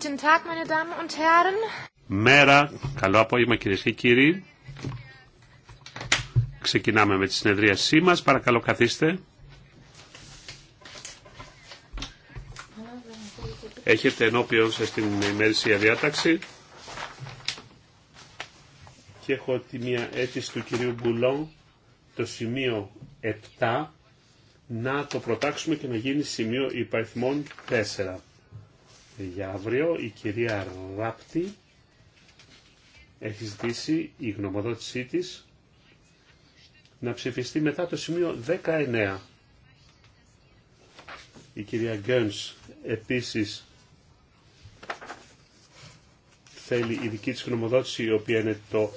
Guten Μέρα, καλό απόγευμα κύριε και κύριοι. Ξεκινάμε με τη συνεδρίασή μα. Παρακαλώ καθίστε. Έχετε ενώπιον σα την ημερησία διάταξη. Και έχω τη μία αίτηση του κυρίου Μπουλόν, το σημείο 7, να το προτάξουμε και να γίνει σημείο υπαριθμών 4 για αύριο. Η κυρία Ράπτη έχει ζητήσει η γνωμοδότησή της να ψηφιστεί μετά το σημείο 19. Η κυρία Γκένς επίσης θέλει η δική της γνωμοδότηση η οποία είναι το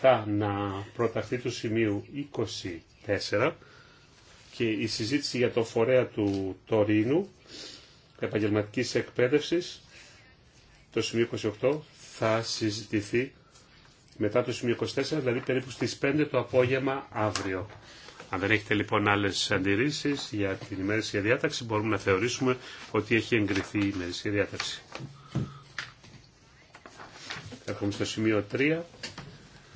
27 να προταχθεί του σημείου 24 και η συζήτηση για το φορέα του Τωρίνου Επαγγελματική εκπαίδευση, το σημείο 28 θα συζητηθεί μετά το σημείο 24, δηλαδή περίπου στις 5 το απόγευμα αύριο. Αν δεν έχετε λοιπόν άλλες αντιρρήσει για την ημερήσια διάταξη, μπορούμε να θεωρήσουμε ότι έχει εγκριθεί η ημερήσια διάταξη. Έχουμε στο σημείο 3,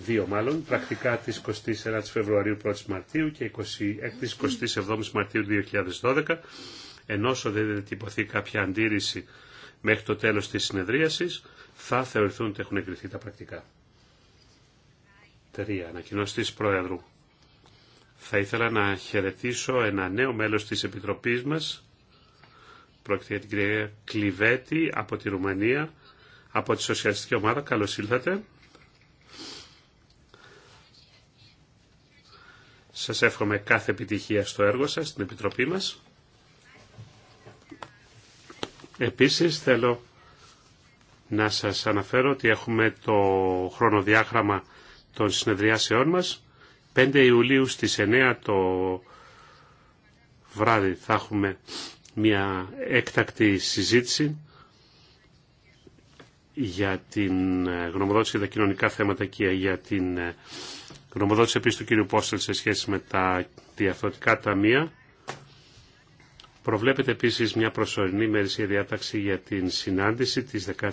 2 μάλλον, πρακτικά της 24 Φεβρουαρίου 1 Μαρτίου και 26 27 Μαρτίου 2012 όσο δεν διατυπωθεί κάποια αντίρρηση μέχρι το τέλος της συνεδρίασης, θα θεωρηθούν ότι έχουν εγκριθεί τα πρακτικά. Τρία. Ανακοινώσει Πρόεδρου. Θα ήθελα να χαιρετήσω ένα νέο μέλος της Επιτροπής μας, πρόκειται για την από τη Ρουμανία, από τη Σοσιαλιστική Ομάδα. Καλώς ήλθατε. Σας εύχομαι κάθε επιτυχία στο έργο σας, στην Επιτροπή μας. Επίσης θέλω να σας αναφέρω ότι έχουμε το χρονοδιάγραμμα των συνεδριάσεών μας. 5 Ιουλίου στις 9 το βράδυ θα έχουμε μια έκτακτη συζήτηση για την ε, γνωμοδότηση για τα κοινωνικά θέματα και για την ε, γνωμοδότηση επίσης του κ. Πόστελ σε σχέση με τα διαφορετικά ταμεία Προβλέπεται επίσης μια προσωρινή μερισσία διάταξη για την συνάντηση της 18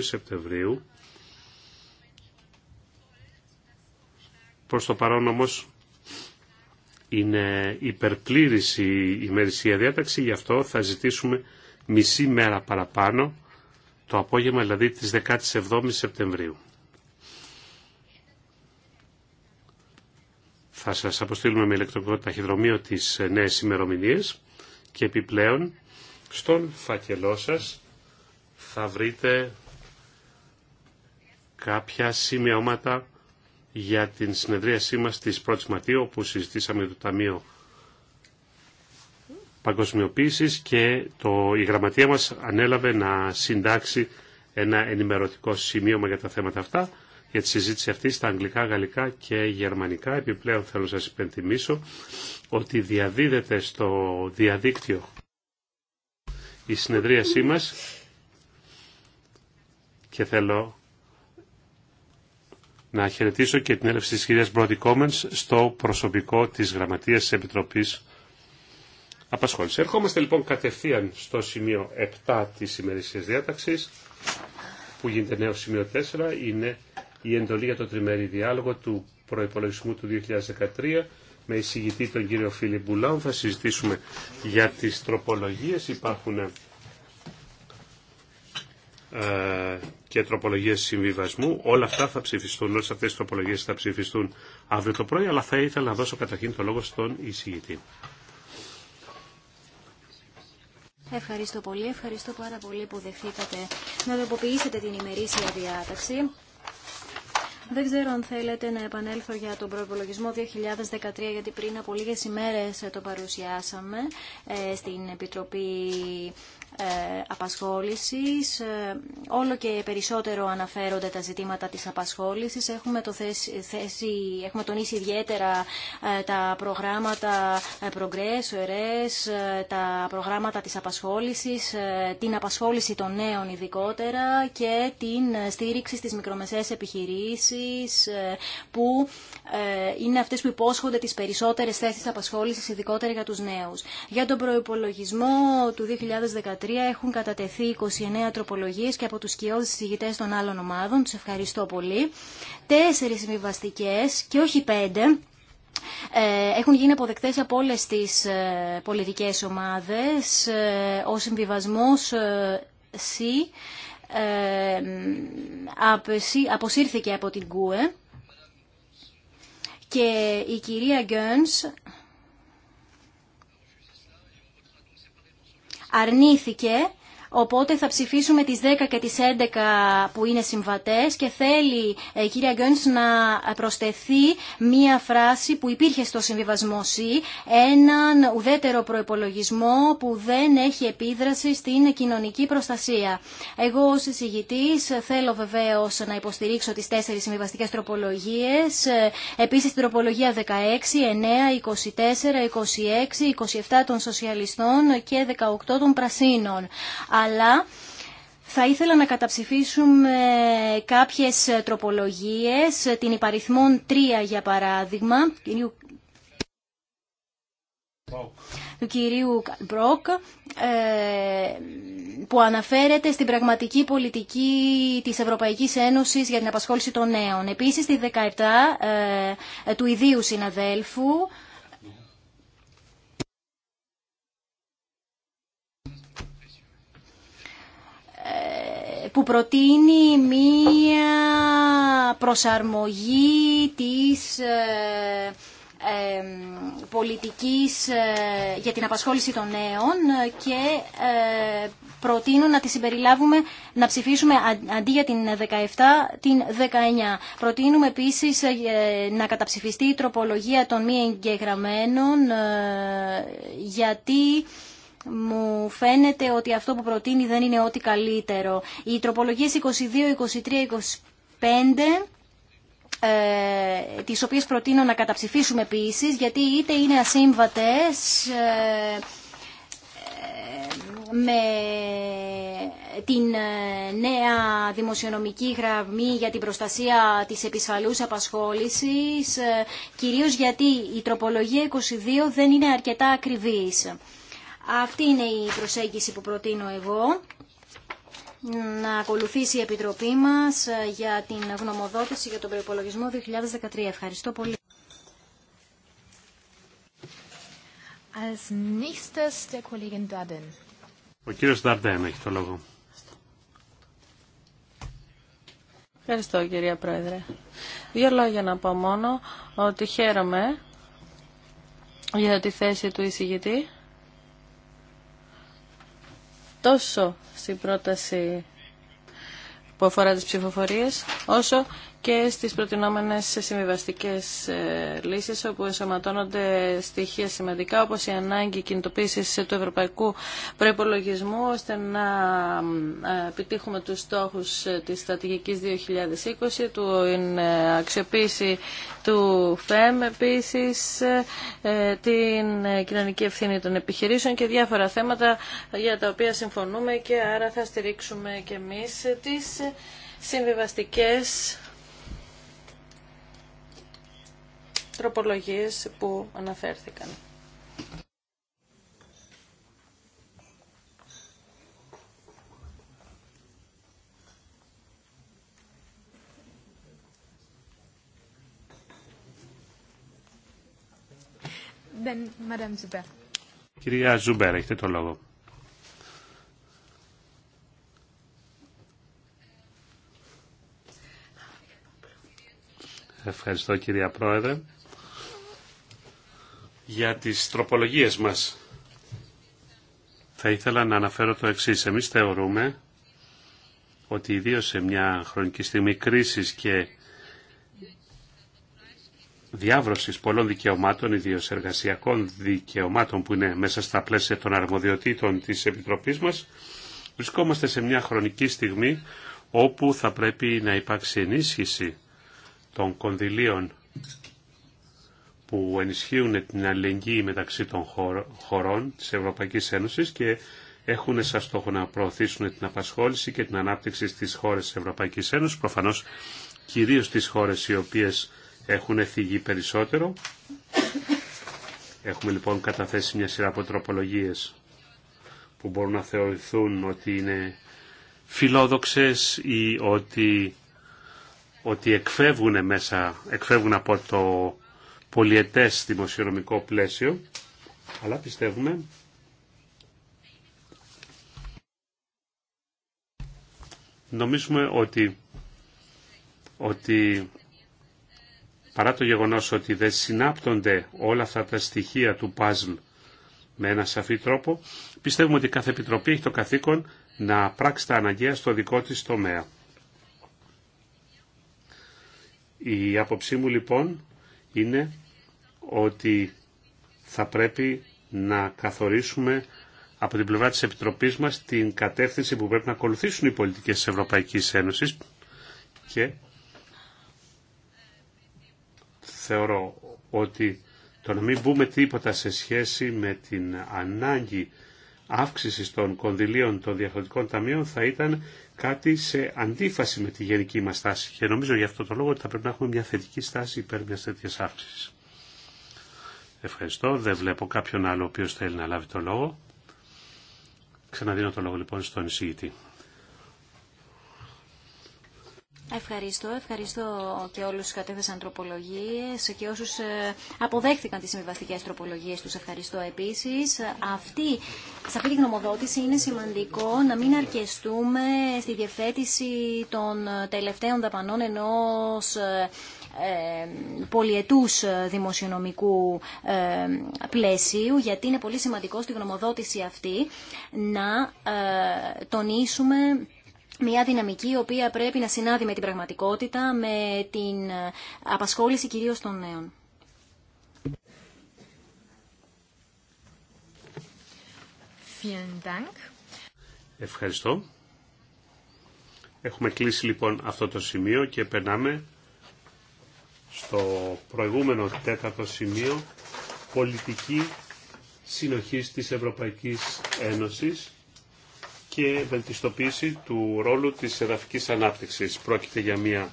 Σεπτεμβρίου. Προς το παρόν όμως είναι υπερπλήρηση η ημερησία διάταξη, γι' αυτό θα ζητήσουμε μισή μέρα παραπάνω, το απόγευμα δηλαδή της 17 Σεπτεμβρίου. Θα σας αποστείλουμε με ηλεκτρονικό ταχυδρομείο τις νέες ημερομηνίες. Και επιπλέον, στον φακελό σας θα βρείτε κάποια σημειώματα για την συνεδρίασή μας της 1ης Μαρτίου που συζητήσαμε το Ταμείο Παγκοσμιοποίησης και το, η γραμματεία μας ανέλαβε να συντάξει ένα ενημερωτικό σημείωμα για τα θέματα αυτά για τη συζήτηση αυτή στα αγγλικά, γαλλικά και γερμανικά. Επιπλέον θέλω να σας υπενθυμίσω ότι διαδίδεται στο διαδίκτυο η συνεδρίασή μας και θέλω να χαιρετήσω και την έλευση της κυρίας Brody Commons στο προσωπικό της Γραμματείας της Επιτροπής Απασχόληση. Ερχόμαστε λοιπόν κατευθείαν στο σημείο 7 της ημερησίας διάταξης που γίνεται νέο σημείο 4 είναι η εντολή για το τριμερή διάλογο του προϋπολογισμού του 2013 με εισηγητή τον κύριο Φίλι Μπουλάου. Θα συζητήσουμε για τις τροπολογίες. Υπάρχουν ε, και τροπολογίες συμβιβασμού. Όλα αυτά θα ψηφιστούν, όλες αυτές οι τροπολογίες θα ψηφιστούν αύριο το πρωί, αλλά θα ήθελα να δώσω καταρχήν το λόγο στον εισηγητή. Ευχαριστώ πολύ. Ευχαριστώ πάρα πολύ που δεχθήκατε να τοποποιήσετε την ημερήσια διάταξη. Δεν ξέρω αν θέλετε να επανέλθω για τον προπολογισμό 2013, γιατί πριν από λίγες ημέρες το παρουσιάσαμε ε, στην Επιτροπή ε, απασχόλησης. Ε, όλο και περισσότερο αναφέρονται τα ζητήματα της απασχόλησης. Έχουμε, το θέση, έχουμε τονίσει ιδιαίτερα ε, τα προγράμματα Progress, ΕΡΕΣ, τα προγράμματα της απασχόλησης, την απασχόληση των νέων ειδικότερα και την στήριξη στις μικρομεσαίες επιχειρήσεις που είναι αυτές που υπόσχονται τις περισσότερες θέσεις απασχόλησης, ειδικότερα για τους νέους. Για τον προϋπολογισμό του 2013 έχουν κατατεθεί 29 τροπολογίες και από τους σκιώδους συζητητές των άλλων ομάδων. Τους ευχαριστώ πολύ. Τέσσερις συμβιβαστικέ και όχι πέντε. Ε, έχουν γίνει αποδεκτές από όλες τις ε, πολιτικές ομάδες. Ε, ο συμβιβασμός ΣΥ αποσύρθηκε από την ΚΟΕ και η κυρία Γκένς αρνήθηκε Οπότε θα ψηφίσουμε τις 10 και τις 11 που είναι συμβατές και θέλει ε, η κυρία Γκέντς να προσθεθεί μία φράση που υπήρχε στο συμβιβασμό C, έναν ουδέτερο προϋπολογισμό που δεν έχει επίδραση στην κοινωνική προστασία. Εγώ ως εισηγητής θέλω βεβαίως να υποστηρίξω τις τέσσερις συμβιβαστικέ τροπολογίες, ε, επίσης την τροπολογία 16, 9, 24, 26, 27 των σοσιαλιστών και 18 των πρασίνων αλλά θα ήθελα να καταψηφίσουμε κάποιες τροπολογίες, την υπαριθμόν 3 για παράδειγμα, του κυρίου Μπροκ ε, που αναφέρεται στην πραγματική πολιτική της Ευρωπαϊκής Ένωσης για την απασχόληση των νέων. Επίσης, τη 17 ε, του ιδίου συναδέλφου που προτείνει μία προσαρμογή της ε, πολιτικής ε, για την απασχόληση των νέων και ε, προτείνω να τη συμπεριλάβουμε να ψηφίσουμε αντί για την 17 την 19. Προτείνουμε επίσης να καταψηφιστεί η τροπολογία των μη εγγεγραμμένων γιατί μου φαίνεται ότι αυτό που προτείνει δεν είναι ό,τι καλύτερο. Οι τροπολογίε 22, 23, 25 ε, τις οποίες προτείνω να καταψηφίσουμε επίση, γιατί είτε είναι ασύμβατες ε, ε, με την ε, νέα δημοσιονομική γραμμή για την προστασία της επισφαλούς απασχόλησης, κυρίως γιατί η τροπολογία 22 δεν είναι αρκετά ακριβής. Αυτή είναι η προσέγγιση που προτείνω εγώ να ακολουθήσει η Επιτροπή μας ε, για την γνωμοδότηση για τον προϋπολογισμό 2013. Ευχαριστώ πολύ. Als nächstes der Kollegin Darden. Ο κύριος Νταρντέν έχει το λόγο. Ευχαριστώ κυρία Πρόεδρε. Δύο λόγια να πω μόνο ότι χαίρομαι για τη θέση του εισηγητή τόσο στην πρόταση που αφορά τις ψηφοφορίες, όσο και στις προτινόμενες συμβιβαστικές ε, λύσεις όπου ενσωματώνονται στοιχεία σημαντικά όπως η ανάγκη κινητοποίησης του ευρωπαϊκού προϋπολογισμού ώστε να ε, επιτύχουμε τους στόχους ε, της στρατηγικής 2020, την αξιοποίηση του ΦΕΜ επίσης, την κοινωνική ευθύνη των επιχειρήσεων και διάφορα θέματα για τα οποία συμφωνούμε και άρα θα στηρίξουμε και εμείς τις συμβιβαστικές τροπολογίες που αναφέρθηκαν. Then, Κυρία Ζουμπέρ, έχετε το λόγο. Ευχαριστώ κυρία Πρόεδρε για τις τροπολογίες μας. Θα ήθελα να αναφέρω το εξής. Εμείς θεωρούμε ότι ιδίως σε μια χρονική στιγμή κρίσης και διάβρωσης πολλών δικαιωμάτων, ιδίως εργασιακών δικαιωμάτων που είναι μέσα στα πλαίσια των αρμοδιοτήτων της Επιτροπής μας, βρισκόμαστε σε μια χρονική στιγμή όπου θα πρέπει να υπάρξει ενίσχυση των κονδυλίων που ενισχύουν την αλληλεγγύη μεταξύ των χωρών της Ευρωπαϊκής Ένωσης και έχουν σαν στόχο να προωθήσουν την απασχόληση και την ανάπτυξη στις χώρες της Ευρωπαϊκής Ένωσης, προφανώς κυρίως στις χώρες οι οποίες έχουν φυγεί περισσότερο. Έχουμε λοιπόν καταθέσει μια σειρά από τροπολογίες που μπορούν να θεωρηθούν ότι είναι φιλόδοξες ή ότι, ότι εκφεύγουν, μέσα, εκφεύγουν από το πολιετές δημοσιονομικό πλαίσιο, αλλά πιστεύουμε νομίζουμε ότι, ότι παρά το γεγονός ότι δεν συνάπτονται όλα αυτά τα στοιχεία του παζλ με ένα σαφή τρόπο, πιστεύουμε ότι κάθε επιτροπή έχει το καθήκον να πράξει τα αναγκαία στο δικό της τομέα. Η άποψή μου λοιπόν είναι ότι θα πρέπει να καθορίσουμε από την πλευρά της Επιτροπής μας την κατεύθυνση που πρέπει να ακολουθήσουν οι πολιτικές της Ευρωπαϊκής Ένωσης και θεωρώ ότι το να μην μπούμε τίποτα σε σχέση με την ανάγκη αύξησης των κονδυλίων των διαφορετικών ταμείων θα ήταν κάτι σε αντίφαση με τη γενική μας στάση. Και νομίζω γι' αυτό το λόγο ότι θα πρέπει να έχουμε μια θετική στάση υπέρ μιας τέτοιας αύξησης. Ευχαριστώ. Δεν βλέπω κάποιον άλλο ο οποίο θέλει να λάβει το λόγο. Ξαναδίνω το λόγο λοιπόν στον εισηγητή. Ευχαριστώ. Ευχαριστώ και όλους τους κατέθεσαν τροπολογίες και όσους ε, αποδέχθηκαν τις συμβιβαστικές τροπολογίες τους. Ευχαριστώ επίσης. Αυτή, σε αυτή τη γνωμοδότηση είναι σημαντικό να μην αρκεστούμε στη διευθέτηση των ε, τελευταίων δαπανών ενός ε, ε, πολιετούς ε, δημοσιονομικού ε, πλαίσιου, γιατί είναι πολύ σημαντικό στη γνωμοδότηση αυτή να τονίσουμε μια δυναμική η οποία πρέπει να συνάδει με την πραγματικότητα, με την απασχόληση κυρίως των νέων. Ευχαριστώ. Έχουμε κλείσει λοιπόν αυτό το σημείο και περνάμε στο προηγούμενο τέταρτο σημείο πολιτική συνοχής της Ευρωπαϊκής Ένωσης και βελτιστοποίηση του ρόλου της εδαφικής ανάπτυξης. Πρόκειται για μια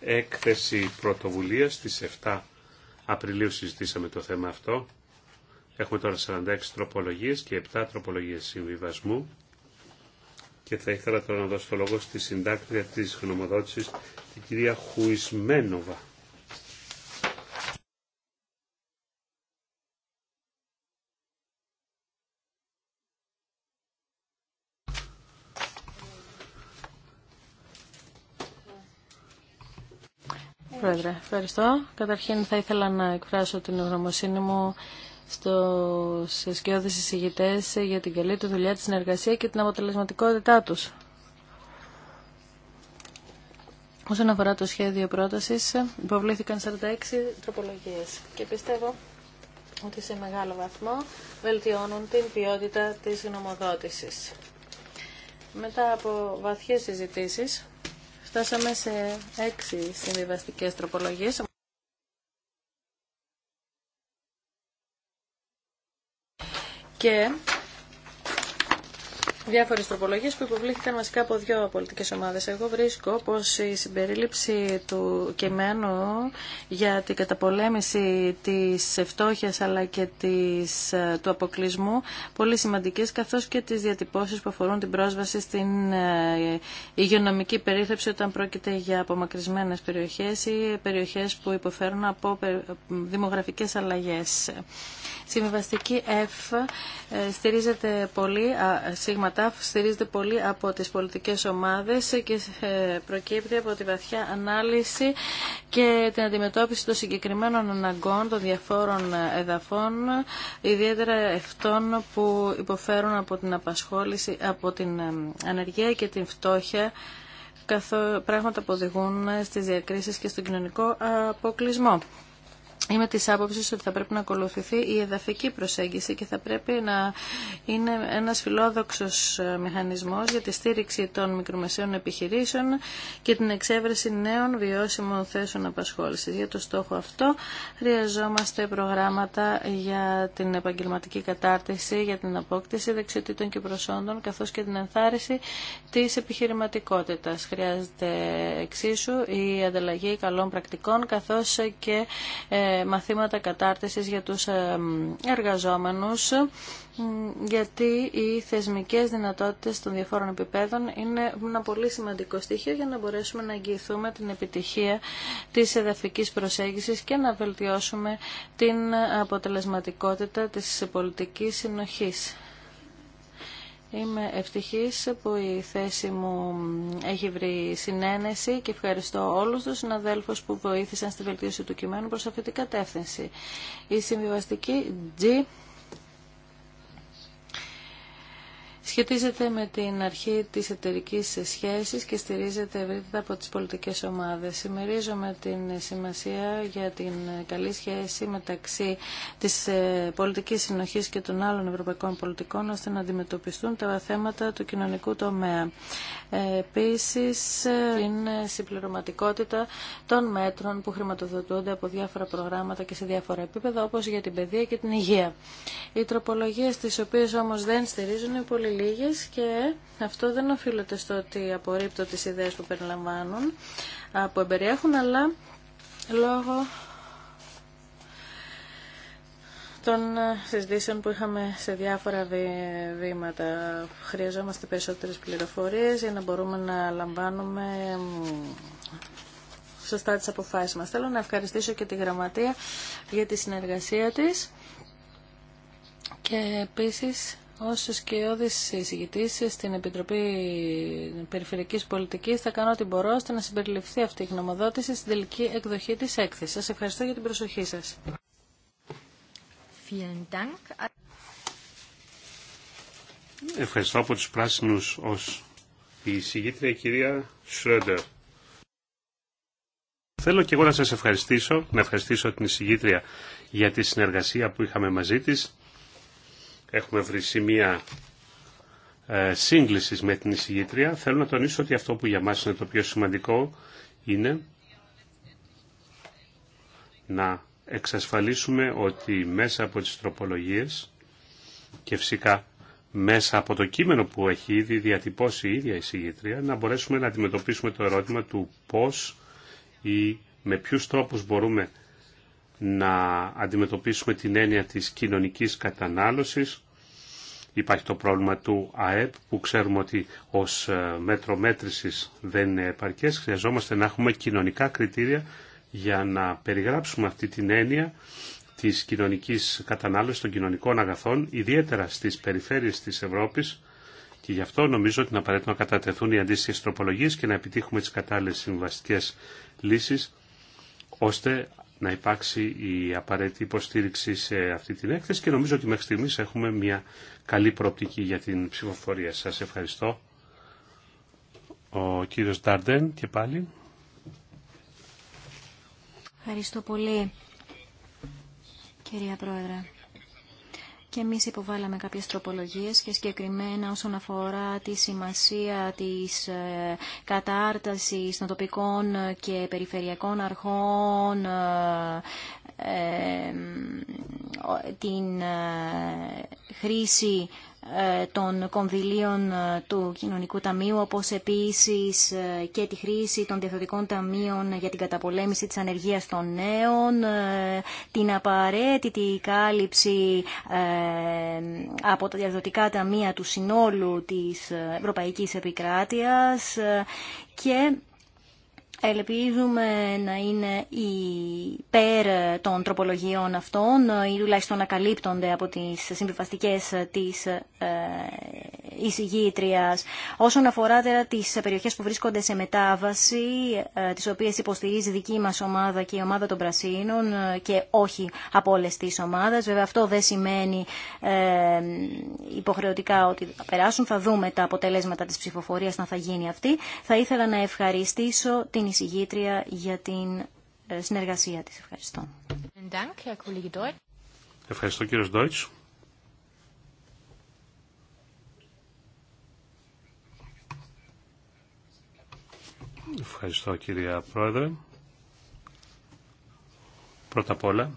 έκθεση πρωτοβουλίας στις 7 Απριλίου συζητήσαμε το θέμα αυτό. Έχουμε τώρα 46 τροπολογίες και 7 τροπολογίες συμβιβασμού και θα ήθελα τώρα να δώσω το λόγο στη συντάκτρια της γνωμοδότησης, την κυρία Χουισμένοβα. Πρόεδρε. Ευχαριστώ. Καταρχήν θα ήθελα να εκφράσω την ευγνωμοσύνη μου στο σκιώδη εισηγητές για την καλή του δουλειά, τη συνεργασία και την αποτελεσματικότητά τους. Όσον αφορά το σχέδιο πρότασης, υποβλήθηκαν 46 τροπολογίες και πιστεύω ότι σε μεγάλο βαθμό βελτιώνουν την ποιότητα της γνωμοδότησης. Μετά από βαθιές συζητήσεις, Φτάσαμε σε έξι συμβιβαστικές τροπολογίες. Και διάφορες τροπολογίες που υποβλήθηκαν βασικά από δύο πολιτικές ομάδες. Εγώ βρίσκω πως η συμπερίληψη του κειμένου για την καταπολέμηση της φτώχειας αλλά και της, ε, του αποκλεισμού πολύ σημαντικές καθώς και τις διατυπώσεις που αφορούν την πρόσβαση στην ε, υγειονομική περίθεψη όταν πρόκειται για απομακρυσμένες περιοχές ή περιοχές που υποφέρουν από δημογραφικές αλλαγές. Συμβιβαστική F ε, στηρίζεται πολύ σίγμα ΚΑΤΑΦ στηρίζεται πολύ από τις πολιτικές ομάδες και ε, προκύπτει από τη βαθιά ανάλυση και την αντιμετώπιση των συγκεκριμένων αναγκών των διαφόρων εδαφών, ιδιαίτερα αυτών που υποφέρουν από την απασχόληση, από την ε, ανεργία και την φτώχεια, καθώς πράγματα που οδηγούν στις διακρίσεις και στον κοινωνικό αποκλεισμό. Είμαι τη άποψη ότι θα πρέπει να ακολουθηθεί η εδαφική προσέγγιση και θα πρέπει να είναι ένα φιλόδοξο ε, μηχανισμό για τη στήριξη των μικρομεσαίων επιχειρήσεων και την εξέβρεση νέων βιώσιμων θέσεων απασχόληση. Για το στόχο αυτό χρειαζόμαστε προγράμματα για την επαγγελματική κατάρτιση, για την απόκτηση δεξιοτήτων και προσόντων, καθώ και την ενθάρρυνση τη επιχειρηματικότητα. Χρειάζεται εξίσου η ανταλλαγή καλών πρακτικών, καθώ και ε, μαθήματα κατάρτισης για τους ε, εργαζόμενους γιατί οι θεσμικές δυνατότητες των διαφόρων επιπέδων είναι ένα πολύ σημαντικό στοιχείο για να μπορέσουμε να εγγυηθούμε την επιτυχία της εδαφικής προσέγγισης και να βελτιώσουμε την αποτελεσματικότητα της πολιτικής συνοχής. Είμαι ευτυχής που η θέση μου έχει βρει συνένεση και ευχαριστώ όλους τους συναδέλφους που βοήθησαν στη βελτίωση του κειμένου προς αυτή την κατεύθυνση. Η συμβιβαστική G σχετίζεται με την αρχή της εταιρικής σχέσης και στηρίζεται ευρύτερα από τις πολιτικές ομάδες. Συμμερίζομαι την σημασία για την καλή σχέση μεταξύ της ε, πολιτικής συνοχής και των άλλων ευρωπαϊκών πολιτικών ώστε να αντιμετωπιστούν τα θέματα του κοινωνικού τομέα. Ε, επίσης, ε, είναι συμπληρωματικότητα των μέτρων που χρηματοδοτούνται από διάφορα προγράμματα και σε διάφορα επίπεδα όπως για την παιδεία και την υγεία. Οι τροπολογίες τις οποίες όμως δεν στηρίζουν είναι πολύ λίγες και αυτό δεν οφείλεται στο ότι απορρίπτω τι ιδέες που περιλαμβάνουν, που εμπεριέχουν, αλλά λόγω των ε, συζητήσεων που είχαμε σε διάφορα βήματα. Χρειαζόμαστε περισσότερες πληροφορίες για να μπορούμε να λαμβάνουμε σωστά τις αποφάσεις μας. Θέλω να ευχαριστήσω και τη Γραμματεία για τη συνεργασία της και επίσης και σκιώδης συζητήσεις στην Επιτροπή Περιφερειακής Πολιτικής θα κάνω ό,τι μπορώ ώστε να συμπεριληφθεί αυτή η γνωμοδότηση στην τελική εκδοχή της έκθεσης. Σας ευχαριστώ για την προσοχή σας. Ευχαριστώ από τους πράσινους ως η εισηγήτρια κυρία Σρέντερ. Θέλω και εγώ να σας ευχαριστήσω, να ευχαριστήσω την εισηγήτρια για τη συνεργασία που είχαμε μαζί της έχουμε βρει σημεία ε, σύγκλησης με την εισηγήτρια. Θέλω να τονίσω ότι αυτό που για μας είναι το πιο σημαντικό είναι να εξασφαλίσουμε ότι μέσα από τις τροπολογίες και φυσικά μέσα από το κείμενο που έχει ήδη διατυπώσει η ίδια η να μπορέσουμε να αντιμετωπίσουμε το ερώτημα του πώς ή με ποιους τρόπους μπορούμε να αντιμετωπίσουμε την έννοια της κοινωνικής κατανάλωσης. Υπάρχει το πρόβλημα του ΑΕΠ που ξέρουμε ότι ως ε, μέτρο μέτρησης δεν είναι επαρκές. Χρειαζόμαστε να έχουμε κοινωνικά κριτήρια για να περιγράψουμε αυτή την έννοια της κοινωνικής κατανάλωσης των κοινωνικών αγαθών, ιδιαίτερα στις περιφέρειες της Ευρώπης, και γι' αυτό νομίζω ότι είναι απαραίτητο να κατατεθούν οι αντίστοιχε τροπολογίε και να επιτύχουμε τι κατάλληλε συμβαστικέ λύσει, ώστε να υπάρξει η απαραίτητη υποστήριξη σε αυτή την έκθεση και νομίζω ότι μέχρι στιγμής έχουμε μια καλή προοπτική για την ψηφοφορία. Σας ευχαριστώ. Ο κύριος Ντάρντεν και πάλι. Ευχαριστώ πολύ, κυρία Πρόεδρε και εμείς υποβάλαμε κάποιες τροπολογίες και συγκεκριμένα όσον αφορά τη σημασία της ε, κατάρτασης των τοπικών και περιφερειακών αρχών ε, ε, την ε, χρήση ε, των κονδυλίων του Κοινωνικού Ταμείου, όπως επίσης και τη χρήση των διαδοτικών ταμείων για την καταπολέμηση της ανεργίας των νέων, την απαραίτητη κάλυψη από τα διαδοτικά ταμεία του συνόλου της Ευρωπαϊκής Επικράτειας και Ελπίζουμε να είναι υπέρ των τροπολογιών αυτών ή τουλάχιστον να καλύπτονται από τις συμβιβαστικές της ε, εισηγήτριας. Όσον αφορά τώρα τις περιοχές που βρίσκονται σε μετάβαση, ε, τις οποίες υποστηρίζει δική μας ομάδα και η ομάδα των Πρασίνων ε, και όχι από όλε τις ομάδες. Βέβαια αυτό δεν σημαίνει υποχρεωτικά ότι θα περάσουν. Θα δούμε τα αποτελέσματα της ψηφοφορίας να θα γίνει αυτή. Θα ήθελα να ευχαριστήσω την εισηγήτρια για την ε, συνεργασία της. Ευχαριστώ. Ευχαριστώ κύριος Ντόιτς. Ευχαριστώ κυρία Πρόεδρε. Πρώτα απ' όλα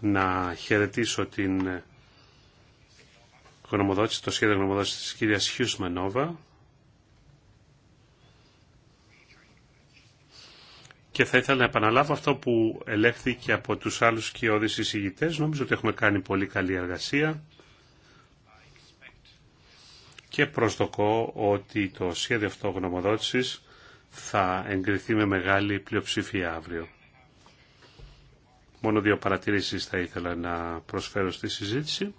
να χαιρετήσω την γνωμοδότηση, το σχέδιο γνωμοδότηση της κυρίας Μενόβα και θα ήθελα να επαναλάβω αυτό που ελέγχθηκε από τους άλλους κοιόδης εισηγητές. Νομίζω ότι έχουμε κάνει πολύ καλή εργασία και προσδοκώ ότι το σχέδιο αυτό γνωμοδότησης θα εγκριθεί με μεγάλη πλειοψηφία αύριο. Μόνο δύο παρατηρήσεις θα ήθελα να προσφέρω στη συζήτηση.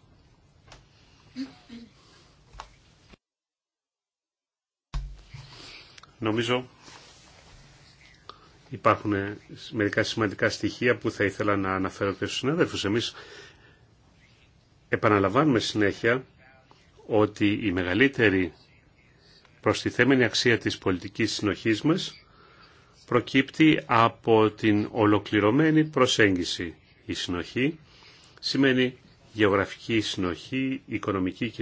Νομίζω υπάρχουν μερικά σημαντικά στοιχεία που θα ήθελα να αναφέρω και στους συναδέλφους. Εμείς επαναλαμβάνουμε συνέχεια ότι η μεγαλύτερη προστιθέμενη αξία της πολιτικής συνοχής μας προκύπτει από την ολοκληρωμένη προσέγγιση. Η συνοχή σημαίνει γεωγραφική συνοχή, οικονομική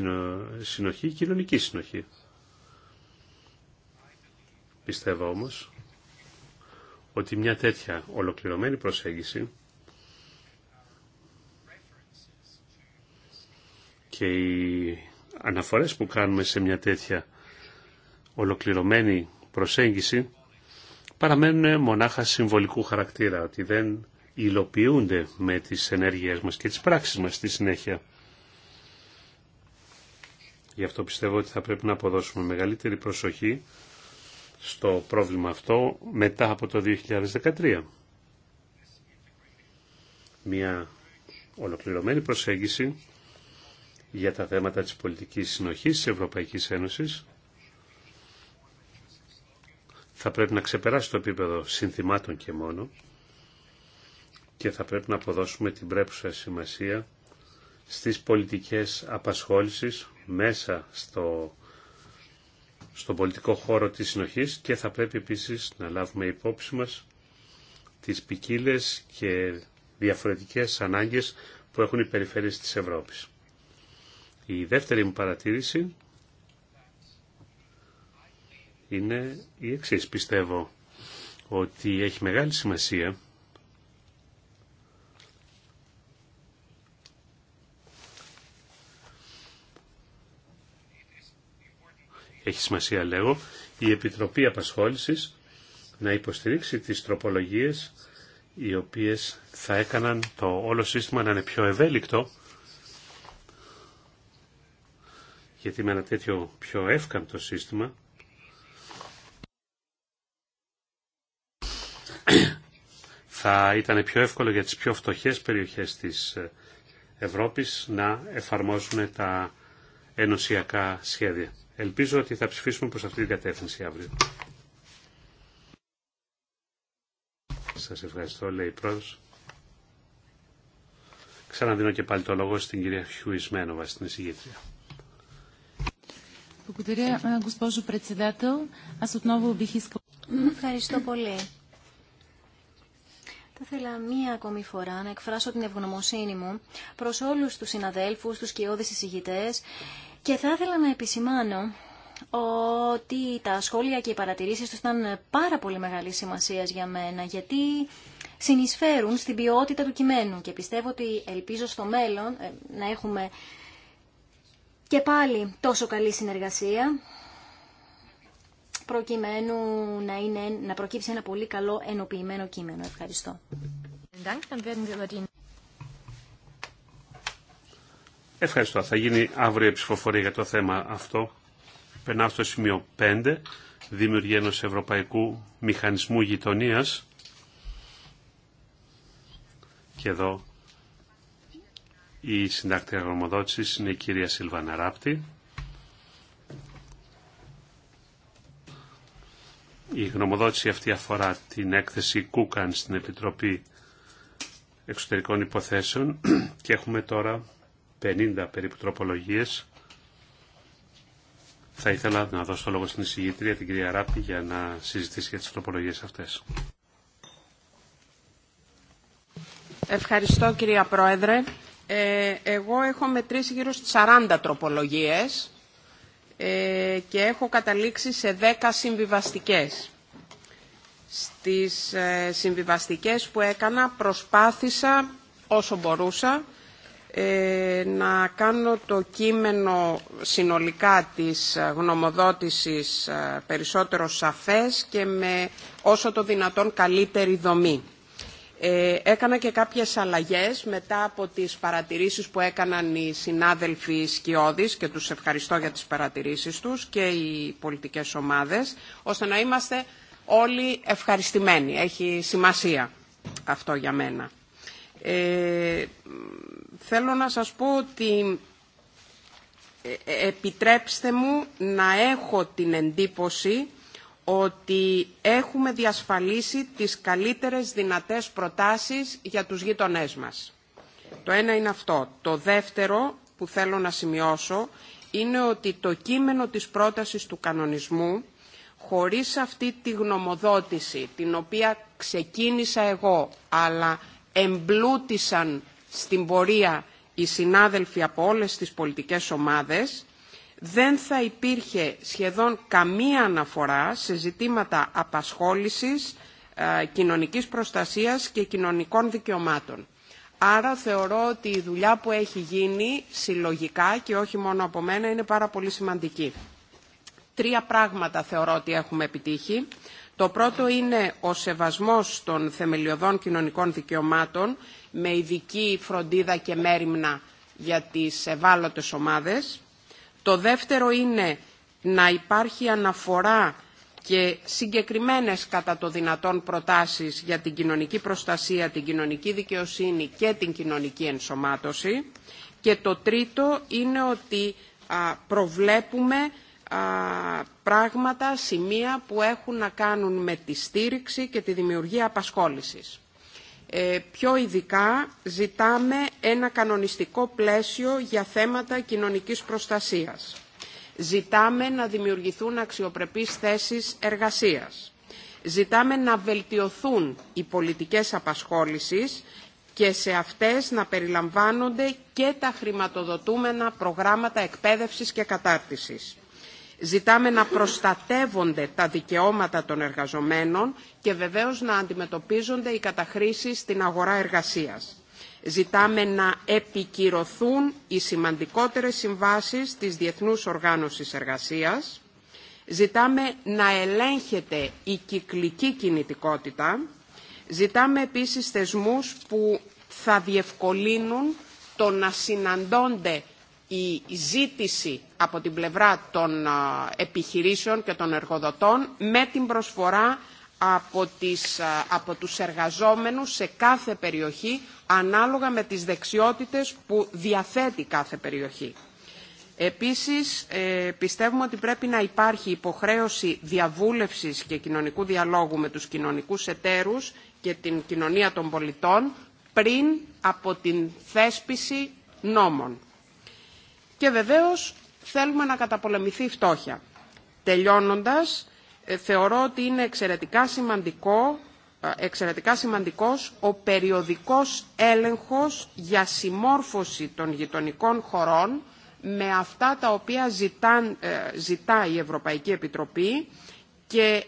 συνοχή, κοινωνική συνοχή. Πιστεύω όμως ότι μια τέτοια ολοκληρωμένη προσέγγιση και οι αναφορές που κάνουμε σε μια τέτοια ολοκληρωμένη προσέγγιση παραμένουν μονάχα συμβολικού χαρακτήρα, ότι δεν υλοποιούνται με τις ενέργειές μας και τις πράξεις μας στη συνέχεια. Γι' αυτό πιστεύω ότι θα πρέπει να αποδώσουμε μεγαλύτερη προσοχή στο πρόβλημα αυτό μετά από το 2013. Μια ολοκληρωμένη προσέγγιση για τα θέματα της πολιτικής συνοχής της Ευρωπαϊκής Ένωσης θα πρέπει να ξεπεράσει το επίπεδο συνθημάτων και μόνο και θα πρέπει να αποδώσουμε την πρέπουσα σημασία στις πολιτικές απασχόλησης μέσα στο στον πολιτικό χώρο της συνοχής και θα πρέπει επίσης να λάβουμε υπόψη μας τις ποικίλε και διαφορετικές ανάγκες που έχουν οι περιφέρειες της Ευρώπης. Η δεύτερη μου παρατήρηση είναι η εξής. Πιστεύω ότι έχει μεγάλη σημασία έχει σημασία λέγω, η Επιτροπή Απασχόλησης να υποστηρίξει τις τροπολογίες οι οποίες θα έκαναν το όλο σύστημα να είναι πιο ευέλικτο γιατί με ένα τέτοιο πιο εύκαμπτο σύστημα θα ήταν πιο εύκολο για τις πιο φτωχές περιοχές της Ευρώπης να εφαρμόσουν τα ενωσιακά σχέδια. Ελπίζω ότι θα ψηφίσουμε προς αυτήν την κατεύθυνση αύριο. Σας ευχαριστώ, λέει η πρόεδρος. Ξαναδίνω και πάλι το λόγο στην κυρία Χιουισμένοβα, στην εισηγήτρια. Ευχαριστώ πολύ. Θα ήθελα μία ακόμη φορά να εκφράσω την ευγνωμοσύνη μου προς όλους τους συναδέλφους, τους κοιόδης εισηγητές και θα ήθελα να επισημάνω ότι τα σχόλια και οι παρατηρήσεις τους ήταν πάρα πολύ μεγάλη σημασία για μένα, γιατί συνεισφέρουν στην ποιότητα του κειμένου και πιστεύω ότι ελπίζω στο μέλλον ε, να έχουμε και πάλι τόσο καλή συνεργασία προκειμένου να, είναι, να προκύψει ένα πολύ καλό ενοποιημένο κείμενο. Ευχαριστώ. Ευχαριστώ. Θα γίνει αύριο η ψηφοφορία για το θέμα αυτό. Περνάω στο σημείο 5. Δημιουργία ενός Ευρωπαϊκού Μηχανισμού Γειτονία. Και εδώ η συντάκτρια γνωμοδότησης είναι η κυρία Σιλβάνα Ράπτη. Η γνωμοδότηση αυτή αφορά την έκθεση Κούκαν στην Επιτροπή Εξωτερικών Υποθέσεων και έχουμε τώρα 50 περίπου τροπολογίες. Θα ήθελα να δώσω το λόγο στην εισηγητρία την κυρία ράπη, για να συζητήσει για τις τροπολογίε αυτές. Ευχαριστώ κυρία Πρόεδρε. Ε, εγώ έχω μετρήσει γύρω στις 40 τροπολογίες ε, και έχω καταλήξει σε 10 συμβιβαστικές. Στις ε, συμβιβαστικές που έκανα προσπάθησα όσο μπορούσα ε, να κάνω το κείμενο συνολικά της γνωμοδότησης ε, περισσότερο σαφές και με όσο το δυνατόν καλύτερη δομή. Ε, έκανα και κάποιες αλλαγές μετά από τις παρατηρήσεις που έκαναν οι συνάδελφοι Σκιώδης και τους ευχαριστώ για τις παρατηρήσεις τους και οι πολιτικές ομάδες, ώστε να είμαστε όλοι ευχαριστημένοι. Έχει σημασία αυτό για μένα θέλω να σας πω ότι ε, ε, επιτρέψτε μου να έχω την εντύπωση ότι έχουμε διασφαλίσει τις καλύτερες δυνατές προτάσεις για τους γείτονές μας. Το ένα είναι αυτό. Το δεύτερο που θέλω να σημειώσω είναι ότι το κείμενο της πρότασης του κανονισμού χωρίς αυτή τη γνωμοδότηση την οποία ξεκίνησα εγώ αλλά εμπλούτησαν στην πορεία οι συνάδελφοι από όλες τις πολιτικές ομάδες, δεν θα υπήρχε σχεδόν καμία αναφορά σε ζητήματα απασχόλησης, ε, κοινωνικής προστασίας και κοινωνικών δικαιωμάτων. Άρα θεωρώ ότι η δουλειά που έχει γίνει συλλογικά και όχι μόνο από μένα είναι πάρα πολύ σημαντική. Τρία πράγματα θεωρώ ότι έχουμε επιτύχει. Το πρώτο είναι ο σεβασμός των θεμελιωδών κοινωνικών δικαιωμάτων με ειδική φροντίδα και μέρημνα για τις ευάλωτες ομάδες. Το δεύτερο είναι να υπάρχει αναφορά και συγκεκριμένες κατά το δυνατόν προτάσεις για την κοινωνική προστασία, την κοινωνική δικαιοσύνη και την κοινωνική ενσωμάτωση. Και το τρίτο είναι ότι προβλέπουμε πράγματα, σημεία που έχουν να κάνουν με τη στήριξη και τη δημιουργία απασχόλησης. Ε, πιο ειδικά ζητάμε ένα κανονιστικό πλαίσιο για θέματα κοινωνικής προστασίας. Ζητάμε να δημιουργηθούν αξιοπρεπείς θέσεις εργασίας. Ζητάμε να βελτιωθούν οι πολιτικές απασχόλησης και σε αυτές να περιλαμβάνονται και τα χρηματοδοτούμενα προγράμματα εκπαίδευσης και κατάρτισης. Ζητάμε να προστατεύονται τα δικαιώματα των εργαζομένων και βεβαίως να αντιμετωπίζονται οι καταχρήσεις στην αγορά εργασίας. Ζητάμε να επικυρωθούν οι σημαντικότερες συμβάσεις της Διεθνούς Οργάνωσης Εργασίας. Ζητάμε να ελέγχεται η κυκλική κινητικότητα. Ζητάμε επίσης θεσμούς που θα διευκολύνουν το να συναντώνται η ζήτηση από την πλευρά των επιχειρήσεων και των εργοδοτών με την προσφορά από, τις, από τους εργαζόμενους σε κάθε περιοχή ανάλογα με τις δεξιότητες που διαθέτει κάθε περιοχή. Επίσης, ε, πιστεύουμε ότι πρέπει να υπάρχει υποχρέωση διαβούλευσης και κοινωνικού διαλόγου με τους κοινωνικούς εταίρους και την κοινωνία των πολιτών πριν από την θέσπιση νόμων. Και βεβαίως θέλουμε να καταπολεμηθεί η φτώχεια. Τελειώνοντας, ε, θεωρώ ότι είναι εξαιρετικά, σημαντικό, ε, εξαιρετικά σημαντικός ο περιοδικός έλεγχος για συμμόρφωση των γειτονικών χωρών με αυτά τα οποία ζητά, ε, ζητά η Ευρωπαϊκή Επιτροπή και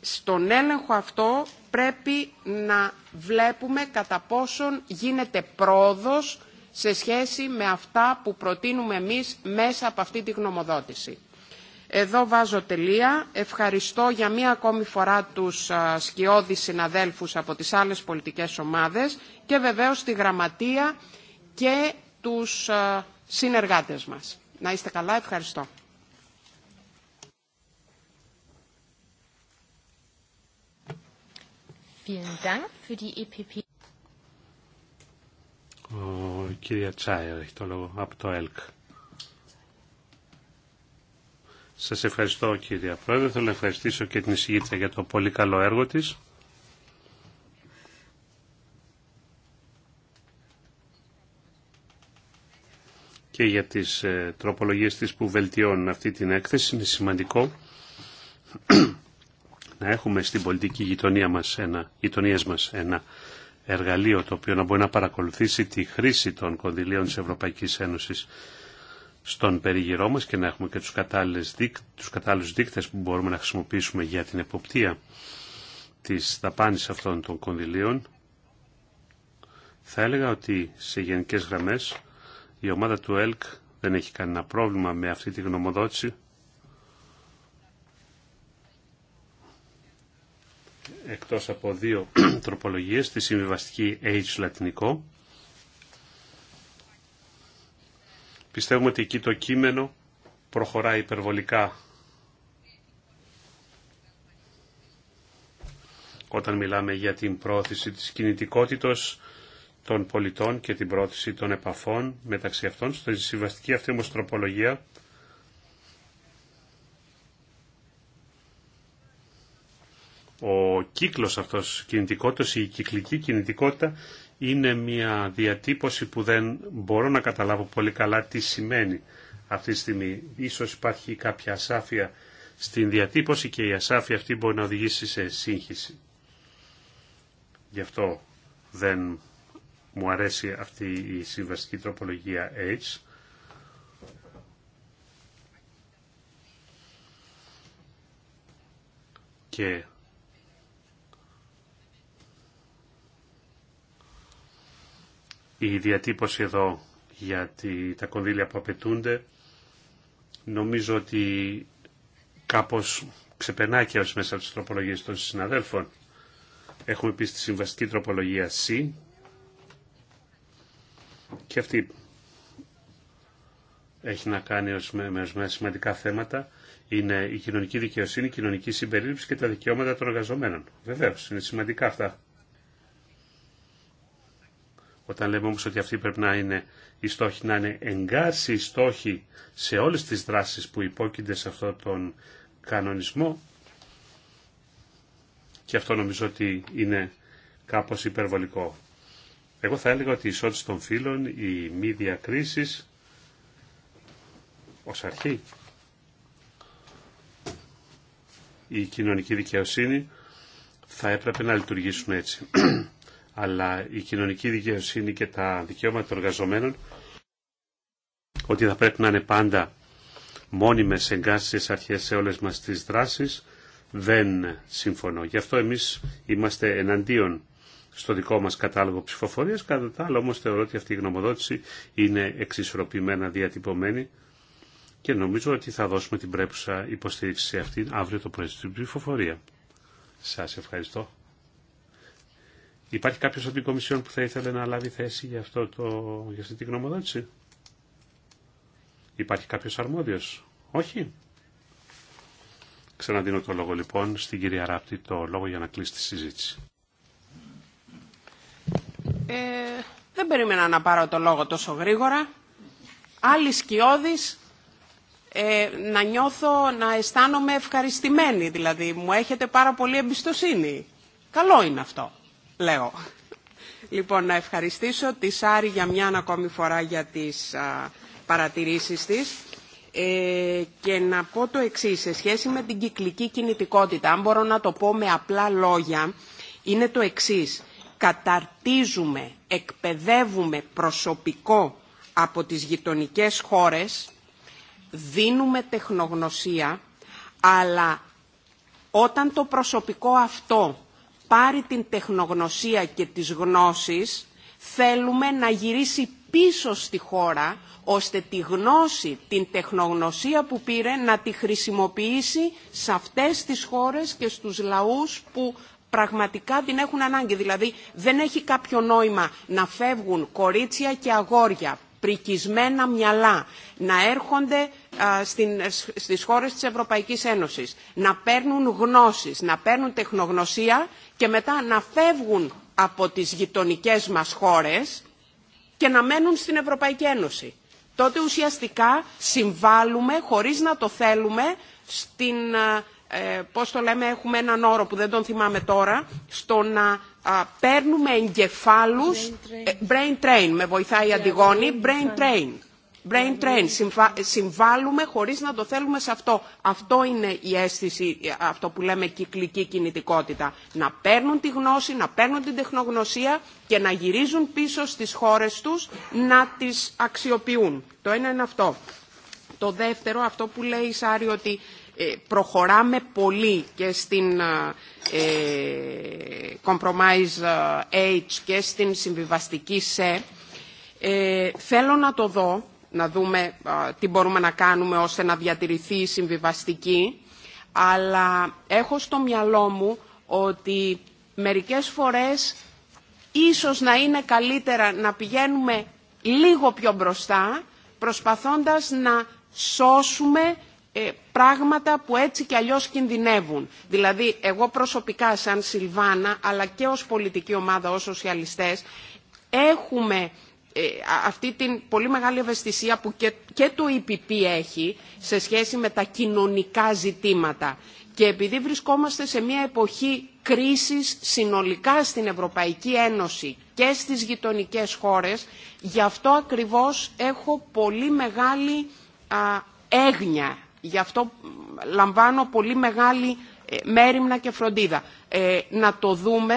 στον έλεγχο αυτό πρέπει να βλέπουμε κατά πόσον γίνεται πρόοδος σε σχέση με αυτά που προτείνουμε εμείς μέσα από αυτή τη γνωμοδότηση. Εδώ βάζω τελεία. Ευχαριστώ για μία ακόμη φορά τους σκιώδεις συναδέλφους από τις άλλες πολιτικές ομάδες και βεβαίως τη γραμματεία και τους συνεργάτες μας. Να είστε καλά. Ευχαριστώ. E ο έχει από το ΕΛΚ. Σας ευχαριστώ κύριε Πρόεδρε. Θέλω να ευχαριστήσω και την εισηγήτρια για το πολύ καλό έργο της. και για τις ε, τροπολογίες της που βελτιώνουν αυτή την έκθεση. Είναι σημαντικό να έχουμε στην πολιτική γειτονία μας ένα, γειτονίας μας ένα εργαλείο το οποίο να μπορεί να παρακολουθήσει τη χρήση των κονδυλίων της Ευρωπαϊκής Ένωσης στον περιγυρό μας και να έχουμε και τους κατάλληλους, δίκ, τους δείκτες που μπορούμε να χρησιμοποιήσουμε για την εποπτεία της δαπάνης αυτών των κονδυλίων. Θα έλεγα ότι σε γενικές γραμμές η ομάδα του ΕΛΚ δεν έχει κανένα πρόβλημα με αυτή τη γνωμοδότηση εκτός από δύο τροπολογίες, τη συμβιβαστική H λατινικό. Πιστεύουμε ότι εκεί το κείμενο προχωράει υπερβολικά όταν μιλάμε για την πρόθεση της κινητικότητας των πολιτών και την πρόθεση των επαφών μεταξύ αυτών. Στη συμβαστική αυτή όμως τροπολογία Ο κύκλος αυτός κινητικότητας, η κυκλική κινητικότητα είναι μια διατύπωση που δεν μπορώ να καταλάβω πολύ καλά τι σημαίνει αυτή τη στιγμή. Ίσως υπάρχει κάποια ασάφεια στην διατύπωση και η ασάφεια αυτή μπορεί να οδηγήσει σε σύγχυση. Γι' αυτό δεν μου αρέσει αυτή η συμβαστική τροπολογία H. Και η διατύπωση εδώ για τα κονδύλια που απαιτούνται νομίζω ότι κάπως ξεπερνά και ως μέσα από τις των συναδέλφων. Έχουμε πει στη συμβαστική τροπολογία C και αυτή έχει να κάνει ως με, με σημαντικά θέματα. Είναι η κοινωνική δικαιοσύνη, η κοινωνική συμπερίληψη και τα δικαιώματα των εργαζομένων. Βεβαίως, είναι σημαντικά αυτά. Όταν λέμε όμως ότι αυτή πρέπει να είναι οι στόχοι να είναι εγκάρσιοι στόχοι σε όλες τις δράσεις που υπόκεινται σε αυτόν τον κανονισμό και αυτό νομίζω ότι είναι κάπως υπερβολικό. Εγώ θα έλεγα ότι η ισότητα των φύλων, η μη διακρίσεις ως αρχή, η κοινωνική δικαιοσύνη θα έπρεπε να λειτουργήσουν έτσι αλλά η κοινωνική δικαιοσύνη και τα δικαιώματα των εργαζομένων ότι θα πρέπει να είναι πάντα μόνιμες εγκάσεις αρχές σε όλες μας τις δράσεις δεν συμφωνώ. Γι' αυτό εμείς είμαστε εναντίον στο δικό μας κατάλογο ψηφοφορίας. Κατά τα άλλα όμως θεωρώ ότι αυτή η γνωμοδότηση είναι εξισορροπημένα διατυπωμένη και νομίζω ότι θα δώσουμε την πρέπουσα υποστήριξη σε αυτήν αύριο το πρωί στην ψηφοφορία. Σας ευχαριστώ. Υπάρχει κάποιο από την Κομισιόν που θα ήθελε να λάβει θέση για, αυτό το, για αυτή την γνωμοδότηση. Υπάρχει κάποιο αρμόδιος. Όχι. Ξαναδίνω το λόγο λοιπόν στην κυρία Ράπτη το λόγο για να κλείσει τη συζήτηση. Ε, δεν περίμενα να πάρω το λόγο τόσο γρήγορα. Άλλη σκιώδης ε, να νιώθω, να αισθάνομαι ευχαριστημένη δηλαδή. Μου έχετε πάρα πολύ εμπιστοσύνη. Καλό είναι αυτό λέω. Λοιπόν, να ευχαριστήσω τη Σάρη για μια ακόμη φορά για τις παρατηρήσεις της ε, και να πω το εξής, σε σχέση με την κυκλική κινητικότητα, αν μπορώ να το πω με απλά λόγια, είναι το εξής. Καταρτίζουμε, εκπαιδεύουμε προσωπικό από τις γειτονικές χώρες, δίνουμε τεχνογνωσία, αλλά όταν το προσωπικό αυτό πάρει την τεχνογνωσία και τις γνώσεις, θέλουμε να γυρίσει πίσω στη χώρα, ώστε τη γνώση, την τεχνογνωσία που πήρε να τη χρησιμοποιήσει σε αυτές τις χώρες και στους λαούς που πραγματικά την έχουν ανάγκη. Δηλαδή δεν έχει κάποιο νόημα να φεύγουν κορίτσια και αγόρια, πρικισμένα μυαλά, να έρχονται α, στην, στις χώρες της Ευρωπαϊκής Ένωσης, να παίρνουν γνώσεις, να παίρνουν τεχνογνωσία και μετά να φεύγουν από τις γειτονικές μας χώρες και να μένουν στην Ευρωπαϊκή Ένωση. Τότε ουσιαστικά συμβάλλουμε χωρίς να το θέλουμε στην, ε, πώς το λέμε, έχουμε έναν όρο που δεν τον θυμάμαι τώρα, στο να παίρνουμε εγκεφάλους, ε, brain train, με βοηθάει η ναι, Αντιγόνη, brain train brain train. Συμβάλλουμε χωρίς να το θέλουμε σε αυτό. Αυτό είναι η αίσθηση, αυτό που λέμε κυκλική κινητικότητα. Να παίρνουν τη γνώση, να παίρνουν την τεχνογνωσία και να γυρίζουν πίσω στις χώρες τους να τις αξιοποιούν. Το ένα είναι αυτό. Το δεύτερο, αυτό που λέει η Σάρη ότι ε, προχωράμε πολύ και στην ε, ε compromise ε, H και στην συμβιβαστική σε. θέλω να το δω να δούμε τι μπορούμε να κάνουμε ώστε να διατηρηθεί η συμβιβαστική, αλλά έχω στο μυαλό μου ότι μερικές φορές ίσως να είναι καλύτερα να πηγαίνουμε λίγο πιο μπροστά, προσπαθώντας να σώσουμε ε, πράγματα που έτσι κι αλλιώς κινδυνεύουν. Δηλαδή, εγώ προσωπικά σαν Σιλβάνα, αλλά και ως πολιτική ομάδα, ως σοσιαλιστές, έχουμε ε, αυτή την πολύ μεγάλη ευαισθησία που και, το EPP έχει σε σχέση με τα κοινωνικά ζητήματα. Και επειδή βρισκόμαστε σε μια εποχή κρίσης συνολικά στην Ευρωπαϊκή Ένωση και στις γειτονικές χώρες, γι' αυτό ακριβώς έχω πολύ μεγάλη α, έγνοια. Γι' αυτό λαμβάνω πολύ μεγάλη ε, μέρημνα και φροντίδα. Ε, να το δούμε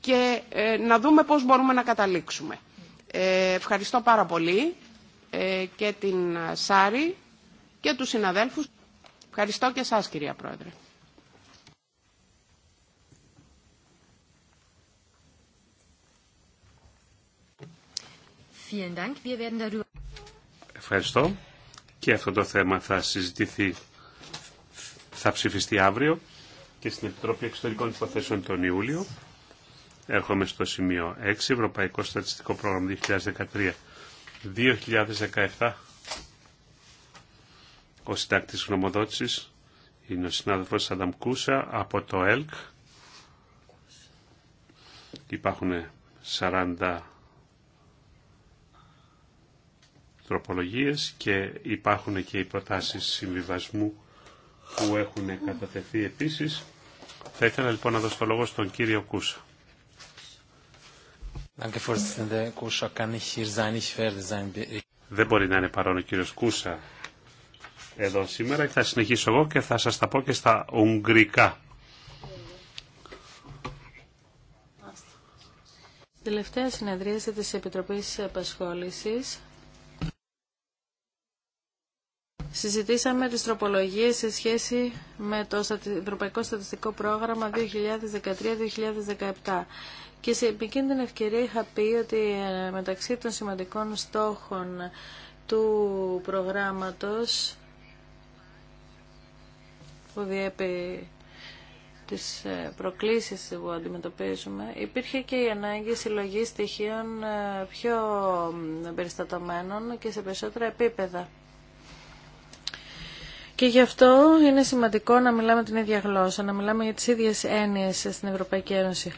και ε, να δούμε πώς μπορούμε να καταλήξουμε. Ε, ευχαριστώ πάρα πολύ ε, και την ε, Σάρη και τους συναδέλφους. Ευχαριστώ και σας κυρία Πρόεδρε. Ευχαριστώ. Και αυτό το θέμα θα συζητηθεί, θα ψηφιστεί αύριο και στην Επιτροπή Εξωτερικών Υποθέσεων τον Ιούλιο. Έρχομαι στο σημείο 6, Ευρωπαϊκό Στατιστικό Πρόγραμμα 2013-2017. Ο συντάκτης γνωμοδότησης είναι ο συνάδελφος Σανταμ Κούσα από το ΕΛΚ. Υπάρχουν 40 τροπολογίες και υπάρχουν και οι προτάσεις συμβιβασμού που έχουν κατατεθεί επίσης. Θα ήθελα λοιπόν να δώσω το λόγο στον κύριο Κούσα. Δεν μπορεί να είναι παρόν ο κύριος Κούσα εδώ σήμερα και θα συνεχίσω εγώ και θα σας τα πω και στα Ουγγρικά. Τελευταία συνεδρίαση της Επιτροπής Επασχόλησης Συζητήσαμε τις τροπολογίες σε σχέση με το Ευρωπαϊκό Στατιστικό Πρόγραμμα 2013-2017 και σε επικίνδυνη ευκαιρία είχα πει ότι ε, μεταξύ των σημαντικών στόχων του προγράμματος που διέπει τις ε, προκλήσεις που αντιμετωπίζουμε, υπήρχε και η ανάγκη συλλογή στοιχείων ε, πιο περιστατωμένων και σε περισσότερα επίπεδα. Και γι' αυτό είναι σημαντικό να μιλάμε την ίδια γλώσσα, να μιλάμε για τις ίδιες έννοιες στην Ευρωπαϊκή Ένωση.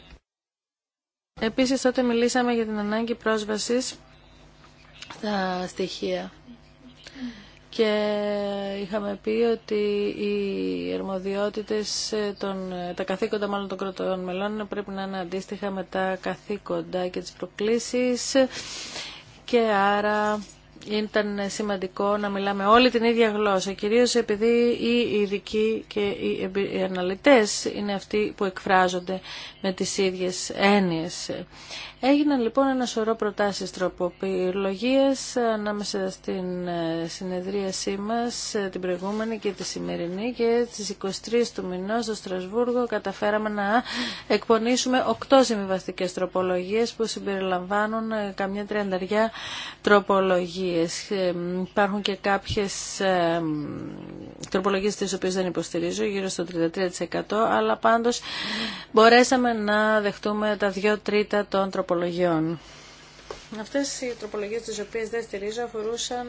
Επίσης τότε μιλήσαμε για την ανάγκη πρόσβασης στα στοιχεία και είχαμε πει ότι οι ερμοδιότητες, των, τα καθήκοντα μάλλον των κροτών μελών πρέπει να είναι αντίστοιχα με τα καθήκοντα και τις προκλήσεις και άρα ήταν σημαντικό να μιλάμε όλη την ίδια γλώσσα, κυρίως επειδή οι ειδικοί και οι αναλυτές είναι αυτοί που εκφράζονται με τις ίδιες έννοιες. Έγιναν λοιπόν ένα σωρό προτάσεις τροπολογίε ανάμεσα στην ε, συνεδρίασή μας, ε, την προηγούμενη και τη σημερινή και στις 23 του μηνός στο Στρασβούργο καταφέραμε να εκπονήσουμε 8 συμβιβαστικέ τροπολογίες που συμπεριλαμβάνουν ε, καμιά τριανταριά τροπολογίες. Υπάρχουν και κάποιες τροπολογίες τις οποίες δεν υποστηρίζω, γύρω στο 33%, αλλά πάντως μπορέσαμε να δεχτούμε τα δυο τρίτα των τροπολογιών τροπολογιών. Αυτές οι τροπολογίες τις οποίες δεν στηρίζω αφορούσαν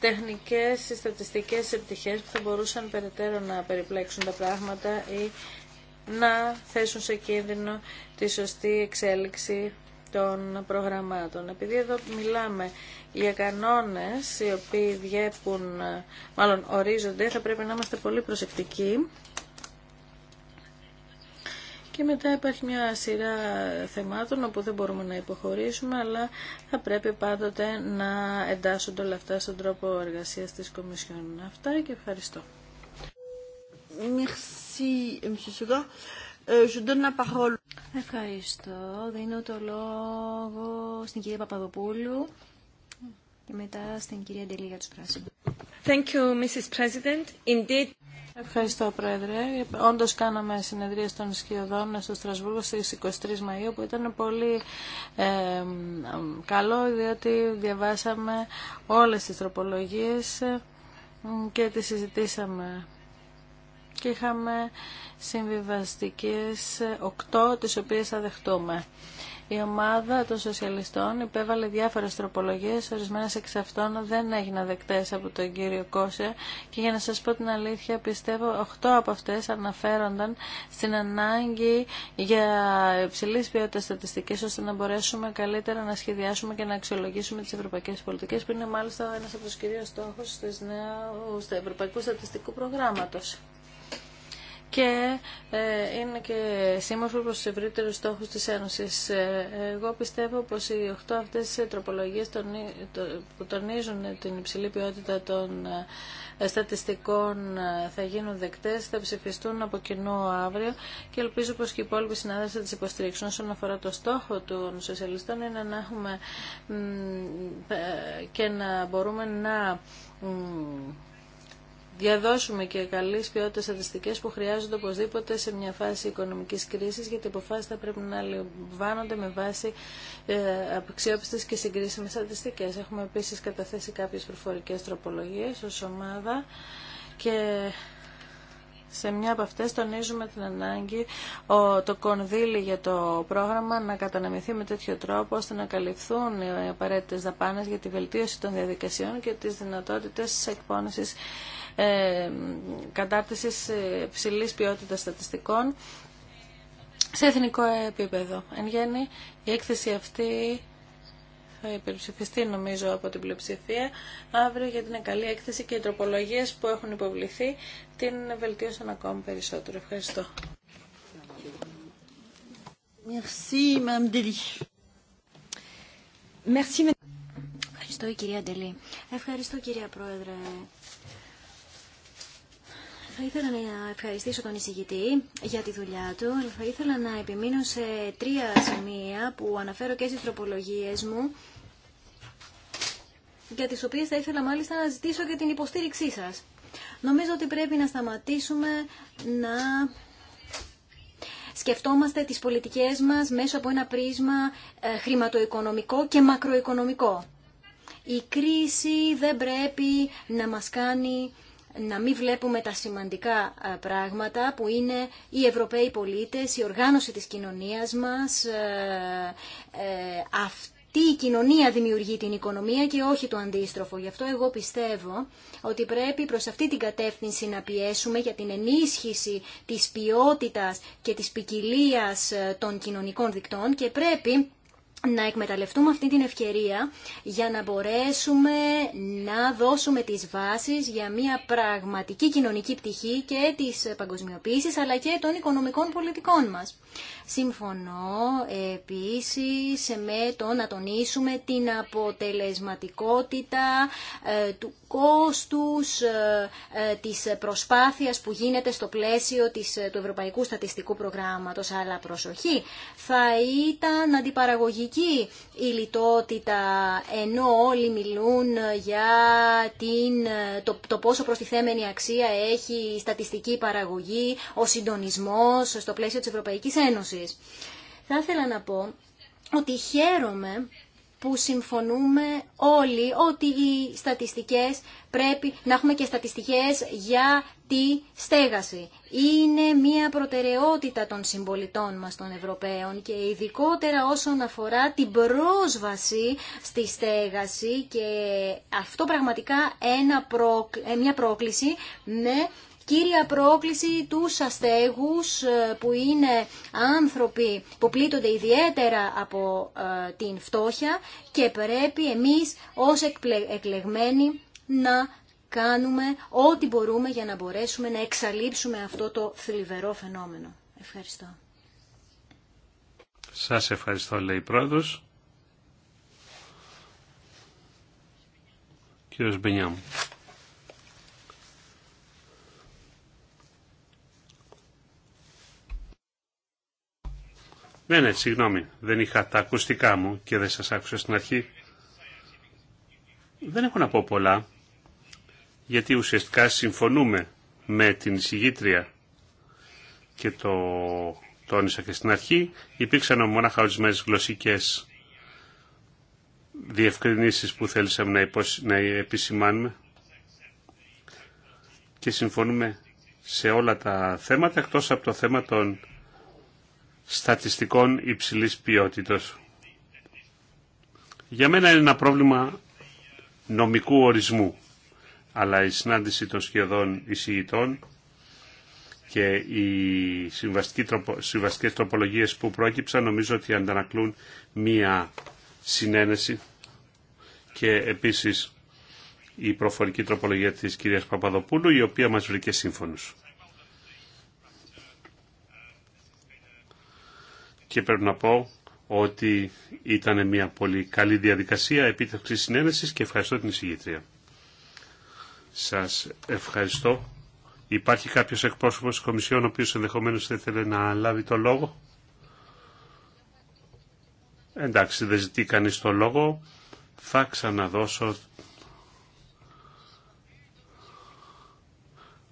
τεχνικές στατιστικές επιτυχίες που θα μπορούσαν περαιτέρω να περιπλέξουν τα πράγματα ή να θέσουν σε κίνδυνο τη σωστή εξέλιξη των προγραμμάτων. Επειδή εδώ μιλάμε για κανόνες οι οποίοι διέπουν, μάλλον ορίζονται, θα πρέπει να είμαστε πολύ προσεκτικοί και μετά υπάρχει μια σειρά θεμάτων όπου δεν μπορούμε να υποχωρήσουμε, αλλά θα πρέπει πάντοτε να εντάσσονται όλα αυτά στον τρόπο εργασίας της Κομισιόν. Αυτά και ευχαριστώ. Euh, ευχαριστώ. Δίνω το λόγο στην κυρία Παπαδοπούλου και μετά στην κυρία Ντελή για τους πράσινους. Thank you, Mrs. Ευχαριστώ, Πρόεδρε. Όντω, κάναμε συνεδρία των Σκιωδών στο Στρασβούργο στις 23 Μαΐου, που ήταν πολύ καλό, διότι διαβάσαμε όλες τις τροπολογίες και τις συζητήσαμε. Και είχαμε συμβιβαστικές οκτώ τις οποίες θα δεχτούμε. Η ομάδα των σοσιαλιστών υπέβαλε διάφορες τροπολογίες, ορισμένε εξ αυτών δεν έγιναν δεκτέ από τον κύριο Κόσε και για να σας πω την αλήθεια πιστεύω 8 από αυτέ αναφέρονταν στην ανάγκη για υψηλή ποιότητα στατιστική, ώστε να μπορέσουμε καλύτερα να σχεδιάσουμε και να αξιολογήσουμε τις ευρωπαϊκές πολιτικές που είναι μάλιστα ένα από του κυρίω στόχου του ευρωπαϊκού στατιστικού προγράμματο και ε, είναι και σύμμορφο προς τους ευρύτερους στόχους της Ένωσης. Ε, εγώ πιστεύω πως οι οχτώ αυτές τροπολογίες που τονίζουν την υψηλή ποιότητα των ε, στατιστικών θα γίνουν δεκτές, θα ψηφιστούν από κοινό αύριο και ελπίζω πως και οι υπόλοιποι συνάδελφοι θα τις υποστηρίξουν. Όσον αφορά το στόχο των σοσιαλιστών είναι να έχουμε και να μπορούμε να διαδώσουμε και καλή ποιότητα στατιστικές που χρειάζονται οπωσδήποτε σε μια φάση οικονομική κρίση, γιατί οι αποφάσει θα πρέπει να λαμβάνονται με βάση ε, και συγκρίσιμε στατιστικές. Έχουμε επίση καταθέσει κάποιε προφορικέ τροπολογίε ω ομάδα και σε μια από αυτές τονίζουμε την ανάγκη το κονδύλι για το πρόγραμμα να καταναμηθεί με τέτοιο τρόπο ώστε να καλυφθούν οι απαραίτητες δαπάνες για τη βελτίωση των διαδικασιών και δυνατότητε δυνατότητες εκπόνησης ε, κατάρτισης ε, ψηλής ποιότητας στατιστικών σε εθνικό επίπεδο. Εν γέννη, η έκθεση αυτή θα υπερψηφιστεί νομίζω από την πλειοψηφία αύριο για την καλή έκθεση και οι τροπολογίες που έχουν υποβληθεί την βελτίωσαν ακόμη περισσότερο. Ευχαριστώ. Merci, Ευχαριστώ κυρία Ντελή. Ευχαριστώ κυρία Πρόεδρε. Θα ήθελα να ευχαριστήσω τον εισηγητή για τη δουλειά του, θα ήθελα να επιμείνω σε τρία σημεία που αναφέρω και στις τροπολογίες μου, για τις οποίες θα ήθελα μάλιστα να ζητήσω και την υποστήριξή σας. Νομίζω ότι πρέπει να σταματήσουμε να σκεφτόμαστε τις πολιτικές μας μέσω από ένα πρίσμα ε, χρηματοοικονομικό και μακροοικονομικό. Η κρίση δεν πρέπει να μας κάνει να μην βλέπουμε τα σημαντικά ε, πράγματα που είναι οι Ευρωπαίοι πολίτες, η οργάνωση της κοινωνίας μας. Ε, ε, αυτή η κοινωνία δημιουργεί την οικονομία και όχι το αντίστροφο. Γι' αυτό εγώ πιστεύω ότι πρέπει προς αυτή την κατεύθυνση να πιέσουμε για την ενίσχυση της ποιότητας και της ποικιλία των κοινωνικών δικτών και πρέπει να εκμεταλλευτούμε αυτή την ευκαιρία για να μπορέσουμε να δώσουμε τις βάσεις για μια πραγματική κοινωνική πτυχή και της παγκοσμιοποίησης αλλά και των οικονομικών πολιτικών μας. Συμφωνώ επίσης με το να τονίσουμε την αποτελεσματικότητα ε, του κόστους ε, ε, της προσπάθειας που γίνεται στο πλαίσιο της, του Ευρωπαϊκού Στατιστικού Προγράμματος. Αλλά προσοχή, θα ήταν αντιπαραγωγική ήλιτο η λιτότητα, ενώ όλοι μιλούν για την, το, το πόσο προστιθέμενη αξία έχει η στατιστική παραγωγή, ο συντονισμός στο πλαίσιο της Ευρωπαϊκής Ένωσης. Θα ήθελα να πω ότι χαίρομαι που συμφωνούμε όλοι ότι οι στατιστικές πρέπει να έχουμε και στατιστικές για τη στέγαση. Είναι μια προτεραιότητα των συμπολιτών μας των Ευρωπαίων και ειδικότερα όσον αφορά την πρόσβαση στη στέγαση και αυτό πραγματικά ένα μια πρόκληση με κύρια πρόκληση του αστέγους ε, που είναι άνθρωποι που πλήττονται ιδιαίτερα από ε, την φτώχεια και πρέπει εμείς ως εκλεγμένοι να κάνουμε ό,τι μπορούμε για να μπορέσουμε να εξαλείψουμε αυτό το θλιβερό φαινόμενο. Ευχαριστώ. Σας ευχαριστώ, λέει η Πρόεδρος. Κύριος Μπενιάμ. Ναι, ναι, συγγνώμη, δεν είχα τα ακουστικά μου και δεν σας άκουσα στην αρχή. Δεν έχω να πω πολλά, γιατί ουσιαστικά συμφωνούμε με την εισηγήτρια και το τόνισα και στην αρχή. Υπήρξαν μονάχα ορισμένε γλωσσικές διευκρινήσεις που θέλησαμε να επισημάνουμε και συμφωνούμε σε όλα τα θέματα, εκτός από το θέμα των στατιστικών υψηλής ποιότητας. Για μένα είναι ένα πρόβλημα νομικού ορισμού, αλλά η συνάντηση των σχεδόν εισηγητών και οι συμβαστικές τροπολογίες που πρόκυψαν νομίζω ότι αντανακλούν μία συνένεση και επίσης η προφορική τροπολογία της κυρίας Παπαδοπούλου η οποία μας βρήκε σύμφωνος. και πρέπει να πω ότι ήταν μια πολύ καλή διαδικασία επίτευξης συνένεσης και ευχαριστώ την εισηγήτρια. Σας ευχαριστώ. Υπάρχει κάποιος εκπρόσωπος της Κομισιόν ο οποίος ενδεχομένως θα ήθελε να λάβει το λόγο. Εντάξει, δεν ζητεί κανείς το λόγο. Θα ξαναδώσω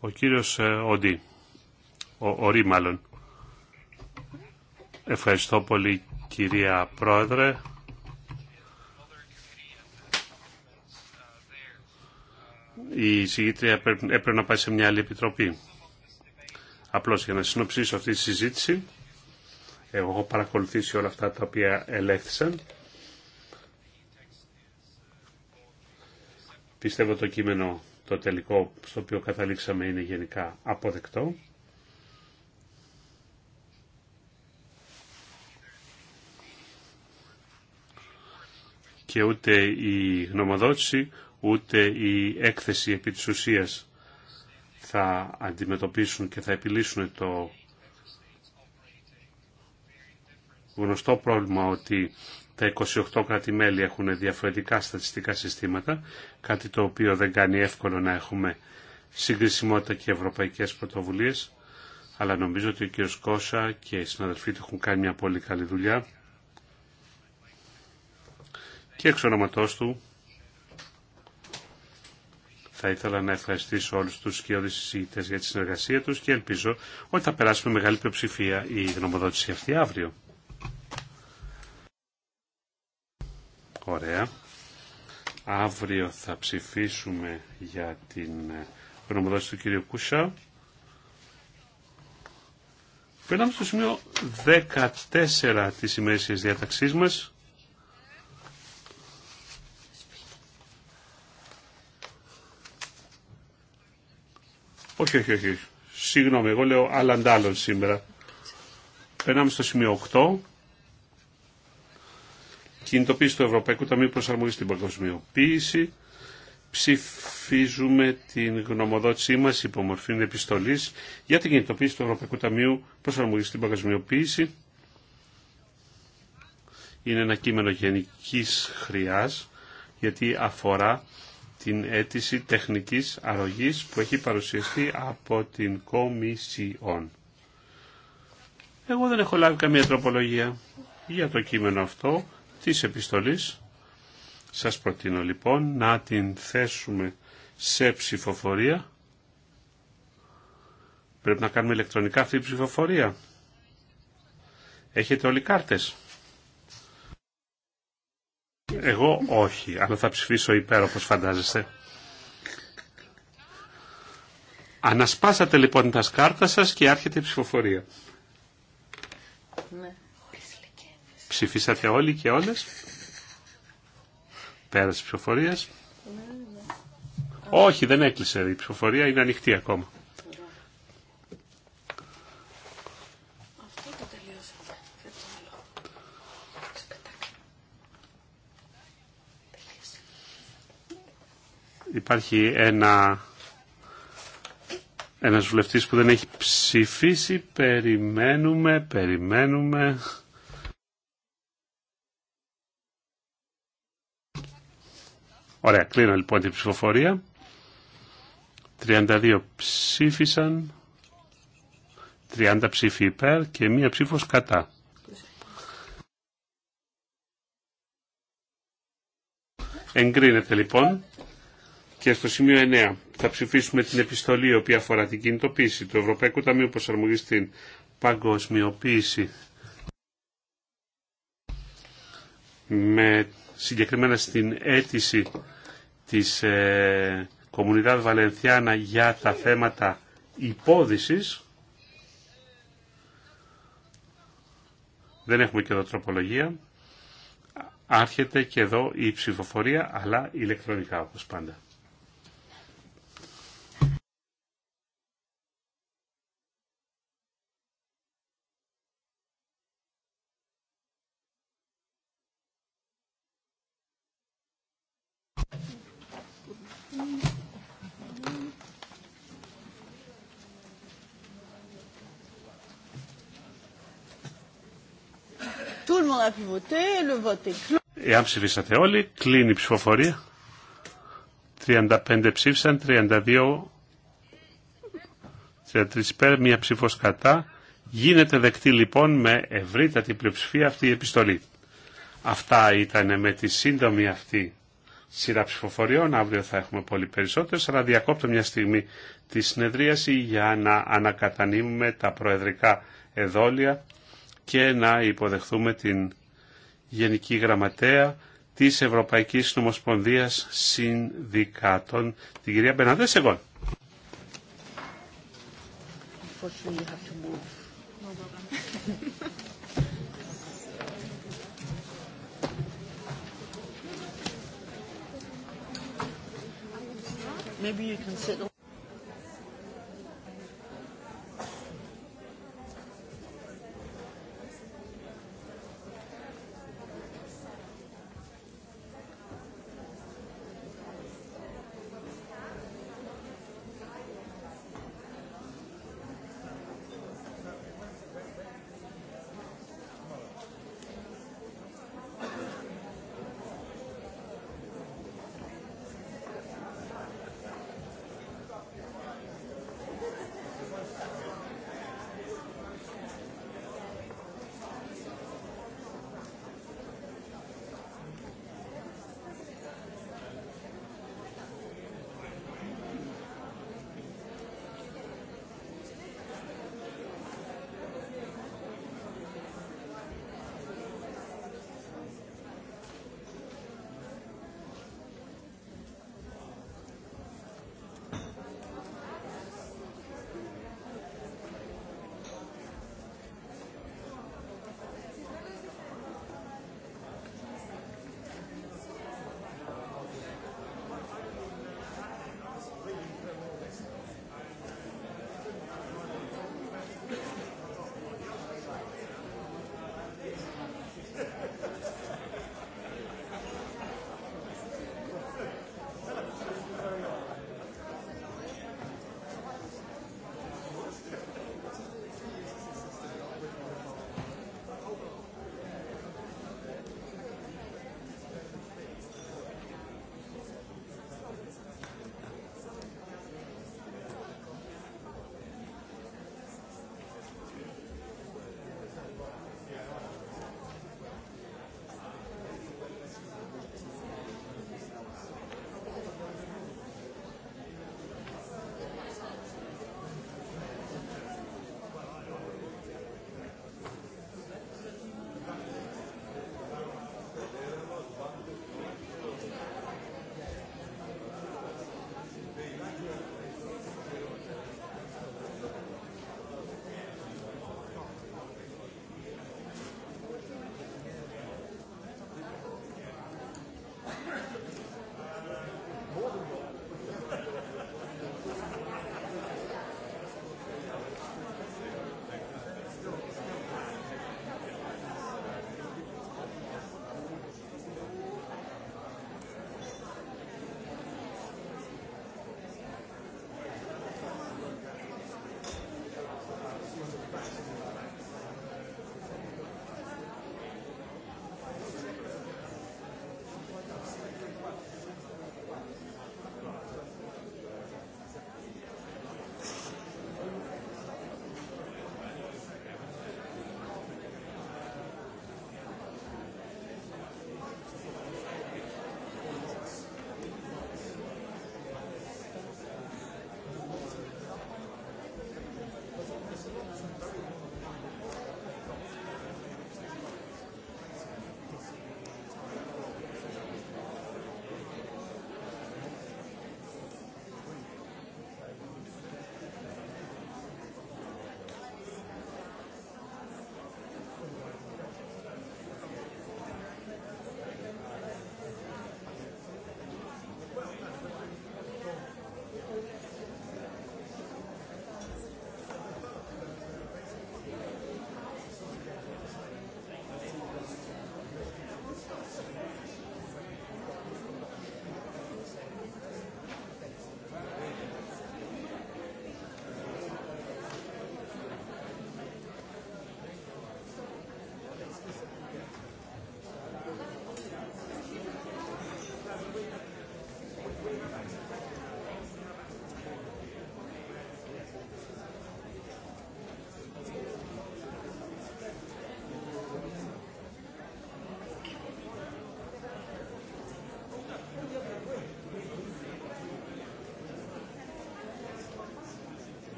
ο κύριος ε, Οντί, ο, ο Ρή μάλλον. Ευχαριστώ πολύ κυρία Πρόεδρε. Η συγγήτρια έπρεπε να πάει σε μια άλλη επιτροπή. Απλώς για να συνοψίσω αυτή τη συζήτηση, εγώ έχω παρακολουθήσει όλα αυτά τα οποία ελέγχθησαν. Πιστεύω το κείμενο το τελικό στο οποίο καταλήξαμε είναι γενικά αποδεκτό. και ούτε η γνωμοδότηση ούτε η έκθεση επί της ουσίας θα αντιμετωπίσουν και θα επιλύσουν το γνωστό πρόβλημα ότι τα 28 κράτη-μέλη έχουν διαφορετικά στατιστικά συστήματα, κάτι το οποίο δεν κάνει εύκολο να έχουμε συγκρισιμότητα και ευρωπαϊκές πρωτοβουλίες, αλλά νομίζω ότι ο κ. Κώσα και οι συναδελφοί του έχουν κάνει μια πολύ καλή δουλειά και εξ ονοματός του θα ήθελα να ευχαριστήσω όλους τους σκιώδεις συζητητές για τη συνεργασία τους και ελπίζω ότι θα περάσουμε μεγάλη πλειοψηφία η γνωμοδότηση αυτή αύριο. Ωραία. Αύριο θα ψηφίσουμε για την γνωμοδότηση του κύριου Κούσα. Περνάμε στο σημείο 14 της ημέρησιας διαταξής μας. Όχι, όχι, όχι. Συγγνώμη, εγώ λέω άλλαντάλλον σήμερα. Περνάμε στο σημείο 8. Κινητοποίηση του Ευρωπαϊκού Ταμείου Προσαρμογή στην Παγκοσμιοποίηση. Ψηφίζουμε την γνωμοδότησή μα υπομορφή επιστολή για την κινητοποίηση του Ευρωπαϊκού Ταμείου Προσαρμογή στην Παγκοσμιοποίηση. Είναι ένα κείμενο γενική χρειά γιατί αφορά την αίτηση τεχνικής αρρωγής που έχει παρουσιαστεί από την Κομισιόν. Εγώ δεν έχω λάβει καμία τροπολογία για το κείμενο αυτό της επιστολής. Σας προτείνω λοιπόν να την θέσουμε σε ψηφοφορία. Πρέπει να κάνουμε ηλεκτρονικά αυτή η ψηφοφορία. Έχετε όλοι κάρτες. Εγώ όχι, αλλά θα ψηφίσω υπέρ όπως φαντάζεστε. Ανασπάσατε λοιπόν τα σκάρτα σας και άρχεται η ψηφοφορία. Ναι. Ψηφίσατε όλοι και όλες. Πέρασε ψηφοφορίας. Ναι, ναι, Όχι, δεν έκλεισε η ψηφοφορία, είναι ανοιχτή ακόμα. υπάρχει ένα, ένας βουλευτής που δεν έχει ψηφίσει. Περιμένουμε, περιμένουμε. Ωραία, κλείνω λοιπόν την ψηφοφορία. 32 ψήφισαν, 30 ψήφοι υπέρ και μία ψήφος κατά. Εγκρίνεται λοιπόν. Και στο σημείο 9 θα ψηφίσουμε την επιστολή η οποία αφορά την κινητοποίηση του Ευρωπαϊκού Ταμείου Προσαρμογής στην παγκοσμιοποίηση με συγκεκριμένα στην αίτηση της ε, Κομμουνιδάδ Βαλενθιάνα για τα θέματα υπόδηση. Δεν έχουμε και εδώ τροπολογία. Άρχεται και εδώ η ψηφοφορία, αλλά ηλεκτρονικά όπως πάντα. Εάν ψηφίσατε όλοι, κλείνει η ψηφοφορία. 35 ψήφισαν, 32, 33 υπέρ, μία ψήφος κατά. Γίνεται δεκτή λοιπόν με ευρύτατη πλειοψηφία αυτή η επιστολή. Αυτά ήταν με τη σύντομη αυτή σειρά ψηφοφοριών. Αύριο θα έχουμε πολύ περισσότερες, αλλά διακόπτω μια στιγμή τη συνεδρίαση για να ανακατανύμουμε τα προεδρικά εδόλια και να υποδεχθούμε την Γενική Γραμματέα της Ευρωπαϊκής Νομοσπονδίας Συνδικάτων, την κυρία Μπεναντέ Σεγόν.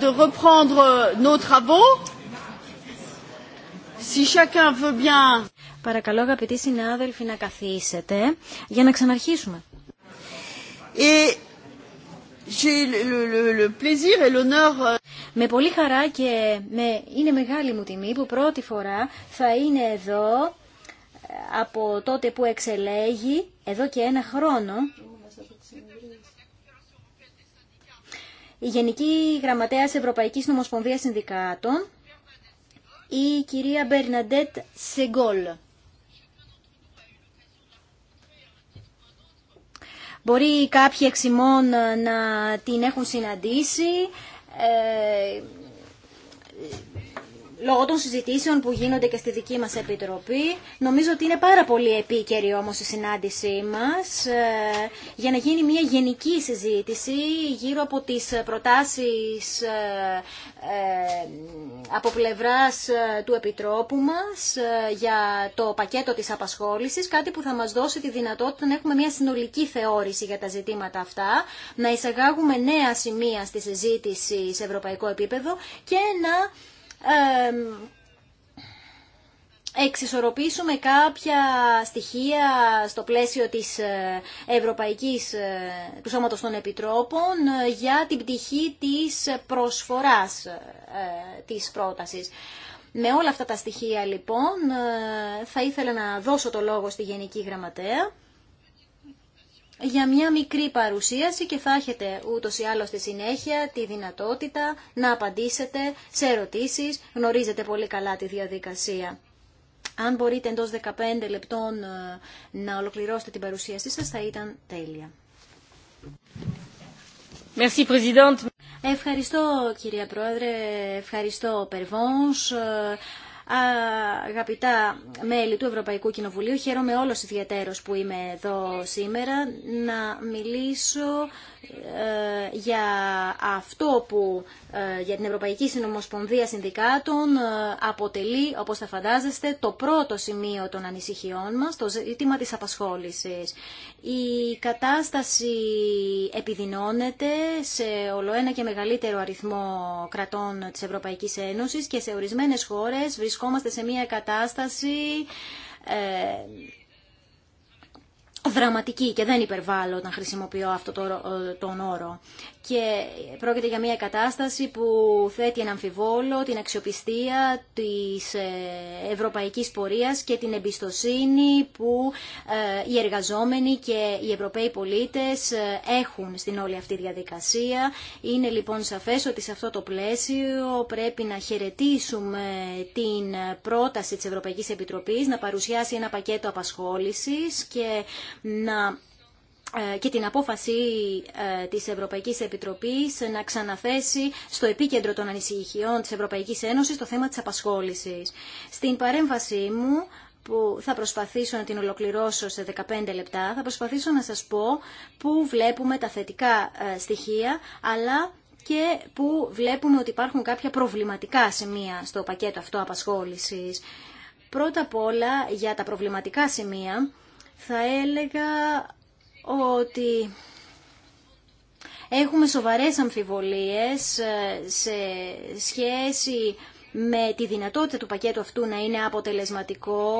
de, reprendre nos travaux. Παρακαλώ αγαπητοί συνάδελφοι να καθίσετε για να ξαναρχίσουμε. Et j'ai euh, Με πολύ χαρά και με, είναι μεγάλη μου τιμή που πρώτη φορά θα είναι εδώ ε, από τότε που εξελέγει εδώ και ένα χρόνο Γενική Γραμματέας Ευρωπαϊκής Νομοσπονδία Συνδικάτων, η κυρία Μπερναντέτ Σεγκόλ. Μπορεί κάποιοι εξημών ε, να την έχουν συναντήσει. Ε, λόγω των συζητήσεων που γίνονται και στη δική μας Επιτροπή. Νομίζω ότι είναι πάρα πολύ επίκαιρη όμως η συνάντησή μας ε, για να γίνει μια γενική συζήτηση γύρω από τις προτάσεις ε, ε, από πλευράς του Επιτρόπου μας για το πακέτο της απασχόλησης, κάτι που θα μας δώσει τη δυνατότητα να έχουμε μια συνολική θεώρηση για τα ζητήματα αυτά, να εισαγάγουμε νέα σημεία στη συζήτηση σε ευρωπαϊκό επίπεδο και να εξισορροπήσουμε κάποια στοιχεία στο πλαίσιο της ε, Ευρωπαϊκής ε, του Σώματος των Επιτρόπων ε, για την πτυχή της προσφοράς της πρότασης. Με όλα αυτά τα στοιχεία λοιπόν θα ήθελα να δώσω το λόγο στη Γενική Γραμματέα για μια μικρή παρουσίαση και θα έχετε ούτως ή άλλως στη συνέχεια τη δυνατότητα να απαντήσετε σε ερωτήσεις. Γνωρίζετε πολύ καλά τη διαδικασία. Αν μπορείτε εντός 15 λεπτών ε, να ολοκληρώσετε την παρουσίασή σας θα ήταν τέλεια. Ευχαριστώ κυρία Πρόεδρε, ευχαριστώ Περβόνς. Ε, Αγαπητά μέλη του Ευρωπαϊκού Κοινοβουλίου, χαίρομαι όλος ιδιαίτερος που είμαι εδώ σήμερα να μιλήσω ε, για αυτό που ε, για την Ευρωπαϊκή Συνομοσπονδία Συνδικάτων ε, αποτελεί, όπως θα φαντάζεστε, το πρώτο σημείο των ανησυχιών μας, το ζήτημα της απασχόλησης. Η κατάσταση επιδεινώνεται σε ολοένα και μεγαλύτερο αριθμό κρατών της Ευρωπαϊκής Ένωσης και σε ορισμένες χώρες βρισκόμαστε σε μια κατάσταση δραματική και δεν υπερβάλλω όταν χρησιμοποιώ αυτό ε, τον όρο. Και πρόκειται για μια κατάσταση που θέτει ένα αμφιβόλο την αξιοπιστία της ε, ευρωπαϊκής πορείας και την εμπιστοσύνη που ε, οι εργαζόμενοι και οι ευρωπαίοι πολίτες έχουν στην όλη αυτή διαδικασία. Είναι λοιπόν σαφές ότι σε αυτό το πλαίσιο πρέπει να χαιρετήσουμε την πρόταση της Ευρωπαϊκής Επιτροπής να παρουσιάσει ένα πακέτο απασχόλησης και να ε, και την απόφαση ε, της Ευρωπαϊκής Επιτροπής να ξαναθέσει στο επίκεντρο των ανησυχιών της Ευρωπαϊκής Ένωσης το θέμα της απασχόλησης. Στην παρέμβασή μου που θα προσπαθήσω να την ολοκληρώσω σε 15 λεπτά, θα προσπαθήσω να σας πω πού βλέπουμε τα θετικά ε, στοιχεία, αλλά και που βλέπουμε ότι υπάρχουν κάποια προβληματικά σημεία στο πακέτο αυτό απασχόλησης. Πρώτα απ' όλα για τα προβληματικά σημεία θα έλεγα ότι έχουμε σοβαρές αμφιβολίες ε, σε σχέση με τη δυνατότητα του πακέτου αυτού να είναι αποτελεσματικό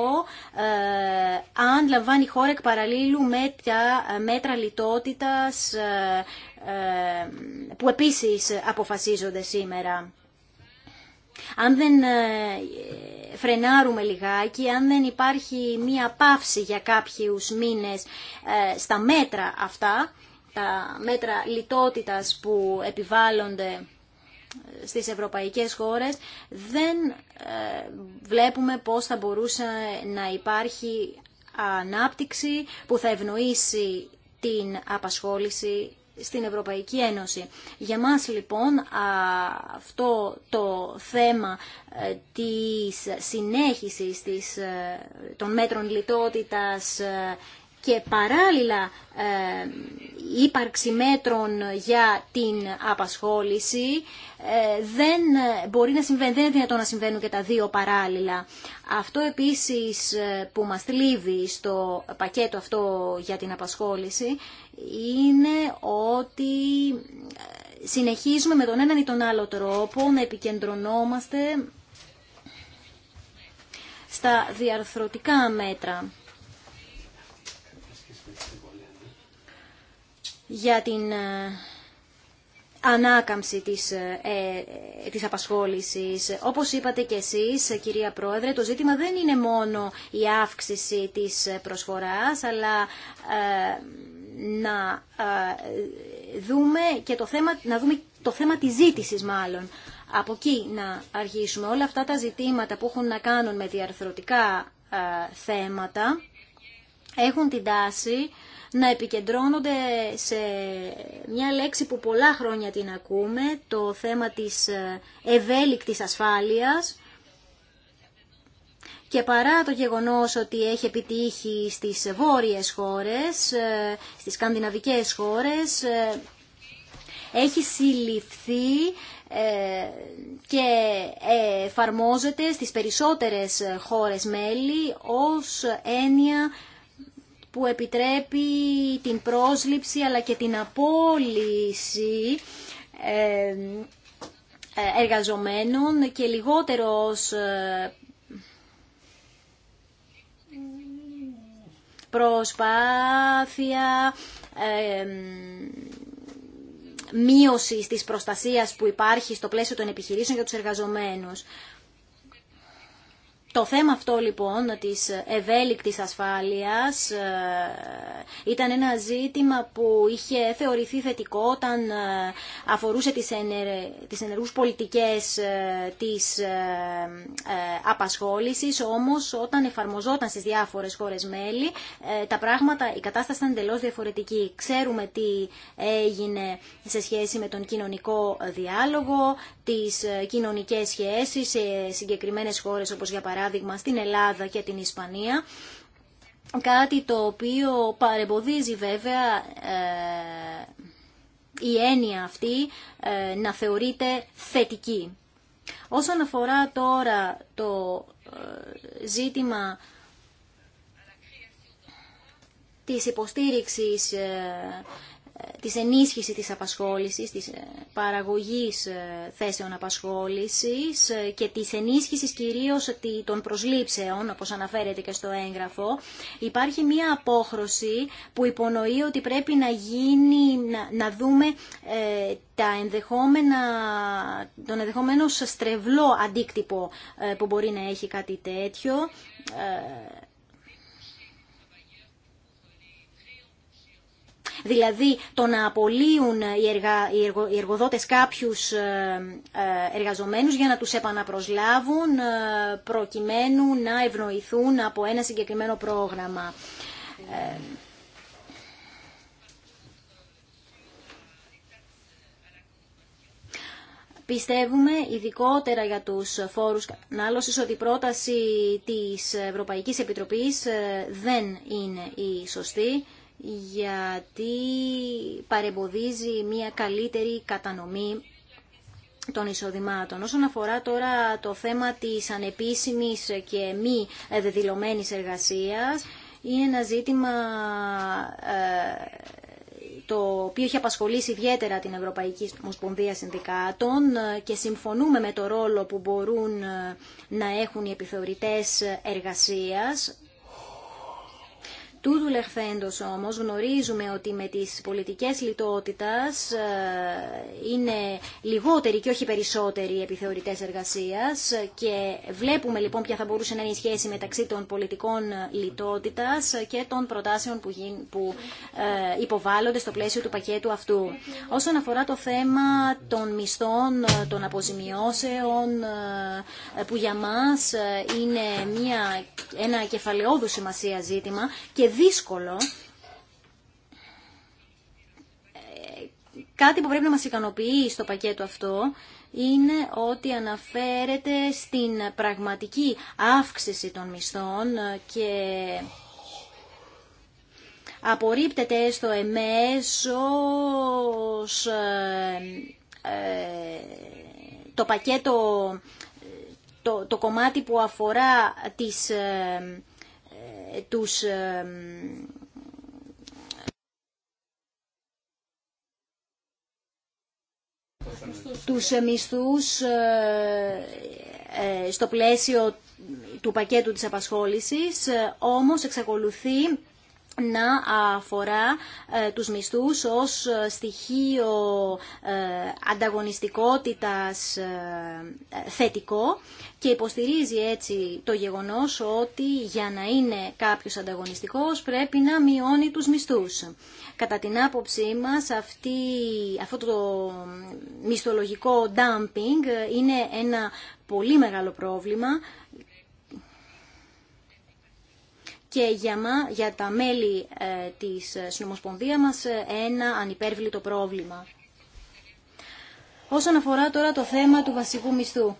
ε, αν λαμβάνει η χώρα εκ παραλίλου με τα ε, μέτρα λιτότητας που επίσης αποφασίζονται σήμερα αν δεν ε, φρενάρουμε λιγάκι, αν δεν υπάρχει μία πάυση για κάποιους μήνες ε, στα μέτρα αυτά, τα μέτρα λιτότητας που επιβάλλονται ε, στις ευρωπαϊκές χώρες, δεν βλέπουμε πώς θα μπορούσε να υπάρχει ανάπτυξη που θα ευνοήσει την απασχόληση στην Ευρωπαϊκή Ένωση. Για μας λοιπόν αυτό το θέμα ε, της συνέχισης ε, των μέτρων λιτότητας ε, και παράλληλα η ε, ύπαρξη μέτρων για την απασχόληση ε, δεν μπορεί να συμβαίνει, δεν είναι δυνατόν να συμβαίνουν και τα δύο παράλληλα. Αυτό επίσης ε, που μας θλίβει στο πακέτο αυτό για την απασχόληση είναι ότι συνεχίζουμε με τον έναν ή τον άλλο τρόπο να επικεντρωνόμαστε στα διαρθρωτικά μέτρα. για την ε, ανάκαμψη της, ε, ε, της απασχόλησης. Όπως είπατε και εσείς, κυρία Πρόεδρε, το ζήτημα δεν είναι μόνο η αύξηση της προσφοράς, αλλά να δούμε και το θέμα, να δούμε το θέμα της ζήτησης μάλλον. Από εκεί να αρχίσουμε. όλα αυτά τα ζητήματα που έχουν να κάνουν με διαρθρωτικά θέματα έχουν την τάση να επικεντρώνονται σε μια λέξη που πολλά χρόνια την ακούμε, το θέμα της ε, ευέλικτης ασφάλειας, και παρά το γεγονός ότι έχει επιτύχει στις βόρειες χώρες, ε, στις σκανδιναβικές χώρες, ε, έχει συλληφθεί και εφαρμόζεται στις περισσότερες χώρες μέλη ως έννοια που επιτρέπει την πρόσληψη αλλά και την απόλυση ε, εργαζομένων και λιγότερος ε, προσπάθεια ε, μείωση της προστασίας που υπάρχει στο πλαίσιο των επιχειρήσεων για τους εργαζομένους. Το θέμα αυτό λοιπόν της ευέλικτης ασφάλειας ε, ήταν ένα ζήτημα που είχε θεωρηθεί θετικό όταν ε, αφορούσε τις, τις ενεργούς πολιτικές ε, της απασχόλησης, όμως όταν εφαρμοζόταν στις διάφορες χώρες μέλη, τα πράγματα, η κατάσταση ήταν εντελώς διαφορετική. Ξέρουμε τι έγινε σε σχέση με τον κοινωνικό διάλογο, τις κοινωνικές σχέσεις σε συγκεκριμένες χώρες όπως για παράδειγμα παράδειγμα στην Ελλάδα και την Ισπανία. Κάτι το οποίο παρεμποδίζει βέβαια ε, η έννοια αυτή ε, να θεωρείται θετική. Όσον αφορά τώρα το ε, ζήτημα της υποστήριξης της ενίσχυσης της απασχόλησης, της ε, παραγωγής ε, θέσεων απασχόλησης ε, και της ενίσχυσης κυρίως των προσλήψεων, όπως αναφέρεται και στο έγγραφο, υπάρχει μία απόχρωση που υπονοεί ότι πρέπει να γίνει, να, δούμε τα ενδεχόμενα, τον ενδεχόμενο στρεβλό αντίκτυπο που μπορεί να έχει κάτι τέτοιο, δηλαδή το να απολύουν οι, εργα... οι εργοδότες κάποιους ε, ε, εργαζομένους για να τους επαναπροσλάβουν ε, προκειμένου να ευνοηθούν από ένα συγκεκριμένο πρόγραμμα. Πιστεύουμε ειδικότερα για τους φόρους κατανάλωσης ότι η πρόταση της Ευρωπαϊκής Επιτροπής δεν είναι η σωστή γιατί παρεμποδίζει μια καλύτερη κατανομή των εισοδημάτων. Όσον αφορά τώρα το θέμα της ανεπίσημης και μη δεδηλωμένης εργασίας, είναι ένα ζήτημα ε, το οποίο έχει απασχολήσει ιδιαίτερα την Ευρωπαϊκή Ομοσπονδία Συνδικάτων ε, και συμφωνούμε με το ρόλο που μπορούν ε, να έχουν οι επιθεωρητές εργασίας του δουλευθέντος όμως γνωρίζουμε ότι με τις πολιτικές λιτότητας ε, είναι λιγότεροι και όχι περισσότεροι επιθεωρητές εργασίας και βλέπουμε λοιπόν ποια θα μπορούσε να είναι η σχέση μεταξύ των πολιτικών λιτότητας και των προτάσεων που ε, υποβάλλονται στο πλαίσιο του πακέτου αυτού. Όσον αφορά το θέμα των μισθών, ε, των αποζημιώσεων που για μας είναι μια, ένα κεφαλαιόδου σημασία ζήτημα και δύσκολο. Κάτι που πρέπει να μας ικανοποιεί στο πακέτο αυτό είναι ότι αναφέρεται στην πραγματική αύξηση των μισθών και απορρίπτεται στο εμέσως ε, ε, το πακέτο, ε, το, το κομμάτι που αφορά τις, τους ε, τους ε, μισθούς ε, στο πλαίσιο του πακέτου της απασχόλησης, όμως εξακολουθεί να αφορά ε, τους μισθούς ως ε, στοιχείο ε, ανταγωνιστικότητας θετικό και υποστηρίζει έτσι το γεγονός ότι για να είναι κάποιος ανταγωνιστικός πρέπει να μειώνει τους μισθούς. Κατά την άποψή μας αυτή, αυτό το μισθολογικό dumping είναι ένα πολύ μεγάλο πρόβλημα και για, για τα μέλη ε, της συνομοσπονδία μας ε, ένα ανυπέρβλητο πρόβλημα. Όσον αφορά τώρα το θέμα του βασικού μισθού.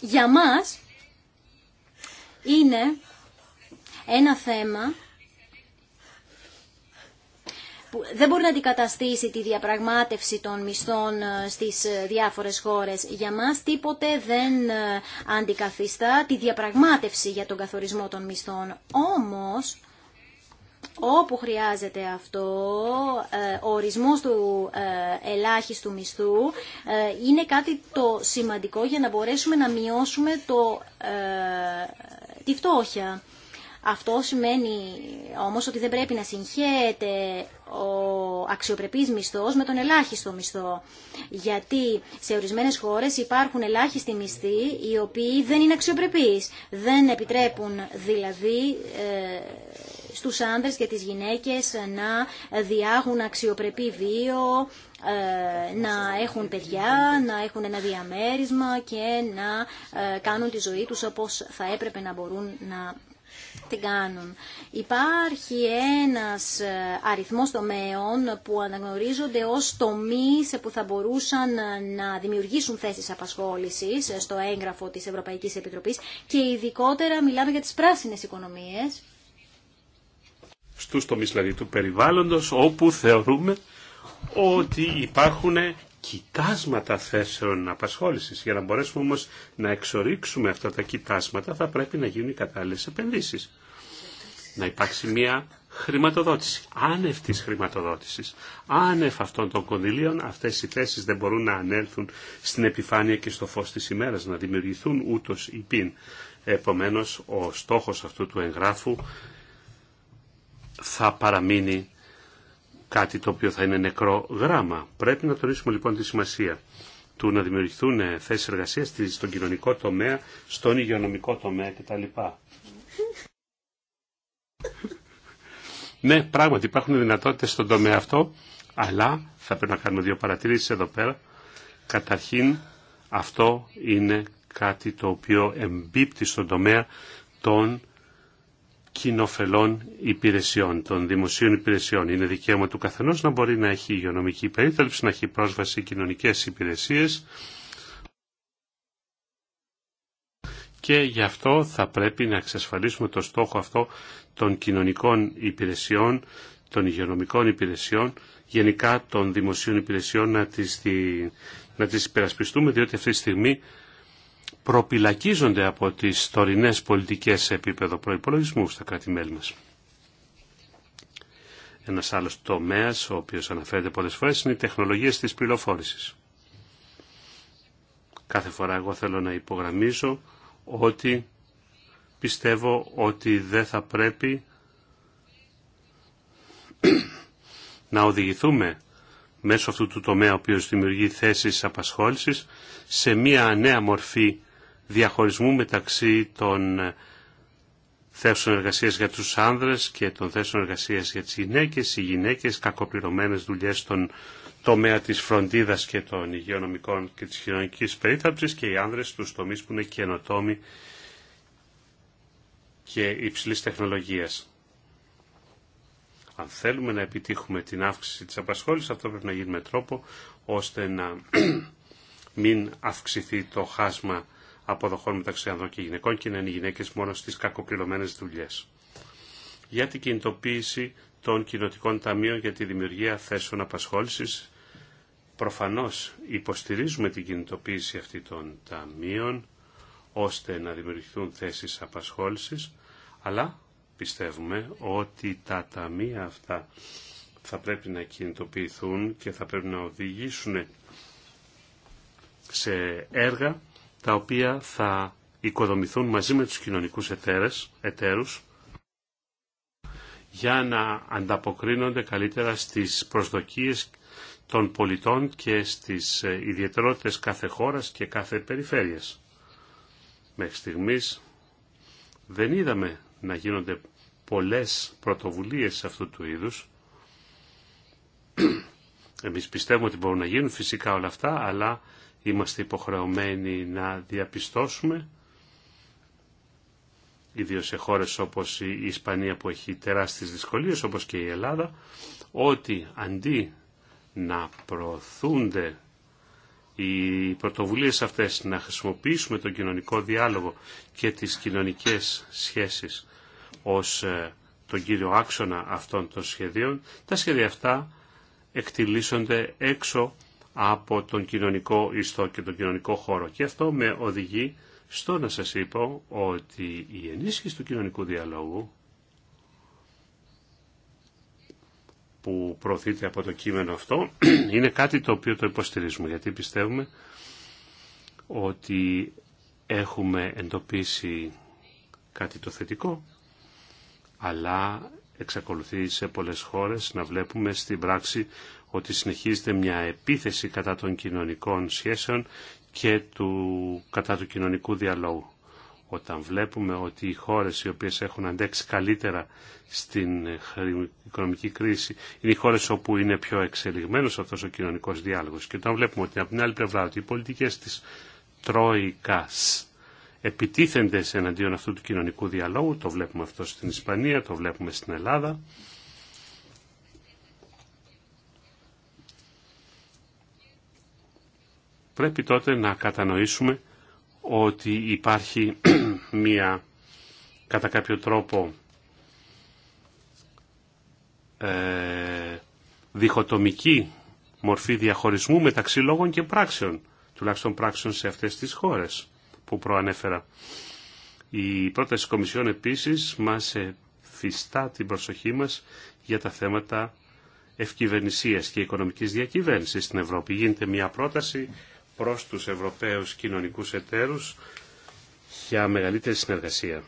Για μας είναι ένα θέμα δεν μπορεί να αντικαταστήσει τη διαπραγμάτευση των μισθών ε, στις ε, διάφορες χώρες. Για μας τίποτε δεν ε, αντικαθιστά τη διαπραγμάτευση για τον καθορισμό των μισθών. Όμως, όπου χρειάζεται αυτό, ο ορισμός του ελάχιστου μισθού είναι κάτι το σημαντικό για να μπορέσουμε να μειώσουμε το, τη φτώχεια. Αυτό σημαίνει όμως ότι δεν πρέπει να συγχέεται ο αξιοπρεπής μισθός με τον ελάχιστο μισθό. Γιατί σε ορισμένες χώρες υπάρχουν ελάχιστοι μισθοί οι οποίοι δεν είναι αξιοπρεπείς. Δεν επιτρέπουν δηλαδή ε, στους άνδρες και τις γυναίκες να διάγουν αξιοπρεπή βίο, ε, να έχουν παιδιά, να έχουν ένα διαμέρισμα και να ε, κάνουν τη ζωή τους όπως θα έπρεπε να μπορούν να την κάνουν. Υπάρχει ένας ε, αριθμός τομέων που αναγνωρίζονται ως τομείς που θα μπορούσαν ε, να δημιουργήσουν θέσεις απασχόλησης ε, στο έγγραφο της Ευρωπαϊκής Επιτροπής και ειδικότερα μιλάμε για τις πράσινες οικονομίες. Στους τομείς δηλαδή του περιβάλλοντος όπου θεωρούμε ότι υπάρχουν κοιτάσματα θέσεων απασχόλησης. Για να μπορέσουμε όμως να εξορίξουμε αυτά τα κοιτάσματα θα πρέπει να γίνουν οι κατάλληλες επενδύσεις. Να υπάρξει μια χρηματοδότηση, άνευ της χρηματοδότησης, άνευ αυτών των κονδυλίων, αυτές οι θέσεις δεν μπορούν να ανέλθουν στην επιφάνεια και στο φως της ημέρας, να δημιουργηθούν ούτως ή πίν. Επομένως, ο στόχος αυτού του εγγράφου θα παραμείνει κάτι το οποίο θα είναι νεκρό γράμμα. Πρέπει να τονίσουμε λοιπόν τη σημασία του να δημιουργηθούν ε, θέσεις εργασίας στον κοινωνικό τομέα, στον υγειονομικό τομέα κτλ. ναι, πράγματι υπάρχουν δυνατότητες στον τομέα αυτό, αλλά θα πρέπει να κάνουμε δύο παρατηρήσεις εδώ πέρα. Καταρχήν, αυτό είναι κάτι το οποίο εμπίπτει στον τομέα των κοινοφελών υπηρεσιών, των δημοσίων υπηρεσιών. Είναι δικαίωμα του καθενός να μπορεί να έχει υγειονομική περίθαλψη, να έχει πρόσβαση κοινωνικέ κοινωνικές υπηρεσίες και γι' αυτό θα πρέπει να εξασφαλίσουμε το στόχο αυτό των κοινωνικών υπηρεσιών, των υγειονομικών υπηρεσιών, γενικά των δημοσίων υπηρεσιών να τις, να τις υπερασπιστούμε, διότι αυτή τη στιγμή προπυλακίζονται από τις τωρινές πολιτικές σε επίπεδο προϋπολογισμού στα κράτη-μέλη μας. Ένας άλλος τομέας, ο οποίος αναφέρεται πολλές φορές, είναι οι τεχνολογίες της πληροφόρησης. Κάθε φορά εγώ θέλω να υπογραμμίσω ότι πιστεύω ότι δεν θα πρέπει να οδηγηθούμε μέσω αυτού του τομέα ο οποίος δημιουργεί θέσεις απασχόλησης σε μια νέα μορφή διαχωρισμού μεταξύ των ε, θέσεων εργασίας για τους άνδρες και των θέσεων εργασίας για τις γυναίκες. Οι γυναίκες κακοπληρωμένες δουλειές στον τομέα της φροντίδας και των υγειονομικών και της κοινωνικής περίθαψης και οι άνδρες στους τομείς που είναι καινοτόμοι και υψηλής τεχνολογίας. Αν θέλουμε να επιτύχουμε την αύξηση της απασχόλησης, αυτό πρέπει να γίνει με τρόπο ώστε να μην αυξηθεί το χάσμα αποδοχών μεταξύ ανδρών και γυναικών και να είναι οι γυναίκε μόνο στις κακοπληρωμένες δουλειέ. Για την κινητοποίηση των κοινοτικών ταμείων για τη δημιουργία θέσεων απασχόληση. προφανώς υποστηρίζουμε την κινητοποίηση αυτή των ταμείων, ώστε να δημιουργηθούν θέσεις απασχόλησης, αλλά πιστεύουμε ότι τα ταμεία αυτά θα πρέπει να κινητοποιηθούν και θα πρέπει να οδηγήσουν σε έργα τα οποία θα οικοδομηθούν μαζί με τους κοινωνικούς εταίρες, εταίρους για να ανταποκρίνονται καλύτερα στις προσδοκίες των πολιτών και στις ε, ιδιαιτερότητες κάθε χώρας και κάθε περιφέρειας. Μέχρι στιγμής δεν είδαμε να γίνονται πολλές πρωτοβουλίες αυτού του είδους. Εμείς πιστεύουμε ότι μπορούν να γίνουν φυσικά όλα αυτά, αλλά είμαστε υποχρεωμένοι να διαπιστώσουμε, ιδίως σε χώρες όπως η Ισπανία που έχει τεράστιες δυσκολίες, όπως και η Ελλάδα, ότι αντί να προωθούνται οι πρωτοβουλίες αυτές, να χρησιμοποιήσουμε τον κοινωνικό διάλογο και τις κοινωνικές σχέσεις ως ε, τον κύριο άξονα αυτών των σχεδίων, τα σχέδια αυτά εκτιλήσονται έξω από τον κοινωνικό ιστό και τον κοινωνικό χώρο. Και αυτό με οδηγεί στο να σας είπω ότι η ενίσχυση του κοινωνικού διαλόγου που προωθείται από το κείμενο αυτό είναι κάτι το οποίο το υποστηρίζουμε γιατί πιστεύουμε ότι έχουμε εντοπίσει κάτι το θετικό αλλά εξακολουθεί σε πολλές χώρες να βλέπουμε στην πράξη ότι συνεχίζεται μια επίθεση κατά των κοινωνικών σχέσεων και του, κατά του κοινωνικού διαλόγου. Όταν βλέπουμε ότι οι χώρες οι οποίες έχουν αντέξει καλύτερα στην ε, οικονομική κρίση είναι οι χώρες όπου είναι πιο εξελιγμένος αυτός ο κοινωνικός διάλογος. Και όταν βλέπουμε ότι από την άλλη πλευρά ότι οι πολιτικές της Τρόικας επιτίθενται εναντίον αυτού του κοινωνικού διαλόγου, το βλέπουμε αυτό στην Ισπανία, το βλέπουμε στην Ελλάδα, πρέπει τότε να κατανοήσουμε ότι υπάρχει μία κατά κάποιο τρόπο ε, διχοτομική μορφή διαχωρισμού μεταξύ λόγων και πράξεων, τουλάχιστον πράξεων σε αυτές τις χώρες που προανέφερα. Η πρόταση Κομισιόν επίσης μας φυστά την προσοχή μας για τα θέματα ευκυβερνησίας και οικονομικής διακυβέρνησης στην Ευρώπη. Γίνεται μια πρόταση προς τους Ευρωπαίους κοινωνικούς εταίρους για μεγαλύτερη συνεργασία.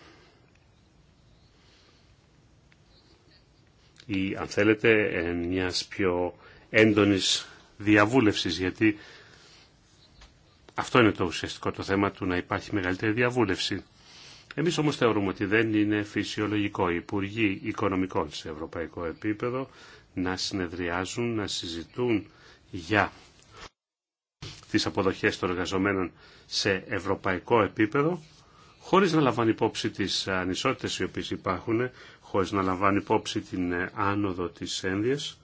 Ή αν θέλετε ε, μιας πιο έντονης διαβούλευσης γιατί αυτό είναι το ουσιαστικό το θέμα του να υπάρχει μεγαλύτερη διαβούλευση. Εμείς όμως θεωρούμε ότι δεν είναι φυσιολογικό οι Υπουργοί Οικονομικών σε ευρωπαϊκό επίπεδο να συνεδριάζουν, να συζητούν για τις αποδοχές των εργαζομένων σε ευρωπαϊκό επίπεδο, χωρίς να λαμβάνει υπόψη τις ανισότητες οι οποίες υπάρχουν, χωρίς να λαμβάνει υπόψη την ε, άνοδο της ένδυας,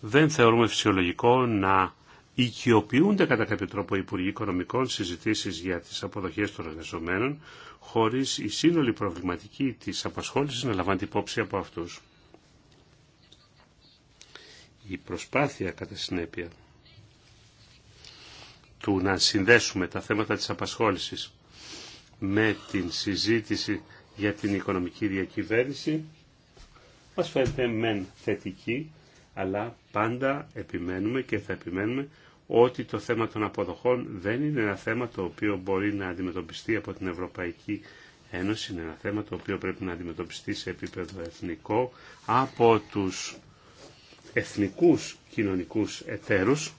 δεν θεωρούμε φυσιολογικό να οικειοποιούνται κατά κάποιο τρόπο οι Υπουργοί Οικονομικών συζητήσεις για τις αποδοχές των εργαζομένων, χωρίς η σύνολη προβληματική της απασχόλησης να λαμβάνει υπόψη από αυτούς. Η προσπάθεια κατά συνέπεια του να συνδέσουμε τα θέματα της απασχόλησης με την συζήτηση για την οικονομική διακυβέρνηση μας φαίνεται μεν θετική, αλλά πάντα επιμένουμε και θα επιμένουμε ότι το θέμα των αποδοχών δεν είναι ένα θέμα το οποίο μπορεί να αντιμετωπιστεί από την Ευρωπαϊκή Ένωση, είναι ένα θέμα το οποίο πρέπει να αντιμετωπιστεί σε επίπεδο εθνικό από τους εθνικούς κοινωνικούς εταίρους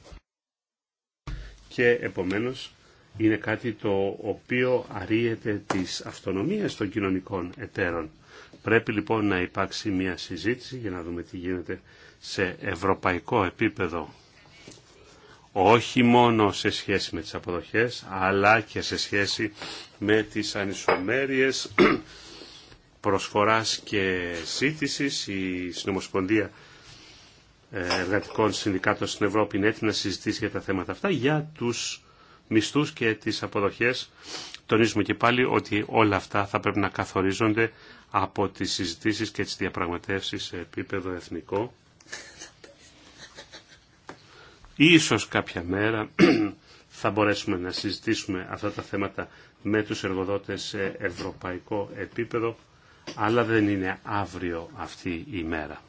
και επομένως είναι κάτι το οποίο αρίεται της αυτονομίας των κοινωνικών εταίρων. Πρέπει λοιπόν να υπάρξει μια συζήτηση για να δούμε τι γίνεται σε ευρωπαϊκό επίπεδο. Όχι μόνο σε σχέση με τις αποδοχές, αλλά και σε σχέση με τις ανισομέρειες προσφοράς και σύντησης. Η Συνομοσπονδία ε, εργατικών συνδικάτων στην Ευρώπη είναι έτοιμη να συζητήσει για τα θέματα αυτά, για τους μισθούς και τις αποδοχές. Τονίζουμε και πάλι ότι όλα αυτά θα πρέπει να καθορίζονται από τις συζητήσεις και τις διαπραγματεύσεις σε επίπεδο εθνικό. Ίσως κάποια μέρα θα μπορέσουμε να συζητήσουμε αυτά τα θέματα με τους εργοδότες σε ευρωπαϊκό επίπεδο, αλλά δεν είναι αύριο αυτή η μέρα.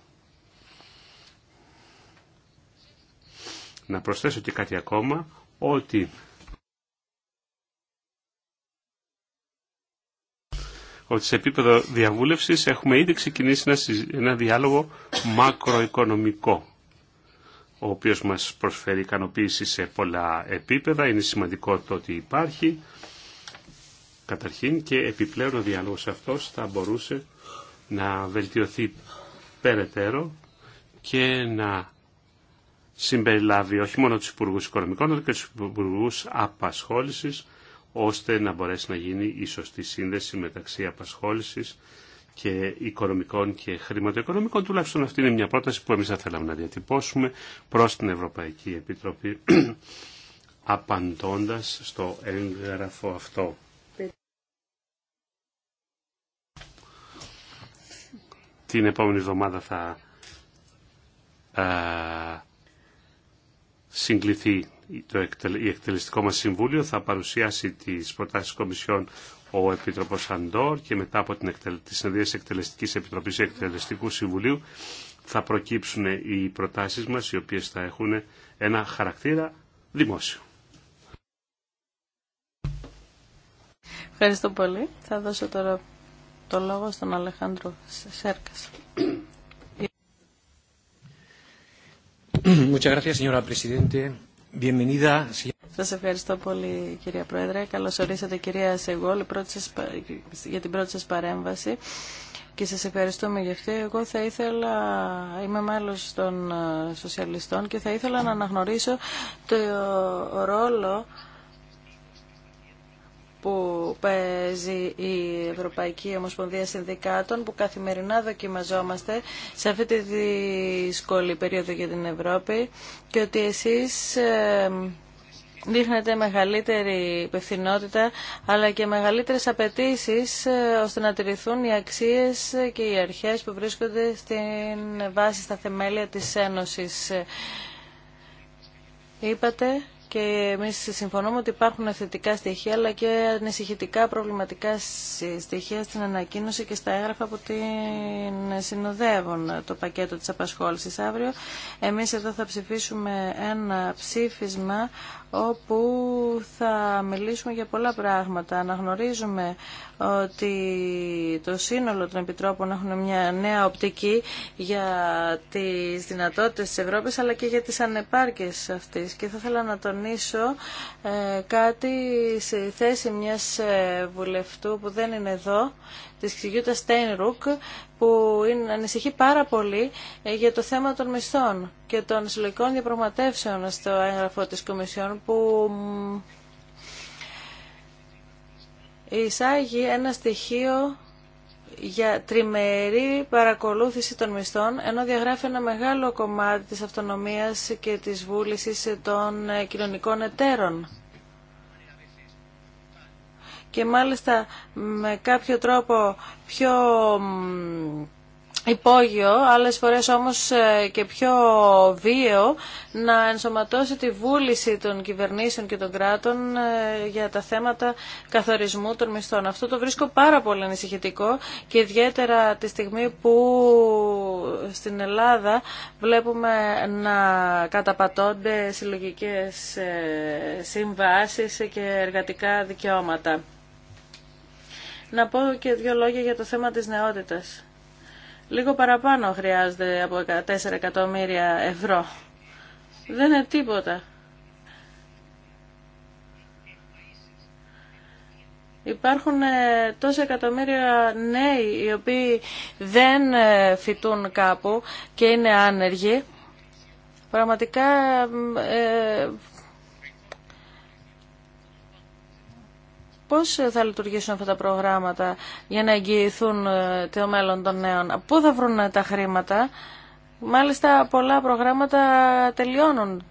Να προσθέσω και κάτι ακόμα, ότι ότι σε επίπεδο διαβούλευσης έχουμε ήδη ξεκινήσει ένα, διάλογο μακροοικονομικό ο οποίος μας προσφέρει ικανοποίηση σε πολλά επίπεδα. Είναι σημαντικό το ότι υπάρχει καταρχήν και επιπλέον ο διάλογος αυτός θα μπορούσε να βελτιωθεί περαιτέρω και να συμπεριλάβει όχι μόνο τους υπουργού Οικονομικών, αλλά και τους υπουργού Απασχόλησης, ώστε να μπορέσει να γίνει η σωστή σύνδεση μεταξύ απασχόλησης και οικονομικών και χρηματοοικονομικών. Τουλάχιστον αυτή είναι μια πρόταση που εμείς θα θέλαμε να διατυπώσουμε προς την Ευρωπαϊκή Επιτροπή απαντώντας στο έγγραφο αυτό. Την επόμενη εβδομάδα θα ε, συγκληθεί το η εκτελεστικό μας συμβούλιο, θα παρουσιάσει τις προτάσεις Κομισιόν ο Επίτροπος Αντόρ και μετά από την εκτελε... τη συνεδρία Εκτελεστικής Επιτροπής Εκτελεστικού Συμβουλίου θα προκύψουν οι προτάσεις μας οι οποίες θα έχουν ένα χαρακτήρα δημόσιο. Ευχαριστώ πολύ. Θα δώσω τώρα το λόγο στον Αλεχάνδρο Σέρκας. Σας ευχαριστώ πολύ κυρία Πρόεδρε. Καλώς ορίσατε κυρία Σεγόλ για την πρώτη σας παρέμβαση και σας ευχαριστούμε γι' αυτό. Εγώ θα ήθελα, είμαι μέλος των ε, σοσιαλιστών και θα ήθελα να αναγνωρίσω το ρόλο που παίζει η Ευρωπαϊκή Ομοσπονδία Συνδικάτων που καθημερινά δοκιμαζόμαστε σε αυτή τη δύσκολη περίοδο για την Ευρώπη και ότι εσείς ε, δείχνετε μεγαλύτερη υπευθυνότητα αλλά και μεγαλύτερες απαιτήσει ε, ώστε να τηρηθούν οι αξίες και οι αρχές που βρίσκονται στην βάση στα θεμέλια της Ένωσης. Ε, είπατε και εμεί συμφωνούμε ότι υπάρχουν θετικά στοιχεία αλλά και ανησυχητικά προβληματικά στοιχεία στην ανακοίνωση και στα έγγραφα που την συνοδεύουν το πακέτο της απασχόλησης αύριο. Εμεί εδώ θα ψηφίσουμε ένα ψήφισμα όπου θα μιλήσουμε για πολλά πράγματα. Αναγνωρίζουμε ότι το σύνολο των επιτρόπων έχουν μια νέα οπτική για τις δυνατότητες της Ευρώπης αλλά και για τις ανεπάρκειες αυτής και θα ήθελα να τον τονίσω ε, κάτι στη θέση μιας ε, βουλευτού που δεν είναι εδώ, της Ξηγιούτα Στέινρουκ, που είναι, ανησυχεί πάρα πολύ ε, για το θέμα των μισθών και των συλλογικών διαπραγματεύσεων στο έγγραφο της Κομισιόν, που εισάγει ένα στοιχείο για τριμερή παρακολούθηση των μισθών, ενώ διαγράφει ένα μεγάλο κομμάτι της αυτονομίας και της βούλησης των ε, κοινωνικών εταίρων. Και μάλιστα με κάποιο τρόπο πιο υπόγειο, άλλες φορές όμως ε, και πιο βίαιο, να ενσωματώσει τη βούληση των κυβερνήσεων και των κράτων ε, για τα θέματα καθορισμού των μισθών. Αυτό το βρίσκω πάρα πολύ ανησυχητικό και ιδιαίτερα τη στιγμή που στην Ελλάδα βλέπουμε να καταπατώνται συλλογικές ε, συμβάσεις και εργατικά δικαιώματα. Να πω και δύο λόγια για το θέμα της νεότητας. Λίγο παραπάνω χρειάζεται από 4 εκατομμύρια ευρώ. Δεν είναι τίποτα. Υπάρχουν ε, τόσα εκατομμύρια νέοι οι οποίοι δεν ε, φοιτούν κάπου και είναι άνεργοι. Πραγματικά ε, Πώς θα λειτουργήσουν αυτά τα προγράμματα για να εγγυηθούν ε, το μέλλον των νέων. Πού θα βρουν τα χρήματα. Μάλιστα πολλά προγράμματα τελειώνουν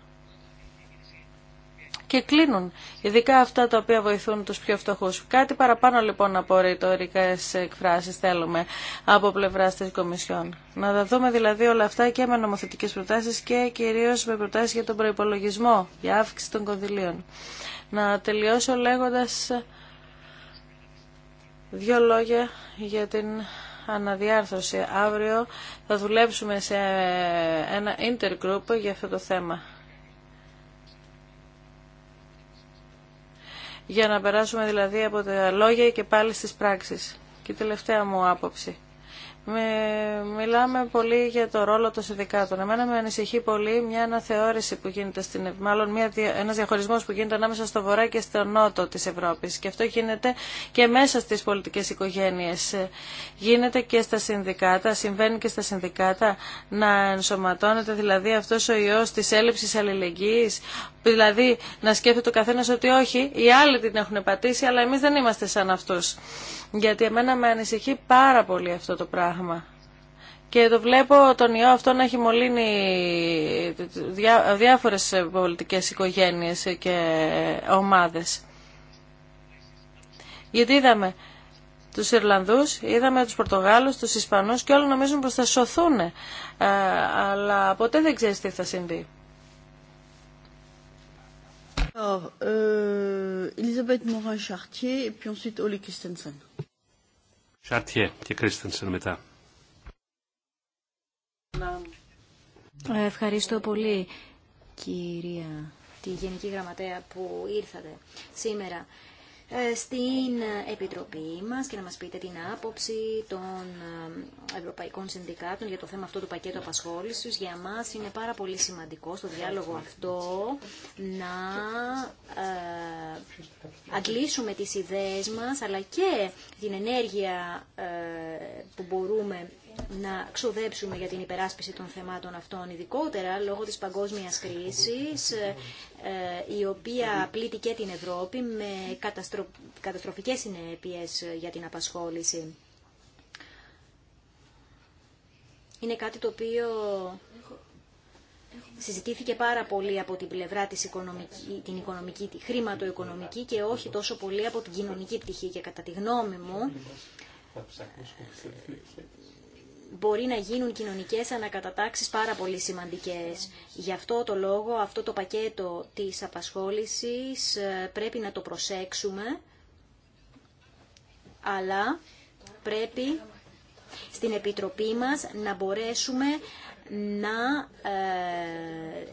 και κλείνουν, ειδικά αυτά τα οποία βοηθούν τους πιο φτωχούς. Κάτι παραπάνω λοιπόν από ρητορικές εκφράσεις θέλουμε από πλευρά της Κομισιόν. Να τα δούμε δηλαδή όλα αυτά και με νομοθετικές προτάσεις και κυρίως με προτάσεις για τον προϋπολογισμό, για αύξηση των κονδυλίων. Να τελειώσω λέγοντας Δύο λόγια για την αναδιάρθρωση. Αύριο θα δουλέψουμε σε ένα intergroup για αυτό το θέμα. Για να περάσουμε δηλαδή από τα λόγια και πάλι στις πράξεις. Και τελευταία μου άποψη μιλάμε πολύ για το ρόλο των συνδικάτων. Εμένα με ανησυχεί πολύ μια αναθεώρηση που γίνεται στην μάλλον μια, ένας διαχωρισμός που γίνεται ανάμεσα στο βορρά και στο νότο της Ευρώπης. Και αυτό γίνεται και μέσα στις πολιτικές οικογένειες. Γίνεται και στα συνδικάτα, συμβαίνει και στα συνδικάτα να ενσωματώνεται δηλαδή αυτός ο ιός της έλλειψης αλληλεγγύης Δηλαδή να σκέφτεται ο καθένα ότι όχι, οι άλλοι την έχουν πατήσει, αλλά εμεί δεν είμαστε σαν αυτού γιατί εμένα με ανησυχεί πάρα πολύ αυτό το πράγμα. Και το βλέπω τον ιό αυτό να έχει μολύνει διάφορες πολιτικές οικογένειες και ομάδες. Γιατί είδαμε τους Ιρλανδούς, είδαμε τους Πορτογάλους, τους Ισπανούς και όλοι νομίζουν πως θα σωθούν. Ε, αλλά ποτέ δεν ξέρεις τι θα συμβεί. Alors, euh, Elisabeth Morin-Chartier et puis ensuite Ole Σαρτιέ και μετά. Ευχαριστώ πολύ κυρία τη Γενική Γραμματέα που ήρθατε σήμερα. Ε, στην Επιτροπή μας και να μας πείτε την άποψη των ε, Ευρωπαϊκών Συνδικάτων για το θέμα αυτό του πακέτου απασχόλησης. Για μας είναι πάρα πολύ σημαντικό στο διάλογο αυτό να ε, αγγλίσουμε τις ιδέες μας αλλά και την ενέργεια που μπορούμε να ξοδέψουμε για την υπεράσπιση των θεμάτων αυτών, ειδικότερα λόγω της παγκόσμιας κρίσης, ε, η οποία πλήττει και την Ευρώπη με καταστροφικές συνέπειες για την απασχόληση. Είναι κάτι το οποίο συζητήθηκε πάρα πολύ από την πλευρά της οικονομική, την οικονομική, τη χρηματοοικονομική και όχι τόσο πολύ από την κοινωνική πτυχή και κατά τη γνώμη μου μπορεί να γίνουν κοινωνικές ανακατατάξεις πάρα πολύ σημαντικές. Γι' αυτό το λόγο αυτό το πακέτο της απασχόλησης ε, πρέπει να το προσέξουμε, αλλά πρέπει στην Επιτροπή μας να μπορέσουμε να ε,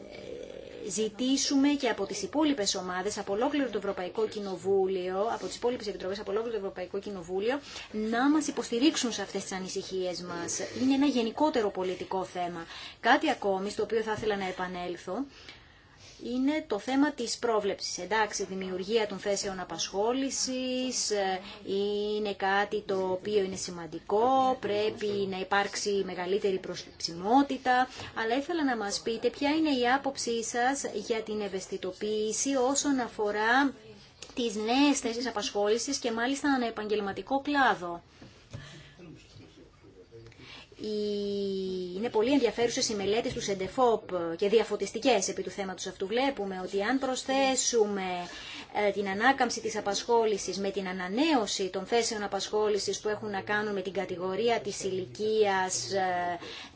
ζητήσουμε και από τις υπόλοιπες ομάδες, από ολόκληρο το Ευρωπαϊκό Κοινοβούλιο, από τις υπόλοιπες επιτροπές, από ολόκληρο το Ευρωπαϊκό Κοινοβούλιο, να μας υποστηρίξουν σε αυτές τις ανησυχίες μας. Είναι ένα γενικότερο πολιτικό θέμα. Κάτι ακόμη, στο οποίο θα ήθελα να επανέλθω, είναι το θέμα της πρόβλεψης. Εντάξει, δημιουργία των θέσεων απασχόλησης ε, είναι κάτι το οποίο είναι σημαντικό, πρέπει να υπάρξει μεγαλύτερη προσληψιμότητα, αλλά ήθελα να μας πείτε ποια είναι η άποψή σας για την ευαισθητοποίηση όσον αφορά τις νέες θέσεις απασχόλησης και μάλιστα ένα επαγγελματικό κλάδο είναι πολύ ενδιαφέρουσες οι μελέτες του ΣΕΝΤΕΦΟΠ και διαφωτιστικές επί του θέματος αυτού. Βλέπουμε ότι αν προσθέσουμε ε, την ανάκαμψη της απασχόλησης με την ανανέωση των θέσεων απασχόλησης που έχουν να κάνουν με την κατηγορία της ηλικία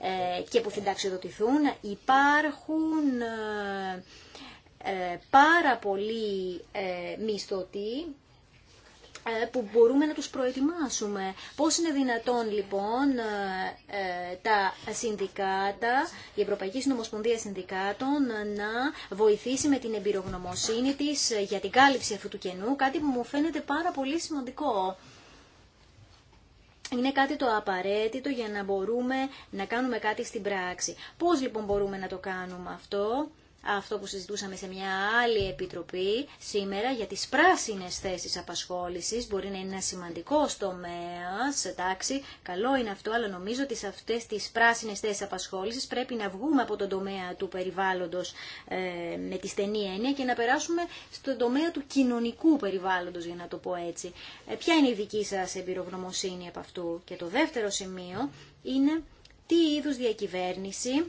ε, ε, και που συνταξιδοτηθούν, υπάρχουν πάρα πολλοί μισθωτοί ε, που μπορούμε να τους προετοιμάσουμε. Πώς είναι δυνατόν λοιπόν ε, ε, τα συνδικάτα, η Ευρωπαϊκή Συνομοσπονδία Συνδικάτων να βοηθήσει με την εμπειρογνωμοσύνη της για την κάλυψη αυτού του κενού, κάτι που μου φαίνεται πάρα πολύ σημαντικό. Είναι κάτι το απαραίτητο για να μπορούμε να κάνουμε κάτι στην πράξη. Πώς λοιπόν μπορούμε να το κάνουμε αυτό αυτό που συζητούσαμε σε μια άλλη επιτροπή σήμερα για τις πράσινες θέσεις απασχόλησης. Μπορεί να είναι ένα σημαντικό τομέα, εντάξει, καλό είναι αυτό, αλλά νομίζω ότι σε αυτές τις πράσινες θέσεις απασχόλησης πρέπει να βγούμε από τον τομέα του περιβάλλοντος ε, με τη στενή έννοια και να περάσουμε στον τομέα του κοινωνικού περιβάλλοντος, για να το πω έτσι. Ε, ποια είναι η δική σας εμπειρογνωμοσύνη από αυτού. Και το δεύτερο σημείο είναι τι είδους διακυβέρνηση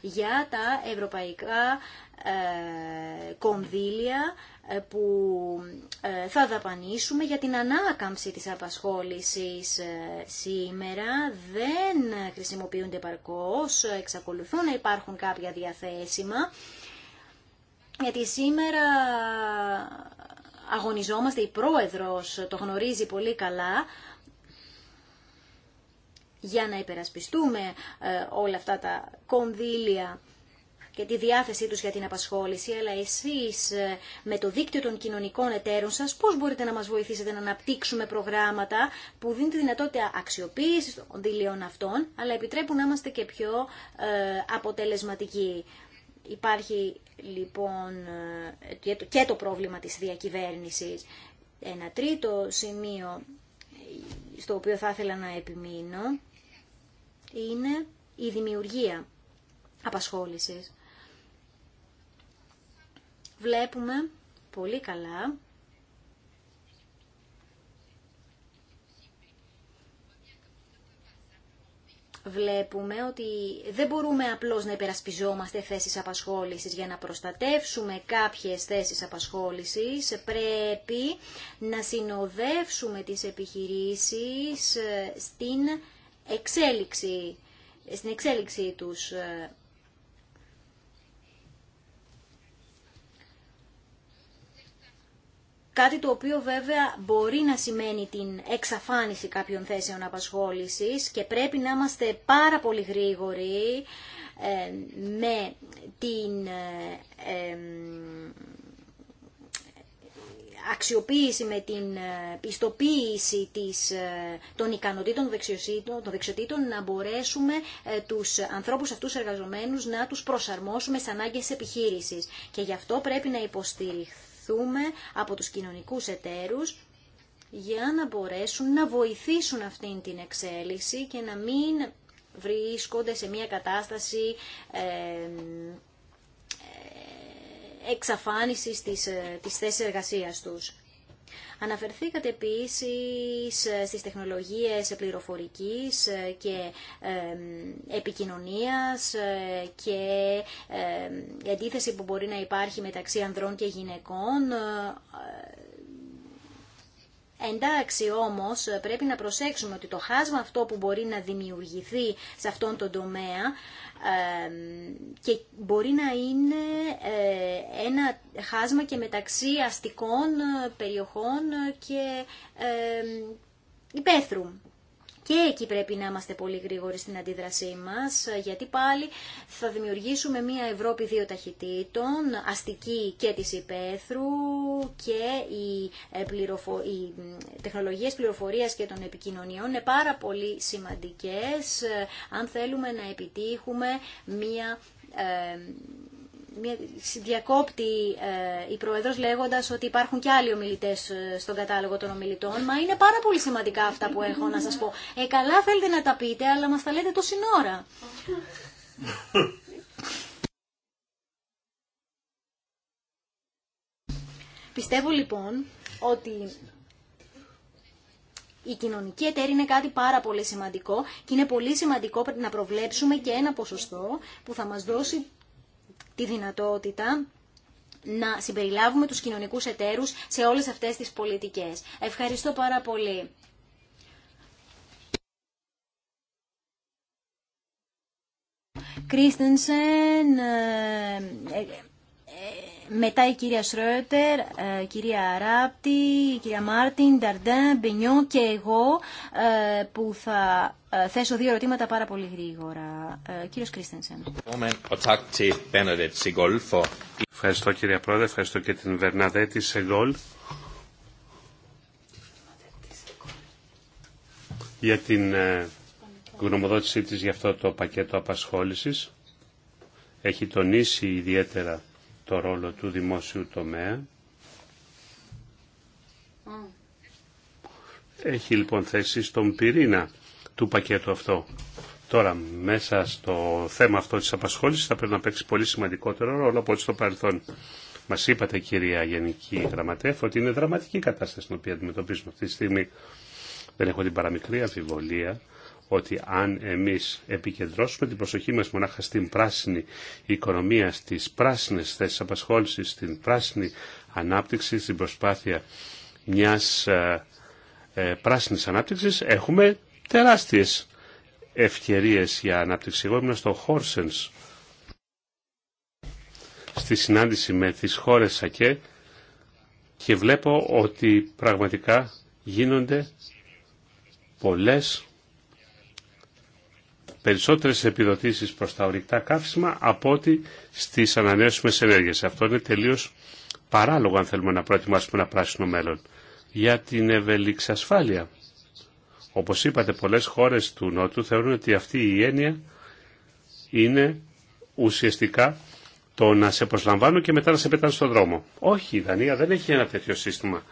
για τα ευρωπαϊκά ε, κονδύλια ε, που ε, θα δαπανίσουμε για την ανάκαμψη της απασχόλησης σήμερα δεν χρησιμοποιούνται παρκώς, εξακολουθούν να υπάρχουν κάποια διαθέσιμα γιατί σήμερα αγωνιζόμαστε, η πρόεδρος το γνωρίζει πολύ καλά, για να υπερασπιστούμε ε, όλα αυτά τα κονδύλια και τη διάθεσή τους για την απασχόληση, αλλά εσείς ε, με το δίκτυο των κοινωνικών εταίρων σας πώς μπορείτε να μας βοηθήσετε να αναπτύξουμε προγράμματα που δίνουν τη δυνατότητα αξιοποίησης των κονδυλίων αυτών, αλλά επιτρέπουν να είμαστε και πιο ε, αποτελεσματικοί. Υπάρχει λοιπόν και το πρόβλημα της διακυβέρνησης. Ένα τρίτο σημείο στο οποίο θα ήθελα να επιμείνω είναι η δημιουργία απασχόλησης. Βλέπουμε πολύ καλά βλέπουμε ότι δεν μπορούμε απλώς να υπερασπιζόμαστε θέσεις απασχόλησης για να προστατεύσουμε κάποιες θέσεις απασχόλησης. Πρέπει να συνοδεύσουμε τις επιχειρήσεις ε, στην εξέλιξη, στην εξέλιξή τους. Ε, κάτι το οποίο βέβαια μπορεί να σημαίνει την εξαφάνιση κάποιων θέσεων απασχόλησης και πρέπει να είμαστε πάρα πολύ γρήγοροι ε, με την ε, αξιοποίηση, με την ε, πιστοποίηση της, ε, των ικανοτήτων των δεξιοτήτων, να μπορέσουμε ε, τους ανθρώπους αυτούς εργαζομένους να τους προσαρμόσουμε σε ανάγκες επιχείρησης. Και γι' αυτό πρέπει να υποστηριχθούμε από τους κοινωνικούς εταίρους για να μπορέσουν να βοηθήσουν αυτήν την εξέλιξη και να μην βρίσκονται σε μια κατάσταση εξαφάνισης της, ε, της θέσης εργασίας τους. Αναφερθήκατε επίσης ε, στις τεχνολογίες πληροφορικής ε, και επικοινωνίας και αντίθεση που μπορεί να υπάρχει μεταξύ ανδρών και γυναικών. Εντάξει όμως πρέπει να προσέξουμε ότι το χάσμα αυτό που μπορεί να δημιουργηθεί σε αυτόν τον τομέα και μπορεί να είναι ε, ένα χάσμα και μεταξύ αστικών ε, περιοχών ε, και υπαίθρου και εκεί πρέπει να είμαστε πολύ γρήγοροι στην αντίδρασή μας, γιατί πάλι θα δημιουργήσουμε μια Ευρώπη δύο ταχυτήτων, αστική και της υπαίθρου και οι, ε, πληροφο... οι τεχνολογίες πληροφορίας και των επικοινωνιών είναι πάρα πολύ σημαντικές ε, αν θέλουμε να επιτύχουμε μια ε, διακόπτει ε, η Πρόεδρος λέγοντας ότι υπάρχουν και άλλοι ομιλητές ε, στον κατάλογο των ομιλητών, μα είναι πάρα πολύ σημαντικά αυτά που έχω να σας πω. Ε, καλά θέλετε να τα πείτε, αλλά μας τα λέτε το συνόρα. Πιστεύω λοιπόν ότι η κοινωνική εταίρη είναι κάτι πάρα πολύ σημαντικό και είναι πολύ σημαντικό να προβλέψουμε και ένα ποσοστό που θα μας δώσει τη δυνατότητα να συμπεριλάβουμε τους κοινωνικούς εταίρους σε όλες αυτές τις πολιτικές. Ευχαριστώ πάρα πολύ. Μετά η κυρία Σρότερ, η κυρία Ράπτη, η κυρία Μάρτιν, Νταρντέν, Μπενιό και εγώ ε, που θα ε, θέσω δύο ερωτήματα πάρα πολύ γρήγορα. Ε, κύριος Κρίστενσεν. Ευχαριστώ κυρία Πρόεδρε, ευχαριστώ και την Βερναδέτη Σεγκόλ για την γνωμοδότησή της για αυτό το πακέτο απασχόλησης. Έχει τονίσει ιδιαίτερα το ρόλο του δημόσιου τομέα. Έχει λοιπόν θέση στον πυρήνα του πακέτου αυτό. Τώρα, μέσα στο θέμα αυτό της απασχόλησης θα πρέπει να παίξει πολύ σημαντικότερο ρόλο από ό,τι στο παρελθόν. Μας είπατε κυρία Γενική Γραμματεύ ότι είναι δραματική κατάσταση την οποία αντιμετωπίζουμε αυτή τη στιγμή. Δεν έχω την παραμικρή αμφιβολία ότι αν εμείς επικεντρώσουμε την προσοχή μας μονάχα στην πράσινη οικονομία, στις πράσινες θέσεις απασχόλησης, στην πράσινη ανάπτυξη, στην προσπάθεια μιας ε, ε, πράσινης ανάπτυξης, έχουμε τεράστιες ευκαιρίες για ανάπτυξη. Εγώ ήμουν στο Χόρσενς στη συνάντηση με τις χώρες ΑΚΕ και βλέπω ότι πραγματικά γίνονται πολλές περισσότερες επιδοτήσεις προς τα ορυκτά καύσιμα από ότι στις ανανεώσιμες ενέργειες. Αυτό είναι τελείως παράλογο αν θέλουμε να προετοιμάσουμε ένα πράσινο μέλλον. Για την ευελίξη ασφάλεια. Όπως είπατε, πολλές χώρες του Νότου θεωρούν ότι αυτή η έννοια είναι ουσιαστικά το να σε προσλαμβάνουν και μετά να σε πετάνε στον δρόμο. Όχι, η Δανία δεν έχει ένα τέτοιο σύστημα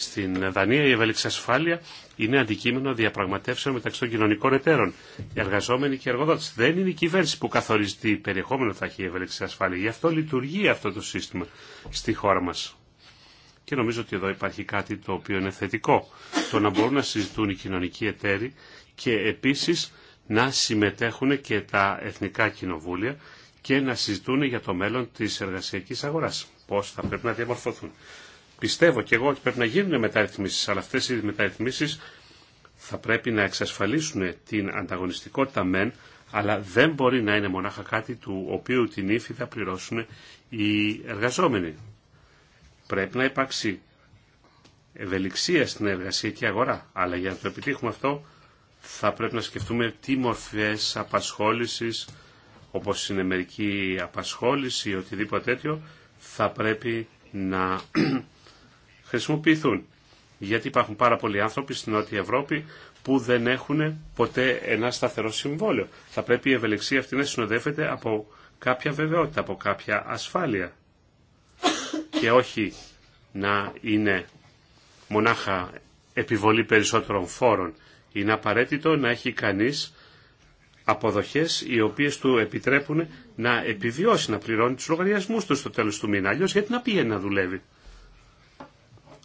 στην Δανία η ασφάλεια είναι αντικείμενο διαπραγματεύσεων μεταξύ των κοινωνικών εταίρων. Οι εργαζόμενοι και οι εργοδότε. Δεν είναι η κυβέρνηση που καθορίζει τι περιεχόμενο θα έχει η ασφάλεια. Γι' αυτό λειτουργεί αυτό το σύστημα στη χώρα μα. Και νομίζω ότι εδώ υπάρχει κάτι το οποίο είναι θετικό. Το να μπορούν να συζητούν οι κοινωνικοί εταίροι και επίσης να συμμετέχουν και τα εθνικά κοινοβούλια και να συζητούν για το μέλλον της εργασιακής αγοράς. Πώς θα πρέπει να διαμορφωθούν πιστεύω και εγώ ότι πρέπει να γίνουν μεταρρυθμίσεις, αλλά αυτές οι μεταρρυθμίσεις θα πρέπει να εξασφαλίσουν την ανταγωνιστικότητα μεν, αλλά δεν μπορεί να είναι μονάχα κάτι του οποίου την ύφη θα πληρώσουν οι εργαζόμενοι. Πρέπει να υπάρξει ευελιξία στην εργασιακή αγορά, αλλά για να το επιτύχουμε αυτό θα πρέπει να σκεφτούμε τι μορφές απασχόλησης, όπως είναι μερική απασχόληση ή οτιδήποτε τέτοιο, θα πρέπει να χρησιμοποιηθούν. Γιατί υπάρχουν πάρα πολλοί άνθρωποι στην Νότια Ευρώπη που δεν έχουν ποτέ ένα σταθερό συμβόλαιο. Θα πρέπει η ευελιξία αυτή να συνοδεύεται από κάποια βεβαιότητα, από κάποια ασφάλεια. Και όχι να είναι μονάχα επιβολή περισσότερων φόρων. Είναι απαραίτητο να έχει κανείς αποδοχές οι οποίες του επιτρέπουν να επιβιώσει, να πληρώνει τους λογαριασμούς του στο τέλος του μήνα. Αλλιώς γιατί να πηγαίνει να δουλεύει.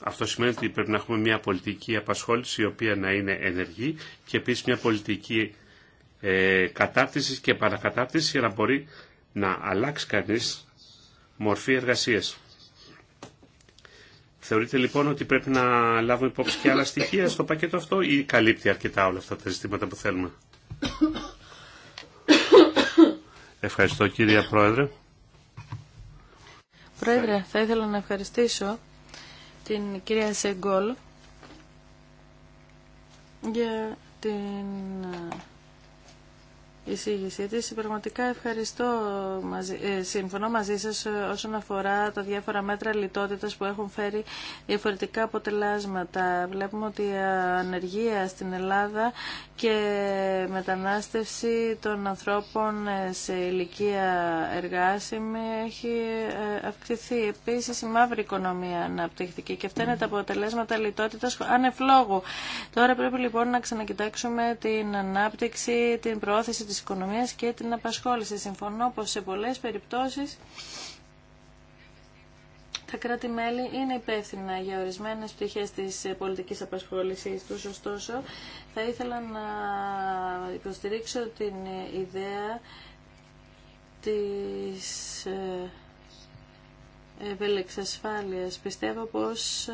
Αυτό σημαίνει ότι πρέπει να έχουμε μια πολιτική απασχόληση η οποία να είναι ενεργή και επίσης μια πολιτική ε, κατάρτισης και παρακατάρτισης για να μπορεί να αλλάξει κανείς μορφή εργασίας. Θεωρείτε λοιπόν ότι πρέπει να λάβουμε υπόψη και άλλα στοιχεία στο πακέτο αυτό ή καλύπτει αρκετά όλα αυτά τα ζητήματα που θέλουμε. Ευχαριστώ κύριε Πρόεδρε. Πρόεδρε, θα ήθελα να ευχαριστήσω την κυρία Σεγκόλ για την εισήγησή της. Πραγματικά ευχαριστώ, μαζί, ε, συμφωνώ μαζί σας ε, όσον αφορά τα διάφορα μέτρα λιτότητας που έχουν φέρει διαφορετικά αποτελέσματα. Βλέπουμε ότι η ανεργία στην Ελλάδα και μετανάστευση των ανθρώπων ε, σε ηλικία εργάσιμη έχει αυξηθεί. Επίσης η μαύρη οικονομία αναπτυχθήκε και αυτά είναι τα αποτελέσματα λιτότητας ανεφλόγου. Τώρα πρέπει λοιπόν να ξανακοιτάξουμε την ανάπτυξη, την προώθηση της της οικονομίας και την απασχόληση. Συμφωνώ πως σε πολλές περιπτώσεις τα κράτη-μέλη είναι υπεύθυνα για ορισμένες πτυχές της πολιτικής απασχόλησης του. ωστόσο θα ήθελα να υποστηρίξω την ιδέα της ε, ευελεξασφάλειας. Πιστεύω πως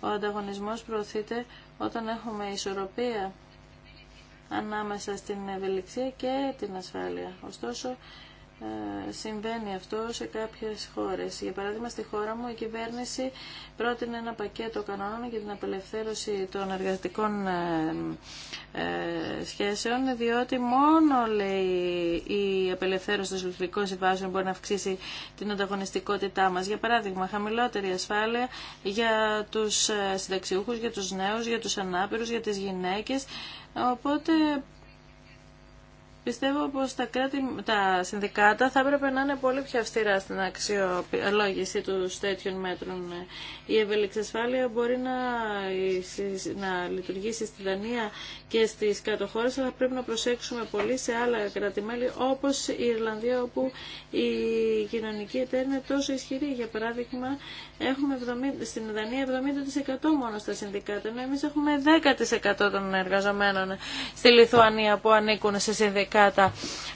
ο ανταγωνισμός προωθείται όταν έχουμε ισορροπία ανάμεσα στην ευελιξία και την ασφάλεια. Ωστόσο, ε, συμβαίνει αυτό σε κάποιες χώρες. Για παράδειγμα, στη χώρα μου η κυβέρνηση πρότεινε ένα πακέτο κανόνων για την απελευθέρωση των εργατικών ε, ε, σχέσεων, διότι μόνο λέει, η απελευθέρωση των συλλογικών συμβάσεων μπορεί να αυξήσει την ανταγωνιστικότητά μας. Για παράδειγμα, χαμηλότερη ασφάλεια για τους συνταξιούχους, για τους νέους, για τους ανάπηρους, για τις γυναίκες, Οπότε Πιστεύω πω τα, τα συνδικάτα θα έπρεπε να είναι πολύ πιο αυστηρά στην αξιολόγηση του τέτοιων μέτρων. Η ευελιξασφάλεια μπορεί να, να λειτουργήσει στη Δανία και στι κάτω χώρε, αλλά πρέπει να προσέξουμε πολύ σε άλλα κράτη-μέλη όπω η Ιρλανδία όπου η κοινωνική εταίρεια είναι τόσο ισχυρή. Για παράδειγμα, έχουμε 70, στην Δανία 70% μόνο στα συνδικάτα, ενώ εμεί έχουμε 10% των εργαζομένων στη Λιθουανία που ανήκουν σε συνδικάτα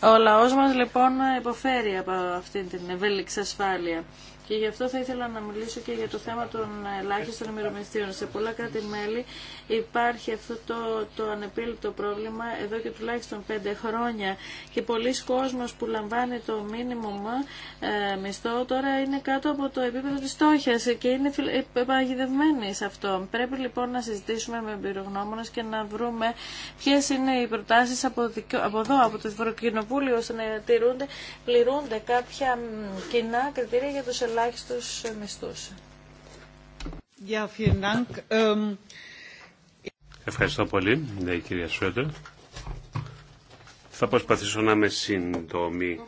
ο λαός μας λοιπόν υποφέρει από αυτή την ευέλικτη ασφάλεια. Και γι' αυτό θα ήθελα να μιλήσω και για το θέμα των ελάχιστων ημερομηνιστήρων. Σε πολλά κράτη-μέλη υπάρχει αυτό το, το ανεπίλητο πρόβλημα εδώ και τουλάχιστον πέντε χρόνια και πολλοί κόσμος που λαμβάνει το μήνυμο ε, μισθό τώρα είναι κάτω από το επίπεδο της στόχιας και είναι ε, παγιδευμένοι σε αυτό. Πρέπει λοιπόν να συζητήσουμε με εμπειρογνώμονε και να βρούμε ποιε είναι οι προτάσεις από, από εδώ, από το Ευρωκοινοβούλιο, ώστε να πληρούνται κάποια κοινά κριτήρια για του ελάχιστους ελάχιστους μισθούς. Ähm, Ευχαριστώ πολύ, λέει η κυρία Σουέντερ. Θα προσπαθήσω να είμαι σύντομη.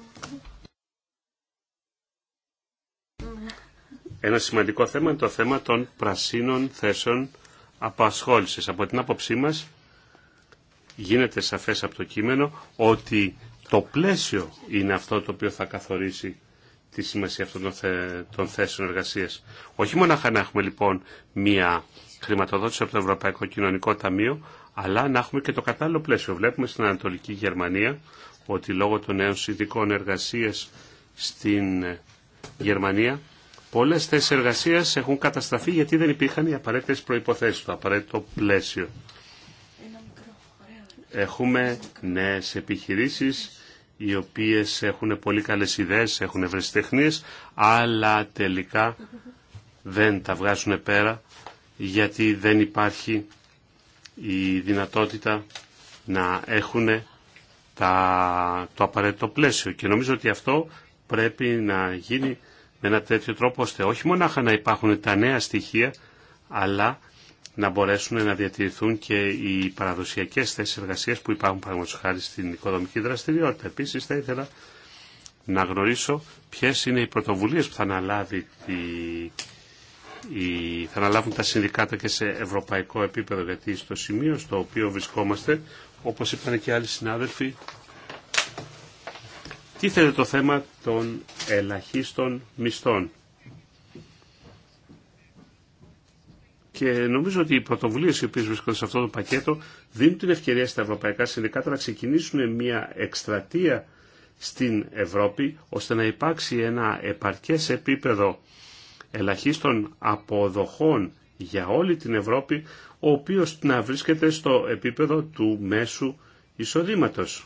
Ένα σημαντικό θέμα είναι το θέμα των πρασίνων θέσεων απασχόλησης. Από την άποψή μας γίνεται σαφές από το κείμενο ότι το πλαίσιο είναι αυτό το οποίο θα καθορίσει τη σημασία αυτών των θέσεων εργασία. Όχι μόνο να έχουμε λοιπόν μία χρηματοδότηση από το Ευρωπαϊκό Κοινωνικό Ταμείο, αλλά να έχουμε και το κατάλληλο πλαίσιο. Βλέπουμε στην Ανατολική Γερμανία ότι λόγω των νέων συνδικών εργασία στην ε, Γερμανία πολλέ θέσει εργασία έχουν καταστραφεί γιατί δεν υπήρχαν οι απαραίτητε προποθέσει, το απαραίτητο πλαίσιο. Έχουμε νέε επιχειρήσει οι οποίες έχουν πολύ καλές ιδέες, έχουν ευρεσιτεχνίες, αλλά τελικά δεν τα βγάζουν πέρα γιατί δεν υπάρχει η δυνατότητα να έχουν τα, το απαραίτητο πλαίσιο. Και νομίζω ότι αυτό πρέπει να γίνει με ένα τέτοιο τρόπο ώστε όχι μονάχα να υπάρχουν τα νέα στοιχεία, αλλά να μπορέσουν να διατηρηθούν και οι παραδοσιακές θέσεις εργασίας που υπάρχουν παραγωγή χάρη στην οικοδομική δραστηριότητα. Επίσης θα ήθελα να γνωρίσω ποιες είναι οι πρωτοβουλίες που θα, τη... η... θα αναλάβουν τα συνδικάτα και σε ευρωπαϊκό επίπεδο, γιατί στο σημείο στο οποίο βρισκόμαστε, όπως είπαν και άλλοι συνάδελφοι, τίθεται το θέμα των ελαχίστων μισθών. Και νομίζω ότι οι πρωτοβουλίε οι οποίε βρίσκονται σε αυτό το πακέτο δίνουν την ευκαιρία στα ευρωπαϊκά συνδικάτα να ξεκινήσουν μια εκστρατεία στην Ευρώπη ώστε να υπάρξει ένα επαρκές επίπεδο ελαχίστων αποδοχών για όλη την Ευρώπη ο οποίος να βρίσκεται στο επίπεδο του μέσου εισοδήματος.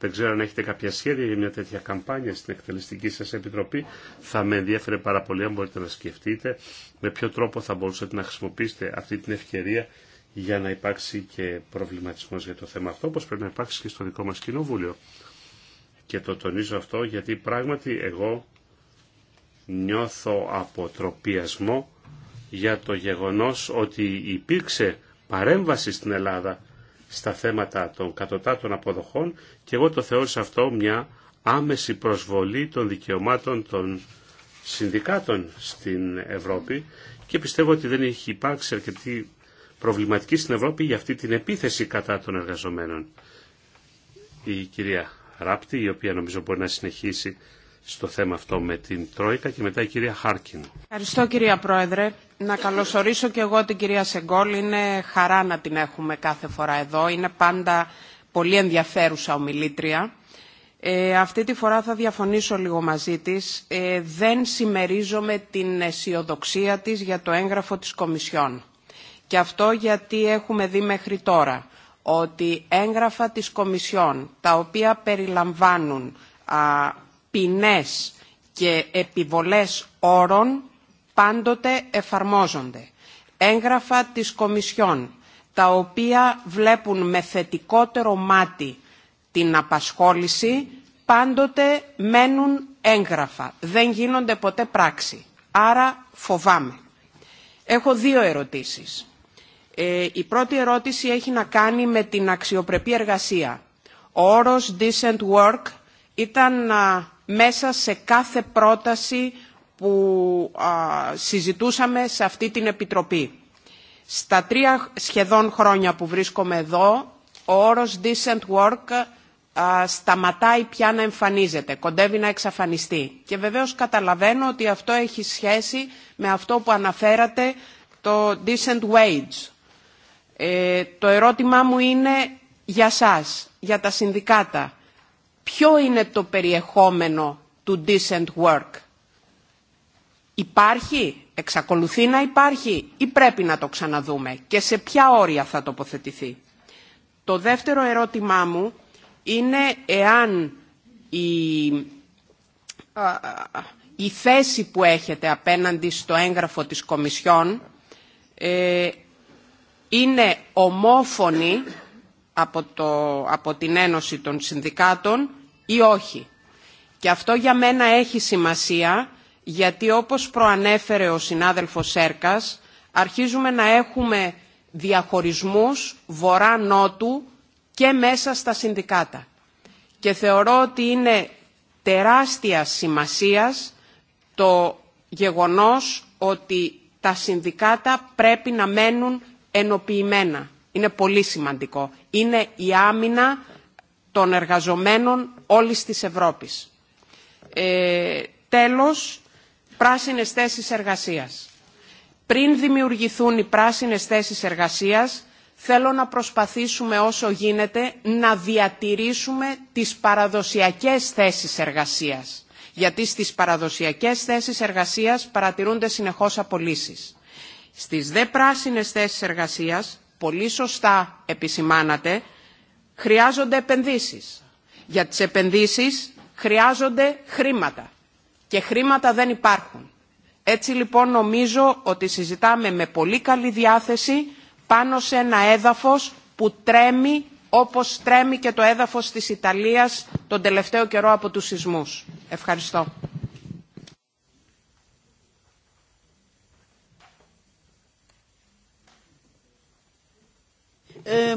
Δεν ξέρω αν έχετε κάποια σχέδια για μια τέτοια καμπάνια στην εκτελεστική σας επιτροπή. Θα με ενδιαφέρε πάρα πολύ αν μπορείτε να σκεφτείτε με ποιο τρόπο θα μπορούσατε να χρησιμοποιήσετε αυτή την ευκαιρία για να υπάρξει και προβληματισμός για το θέμα αυτό, όπως πρέπει να υπάρξει και στο δικό μας κοινοβούλιο. Και το τονίζω αυτό γιατί πράγματι εγώ νιώθω αποτροπιασμό για το γεγονός ότι υπήρξε παρέμβαση στην Ελλάδα στα θέματα των κατοτάτων αποδοχών και εγώ το θεώρησα αυτό μια άμεση προσβολή των δικαιωμάτων των συνδικάτων στην Ευρώπη και πιστεύω ότι δεν έχει υπάρξει αρκετή προβληματική στην Ευρώπη για αυτή την επίθεση κατά των εργαζομένων. Η κυρία Ράπτη, η οποία νομίζω μπορεί να συνεχίσει στο θέμα αυτό με την Τρόικα και μετά η κυρία Χάρκιν. Ευχαριστώ κυρία Πρόεδρε. Να καλωσορίσω και εγώ την κυρία Σεγκόλ. Είναι χαρά να την έχουμε κάθε φορά εδώ. Είναι πάντα πολύ ενδιαφέρουσα ομιλήτρια. Ε, αυτή τη φορά θα διαφωνήσω λίγο μαζί της. Ε, δεν συμμερίζομαι την αισιοδοξία της για το έγγραφο της Κομισιόν. Και αυτό γιατί έχουμε δει μέχρι τώρα ότι έγγραφα της Κομισιόν, τα οποία περιλαμβάνουν α, ποινές και επιβολές όρων πάντοτε εφαρμόζονται. Έγγραφα της Κομισιόν, τα οποία βλέπουν με θετικότερο μάτι την απασχόληση, πάντοτε μένουν έγγραφα. Δεν γίνονται ποτέ πράξη. Άρα φοβάμαι. Έχω δύο ερωτήσεις. Ε, η πρώτη ερώτηση έχει να κάνει με την αξιοπρεπή εργασία. Ο όρος «decent work» ήταν α, μέσα σε κάθε πρόταση που συζητούσαμε σε αυτή την Επιτροπή. Στα τρία σχεδόν χρόνια που βρίσκομαι εδώ, ο όρος «decent work» σταματάει πια να εμφανίζεται, κοντεύει να εξαφανιστεί. Και βεβαίως καταλαβαίνω ότι αυτό έχει σχέση με αυτό που αναφέρατε, το «decent wage». Ε, το ερώτημά μου είναι για σας, για τα συνδικάτα ποιο είναι το περιεχόμενο του decent work. Υπάρχει, εξακολουθεί να υπάρχει ή πρέπει να το ξαναδούμε και σε ποια όρια θα τοποθετηθεί. Το δεύτερο ερώτημά μου είναι εάν η, η θέση που έχετε απέναντι στο έγγραφο της Κομισιόν ε, είναι ομόφωνη από, την Ένωση των Συνδικάτων ή όχι. Και αυτό για μένα έχει σημασία γιατί όπως προανέφερε ο συνάδελφος Σέρκας αρχίζουμε να έχουμε διαχωρισμούς βορρά-νότου και μέσα στα συνδικάτα. Και θεωρώ ότι είναι τεράστια σημασίας το γεγονός ότι τα συνδικάτα πρέπει να μένουν ενοποιημένα είναι πολύ σημαντικό. Είναι η άμυνα των εργαζομένων όλης της Ευρώπης. Ε, τέλος, πράσινες θέσεις εργασίας. Πριν δημιουργηθούν οι πράσινες θέσεις εργασίας, θέλω να προσπαθήσουμε όσο γίνεται να διατηρήσουμε τις παραδοσιακές θέσεις εργασίας. Γιατί στις παραδοσιακές θέσεις εργασίας παρατηρούνται συνεχώς απολύσεις. Στις δε πράσινες θέσεις εργασίας πολύ σωστά επισημάνατε, χρειάζονται επενδύσεις. Για τις επενδύσεις χρειάζονται χρήματα και χρήματα δεν υπάρχουν. Έτσι λοιπόν νομίζω ότι συζητάμε με πολύ καλή διάθεση πάνω σε ένα έδαφος που τρέμει όπως τρέμει και το έδαφος της Ιταλίας τον τελευταίο καιρό από τους σεισμούς. Ευχαριστώ. Ε,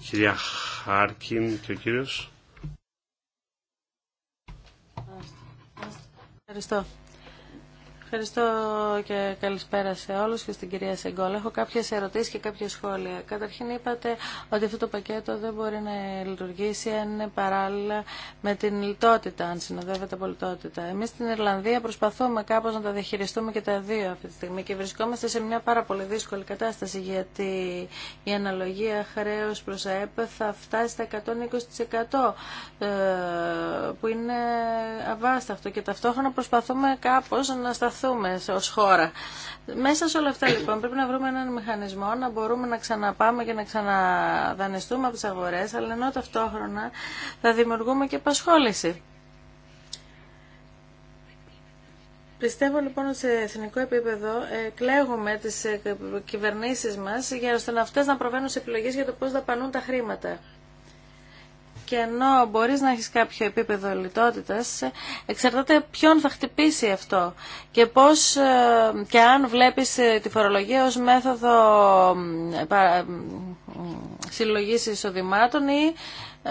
Κυρία Χάρκιν και ο κύριος. Ευχαριστώ. Ευχαριστώ και καλησπέρα σε όλους και στην κυρία Σεγκόλα. Έχω κάποιες ερωτήσεις και κάποια σχόλια. Καταρχήν είπατε ότι αυτό το πακέτο δεν μπορεί να λειτουργήσει αν είναι παράλληλα με την λιτότητα, αν συνοδεύεται από λιτότητα. Εμείς στην Ιρλανδία προσπαθούμε κάπως να τα διαχειριστούμε και τα δύο αυτή τη στιγμή και βρισκόμαστε σε μια πάρα πολύ δύσκολη κατάσταση γιατί η αναλογία χρέους προς ΑΕΠ θα φτάσει στα 120% ε, που είναι αβάσταχτο και ταυτόχρονα προσπαθούμε κάπως να σταθούμε εξελιχθούμε ως χώρα. Μέσα σε όλα αυτά λοιπόν πρέπει να βρούμε έναν μηχανισμό να μπορούμε να ξαναπάμε και να ξαναδανεστούμε από τις αγορές, αλλά ενώ ταυτόχρονα θα δημιουργούμε και επασχόληση. Πιστεύω λοιπόν ότι σε εθνικό επίπεδο ε, κλαίγουμε τις ε, κυβερνήσεις μας για ώστε αυτές να προβαίνουν σε επιλογές για το πώς δαπανούν τα χρήματα και ενώ μπορείς να έχεις κάποιο επίπεδο λιτότητας, εξαρτάται ποιον θα χτυπήσει αυτό και πώς ε, και αν βλέπεις ε, τη φορολογία ως μέθοδο συλλογής εισοδημάτων ή ε,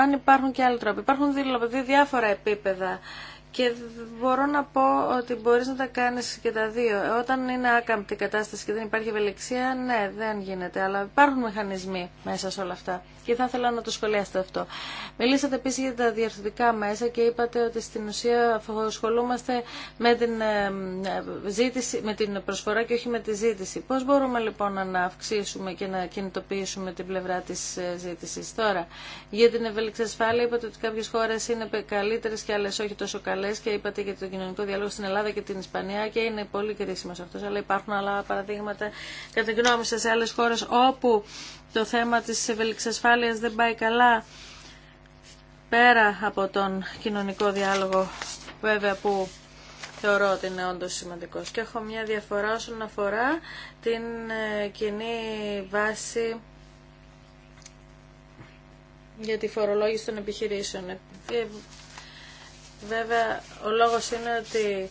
αν υπάρχουν και άλλοι τρόποι. Υπάρχουν δηλαδή διάφορα επίπεδα και μπορώ να πω ότι μπορείς να τα κάνεις και τα δύο. Όταν είναι άκαμπτη η κατάσταση και δεν υπάρχει ευελιξία, ναι, δεν γίνεται. Αλλά υπάρχουν μηχανισμοί μέσα σε όλα αυτά. Και θα ήθελα να το σχολιάσετε αυτό. Μιλήσατε επίση για τα διαρθρωτικά μέσα και είπατε ότι στην ουσία ασχολούμαστε με την, ε, ε, ζήτηση, με την προσφορά και όχι με τη ζήτηση. Πώς μπορούμε λοιπόν να αυξήσουμε και να κινητοποιήσουμε την πλευρά της ε, ζήτησης. Τώρα, για την ευελιξασφάλεια είπατε ότι κάποιες χώρες είναι καλύτερες και άλλες όχι τόσο καλές και είπατε για το κοινωνικό διάλογο στην Ελλάδα και την Ισπανία και είναι πολύ κρίσιμο αυτό. αλλά υπάρχουν άλλα παραδείγματα κατά τη γνώμη σα σε άλλες χώρες όπου το θέμα τη ευελιξασφάλεια δεν πάει καλά πέρα από τον κοινωνικό διάλογο βέβαια που θεωρώ ότι είναι όντως σημαντικός. Και έχω μια διαφορά όσον αφορά την ε, κοινή βάση για τη φορολόγηση των επιχειρήσεων. Ε, Βέβαια, ο λόγος είναι ότι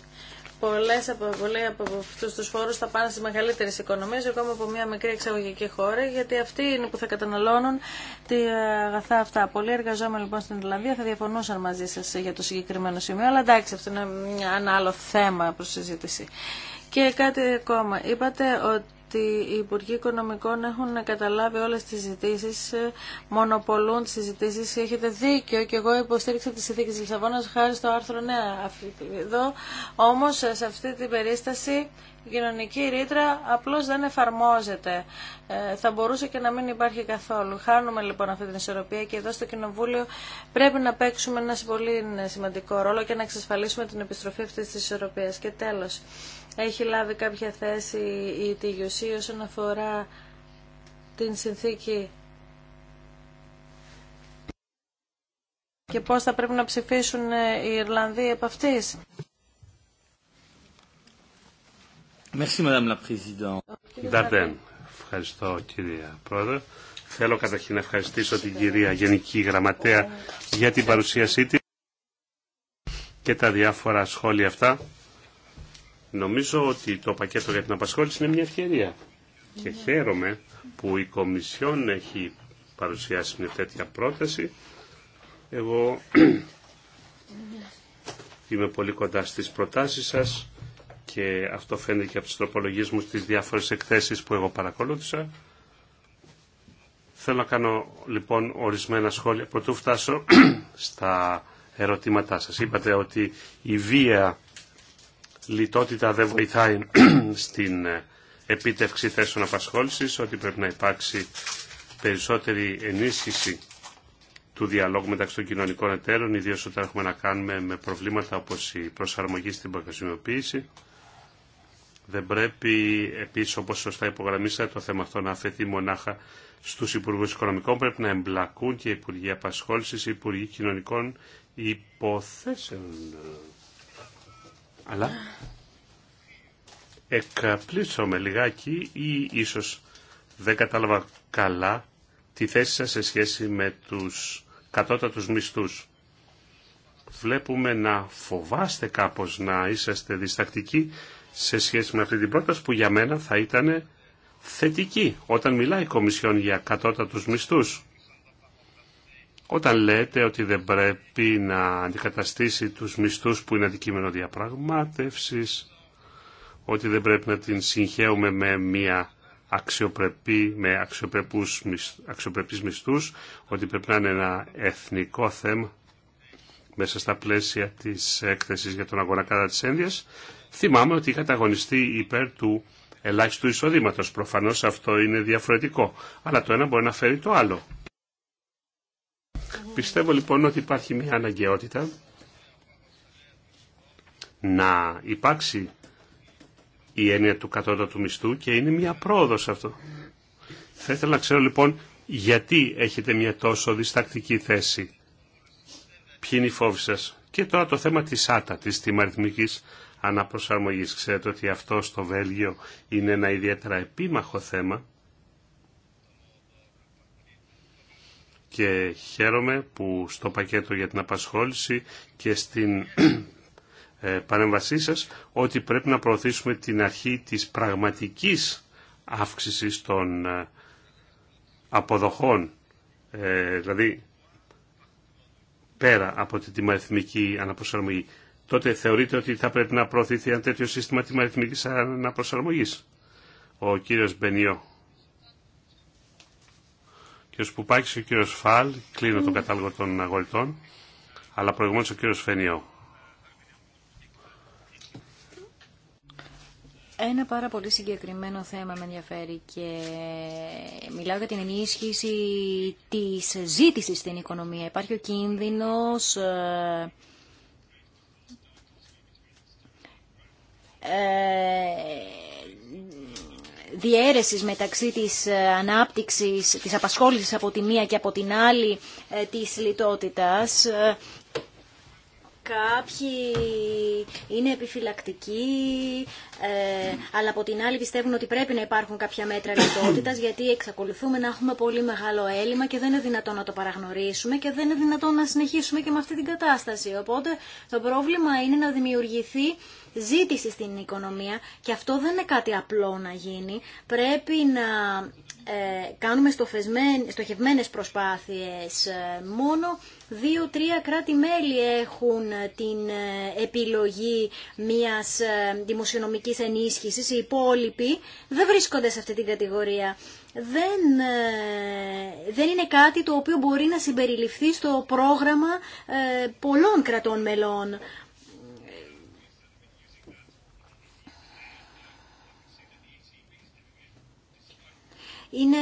πολλές από, πολλοί από αυτού τους φόρους θα πάνε στις μεγαλύτερες οικονομίες, ακόμα από μια μικρή εξαγωγική χώρα, γιατί αυτοί είναι που θα καταναλώνουν τη ε, αγαθά αυτά. Πολλοί εργαζόμενοι λοιπόν στην Ιρλανδία θα διαφωνούσαν μαζί σας για το συγκεκριμένο σημείο, αλλά εντάξει, αυτό είναι ένα άλλο θέμα προς συζήτηση. Και κάτι ακόμα. Είπατε ότι ότι οι Υπουργοί Οικονομικών έχουν καταλάβει όλε τι συζητήσει, ε, μονοπολούν τι συζητήσει, Έχετε δίκιο και εγώ υποστήριξα τις τη Λισαβόνα, χάρη στο άρθρο 9. Εδώ όμως ε, σε αυτή την περίσταση η κοινωνική ρήτρα απλώ δεν εφαρμόζεται. Ε, θα μπορούσε και να μην υπάρχει καθόλου. Χάνουμε λοιπόν αυτή την ισορροπία και εδώ στο Κοινοβούλιο πρέπει να παίξουμε ένα πολύ σημαντικό ρόλο και να εξασφαλίσουμε την επιστροφή αυτή τη ισορροπία. Και τέλο έχει λάβει κάποια θέση η TUC όσον αφορά την συνθήκη και πώς θα πρέπει να ψηφίσουν ε, οι Ιρλανδοί επ' αυτής. Merci, Madame la Présidente. Ευχαριστώ κυρία Πρόεδρε. Θέλω καταρχήν να ευχαριστήσω την κυρία Γενική Γραμματέα για την παρουσίασή της και τα διάφορα σχόλια αυτά. Νομίζω ότι το πακέτο για την απασχόληση είναι μια ευκαιρία και ναι. χαίρομαι που η Κομισιόν έχει παρουσιάσει μια τέτοια πρόταση. Εγώ ναι. είμαι πολύ κοντά στις προτάσεις σας και αυτό φαίνεται και από τους τροπολογίες μου στις διάφορες εκθέσεις που εγώ παρακολούθησα. Θέλω να κάνω λοιπόν ορισμένα σχόλια. Πρωτού φτάσω στα ερωτήματά σας. Είπατε ότι η βία λιτότητα δεν βοηθάει στην ε, επίτευξη θέσεων απασχόλησης, ότι πρέπει να υπάρξει περισσότερη ενίσχυση του διαλόγου μεταξύ των κοινωνικών εταίρων, ιδίως όταν έχουμε να κάνουμε με προβλήματα όπως η προσαρμογή στην παγκοσμιοποίηση. Δεν πρέπει επίσης, όπως σωστά υπογραμμίσατε, το θέμα αυτό να αφαιθεί μονάχα στους Υπουργούς Οικονομικών. Πρέπει να εμπλακούν και οι Υπουργοί Απασχόλησης, οι Υπουργοί Κοινωνικών Υποθέσεων. Αλλά με λιγάκι ή ίσως δεν κατάλαβα καλά τη θέση σας σε σχέση με τους κατώτατους μισθούς. Βλέπουμε να φοβάστε κάπως να είσαστε διστακτικοί σε σχέση με αυτή την πρόταση που για μένα θα ήταν θετική όταν μιλάει η Κομισιόν για κατώτατους μισθούς. Όταν λέτε ότι δεν πρέπει να αντικαταστήσει τους μισθούς που είναι αντικείμενο διαπραγμάτευσης, ότι δεν πρέπει να την συγχαίουμε με μια αξιοπρεπή, με αξιοπρεπούς, αξιοπρεπείς μισθούς, ότι πρέπει να είναι ένα εθνικό θέμα μέσα στα πλαίσια της έκθεσης για τον αγώνα κατά της ένδυας. Θυμάμαι ότι είχατε αγωνιστεί υπέρ του ελάχιστου εισοδήματος. Προφανώς αυτό είναι διαφορετικό, αλλά το ένα μπορεί να φέρει το άλλο. Πιστεύω λοιπόν ότι υπάρχει μια αναγκαιότητα να υπάρξει η έννοια του κατώτατου μισθού και είναι μια πρόοδος αυτό. Θα ήθελα να ξέρω λοιπόν γιατί έχετε μια τόσο διστακτική θέση. Ποιοι είναι οι φόβοι σας. Και τώρα το θέμα της ΆΤΑ, της τιμαριθμικής αναπροσαρμογής. Ξέρετε ότι αυτό στο Βέλγιο είναι ένα ιδιαίτερα επίμαχο θέμα και χαίρομαι που στο πακέτο για την απασχόληση και στην ε, παρέμβασή σας ότι πρέπει να προωθήσουμε την αρχή της πραγματικής αύξησης των ε, αποδοχών, ε, δηλαδή πέρα από την τιμαριθμική αναπροσαρμογή. Τότε θεωρείτε ότι θα πρέπει να προωθηθεί ένα τέτοιο σύστημα τιμαριθμικής αναπροσαρμογής. Ο κύριος Μπενιό ο Πουπάκης και ο κύριο Φαλ, κλείνω τον κατάλογο των αγορητών, αλλά προηγούμενος ο κύριος Φενιό. Ένα πάρα πολύ συγκεκριμένο θέμα με ενδιαφέρει και μιλάω για την ενίσχυση της ζήτησης στην οικονομία. Υπάρχει ο κίνδυνος ε, ε, διέρεσης μεταξύ της ε, ανάπτυξης, της απασχόλησης από τη μία και από την άλλη ε, της λιτότητας. Ε, κάποιοι είναι επιφυλακτικοί, αλλά από την άλλη πιστεύουν ότι πρέπει να υπάρχουν κάποια μέτρα λιτότητα, γιατί εξακολουθούμε να έχουμε πολύ μεγάλο έλλειμμα και δεν είναι δυνατόν να το παραγνωρίσουμε και δεν είναι δυνατόν να συνεχίσουμε και με αυτή την κατάσταση. Οπότε το πρόβλημα είναι να δημιουργηθεί ζήτηση στην οικονομία και αυτό δεν είναι κάτι απλό να γίνει. Πρέπει να ε, κάνουμε στοχευμένες προσπάθειες. Ε, μόνο δύο-τρία κράτη-μέλη έχουν ε, την επιλογή μιας δημοσιονομικής ενίσχυσης. Οι υπόλοιποι δεν βρίσκονται σε αυτή την κατηγορία. Δεν, δεν είναι κάτι το οποίο μπορεί να συμπεριληφθεί στο πρόγραμμα πολλών κρατών μελών. είναι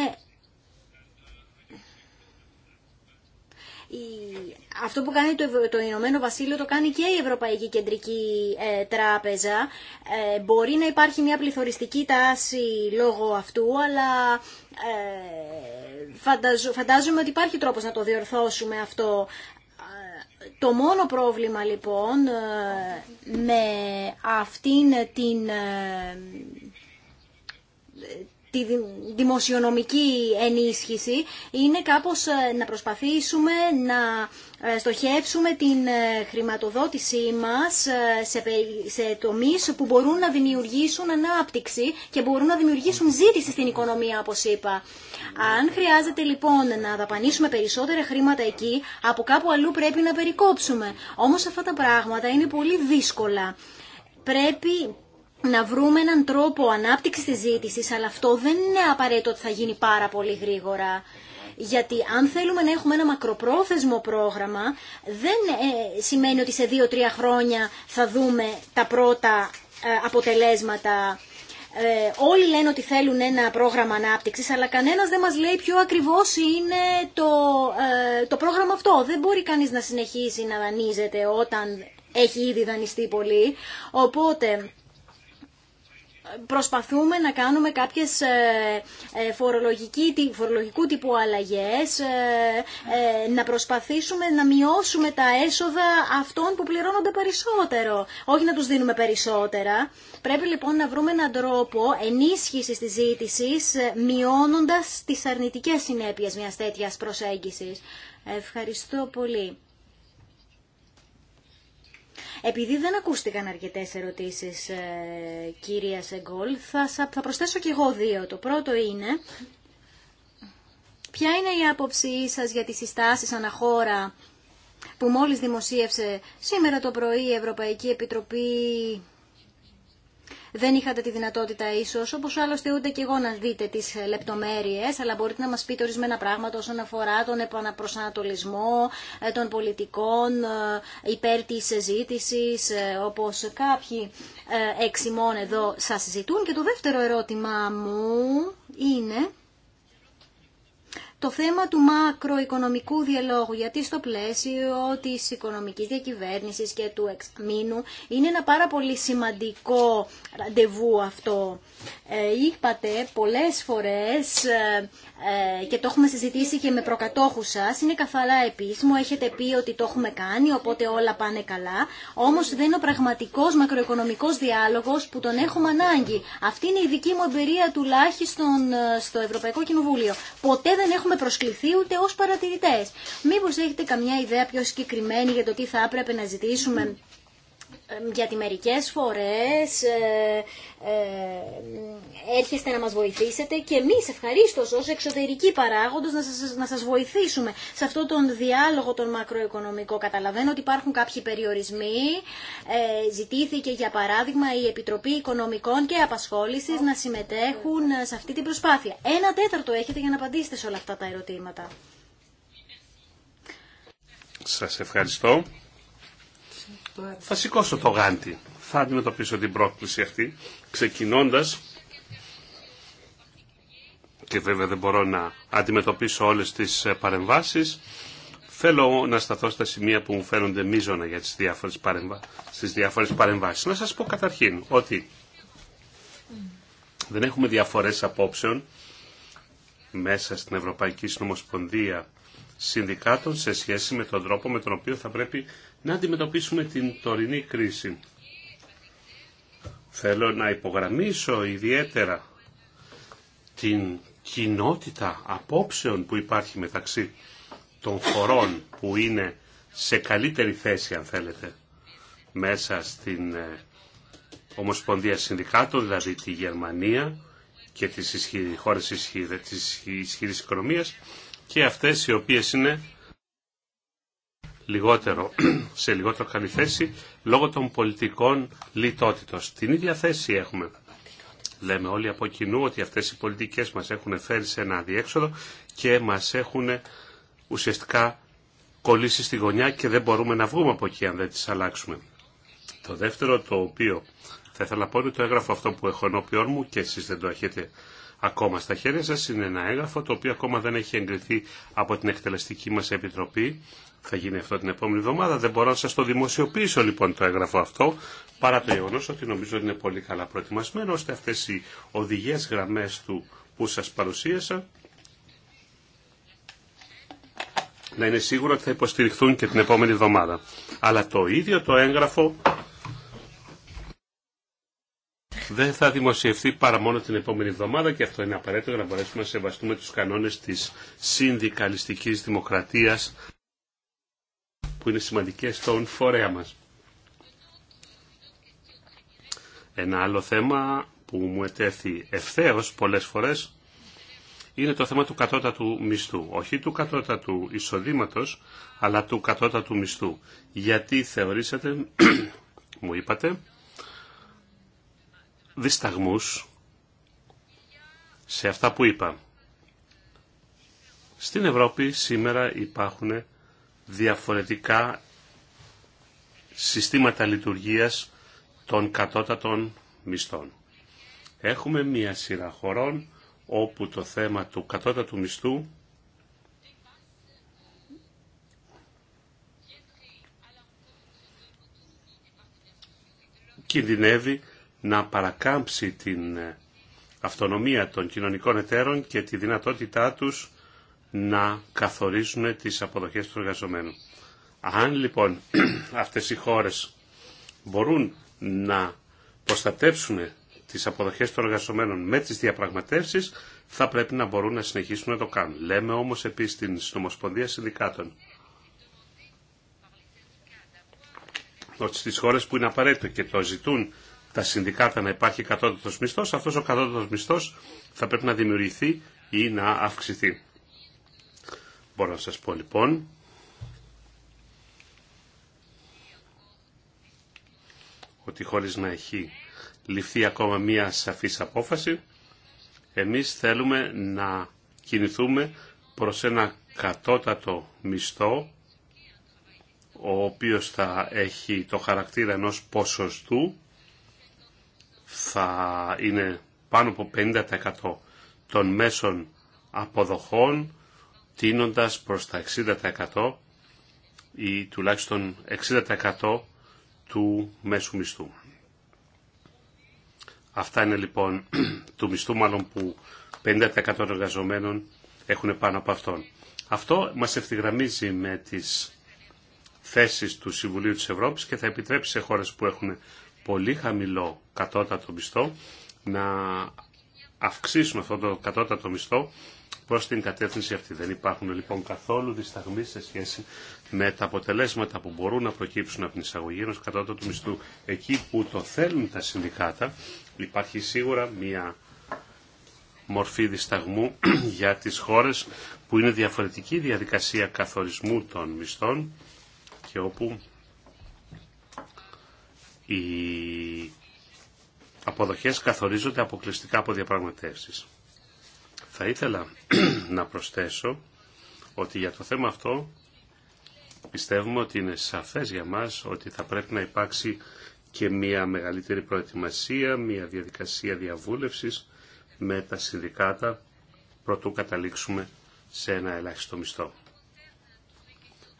αυτό που κάνει το, το Ηνωμένο Βασίλειο το κάνει και η Ευρωπαϊκή Κεντρική ε, Τράπεζα. Ε, μπορεί να υπάρχει μια πληθωριστική τάση λόγω αυτού, αλλά ε, φαντάζομαι ότι υπάρχει τρόπος να το διορθώσουμε αυτό. Το μόνο πρόβλημα λοιπόν με αυτήν την τη δημοσιονομική ενίσχυση είναι κάπως ε, να προσπαθήσουμε να ε, στοχεύσουμε την ε, χρηματοδότησή μας σε τομείς που μπορούν να δημιουργήσουν ανάπτυξη και μπορούν να δημιουργήσουν ζήτηση στην οικονομία, όπως είπα. Αν χρειάζεται λοιπόν να δαπανίσουμε περισσότερα χρήματα εκεί, από κάπου αλλού πρέπει να περικόψουμε. Όμως αυτά τα πράγματα είναι πολύ δύσκολα. Πρέπει να βρούμε έναν τρόπο ανάπτυξης της ζήτησης, αλλά αυτό δεν είναι απαραίτητο ότι θα γίνει πάρα πολύ γρήγορα. Γιατί αν θέλουμε να έχουμε ένα μακροπρόθεσμο πρόγραμμα, δεν ε, σημαίνει ότι σε δύο-τρία χρόνια θα δούμε τα πρώτα ε, αποτελέσματα. Ε, όλοι λένε ότι θέλουν ένα πρόγραμμα ανάπτυξης, αλλά κανένας δεν μας λέει ποιο ακριβώς είναι το, το πρόγραμμα αυτό. Δεν μπορεί κανείς να συνεχίσει να δανείζεται όταν έχει ήδη δανειστεί πολύ. Οπότε προσπαθούμε να κάνουμε κάποιες ε, ε, φορολογικού τύπου αλλαγές, ε, να προσπαθήσουμε να μειώσουμε τα έσοδα αυτών που πληρώνονται περισσότερο, όχι να τους δίνουμε περισσότερα. Πρέπει λοιπόν να βρούμε έναν τρόπο ενίσχυσης της ζήτησης, μειώνοντας τις αρνητικές συνέπειες μιας τέτοιας προσέγγισης. Ευχαριστώ πολύ. Επειδή δεν ακούστηκαν αρκετές ερωτήσεις, ε, κυρία Σεγκόλ, θα προσθέσω και εγώ δύο. Το πρώτο είναι... Ποια είναι η άποψή σας για τις συστάσεις αναχώρα που μόλις δημοσίευσε σήμερα το πρωί η Ευρωπαϊκή Επιτροπή δεν είχατε τη δυνατότητα ίσω, όπω άλλωστε ούτε και εγώ να δείτε τις ε, λεπτομέρειες, αλλά μπορείτε να μας πείτε ορισμένα πράγματα όσον αφορά τον επαναπροσανατολισμό ε, των πολιτικών ε, υπέρ τη συζήτηση, όπως κάποιοι εξημών εδώ σα συζητούν. Και το δεύτερο ερώτημά μου είναι το θέμα του μακροοικονομικού διαλόγου, γιατί στο πλαίσιο της οικονομικής διακυβέρνησης και του εξαμήνου είναι ένα πάρα πολύ σημαντικό ραντεβού αυτό. Ε, είπατε πολλές φορές ε, ε, και το έχουμε συζητήσει και με προκατόχους σας, είναι καθαρά επίσημο, έχετε πει ότι το έχουμε κάνει, οπότε όλα πάνε καλά, όμως δεν είναι ο πραγματικός μακροοικονομικός διάλογος που τον έχουμε ανάγκη. Αυτή είναι η δική μου εμπειρία τουλάχιστον στο Ευρωπαϊκό Κοινοβούλιο. Ποτέ δεν έχουμε προσκληθεί ούτε ως παρατηρητές. Μήπως έχετε καμιά ιδέα πιο συγκεκριμένη για το τι θα έπρεπε να ζητήσουμε γιατί μερικές φορές ε, ε έρχεστε να μας βοηθήσετε και εμείς ευχαρίστω ως εξωτερικοί παράγοντες να σας, να σας βοηθήσουμε σε αυτόν τον διάλογο τον μακροοικονομικό. Καταλαβαίνω ότι υπάρχουν κάποιοι περιορισμοί. Ε, ζητήθηκε για παράδειγμα η Επιτροπή Οικονομικών και Απασχόλησης να συμμετέχουν ε, σε αυτή την προσπάθεια. Ένα τέταρτο έχετε για να απαντήσετε σε όλα αυτά τα ερωτήματα. Σας ευχαριστώ θα σηκώσω το γάντι. Θα αντιμετωπίσω την πρόκληση αυτή, ξεκινώντας και βέβαια δεν μπορώ να αντιμετωπίσω όλες τις ε, παρεμβάσεις. Θέλω να σταθώ στα σημεία που μου φαίνονται μείζωνα για τις διάφορες, παρεμβα... στις διάφορες παρεμβάσεις. Να σας πω καταρχήν ότι δεν έχουμε διαφορές απόψεων μέσα στην Ευρωπαϊκή Συνομοσπονδία Συνδικάτων σε σχέση με τον τρόπο με τον οποίο θα πρέπει να αντιμετωπίσουμε την τωρινή κρίση. Θέλω να υπογραμμίσω ιδιαίτερα την κοινότητα απόψεων που υπάρχει μεταξύ των χωρών που είναι σε καλύτερη θέση αν θέλετε μέσα στην ε, Ομοσπονδία Συνδικάτων, δηλαδή τη Γερμανία και τις χώρες της ισχυρής οικονομίας και αυτές οι οποίες είναι λιγότερο, σε λιγότερο καλή θέση λόγω των πολιτικών λιτότητος. Την ίδια θέση έχουμε. Λέμε όλοι από κοινού ότι αυτές οι πολιτικές μας έχουν φέρει σε ένα αδιέξοδο και μας έχουν ουσιαστικά κολλήσει στη γωνιά και δεν μπορούμε να βγούμε από εκεί αν δεν τις αλλάξουμε. Το δεύτερο το οποίο θα ήθελα να πω είναι το έγγραφο αυτό που έχω ενώπιόν μου και εσείς δεν το έχετε ακόμα στα χέρια σας. Είναι ένα έγγραφο το οποίο ακόμα δεν έχει εγκριθεί από την εκτελεστική μας επιτροπή θα γίνει αυτό την επόμενη εβδομάδα. Δεν μπορώ να σα το δημοσιοποιήσω λοιπόν το έγγραφο αυτό, παρά το γεγονό ότι νομίζω ότι είναι πολύ καλά προετοιμασμένο, ώστε αυτέ οι οδηγές γραμμέ του που σα παρουσίασα να είναι σίγουρο ότι θα υποστηριχθούν και την επόμενη εβδομάδα. Αλλά το ίδιο το έγγραφο δεν θα δημοσιευτεί παρά μόνο την επόμενη εβδομάδα και αυτό είναι απαραίτητο για να μπορέσουμε να σεβαστούμε τους κανόνες της συνδικαλιστικής δημοκρατίας που είναι σημαντικές στον φορέα μας. Ένα άλλο θέμα που μου ετέθη ευθέως πολλές φορές είναι το θέμα του κατώτατου μισθού. Όχι του κατώτατου εισοδήματος, αλλά του κατώτατου μισθού. Γιατί θεωρήσατε, μου είπατε, δισταγμούς σε αυτά που είπα. Στην Ευρώπη σήμερα υπάρχουν διαφορετικά συστήματα λειτουργίας των κατώτατων μισθών. Έχουμε μία σειρά χωρών όπου το θέμα του κατώτατου μισθού κινδυνεύει να παρακάμψει την ε, αυτονομία των κοινωνικών εταίρων και τη δυνατότητά τους να καθορίσουν τις αποδοχές του εργαζομένου. Αν λοιπόν αυτές οι χώρες μπορούν να προστατεύσουν τις αποδοχές των εργαζομένων με τις διαπραγματεύσεις, θα πρέπει να μπορούν να συνεχίσουν να το κάνουν. Λέμε όμως επίσης στην Συνομοσπονδία Συνδικάτων ότι στις χώρες που είναι απαραίτητο και το ζητούν τα συνδικάτα να υπάρχει κατώτατος μισθός, αυτός ο κατώτατος μισθός θα πρέπει να δημιουργηθεί ή να αυξηθεί. Μπορώ να σας πω λοιπόν ότι χωρίς να έχει ληφθεί ακόμα μία σαφής απόφαση, εμείς θέλουμε να κινηθούμε προς ένα κατώτατο μισθό, ο οποίος θα έχει το χαρακτήρα ενός ποσοστού, θα είναι πάνω από 50% των μέσων αποδοχών τίνοντας προς τα 60% ή τουλάχιστον 60% του μέσου μισθού. Αυτά είναι λοιπόν του μισθού μάλλον που 50% των εργαζομένων έχουν πάνω από αυτόν. Αυτό μας ευθυγραμμίζει με τις θέσεις του Συμβουλίου της Ευρώπης και θα επιτρέψει σε χώρες που έχουν πολύ χαμηλό κατώτατο μισθό να αυξήσουν αυτό το κατώτατο μισθό Προ την κατεύθυνση αυτή. Δεν υπάρχουν λοιπόν καθόλου δισταγμοί σε σχέση με τα αποτελέσματα που μπορούν να προκύψουν από την εισαγωγή ενός κατώτατου μισθού. Εκεί που το θέλουν τα συνδικάτα υπάρχει σίγουρα μια μορφή δισταγμού για τις χώρες που είναι διαφορετική διαδικασία καθορισμού των μισθών και όπου οι αποδοχές καθορίζονται αποκλειστικά από διαπραγματεύσεις. Θα ήθελα να προσθέσω ότι για το θέμα αυτό πιστεύουμε ότι είναι σαφές για μας ότι θα πρέπει να υπάρξει και μια μεγαλύτερη προετοιμασία, μια διαδικασία διαβούλευσης με τα συνδικάτα προτού καταλήξουμε σε ένα ελάχιστο μισθό.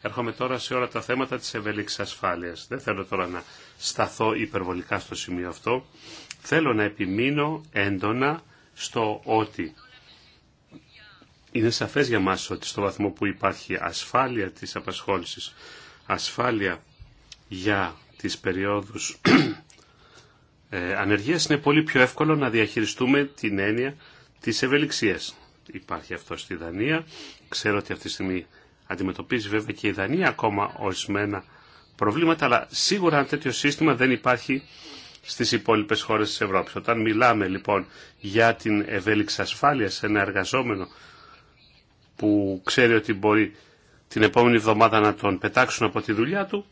Έρχομαι τώρα σε όλα τα θέματα της ευελίξης ασφάλειας. Δεν θέλω τώρα να σταθώ υπερβολικά στο σημείο αυτό. Θέλω να επιμείνω έντονα στο ότι είναι σαφές για μας ότι στο βαθμό που υπάρχει ασφάλεια της απασχόλησης, ασφάλεια για τις περιόδους ε, ανεργίας, είναι πολύ πιο εύκολο να διαχειριστούμε την έννοια της ευελιξίας. Υπάρχει αυτό στη Δανία. Ξέρω ότι αυτή τη στιγμή αντιμετωπίζει βέβαια και η Δανία ακόμα ορισμένα προβλήματα, αλλά σίγουρα ένα τέτοιο σύστημα δεν υπάρχει στις υπόλοιπες χώρες της Ευρώπης. Όταν μιλάμε λοιπόν για την ευέλιξη ασφάλεια σε ένα εργαζόμενο που ξέρει ότι μπορεί την επόμενη εβδομάδα να τον πετάξουν από τη δουλειά του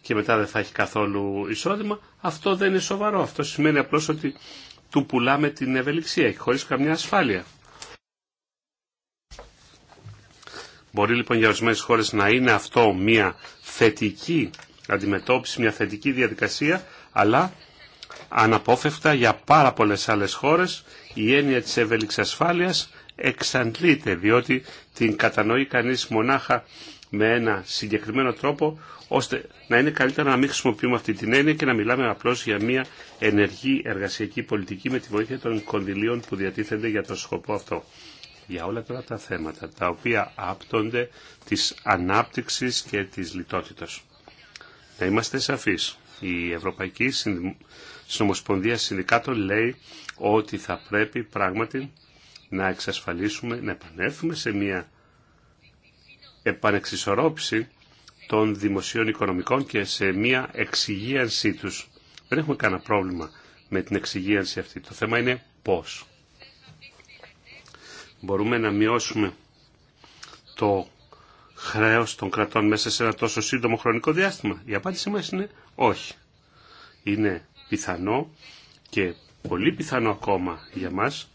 και μετά δεν θα έχει καθόλου εισόδημα, αυτό δεν είναι σοβαρό. Αυτό σημαίνει απλώς ότι του πουλάμε την ευελιξία και χωρίς καμιά ασφάλεια. Μπορεί λοιπόν για ορισμένε χώρε να είναι αυτό μια θετική αντιμετώπιση, μια θετική διαδικασία, αλλά αναπόφευκτα για πάρα πολλές άλλες χώρες η έννοια της ευέλικης εξαντλείται, διότι την κατανοεί κανείς μονάχα με ένα συγκεκριμένο τρόπο, ώστε να είναι καλύτερα να μην χρησιμοποιούμε αυτή την έννοια και να μιλάμε απλώς για μια ενεργή εργασιακή πολιτική με τη βοήθεια των κονδυλίων που διατίθενται για τον σκοπό αυτό. Για όλα τώρα τα θέματα, τα οποία άπτονται της ανάπτυξης και της λιτότητας. Να είμαστε σαφείς. Η Ευρωπαϊκή Συνομοσπονδία Συνδικάτων λέει ότι θα πρέπει πράγματι να εξασφαλίσουμε, να επανέλθουμε σε μια επανεξισορρόπηση των δημοσίων οικονομικών και σε μια εξυγίανσή τους. Δεν έχουμε κανένα πρόβλημα με την εξυγίανση αυτή. Το θέμα είναι πώς. Μπορούμε να μειώσουμε το χρέος των κρατών μέσα σε ένα τόσο σύντομο χρονικό διάστημα. Η απάντησή μας είναι όχι. Είναι πιθανό και πολύ πιθανό ακόμα για μας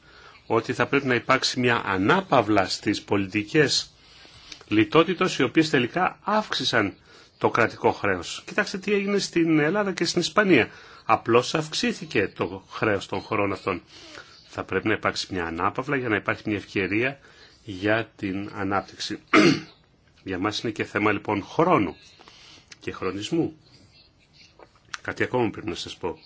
ότι θα πρέπει να υπάρξει μια ανάπαυλα στις πολιτικές λιτότητες, οι οποίες τελικά αύξησαν το κρατικό χρέος. Κοιτάξτε τι έγινε στην Ελλάδα και στην Ισπανία. Απλώς αυξήθηκε το χρέος των χωρών αυτών. Θα πρέπει να υπάρξει μια ανάπαυλα για να υπάρχει μια ευκαιρία για την ανάπτυξη. για μας είναι και θέμα λοιπόν χρόνου και χρονισμού. Κάτι ακόμα πρέπει να σας πω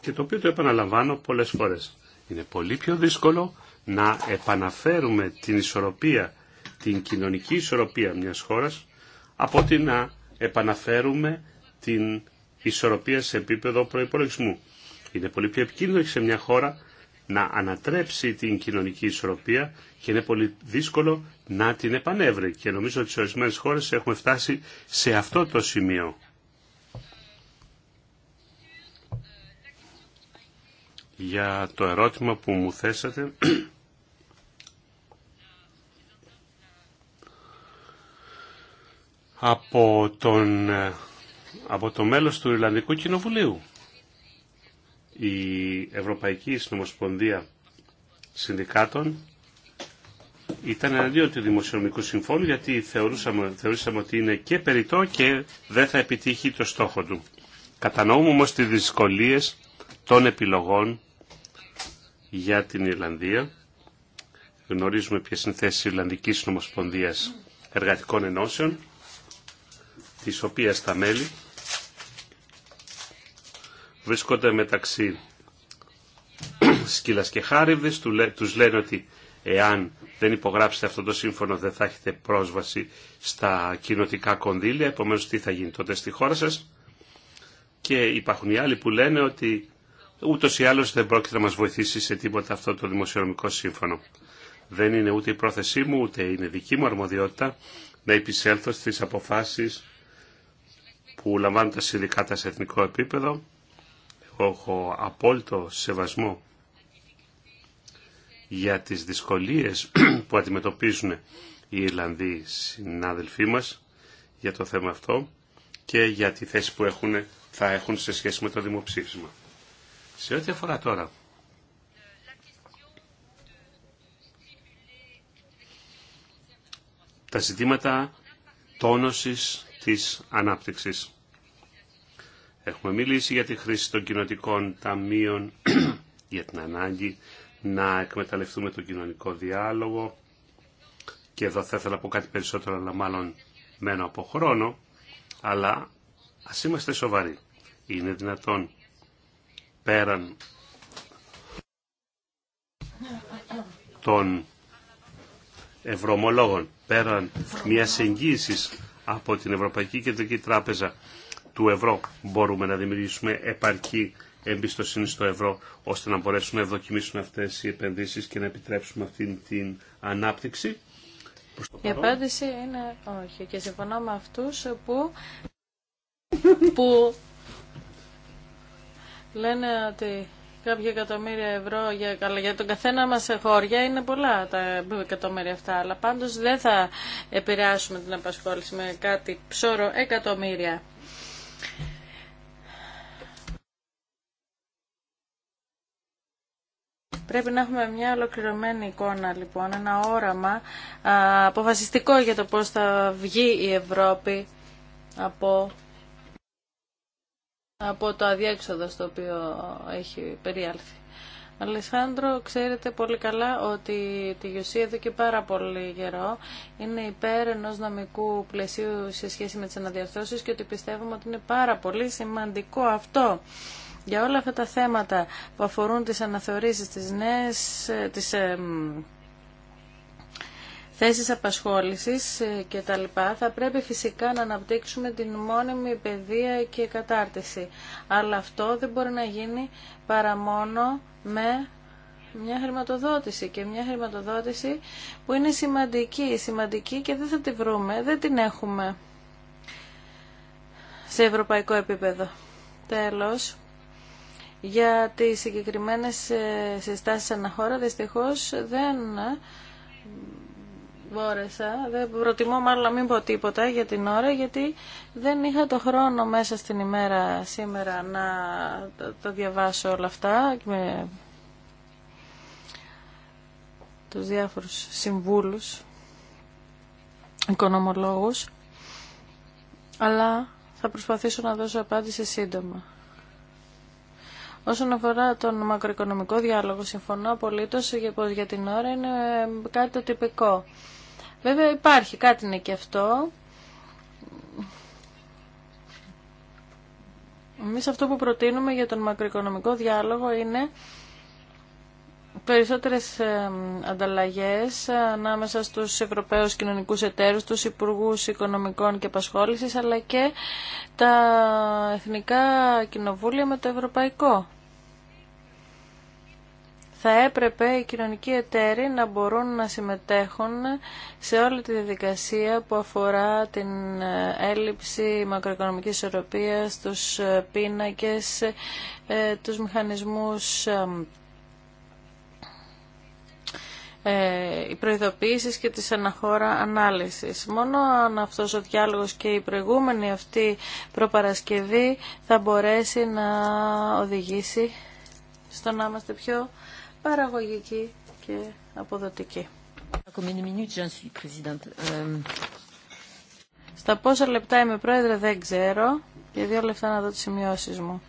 και το οποίο το επαναλαμβάνω πολλές φορές. Είναι πολύ πιο δύσκολο να επαναφέρουμε την ισορροπία, την κοινωνική ισορροπία μιας χώρας από ότι να επαναφέρουμε την ισορροπία σε επίπεδο προϋπολογισμού. Είναι πολύ πιο επικίνδυνο σε μια χώρα να ανατρέψει την κοινωνική ισορροπία και είναι πολύ δύσκολο να την επανέβρει. Και νομίζω ότι σε ορισμένες χώρες έχουμε φτάσει σε αυτό το σημείο. για το ερώτημα που μου θέσατε. από, τον, από το μέλος του Ιρλανδικού Κοινοβουλίου. Η Ευρωπαϊκή Συνομοσπονδία Συνδικάτων ήταν εναντίον του Δημοσιονομικού Συμφώνου γιατί θεωρούσαμε, θεωρήσαμε ότι είναι και περιττό και δεν θα επιτύχει το στόχο του. Κατανοούμε όμως τις δυσκολίες των επιλογών για την Ιρλανδία. Γνωρίζουμε ποιες είναι θέσεις Ιρλανδικής Νομοσπονδίας Εργατικών Ενώσεων, της οποίας τα μέλη βρίσκονται μεταξύ σκύλας και χάριβδης. Τους λένε ότι εάν δεν υπογράψετε αυτό το σύμφωνο δεν θα έχετε πρόσβαση στα κοινοτικά κονδύλια, επομένως τι θα γίνει τότε στη χώρα σας. Και υπάρχουν οι άλλοι που λένε ότι ούτως ή άλλως δεν πρόκειται να μας βοηθήσει σε τίποτα αυτό το δημοσιονομικό σύμφωνο. Δεν είναι ούτε η πρόθεσή μου, ούτε είναι δική μου αρμοδιότητα να επισέλθω στις αποφάσεις που λαμβάνουν τα συνδικάτα σε εθνικό επίπεδο. Εγώ έχω απόλυτο σεβασμό για τις δυσκολίες που αντιμετωπίζουν οι Ιρλανδοί συνάδελφοί μας για το θέμα αυτό και για τη θέση που έχουν, θα έχουν σε σχέση με το δημοψήφισμα. Σε ό,τι αφορά τώρα τα ζητήματα τόνωσης της ανάπτυξης. Έχουμε μιλήσει για τη χρήση των κοινωνικών ταμείων, για την ανάγκη να εκμεταλλευτούμε τον κοινωνικό διάλογο και εδώ θα ήθελα να πω κάτι περισσότερο, αλλά μάλλον μένω από χρόνο, αλλά ας είμαστε σοβαροί. Είναι δυνατόν πέραν των ευρωμολόγων, πέραν μια εγγύηση από την Ευρωπαϊκή Κεντρική Τράπεζα του ευρώ, μπορούμε να δημιουργήσουμε επαρκή εμπιστοσύνη στο ευρώ, ώστε να μπορέσουν να ευδοκιμήσουν αυτές οι επενδύσεις και να επιτρέψουμε αυτήν την ανάπτυξη. Η απάντηση είναι όχι και συμφωνώ με αυτούς που, που Λένε ότι κάποια εκατομμύρια ευρώ για, αλλά για τον καθένα μας χώρια είναι πολλά τα εκατομμύρια αυτά αλλά πάντως δεν θα επηρεάσουμε την απασχόληση με κάτι ψώρο εκατομμύρια Πρέπει να έχουμε μια ολοκληρωμένη εικόνα λοιπόν, ένα όραμα αποφασιστικό για το πώς θα βγει η Ευρώπη από από το αδιέξοδο στο οποίο έχει περιάλθει. Αλεσάνδρο, ξέρετε πολύ καλά ότι τη Γιωσή εδώ και πάρα πολύ καιρό είναι υπέρ ενός νομικού πλαισίου σε σχέση με τις αναδιαρθρώσεις και ότι πιστεύουμε ότι είναι πάρα πολύ σημαντικό αυτό. Για όλα αυτά τα θέματα που αφορούν τις αναθεωρήσεις, της νέες, ε, θέσεις απασχόλησης ε, και τα λοιπά, θα πρέπει φυσικά να αναπτύξουμε την μόνιμη παιδεία και κατάρτιση. Αλλά αυτό δεν μπορεί να γίνει παρά μόνο με μια χρηματοδότηση και μια χρηματοδότηση που είναι σημαντική, σημαντική και δεν θα τη βρούμε, δεν την έχουμε σε ευρωπαϊκό επίπεδο. Τέλος, για τις συγκεκριμένες ε, συστάσεις αναχώρα δυστυχώς δεν μπόρεσα. Δεν προτιμώ μάλλον να μην πω τίποτα για την ώρα, γιατί δεν είχα το χρόνο μέσα στην ημέρα σήμερα να το διαβάσω όλα αυτά με τους διάφορους συμβούλους, οικονομολόγους, αλλά θα προσπαθήσω να δώσω απάντηση σύντομα. Όσον αφορά τον μακροοικονομικό διάλογο, συμφωνώ απολύτως για, για την ώρα είναι ε, κάτι το τυπικό. Βέβαια υπάρχει, κάτι είναι και αυτό. Εμείς αυτό που προτείνουμε για τον μακροοικονομικό διάλογο είναι περισσότερες ανταλλαγές ανάμεσα στους Ευρωπαίους κοινωνικούς εταίρους, τους Υπουργούς Οικονομικών και Απασχόλησης, αλλά και τα Εθνικά Κοινοβούλια με το Ευρωπαϊκό θα έπρεπε οι κοινωνικοί εταίροι να μπορούν να συμμετέχουν σε όλη τη διαδικασία που αφορά την ε, έλλειψη μακροοικονομικής ισορροπίας, τους ε, πίνακες, ε, τους μηχανισμούς η προειδοποίησεις και της αναχώρα ανάλυσης. Μόνο αν αυτός ο διάλογος και η προηγούμενη αυτή προπαρασκευή θα μπορέσει να οδηγήσει στο να είμαστε πιο παραγωγική και αποδοτική. Euh, Στα πόσα λεπτά είμαι πρόεδρε δεν ξέρω. Για δύο λεπτά να δω τις σημειώσεις μου.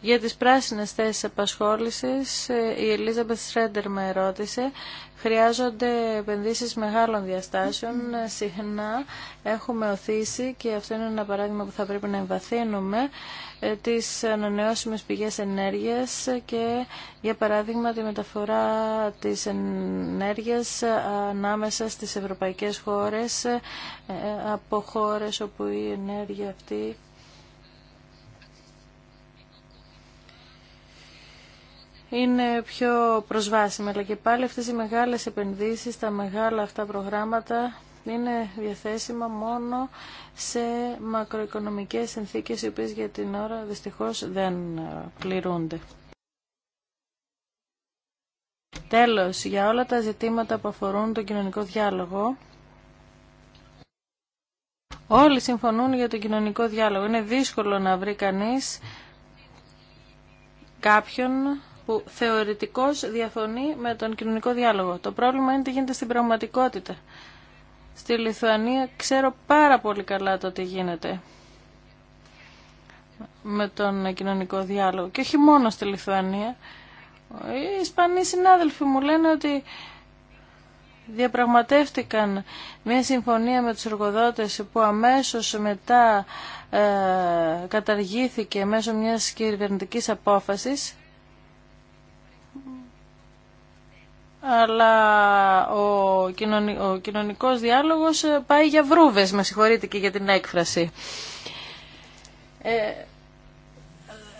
Για τις πράσινες θέσεις επασχόλησης, ε, η Ελίζα Σρέντερ με ερώτησε, χρειάζονται επενδύσεις μεγάλων διαστάσεων. Συχνά έχουμε οθήσει και αυτό είναι ένα παράδειγμα που θα πρέπει να εμβαθύνουμε ε, τις ανανεώσιμες πηγές ενέργειας και για παράδειγμα τη μεταφορά της ενέργειας ε, ανάμεσα στις ευρωπαϊκές χώρες ε, από χώρες όπου η ενέργεια αυτή είναι πιο προσβάσιμη. Αλλά και πάλι αυτές οι μεγάλες επενδύσεις, τα μεγάλα αυτά προγράμματα είναι διαθέσιμα μόνο σε μακροοικονομικές συνθήκες οι οποίες για την ώρα δυστυχώς δεν πληρούνται. Τέλος, για όλα τα ζητήματα που αφορούν τον κοινωνικό διάλογο, όλοι συμφωνούν για τον κοινωνικό διάλογο. Είναι δύσκολο να βρει κανείς κάποιον που θεωρητικώς διαφωνεί με τον κοινωνικό διάλογο. Το πρόβλημα είναι τι γίνεται στην πραγματικότητα στη Λιθουανία ξέρω πάρα πολύ καλά το τι γίνεται με τον κοινωνικό διάλογο και όχι μόνο στη Λιθουανία. Οι Ισπανοί συνάδελφοι μου λένε ότι διαπραγματεύτηκαν μια συμφωνία με τους εργοδότες που αμέσως μετά ε, καταργήθηκε μέσω μιας κυβερνητικής απόφασης αλλά ο, κοινωνικό ο κοινωνικός διάλογος ε, πάει για βρούβες, με συγχωρείτε και για την έκφραση. Ε,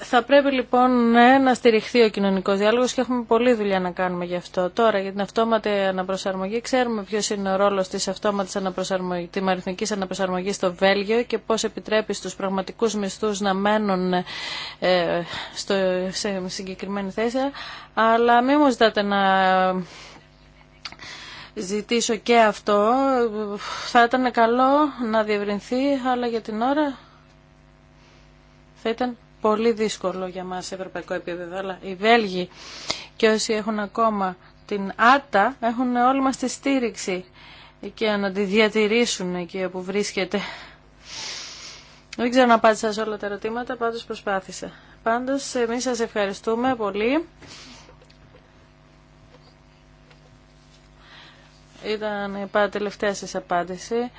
θα πρέπει λοιπόν ναι, να στηριχθεί ο κοινωνικός διάλογος και έχουμε πολλή δουλειά να κάνουμε γι' αυτό. Τώρα για την αυτόματη αναπροσαρμογή ξέρουμε ποιος είναι ο ρόλος της αυτόματης αναπροσαρμογής, της αριθμικής αναπροσαρμογής στο Βέλγιο και πώς επιτρέπει στους πραγματικούς μισθούς να μένουν ε, στο, σε συγκεκριμένη θέση. Αλλά μην μου ζητάτε να ζητήσω και αυτό. Θα ήταν καλό να διευρυνθεί, αλλά για την ώρα θα ήταν πολύ δύσκολο για μας σε ευρωπαϊκό επίπεδο, αλλά οι Βέλγοι και όσοι έχουν ακόμα την ΆΤΑ έχουν όλοι μας τη στήριξη και να τη διατηρήσουν εκεί όπου βρίσκεται. Δεν ξέρω να απάντησα σε όλα τα ερωτήματα, πάντως προσπάθησα. Πάντως, εμείς σας ευχαριστούμε πολύ. Ήταν η τελευταία σας απάντηση,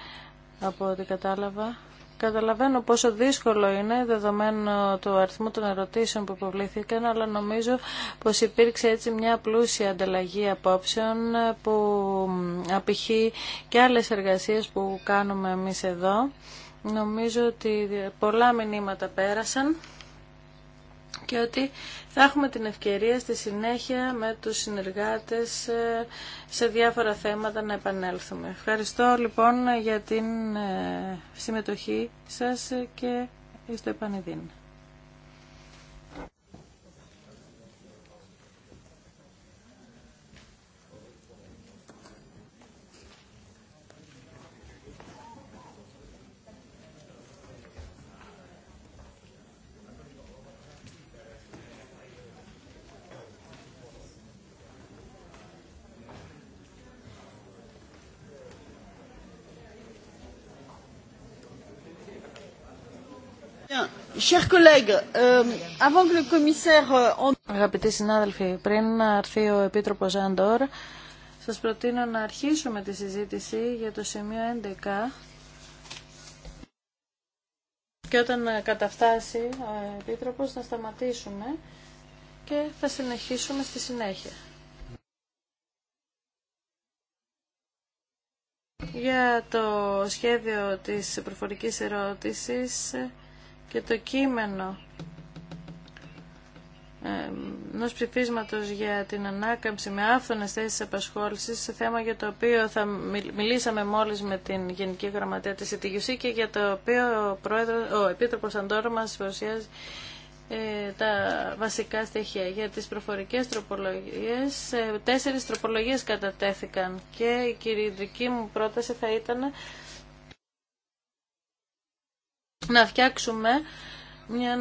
από ό,τι κατάλαβα. Καταλαβαίνω πόσο δύσκολο είναι δεδομένου του αριθμού των ερωτήσεων που υποβλήθηκαν, αλλά νομίζω πως υπήρξε έτσι μια πλούσια ανταλλαγή απόψεων που απηχεί και άλλες εργασίες που κάνουμε εμείς εδώ. Νομίζω ότι πολλά μηνύματα πέρασαν και ότι θα έχουμε την ευκαιρία στη συνέχεια με τους συνεργάτες ε, σε διάφορα θέματα να επανέλθουμε. Ευχαριστώ λοιπόν για την ε, συμμετοχή σας ε, και στο επανειδήν. Euh, euh, Αγαπητοί συνάδελφοι, πριν έρθει ο επίτροπο Ζαντορ, σα προτείνω να αρχίσουμε τη συζήτηση για το σημείο 11 και όταν ε, καταφτάσει ο επίτροπο, να σταματήσουμε και θα συνεχίσουμε στη συνέχεια. Για το σχέδιο της προφορικής ερώτησης και το κείμενο ενό ψηφίσματο για την ανάκαμψη με άφθονε θέσει απασχόληση, σε θέμα για το οποίο θα μιλήσαμε μόλι με την Γενική Γραμματέα τη ΕΤΙΓΙΟΣΥ και για το οποίο ο, πρόεδρος, ο Επίτροπο Αντόρο μα παρουσιάζει ε, τα βασικά στοιχεία. Για τις προφορικές τροπολογίες, ε, τέσσερι τροπολογίες κατατέθηκαν και η κυριαρχική μου πρόταση θα ήταν να φτιάξουμε μια,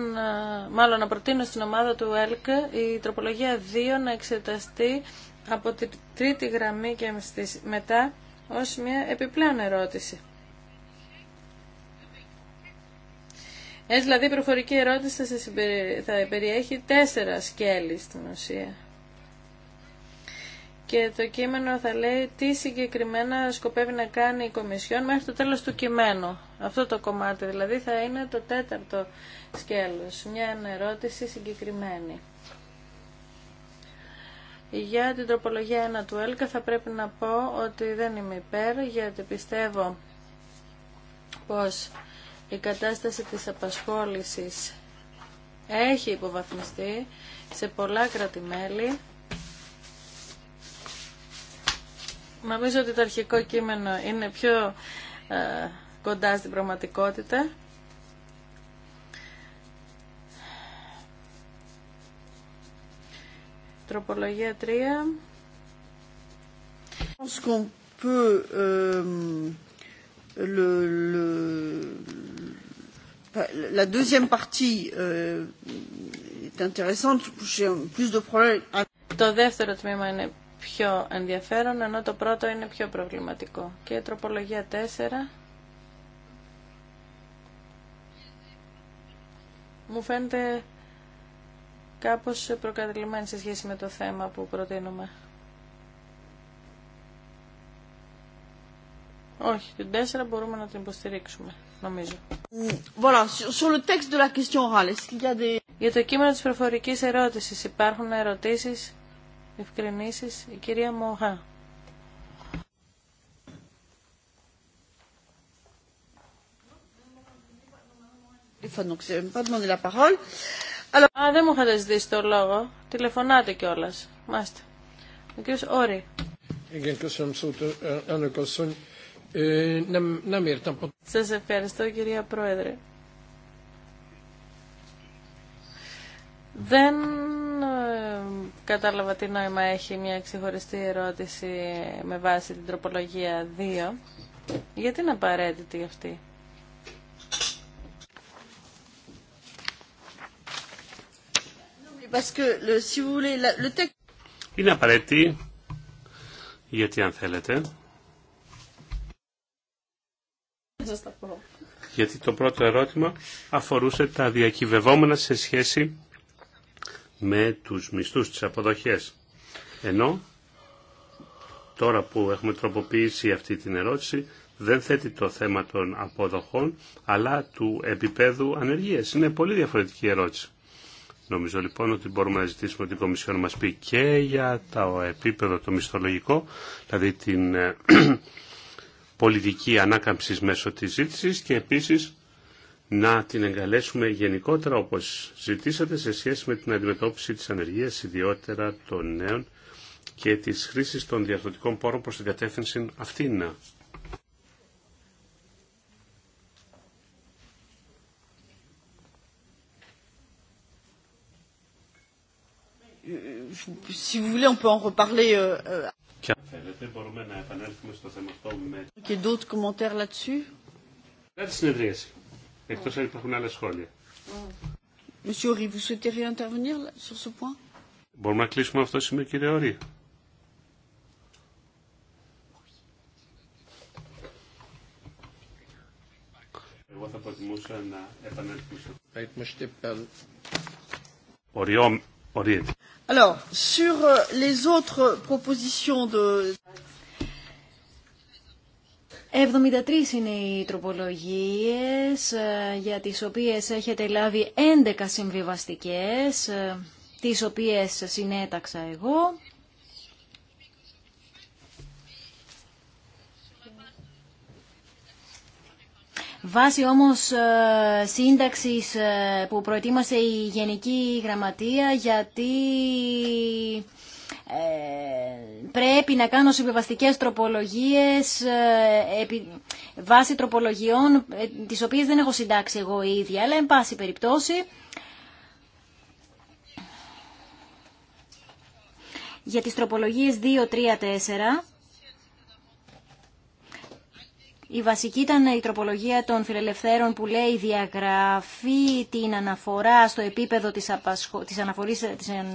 μάλλον να προτείνω στην ομάδα του ΕΛΚ η τροπολογία 2 να εξεταστεί από την τρίτη γραμμή και μετά ως μια επιπλέον ερώτηση. Έτσι δηλαδή η προφορική ερώτηση θα, περιέχει τέσσερα σκέλη στην ουσία και το κείμενο θα λέει τι συγκεκριμένα σκοπεύει να κάνει η Κομισιόν μέχρι το τέλος του κειμένου. Αυτό το κομμάτι δηλαδή θα είναι το τέταρτο σκέλος, μια ερώτηση συγκεκριμένη. Για την τροπολογία 1 του ΕΛΚΑ θα πρέπει να πω ότι δεν είμαι υπέρ γιατί πιστεύω πως η κατάσταση της απασχόλησης έχει υποβαθμιστεί σε πολλά κράτη-μέλη Νομίζω ότι το αρχικό κείμενο είναι πιο ε, κοντά στην πραγματικότητα. Τροπολογία 3. Pense qu'on peut euh, le, le, la deuxième partie euh, est intéressante. J'ai plus de problèmes. Το δεύτερο τμήμα είναι πιο ενδιαφέρον, ενώ το πρώτο είναι πιο προβληματικό. Και η τροπολογία 4. Μου φαίνεται κάπως προκατελημένη σε σχέση με το θέμα που προτείνουμε. Όχι, την 4 μπορούμε να την υποστηρίξουμε, νομίζω. Voilà, sur le texte de la question orale, est-ce qu'il y a des... Για το κείμενο της προφορικής ερώτησης υπάρχουν ερωτήσεις ευκρινήσεις. Η κυρία λοιπόν, Μοχά. Α, δεν μου είχατε ζητήσει το λόγο. Τηλεφωνάτε κιόλα. Μάστε. Ο κύριο Όρη. Σα ευχαριστώ κυρία Πρόεδρε. Δεν κατάλαβα τι νόημα έχει μια ξεχωριστή ερώτηση με βάση την τροπολογία 2. Γιατί είναι απαραίτητη αυτή. Είναι απαραίτητη γιατί αν θέλετε γιατί το πρώτο ερώτημα αφορούσε τα διακυβευόμενα σε σχέση με τους μισθούς, τις αποδοχές. Ενώ τώρα που έχουμε τροποποιήσει αυτή την ερώτηση δεν θέτει το θέμα των αποδοχών αλλά του επίπεδου ανεργίας. Είναι πολύ διαφορετική ερώτηση. Νομίζω λοιπόν ότι μπορούμε να ζητήσουμε ότι η Κομισιόν μας πει και για το επίπεδο το μισθολογικό, δηλαδή την ε, πολιτική ανάκαμψης μέσω της ζήτησης και επίσης να την εγκαλέσουμε γενικότερα όπως ζητήσατε σε σχέση με την αντιμετώπιση της ανεργίας, ιδιότερα των νέων και της χρήσης των διαρθρωτικών πόρων προς την κατεύθυνση αυτήν. Si vous voulez, on peut en reparler. Euh, euh, και euh, θέλετε, μπορούμε να Και d'autres commentaires là-dessus. Εκτός αν υπάρχουν άλλα σχόλια. Μπορούμε να κλείσουμε αυτό σήμερα, κύριε Ωρί. Εγώ θα προτιμούσα να επαναληφθήσω. Alors, sur euh, les autres propositions de... 73 είναι οι τροπολογίες ε, για τις οποίες έχετε λάβει 11 συμβιβαστικές, ε, τις οποίες συνέταξα εγώ. Βάσει όμως ε, σύνταξης που προετοίμασε η Γενική Γραμματεία γιατί ε, πρέπει να κάνω συμβιβαστικές τροπολογίες ε, επί, βάσει τροπολογιών ε, τις οποίες δεν έχω συντάξει εγώ η ίδια, αλλά εν πάση περιπτώσει για τις τροπολογίες 2, 3, 4 η βασική ήταν η τροπολογία των φιλελευθέρων που λέει διαγραφή την αναφορά στο επίπεδο της, απασχο... της, αναφορής...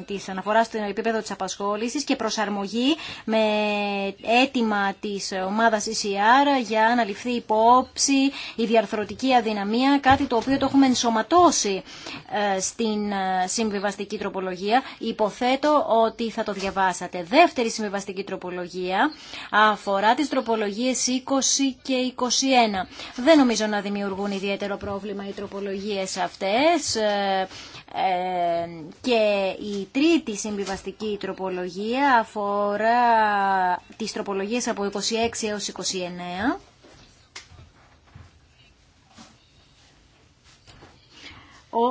της αναφοράς στο επίπεδο της απασχόλησης και προσαρμογή με αίτημα της ομάδας ECR για να ληφθεί υπόψη η διαρθρωτική αδυναμία, κάτι το οποίο το έχουμε ενσωματώσει ε, στην ε, συμβιβαστική τροπολογία. Υποθέτω ότι θα το διαβάσατε. Δεύτερη συμβιβαστική τροπολογία αφορά τις τροπολογίες 20 και 21. Δεν νομίζω να δημιουργούν ιδιαίτερο πρόβλημα οι τροπολογίες αυτές ε, ε, και η τρίτη συμβιβαστική τροπολογία αφορά τις τροπολογίες από 26 έως 29.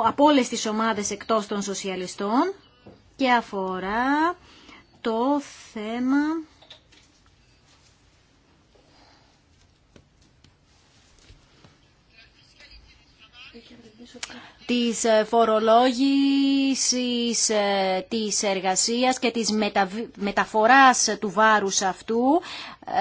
από όλες τις ομάδες εκτός των σοσιαλιστών και αφορά το θέμα της ε, φορολόγησης ε, της εργασίας και της μεταφοράς του βάρους αυτού ε,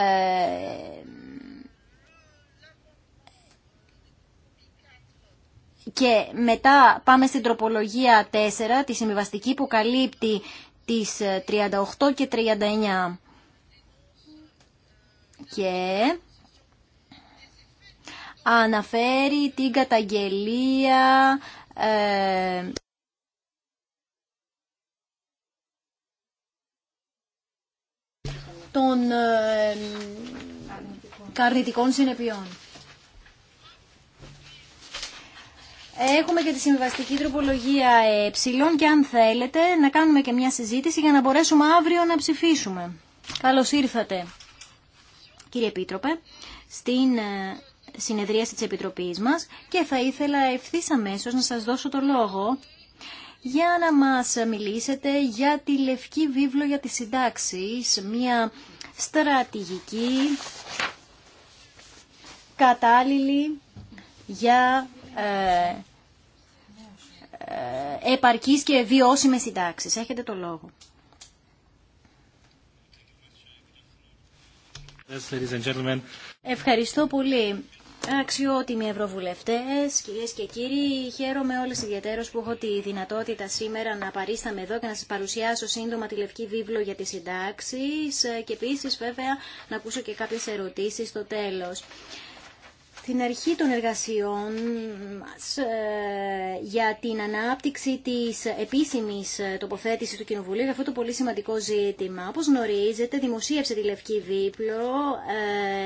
και μετά πάμε στην τροπολογία 4 τη συμβιβαστική που καλύπτει τις 38 και 39 και αναφέρει την καταγγελία ε, των ε, καρνητικών συνεπειών. Έχουμε και τη συμβαστική τροπολογία ε και αν θέλετε να κάνουμε και μια συζήτηση για να μπορέσουμε αύριο να ψηφίσουμε. Καλώς ήρθατε, κύριε Επίτροπε, στην ε, συνεδρίαση της Επιτροπής μας και θα ήθελα ευθύ αμέσω να σας δώσω το λόγο για να μας μιλήσετε για τη Λευκή Βίβλο για τις συντάξεις, μια στρατηγική κατάλληλη για ε, ε, και βιώσιμες συντάξεις. Έχετε το λόγο. Ευχαριστώ πολύ. Αξιότιμοι ευρωβουλευτές, κυρίες και κύριοι, χαίρομαι όλες ιδιαίτερως που έχω τη δυνατότητα σήμερα να παρίσταμε εδώ και να σας παρουσιάσω σύντομα τη Λευκή Βίβλο για τις συντάξεις και επίσης βέβαια να ακούσω και κάποιες ερωτήσεις στο τέλος την αρχή των εργασιών ε, για την ανάπτυξη της επίσημης ε, τοποθέτησης του Κοινοβουλίου για αυτό το πολύ σημαντικό ζήτημα. Όπως γνωρίζετε, δημοσίευσε τη Λευκή Βίπλο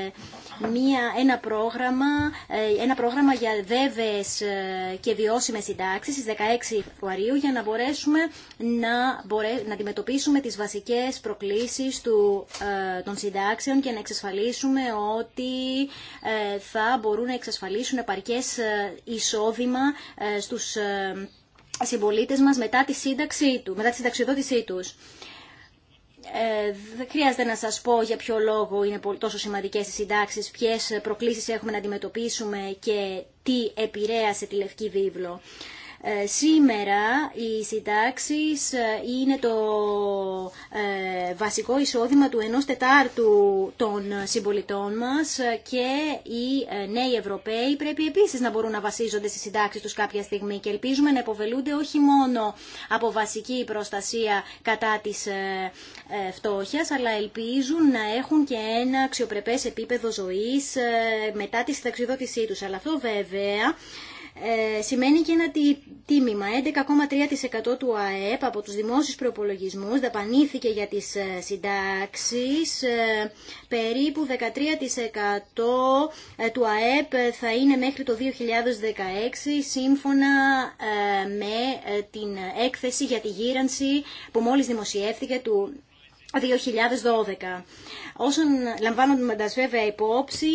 ε, μία, ένα, πρόγραμμα, ένα πρόγραμμα για βέβαιες και βιώσιμες συντάξεις στις 16 Φεβρουαρίου για να μπορέσουμε να, μπορέ, να αντιμετωπίσουμε τις βασικές προκλήσεις του, των συντάξεων και να εξασφαλίσουμε ότι θα μπορούν να εξασφαλίσουν επαρκές ε, εισόδημα ε, στους ε, συμπολίτε μας μετά τη σύνταξή του, μετά τη συνταξιοδότησή τους. Ε, δεν χρειάζεται να σας πω για ποιο λόγο είναι τόσο σημαντικές οι συντάξεις, ποιες προκλήσεις έχουμε να αντιμετωπίσουμε και τι επηρέασε τη Λευκή Βίβλο. Ε, σήμερα οι συντάξει ε, είναι το ε, βασικό εισόδημα του ενός τετάρτου των συμπολιτών μας και οι νέοι Ευρωπαίοι πρέπει επίσης να μπορούν να βασίζονται στις συντάξει τους κάποια στιγμή και ελπίζουμε να υποβελούνται όχι μόνο από βασική προστασία κατά της φτώχειας αλλά ελπίζουν να έχουν και ένα αξιοπρεπές επίπεδο ζωής μετά τη συνταξιδότησή τους. Αλλά αυτό βέβαια ε, σημαίνει και ένα τίμημα. 11,3% του ΑΕΠ από τους δημόσιους προπολογισμούς δαπανήθηκε για τις ε, συντάξεις. Ε, περίπου 13% του ΑΕΠ θα είναι μέχρι το 2016 σύμφωνα με την έκθεση για τη γύρανση που μόλις δημοσιεύθηκε του 2012. Όσον λαμβάνονται βέβαια υπόψη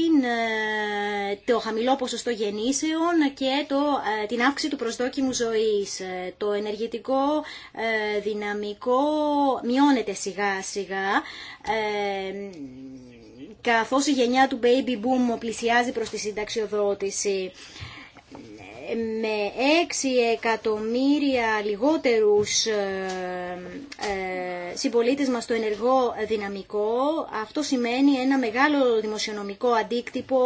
το χαμηλό ποσοστό γεννήσεων και το, ε, την αύξηση του προσδόκιμου ζωής. Ε, το ενεργητικό ε, δυναμικό μειώνεται σιγά σιγά καθώς η γενιά του baby boom πλησιάζει προς τη συνταξιοδότηση με 6 εκατομμύρια λιγότερους ε, ε, συμπολίτες μας στο ενεργό δυναμικό. Αυτό σημαίνει ένα μεγάλο δημοσιονομικό αντίκτυπο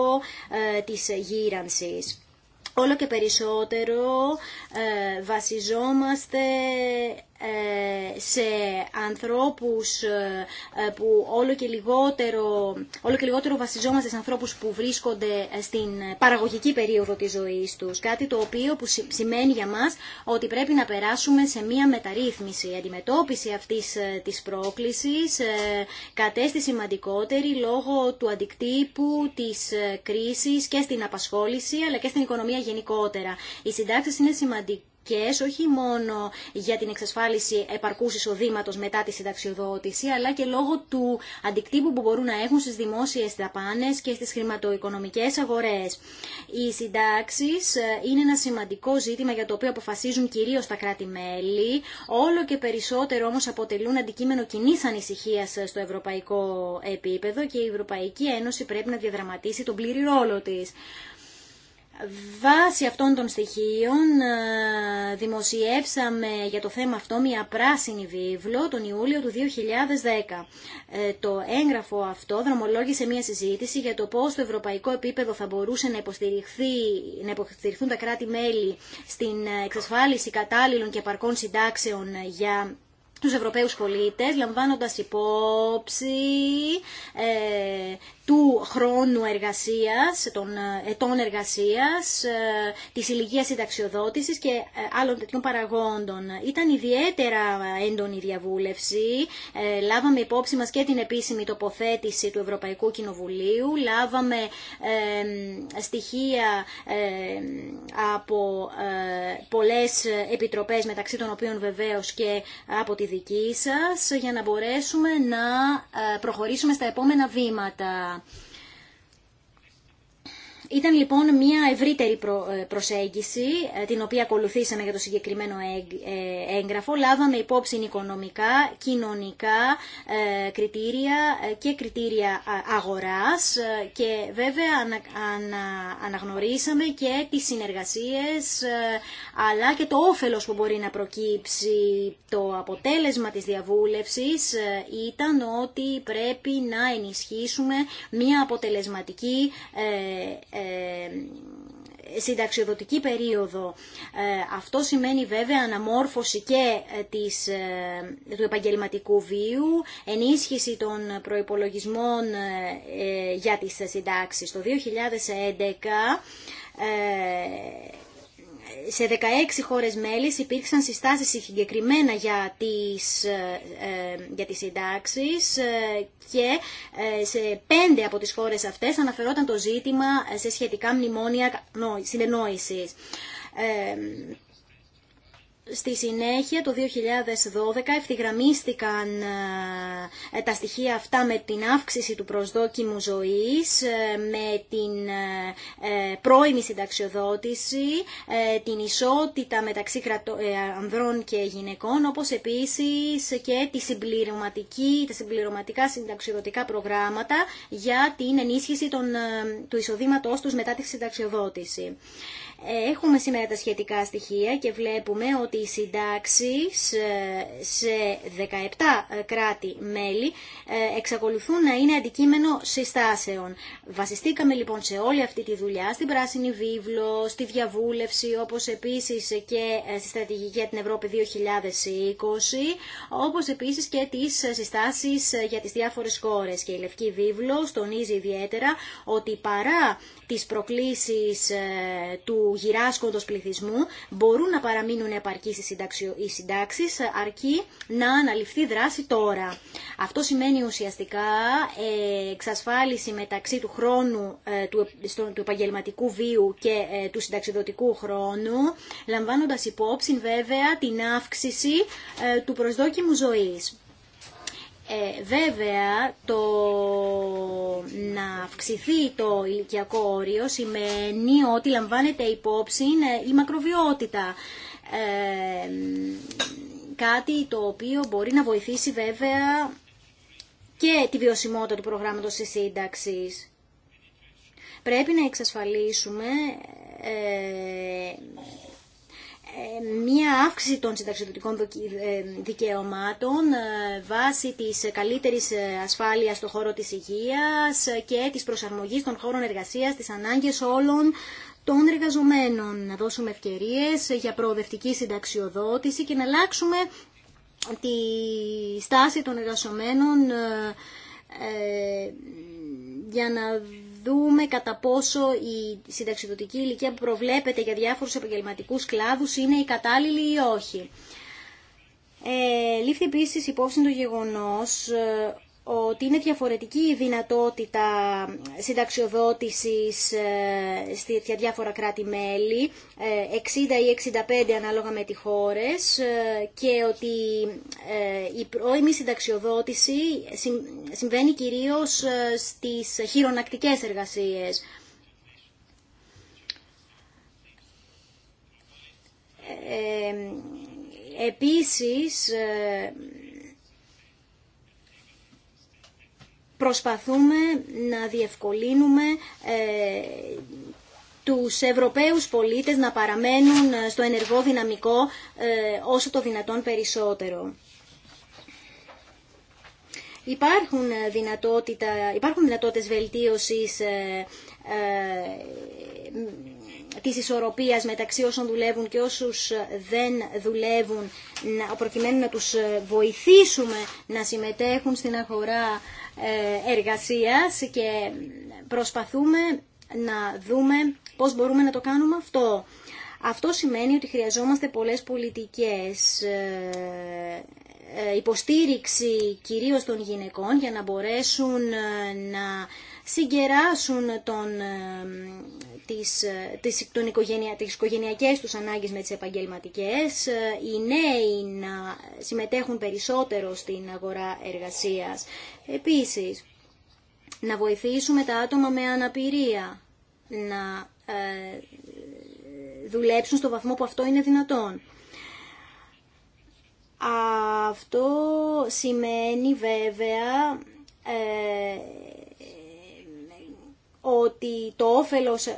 ε, της γύρανσης. Όλο και περισσότερο βασιζόμαστε ε, σε ανθρώπους ε, ε, που όλο και λιγότερο, όλο και λιγότερο βασιζόμαστε σε ανθρώπους που βρίσκονται στην παραγωγική περίοδο της ζωής τους. Κάτι το οποίο που σημαίνει για μας ότι πρέπει να περάσουμε σε μία μεταρρύθμιση. Η αντιμετώπιση αυτής της πρόκλησης κατέστη σημαντικότερη λόγω του αντικτύπου της κρίσης και στην απασχόληση αλλά και στην οικονομία γενικότερα. Οι συντάξει είναι σημαντικέ όχι μόνο για την εξασφάλιση επαρκούς εισοδήματος μετά τη συνταξιοδότηση, αλλά και λόγω του αντικτύπου που μπορούν να έχουν στις δημόσιες δαπάνες και στις χρηματοοικονομικές αγορές. Οι συντάξει ε, είναι ένα σημαντικό ζήτημα για το οποίο αποφασίζουν κυρίως τα κράτη-μέλη, όλο και περισσότερο όμως αποτελούν αντικείμενο κοινή ανησυχία στο ευρωπαϊκό επίπεδο και η Ευρωπαϊκή Ένωση πρέπει να διαδραματίσει τον πλήρη ρόλο της. Βάσει αυτών των στοιχείων ε, δημοσιεύσαμε για το θέμα αυτό μια πράσινη βίβλο τον Ιούλιο του 2010. Ε, το έγγραφο αυτό δρομολόγησε μια συζήτηση για το πώς το ευρωπαϊκό επίπεδο θα μπορούσε να, υποστηριχθεί, να υποστηριχθούν τα κράτη-μέλη στην εξασφάλιση κατάλληλων και παρκών συντάξεων για τους Ευρωπαίους πολίτες, λαμβάνοντας υπόψη ε, του χρόνου εργασίας, των ε, ετών εργασίας, ε, της ηλικία συνταξιοδότησης και ε, άλλων τέτοιων παραγόντων. Ήταν ιδιαίτερα έντονη διαβούλευση. Λάβαμε υπόψη μας και την επίσημη τοποθέτηση του Ευρωπαϊκού Κοινοβουλίου. Λάβαμε στοιχεία από πολλές επιτροπές, μεταξύ των οποίων βεβαίως και από τη δική σας, για να μπορέσουμε να προχωρήσουμε στα επόμενα βήματα να ήταν λοιπόν μια ευρύτερη ε, προσέγγιση ε, την οποία ακολουθήσαμε για το συγκεκριμένο ε, έγγραφο. Λάβαμε υπόψη οικονομικά, κοινωνικά κριτήρια και κριτήρια αγοράς και βέβαια αναγνωρίσαμε και τις συνεργασίες αλλά και το όφελος που μπορεί να προκύψει. Το αποτέλεσμα της διαβούλευσης ήταν ότι πρέπει να ενισχύσουμε μια αποτελεσματική ε, συνταξιοδοτική περίοδο. Ε, αυτό σημαίνει βέβαια αναμόρφωση και ε, της, του επαγγελματικού βίου, ενίσχυση των προϋπολογισμών για τις συντάξεις. Το 2011 σε 16 χώρες μέλης υπήρξαν συστάσεις συγκεκριμένα για τις, ε, ε, για τις συντάξεις ε, και σε πέντε από τις χώρες αυτές αναφερόταν το ζήτημα σε σχετικά μνημόνια συνεννόησης. Στη συνέχεια το 2012 ευθυγραμμίστηκαν ε, ε, τα στοιχεία αυτά με την αύξηση του προσδόκιμου ζωής, ε, με την πρώιμη συνταξιοδότηση, την ισότητα μεταξύ ανδρών και γυναικών, όπως επίσης και τη συμπληρωματική, τα συμπληρωματικά συνταξιοδοτικά προγράμματα για την ενίσχυση του εισοδήματός τους μετά τη συνταξιοδότηση. Έχουμε σήμερα τα σχετικά στοιχεία και βλέπουμε ότι οι συντάξει ε, σε 17 ε, κράτη-μέλη ε, εξακολουθούν να είναι αντικείμενο συστάσεων. Βασιστήκαμε λοιπόν σε όλη αυτή τη δουλειά, στην Πράσινη Βίβλο, στη διαβούλευση, όπως επίσης και στη στρατηγική για την Ευρώπη 2020, όπως επίσης και τις συστάσεις για τις διάφορες χώρε Και η Λευκή Βίβλο τονίζει ιδιαίτερα ότι παρά τις προκλήσεις ε, του γυράσκοντος πληθυσμού μπορούν να παραμείνουν επαρκείς οι συντάξεις αρκεί να αναλυφθεί δράση τώρα. Αυτό σημαίνει ουσιαστικά ε, εξασφάλιση μεταξύ του χρόνου ε, του επαγγελματικού βίου και του συνταξιδοτικού χρόνου λαμβάνοντας υπόψη βέβαια την αύξηση του προσδόκιμου ζωής. Ε, βέβαια, το να αυξηθεί το ηλικιακό όριο σημαίνει ότι λαμβάνεται υπόψη ναι, η μακροβιότητα. Ε, κάτι το οποίο μπορεί να βοηθήσει βέβαια και τη βιωσιμότητα του προγράμματος της σύνταξης. Πρέπει να εξασφαλίσουμε ε, ε, μία αύξηση των συνταξιδοτικών ε, δικαιωμάτων ε, βάσει της καλύτερης ασφάλειας στον χώρο της υγείας και της προσαρμογής των χώρων εργασίας, της ανάγκες όλων των εργαζομένων. Να δώσουμε ευκαιρίες για προοδευτική συνταξιοδότηση και να αλλάξουμε τη στάση των εργαζομένων για να δούμε κατά πόσο η συνταξιδοτική ηλικία που προβλέπεται για διάφορους επαγγελματικούς κλάδους είναι η κατάλληλη ή όχι. Ε, λήφθη επίσης υπόψη το γεγονός ε, ότι είναι διαφορετική η δυνατότητα συνταξιοδότησης ε, στα διάφορα κράτη-μέλη, 60 ε, ή 65 ανάλογα με τι χώρες, ε, και ότι η πρώιμη συνταξιοδότηση συμβαίνει κυρίως στις χειρονακτικές εργασίες. Επίσης, προσπαθούμε να διευκολύνουμε ε, τους Ευρωπαίους πολίτες να παραμένουν στο ενεργό δυναμικό ε, όσο το δυνατόν περισσότερο. Υπάρχουν, ε, δυνατότητα, υπάρχουν δυνατότητες βελτίωσης της ισορροπίας μεταξύ όσων δουλεύουν και όσους δεν δουλεύουν προκειμένου να τους βοηθήσουμε να συμμετέχουν στην αγορά ε, εργασίας και προσπαθούμε να δούμε πώς μπορούμε να το κάνουμε αυτό. Αυτό σημαίνει ότι χρειαζόμαστε πολλές πολιτικές ε, ε, υποστήριξη κυρίως των γυναικών για να μπορέσουν να συγκεράσουν τον, ε, τις, ε, τις, τον τις οικογενειακές τους ανάγκες με τις επαγγελματικές, ε, οι νέοι να συμμετέχουν περισσότερο στην αγορά εργασίας. Επίσης, να βοηθήσουμε τα άτομα με αναπηρία να δουλέψουν στο βαθμό που αυτό είναι δυνατόν. Αυτό σημαίνει βέβαια ε, ότι το όφελος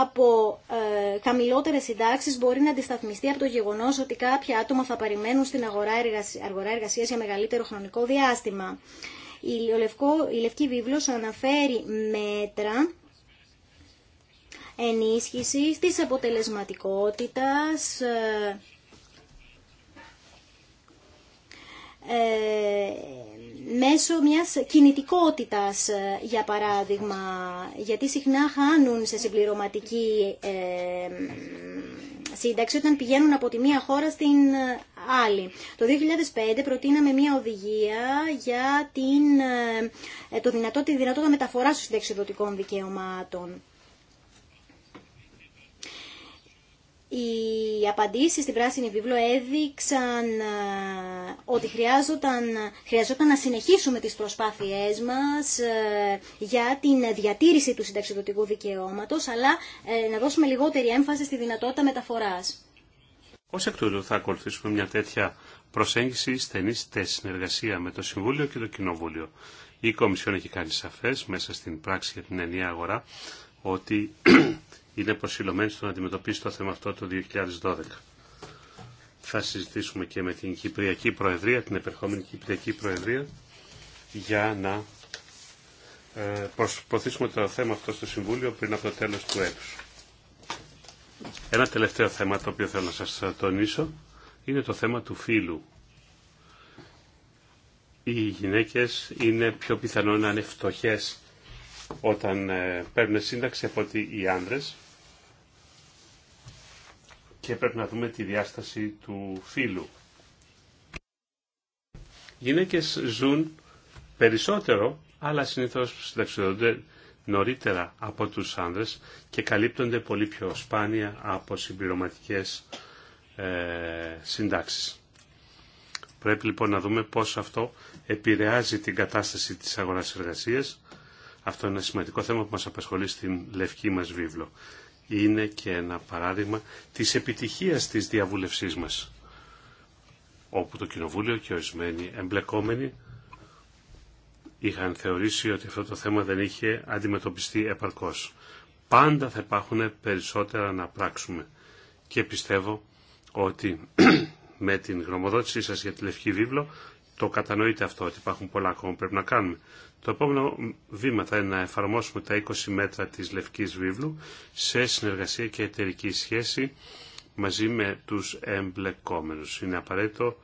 από ε, χαμηλότερε συντάξει μπορεί να αντισταθμιστεί από το γεγονό ότι κάποια άτομα θα παρημένουν στην αγορά, εργασία, εργασίας για μεγαλύτερο χρονικό διάστημα. Η, Λευκό, η Λευκή Βίβλο αναφέρει μέτρα ενίσχυσης τη αποτελεσματικότητα. ε, ε μέσω μιας κινητικότητας, ε, για παράδειγμα, γιατί συχνά χάνουν σε συμπληρωματική ε, σύνταξη όταν πηγαίνουν από τη μία χώρα στην ε, άλλη. Το 2005 προτείναμε μια οδηγία για την, το δυνατό, τη δυνατότητα μεταφοράς των συνταξιδοτικών δικαιωμάτων. οι απαντήσει στην Πράσινη Βίβλο έδειξαν ε, ότι χρειάζονταν, χρειαζόταν να συνεχίσουμε τις προσπάθειές μας ε, για την διατήρηση του συνταξιδοτικού δικαιώματος, αλλά ε, να δώσουμε λιγότερη έμφαση στη δυνατότητα μεταφοράς. Ως εκ τούτου θα ακολουθήσουμε μια τέτοια προσέγγιση στενή συνεργασία με το Συμβούλιο και το Κοινοβούλιο. Η Κομισιόν έχει κάνει σαφές μέσα στην πράξη για την ενιαία αγορά ότι είναι προσιλωμένη στο να αντιμετωπίσει το θέμα αυτό το 2012. Θα συζητήσουμε και με την Κυπριακή Προεδρία, την επερχόμενη Κυπριακή Προεδρία, για να ε, προσπαθήσουμε το θέμα αυτό στο Συμβούλιο πριν από το τέλος του έτους. Ένα τελευταίο θέμα το οποίο θέλω να σας τονίσω είναι το θέμα του φύλου. Οι γυναίκες είναι πιο πιθανό να είναι φτωχές όταν ε, παίρνουν σύνταξη από ότι οι άνδρες και πρέπει να δούμε τη διάσταση του φύλου. Γυναίκες ζουν περισσότερο, αλλά συνήθως συνταξιδόνται νωρίτερα από τους άνδρες και καλύπτονται πολύ πιο σπάνια από συμπληρωματικές ε, συντάξεις. Πρέπει λοιπόν να δούμε πώς αυτό επηρεάζει την κατάσταση της αγοράς εργασίας. Αυτό είναι ένα σημαντικό θέμα που μας απασχολεί στην λευκή μας βίβλο είναι και ένα παράδειγμα της επιτυχίας της διαβούλευσής μας, όπου το Κοινοβούλιο και ορισμένοι εμπλεκόμενοι είχαν θεωρήσει ότι αυτό το θέμα δεν είχε αντιμετωπιστεί επαρκώς. Πάντα θα υπάρχουν περισσότερα να πράξουμε και πιστεύω ότι με την γνωμοδότησή σας για τη Λευκή Βίβλο το κατανοείτε αυτό ότι υπάρχουν πολλά ακόμα που πρέπει να κάνουμε. Το επόμενο βήμα θα είναι να εφαρμόσουμε τα 20 μέτρα της Λευκής Βίβλου σε συνεργασία και εταιρική σχέση μαζί με τους εμπλεκόμενους. Είναι απαραίτητο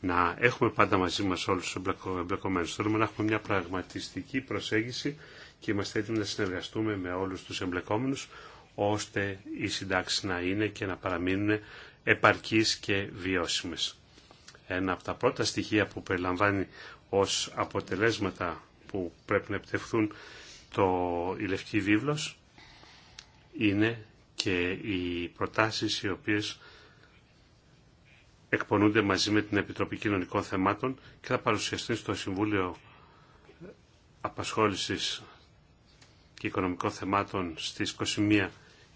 να έχουμε πάντα μαζί μας όλους τους εμπλεκομένους. Θέλουμε να έχουμε μια πραγματιστική προσέγγιση και είμαστε έτοιμοι να συνεργαστούμε με όλους τους εμπλεκόμενους ώστε οι συντάξει να είναι και να παραμείνουν επαρκείς και βιώσιμες. Ένα από τα πρώτα στοιχεία που περιλαμβάνει ως αποτελέσματα που πρέπει να επιτευχθούν το, η Λευκή Βίβλος είναι και οι προτάσεις οι οποίες εκπονούνται μαζί με την Επιτροπή Κοινωνικών Θεμάτων και θα παρουσιαστούν στο Συμβούλιο Απασχόλησης και Οικονομικών Θεμάτων στις 21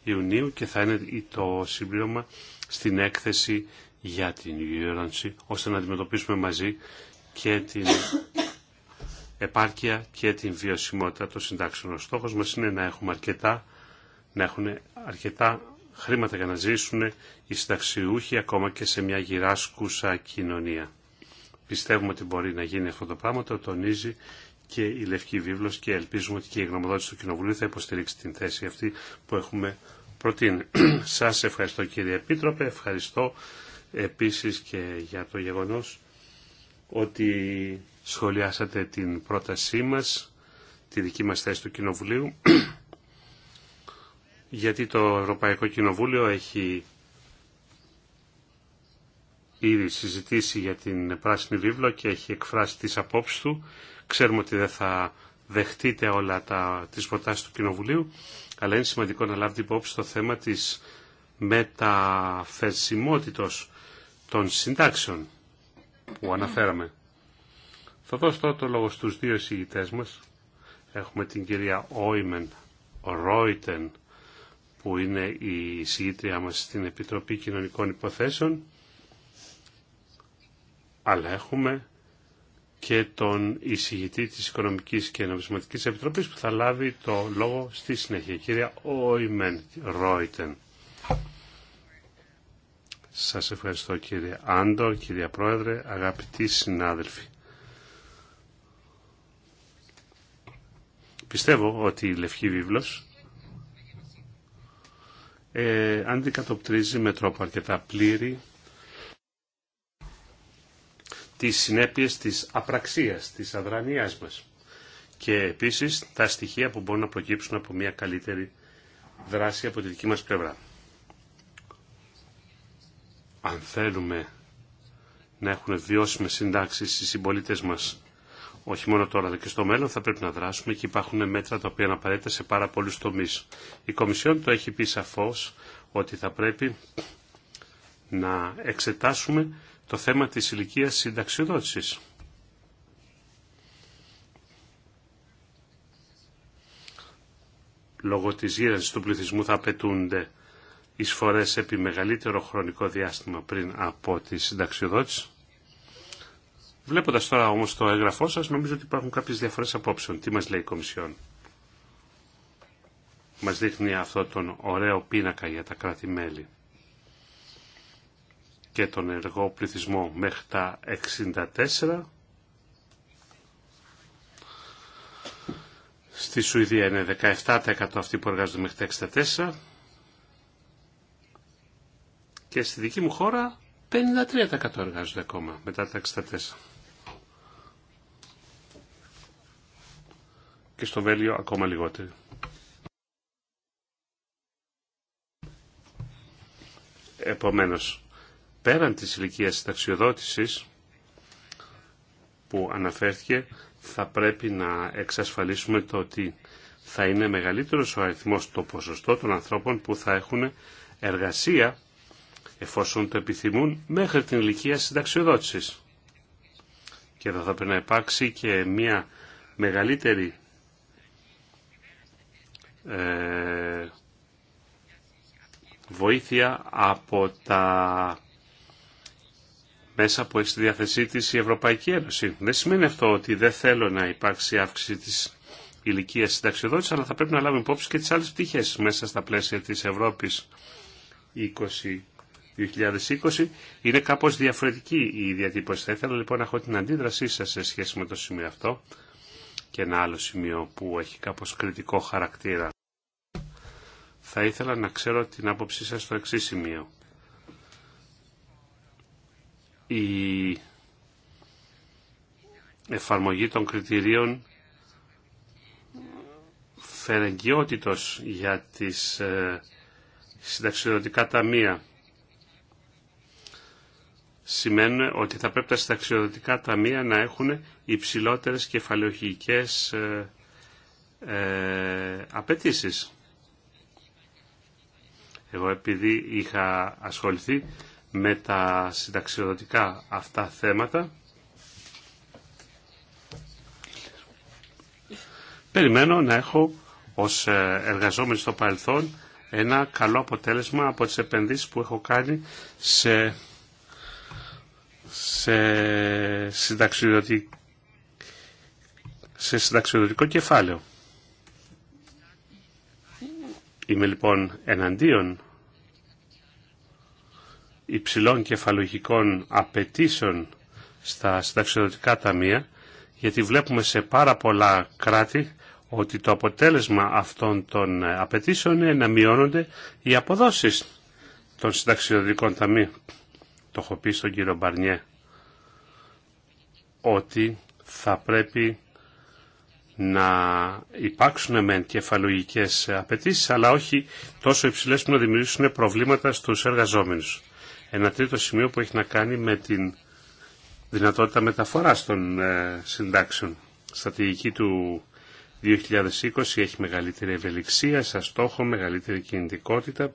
Ιουνίου και θα είναι το συμπλήρωμα στην έκθεση για την γύρωση ώστε να αντιμετωπίσουμε μαζί και την επάρκεια και την βιωσιμότητα των συντάξεων. Ο στόχος μας είναι να, έχουμε αρκετά, να έχουν αρκετά χρήματα για να ζήσουν οι συνταξιούχοι ακόμα και σε μια γυράσκουσα κοινωνία. Πιστεύουμε ότι μπορεί να γίνει αυτό το πράγμα, το τονίζει και η Λευκή Βίβλο και ελπίζουμε ότι και η γνωμοδότηση του Κοινοβουλίου θα υποστηρίξει την θέση αυτή που έχουμε προτείνει. Σα ευχαριστώ κύριε Επίτροπε, ευχαριστώ επίση και για το γεγονό ότι σχολιάσατε την πρότασή μας, τη δική μας θέση του Κοινοβουλίου, γιατί το Ευρωπαϊκό Κοινοβούλιο έχει ήδη συζητήσει για την Πράσινη Βίβλο και έχει εκφράσει τις απόψεις του. Ξέρουμε ότι δεν θα δεχτείτε όλα τα, τις προτάσεις του Κοινοβουλίου, αλλά είναι σημαντικό να λάβετε υπόψη το θέμα της μεταφερσιμότητος των συντάξεων που αναφέραμε. Θα δώσω τώρα το λόγο στους δύο εισηγητές μας. Έχουμε την κυρία Όιμεν Ρόιτεν που είναι η εισηγήτριά μας στην Επιτροπή Κοινωνικών Υποθέσεων αλλά έχουμε και τον εισηγητή της Οικονομικής και Νομισματικής Επιτροπής που θα λάβει το λόγο στη συνέχεια. Κυρία Όιμεν Ρόιτεν. Σας ευχαριστώ κύριε Άντορ, κυρία Πρόεδρε, αγαπητοί συνάδελφοι. Πιστεύω ότι η Λευκή Βίβλος ε, αντικατοπτρίζει με τρόπο αρκετά πλήρη τις συνέπειες της απραξίας, της αδρανίας μας και επίσης τα στοιχεία που μπορούν να προκύψουν από μια καλύτερη δράση από τη δική μας πλευρά. Αν θέλουμε να έχουν βιώσιμες συντάξεις οι συμπολίτε μας όχι μόνο τώρα αλλά και στο μέλλον θα πρέπει να δράσουμε και υπάρχουν μέτρα τα οποία είναι σε πάρα πολλούς τομείς. Η Κομισιόν το έχει πει σαφώς ότι θα πρέπει να εξετάσουμε το θέμα της ηλικία συνταξιοδότηση. Λόγω της γύρανσης του πληθυσμού θα απαιτούνται εισφορές επί μεγαλύτερο χρονικό διάστημα πριν από τη συνταξιοδότηση. Βλέποντας τώρα όμως το έγγραφό σα, νομίζω ότι υπάρχουν κάποιε διαφορέ απόψεων. Τι μας λέει η Κομισιόν. Μας δείχνει αυτό τον ωραίο πίνακα για τα κράτη-μέλη και τον εργό πληθυσμό μέχρι τα 64. Στη Σουηδία είναι 17% αυτοί που εργάζονται μέχρι τα 64. Και στη δική μου χώρα 53% εργάζονται ακόμα μετά τα 64. και στο Βέλγιο ακόμα λιγότερο. Επομένως, πέραν της ηλικία ταξιοδότησης που αναφέρθηκε, θα πρέπει να εξασφαλίσουμε το ότι θα είναι μεγαλύτερος ο αριθμός το ποσοστό των ανθρώπων που θα έχουν εργασία εφόσον το επιθυμούν μέχρι την ηλικία συνταξιοδότησης. Και εδώ θα πρέπει να υπάρξει και μια μεγαλύτερη ε, βοήθεια από τα μέσα που έχει στη διάθεσή της η Ευρωπαϊκή Ένωση. Δεν σημαίνει αυτό ότι δεν θέλω να υπάρξει αύξηση της ηλικία συνταξιδότηση, αλλά θα πρέπει να λάβουμε υπόψη και τις άλλες πτυχές μέσα στα πλαίσια της Ευρώπης 2020 είναι κάπως διαφορετική η διατύπωση. Θα ήθελα λοιπόν να έχω την αντίδρασή σας σε σχέση με το σημείο αυτό και ένα άλλο σημείο που έχει κάπως κριτικό χαρακτήρα. Θα ήθελα να ξέρω την άποψή σας στο εξή σημείο. Η εφαρμογή των κριτηρίων φερεγγιότητος για τις ε, συνταξιδοτικά ταμεία σημαίνουν ότι θα πρέπει τα συνταξιοδοτικά ταμεία να έχουν υψηλότερες κεφαλαιοχικές ε, ε, απαιτήσει. Εγώ επειδή είχα ασχοληθεί με τα συνταξιοδοτικά αυτά θέματα, περιμένω να έχω ως ε, εργαζόμενο στο παρελθόν ένα καλό αποτέλεσμα από τις επενδύσεις που έχω κάνει σε σε συνταξιοδοτικό, κεφάλαιο. Είμαι λοιπόν εναντίον υψηλών κεφαλογικών απαιτήσεων στα συνταξιοδοτικά ταμεία, γιατί βλέπουμε σε πάρα πολλά κράτη ότι το αποτέλεσμα αυτών των απαιτήσεων είναι να μειώνονται οι αποδόσεις των συνταξιοδοτικών ταμείων το έχω πει στον κύριο Μπαρνιέ, ότι θα πρέπει να υπάρξουν μεν κεφαλογικές απαιτήσει, αλλά όχι τόσο υψηλές που να δημιουργήσουν προβλήματα στους εργαζόμενους. Ένα τρίτο σημείο που έχει να κάνει με την δυνατότητα μεταφοράς των ε, συντάξεων. Στατηγική του 2020 έχει μεγαλύτερη ευελιξία, σαν στόχο, μεγαλύτερη κινητικότητα.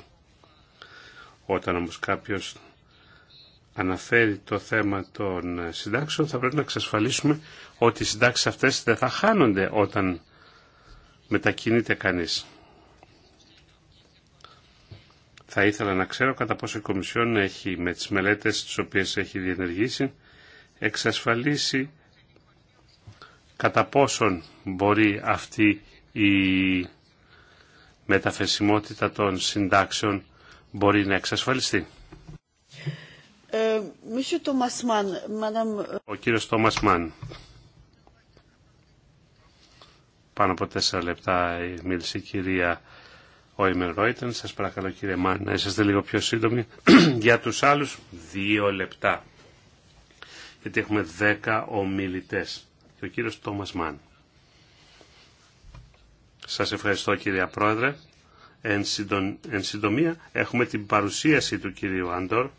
Όταν όμως κάποιος αναφέρει το θέμα των συντάξεων, θα πρέπει να εξασφαλίσουμε ότι οι συντάξει αυτές δεν θα χάνονται όταν μετακινείται κανείς. Θα ήθελα να ξέρω κατά πόσο η Κομισιόν έχει με τις μελέτες τις οποίες έχει διενεργήσει εξασφαλίσει κατά πόσον μπορεί αυτή η μεταφεσιμότητα των συντάξεων μπορεί να εξασφαλιστεί. Ε, ε, ο κύριος Τόμας Μαν. Πάνω από τέσσερα λεπτά μίλησε η κυρία Όιμερ Ρόιτεν. Σας παρακαλώ κύριε Μαν να είσαστε λίγο πιο σύντομοι. Για τους άλλους δύο λεπτά. Γιατί έχουμε δέκα ομιλητές. Και ο κύριος Τόμας Μαν. Σας ευχαριστώ κυρία Πρόεδρε. Εν συντομία έχουμε την παρουσίαση του κυρίου Άντορ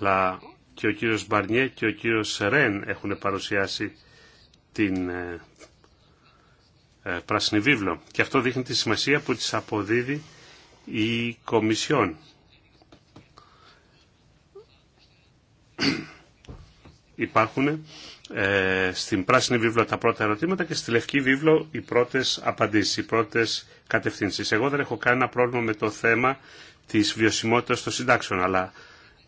αλλά και ο κύριος Μπαρνιέ και ο κύριος Ρεν έχουν παρουσιάσει την ε, ε, πράσινη βίβλο. Και αυτό δείχνει τη σημασία που της αποδίδει η Κομισιόν. Υπάρχουν ε, στην πράσινη βίβλο τα πρώτα ερωτήματα και στη λευκή βίβλο οι πρώτες απαντήσεις, οι πρώτες κατευθύνσεις. Εγώ δεν έχω κανένα πρόβλημα με το θέμα της βιωσιμότητας των συντάξεων, αλλά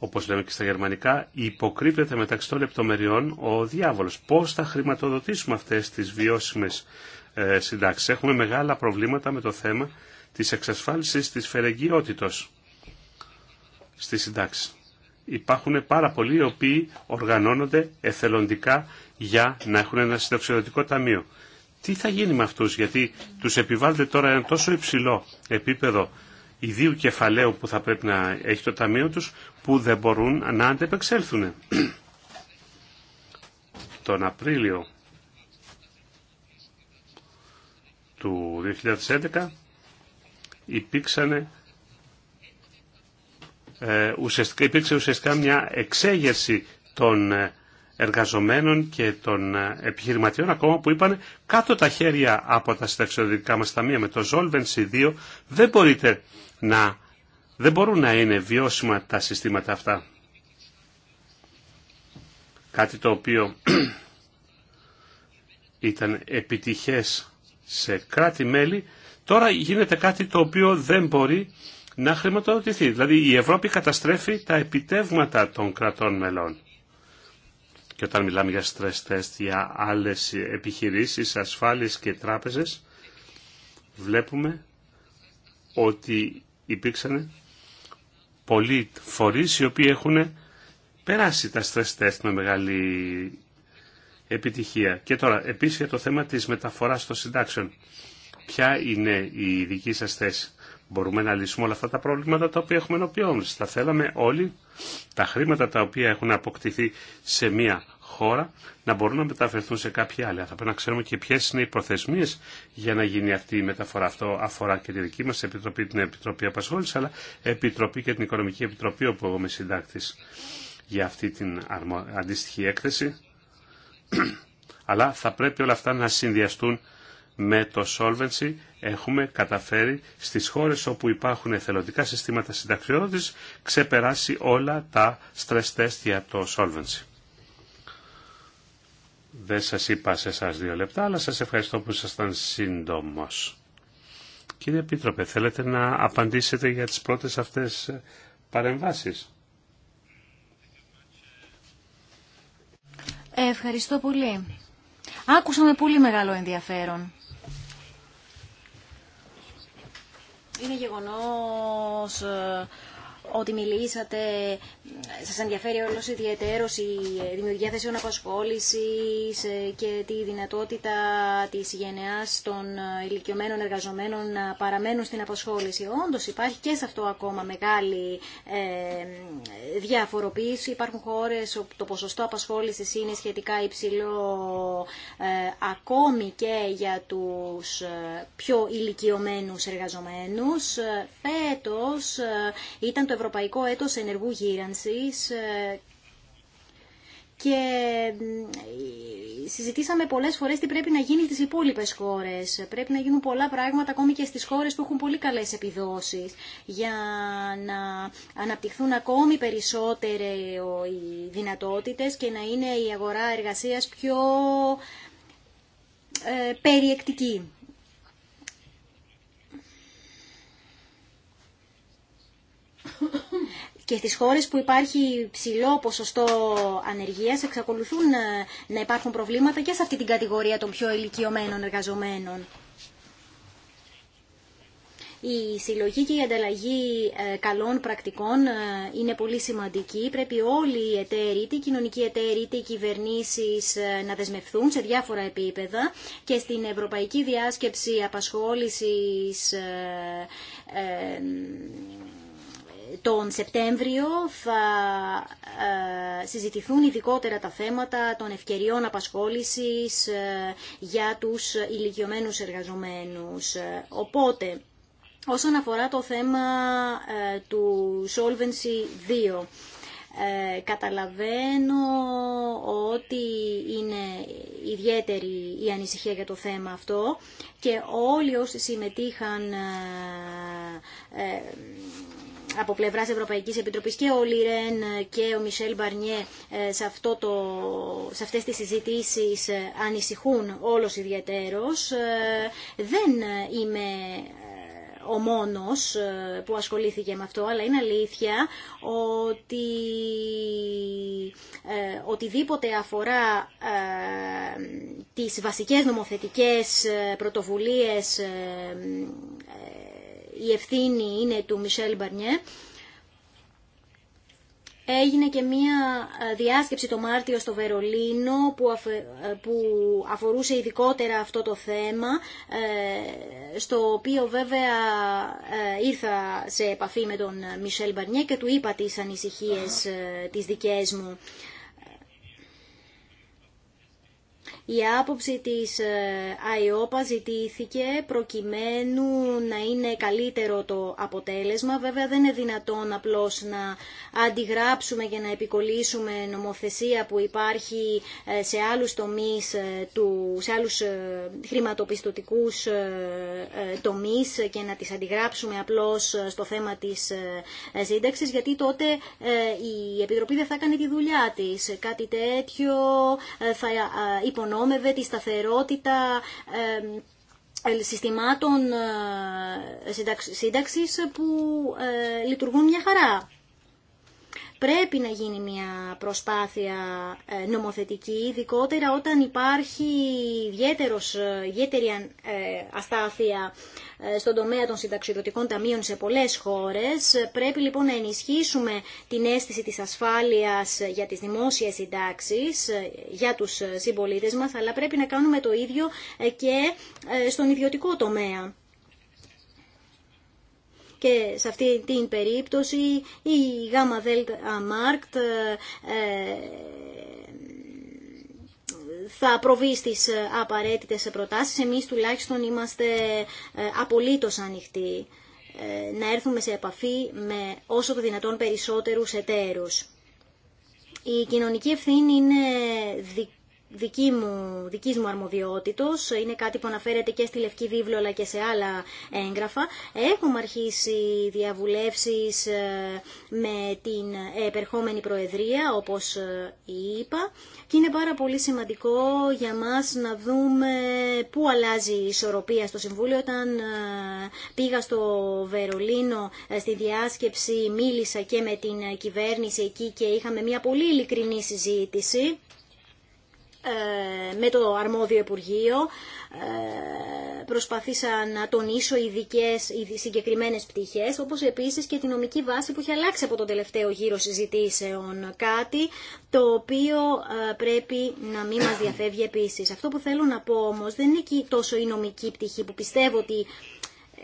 όπως λέμε και στα γερμανικά, υποκρύπτεται μεταξύ των λεπτομεριών ο διάβολος. Πώς θα χρηματοδοτήσουμε αυτές τις βιώσιμες ε, συντάξεις. Έχουμε μεγάλα προβλήματα με το θέμα της εξασφάλισης της φερεγγιότητος στη συντάξη. Υπάρχουν πάρα πολλοί οι οποίοι οργανώνονται εθελοντικά για να έχουν ένα συνταξιοδοτικό ταμείο. Τι θα γίνει με αυτούς, γιατί τους επιβάλλεται τώρα ένα τόσο υψηλό επίπεδο ιδίου κεφαλαίου που θα πρέπει να έχει το ταμείο τους που δεν μπορούν να αντεπεξέλθουν. Τον Απρίλιο του 2011 υπήρξανε ε, ουσιαστικά, υπήρξε ουσιαστικά μια εξέγερση των ε, εργαζομένων και των ε, επιχειρηματιών ακόμα που είπαν κάτω τα χέρια από τα συνταξιοδοτικά μας ταμεία με το Solvency 2 δεν, μπορείτε να, δεν μπορούν να είναι βιώσιμα τα συστήματα αυτά. Κάτι το οποίο ήταν επιτυχές σε κράτη-μέλη, τώρα γίνεται κάτι το οποίο δεν μπορεί να χρηματοδοτηθεί. Δηλαδή η Ευρώπη καταστρέφει τα επιτεύγματα των κρατών μελών. Και όταν μιλάμε για stress test για άλλες επιχειρήσεις, ασφάλειες και τράπεζες, βλέπουμε ότι υπήρξαν πολλοί φορείς οι οποίοι έχουν περάσει τα stress test με μεγάλη επιτυχία. Και τώρα, επίσης για το θέμα της μεταφοράς των συντάξεων. Ποια είναι η δική σας θέση μπορούμε να λύσουμε όλα αυτά τα προβλήματα τα οποία έχουμε ενώπιόν Θα θέλαμε όλοι τα χρήματα τα οποία έχουν αποκτηθεί σε μία χώρα να μπορούν να μεταφερθούν σε κάποια άλλη. Θα πρέπει να ξέρουμε και ποιε είναι οι προθεσμίε για να γίνει αυτή η μεταφορά. Αυτό αφορά και τη δική μα επιτροπή, την Επιτροπή Απασχόληση, αλλά επιτροπή και την Οικονομική Επιτροπή, όπου εγώ είμαι συντάκτη για αυτή την αντίστοιχη έκθεση. αλλά θα πρέπει όλα αυτά να συνδυαστούν με το solvency έχουμε καταφέρει στις χώρες όπου υπάρχουν εθελοντικά συστήματα συνταξιώδης ξεπεράσει όλα τα stress test για το solvency. Δεν σας είπα σε εσά δύο λεπτά, αλλά σας ευχαριστώ που ήσασταν σύντομος. Κύριε Επίτροπε, θέλετε να απαντήσετε για τις πρώτες αυτές παρεμβάσεις. Ευχαριστώ πολύ. Άκουσα με πολύ μεγάλο ενδιαφέρον. είναι γεγονός ε, ότι μιλήσατε, σας ενδιαφέρει όλος ιδιαίτερος η δημιουργία θέσεων απασχόλησης ε, και τη δυνατότητα της γενεάς των ε, ηλικιωμένων εργαζομένων να παραμένουν στην απασχόληση. Όντως υπάρχει και σε αυτό ακόμα μεγάλη ε, διαφοροποίηση. Υπάρχουν χώρες όπου το ποσοστό απασχόλησης είναι σχετικά υψηλό ακόμη και για τους πιο ηλικιωμένους εργαζομένους. Φέτος ήταν το Ευρωπαϊκό Έτος Ενεργού Γύρανσης ε, και συζητήσαμε πολλές φορές τι πρέπει να γίνει στις υπόλοιπες χώρες. Πρέπει να γίνουν πολλά πράγματα ακόμη και στις χώρες που έχουν πολύ καλές επιδόσεις για να αναπτυχθούν ακόμη περισσότερο οι δυνατότητες και να είναι η αγορά εργασίας πιο ε, περιεκτική. και στις χώρες που υπάρχει ψηλό ποσοστό ανεργίας εξακολουθούν ε, να υπάρχουν προβλήματα και σε αυτή την κατηγορία των πιο ηλικιωμένων εργαζομένων. Η συλλογή και η ανταλλαγή ε, καλών πρακτικών ε, είναι πολύ σημαντική. Πρέπει όλοι οι εταίροι, οι κοινωνικοί εταίροι, οι κυβερνήσει να δεσμευθούν σε διάφορα επίπεδα και στην Ευρωπαϊκή Διάσκεψη Απασχόλησης τον Σεπτέμβριο θα ε, συζητηθούν ειδικότερα τα θέματα των ευκαιριών απασχόλησης ε, για τους ηλικιωμένους εργαζομένους. Ε, οπότε, όσον αφορά το θέμα του Solvency 2, καταλαβαίνω ότι είναι ιδιαίτερη η ανησυχία για το θέμα αυτό και όλοι όσοι συμμετείχαν από πλευράς Ευρωπαϊκής Επιτροπής και ο Λιρέν και ο Μισελ Μπαρνιέ ε, σε, αυτό το, σε αυτές τις συζητήσεις ε, ανησυχούν όλος ιδιαίτερος. Ε, δεν είμαι ο μόνος που ασχολήθηκε με αυτό, αλλά είναι αλήθεια ότι οτιδήποτε αφορά τις βασικές νομοθετικές πρωτοβουλίες η ευθύνη είναι του Μισελ Μπαρνιέ. Έγινε και μία ε, διάσκεψη το Μάρτιο στο Βερολίνο που ε, αφορούσε ειδικότερα αυτό το θέμα, ε, στο οποίο βέβαια ήρθα σε επαφή με τον Μισελ Μπαρνιέ και του είπα τις ανησυχίες τις δικές μου. Η άποψη της ε, ΑΕΟΠΑ ζητήθηκε προκειμένου να είναι καλύτερο το αποτέλεσμα. Βέβαια δεν είναι δυνατόν απλώς να αντιγράψουμε και να επικολλήσουμε νομοθεσία που υπάρχει ε, σε άλλους τομείς, ε, σε άλλους χρηματοπιστωτικούς τομείς και να τις αντιγράψουμε απλώς στο θέμα της σύνταξης γιατί τότε η Επιτροπή δεν θα κάνει τη δουλειά της. Κάτι τέτοιο θα τη σταθερότητα ε, συστημάτων ε, σύνταξης που ε, λειτουργούν μια χαρά. Πρέπει να γίνει μια προσπάθεια ε, νομοθετική, ειδικότερα όταν υπάρχει ιδιαίτερος, ε, ιδιαίτερη ε, αστάθεια στον τομέα των συνταξιδοτικών ταμείων σε πολλές χώρες. Πρέπει λοιπόν να ενισχύσουμε την αίσθηση της ασφάλειας για τις δημόσιες συντάξεις, για τους συμπολίτες μας, αλλά πρέπει να κάνουμε το ίδιο και στον ιδιωτικό τομέα και σε αυτή την περίπτωση η γάμα δέλτα μάρκτ ε, θα προβεί στις απαραίτητες προτάσεις. Εμείς τουλάχιστον είμαστε ε, απολύτως ανοιχτοί ε, να έρθουμε σε επαφή με όσο το δυνατόν περισσότερους εταίρους. Η κοινωνική ευθύνη είναι δική δική μου, δικής μου αρμοδιότητος, είναι κάτι που αναφέρεται και στη Λευκή Βίβλο αλλά και σε άλλα έγγραφα. Έχουμε αρχίσει διαβουλεύσεις ε, με την επερχόμενη Προεδρία, όπως ε, είπα, και είναι πάρα πολύ σημαντικό για μας να δούμε πού αλλάζει η ισορροπία στο Συμβούλιο. Όταν ε, πήγα στο Βερολίνο στη διάσκεψη μίλησα και με την κυβέρνηση εκεί και είχαμε μια πολύ ειλικρινή συζήτηση ε, με το αρμόδιο Υπουργείο. Ε, προσπαθήσαν να τονίσω ειδικέ συγκεκριμένε πτυχέ, όπω επίση και τη νομική βάση που έχει αλλάξει από τον τελευταίο γύρο συζητήσεων. Κάτι το οποίο ε, πρέπει να μην μα διαφεύγει επίση. Αυτό που θέλω να πω όμω δεν είναι και τόσο η νομική πτυχή που πιστεύω ότι